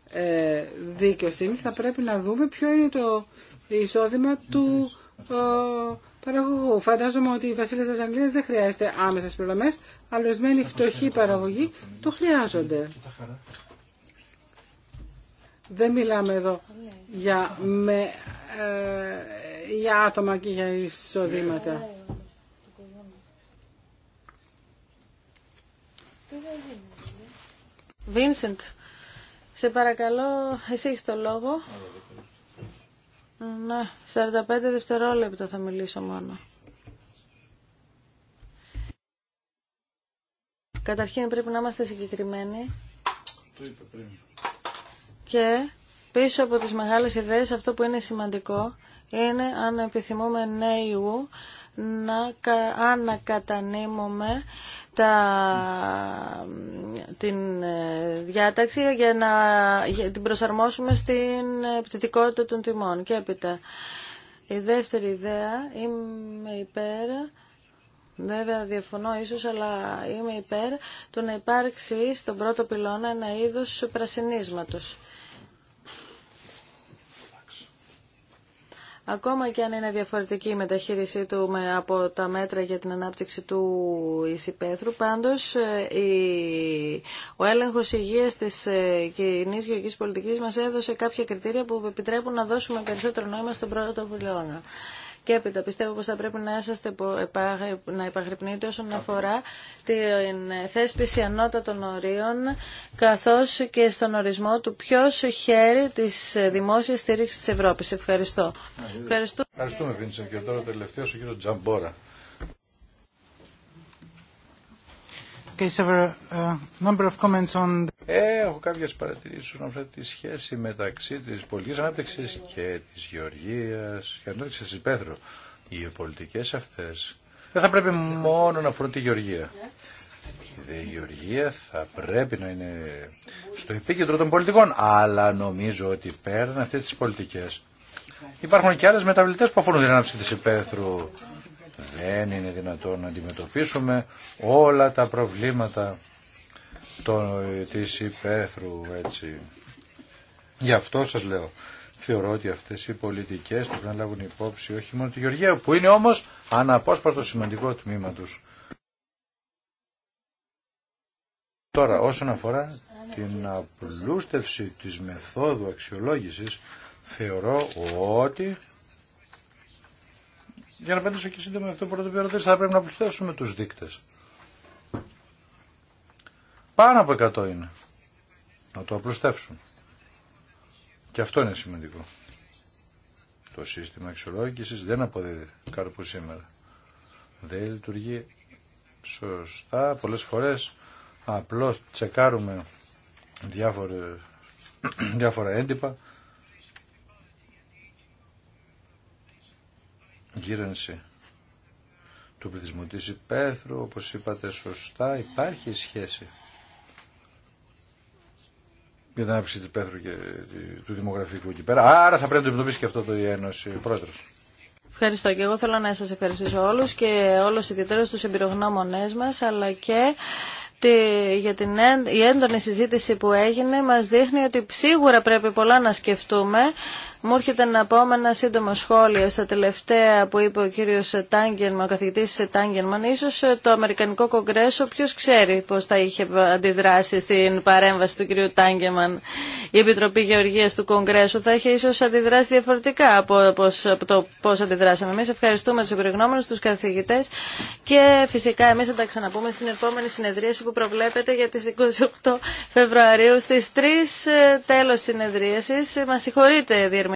ε, δικαιοσύνης. Θα πρέπει να δούμε ποιο είναι το εισόδημα του ε, παραγωγού. Φαντάζομαι ότι η Βασίλισσα της Αγγλίας δεν χρειάζεται άμεσες πληρωμές, αλλά φτωχοί παραγωγοί το χρειάζονται. Δεν μιλάμε εδώ για με, ε, για άτομα και για εισοδήματα. Βίνσεντ, σε παρακαλώ, εσύ έχεις το λόγο. Ναι, 45 δευτερόλεπτα θα μιλήσω μόνο. Καταρχήν πρέπει να είμαστε συγκεκριμένοι. Και πίσω από τις μεγάλες ιδέες αυτό που είναι σημαντικό είναι αν επιθυμούμε νέου να ανακατανύμουμε τα, την ε, διάταξη για να την προσαρμόσουμε στην πτυτικότητα των τιμών. Και έπειτα, η δεύτερη ιδέα, είμαι υπέρ, βέβαια διαφωνώ ίσως, αλλά είμαι υπέρ του να υπάρξει στον πρώτο πυλώνα ένα είδος πρασινίσματος. Ακόμα και αν είναι διαφορετική η μεταχείρισή του με, από τα μέτρα για την ανάπτυξη του ισηπέθρου πάντως ε, ο έλεγχος υγείας της ε, κοινή γεωργικής πολιτικής μας έδωσε κάποια κριτήρια που επιτρέπουν να δώσουμε περισσότερο νόημα στον πρώτο πυλώνα. Και έπειτα πιστεύω πως θα πρέπει να είσαστε να υπαγρυπνείτε όσον αφορά την θέσπιση ανώτατων ορίων καθώς και στον ορισμό του ποιο χέρι της δημόσιας στήριξης της Ευρώπης. Ευχαριστώ. Ευχαριστούμε, Ευχαριστούμε Βίντσεν. Και τώρα τελευταίος ο κύριος Τζαμπόρα. Uh, ε, έχω κάποιες παρατηρήσεις να αφορά τη σχέση μεταξύ της πολιτικής ανάπτυξης και της γεωργίας και ανάπτυξης της υπαίθρου. Οι πολιτικές αυτές δεν θα πρέπει μόνο να αφορούν τη γεωργία. Η γεωργία θα πρέπει να είναι στο επίκεντρο των πολιτικών, αλλά νομίζω ότι πέραν αυτές τις πολιτικές υπάρχουν και άλλες μεταβλητές που αφορούν την ανάπτυξη της υπαίθρου δεν είναι δυνατόν να αντιμετωπίσουμε όλα τα προβλήματα το, της υπαίθρου έτσι. Γι' αυτό σας λέω, θεωρώ ότι αυτές οι πολιτικές που να λάβουν υπόψη όχι μόνο τη Γεωργία, που είναι όμως αναπόσπαστο σημαντικό τμήμα τους. Τώρα, όσον αφορά την απλούστευση της μεθόδου αξιολόγησης, θεωρώ ότι για να απαντήσω και σύντομα αυτό που πρώτο που θα πρέπει να προσθέσουμε τους δείκτες. Πάνω από 100 είναι. Να το απλουστεύσουν. Και αυτό είναι σημαντικό. Το σύστημα αξιολόγησης δεν αποδίδει κάρπου σήμερα. Δεν λειτουργεί σωστά. Πολλές φορές απλώς τσεκάρουμε διάφορα έντυπα γύρανση του πληθυσμού της υπαίθρου, όπως είπατε σωστά, υπάρχει σχέση για την αύξηση του υπαίθρου και του δημογραφικού εκεί πέρα. Άρα θα πρέπει να το αντιμετωπίσει και αυτό το η Ένωση, Πρόεδρος. Ευχαριστώ και εγώ θέλω να σας ευχαριστήσω όλους και όλους ιδιαίτερα τους εμπειρογνώμονές μας, αλλά και για την η έντονη συζήτηση που έγινε μας δείχνει ότι σίγουρα πρέπει πολλά να σκεφτούμε μου έρχεται να πω με ένα σύντομο σχόλιο στα τελευταία που είπε ο κύριο Τάγκερμαν, ο καθηγητής Τάγκερμαν. Ίσως το Αμερικανικό Κογκρέσο ποιος ξέρει πώς θα είχε αντιδράσει στην παρέμβαση του κύριου Τάγκερμαν. Η Επιτροπή Γεωργίας του Κογκρέσου θα είχε ίσως αντιδράσει διαφορετικά από το πώς αντιδράσαμε. Εμείς ευχαριστούμε τους υπηρεγνώμενους, τους καθηγητές και φυσικά εμείς θα τα ξαναπούμε στην επόμενη συνεδρίαση που προβλέπεται για τι 28 Φεβρουαρίου στι 3 τέλο συνεδρίασης. Μας συγχωρείτε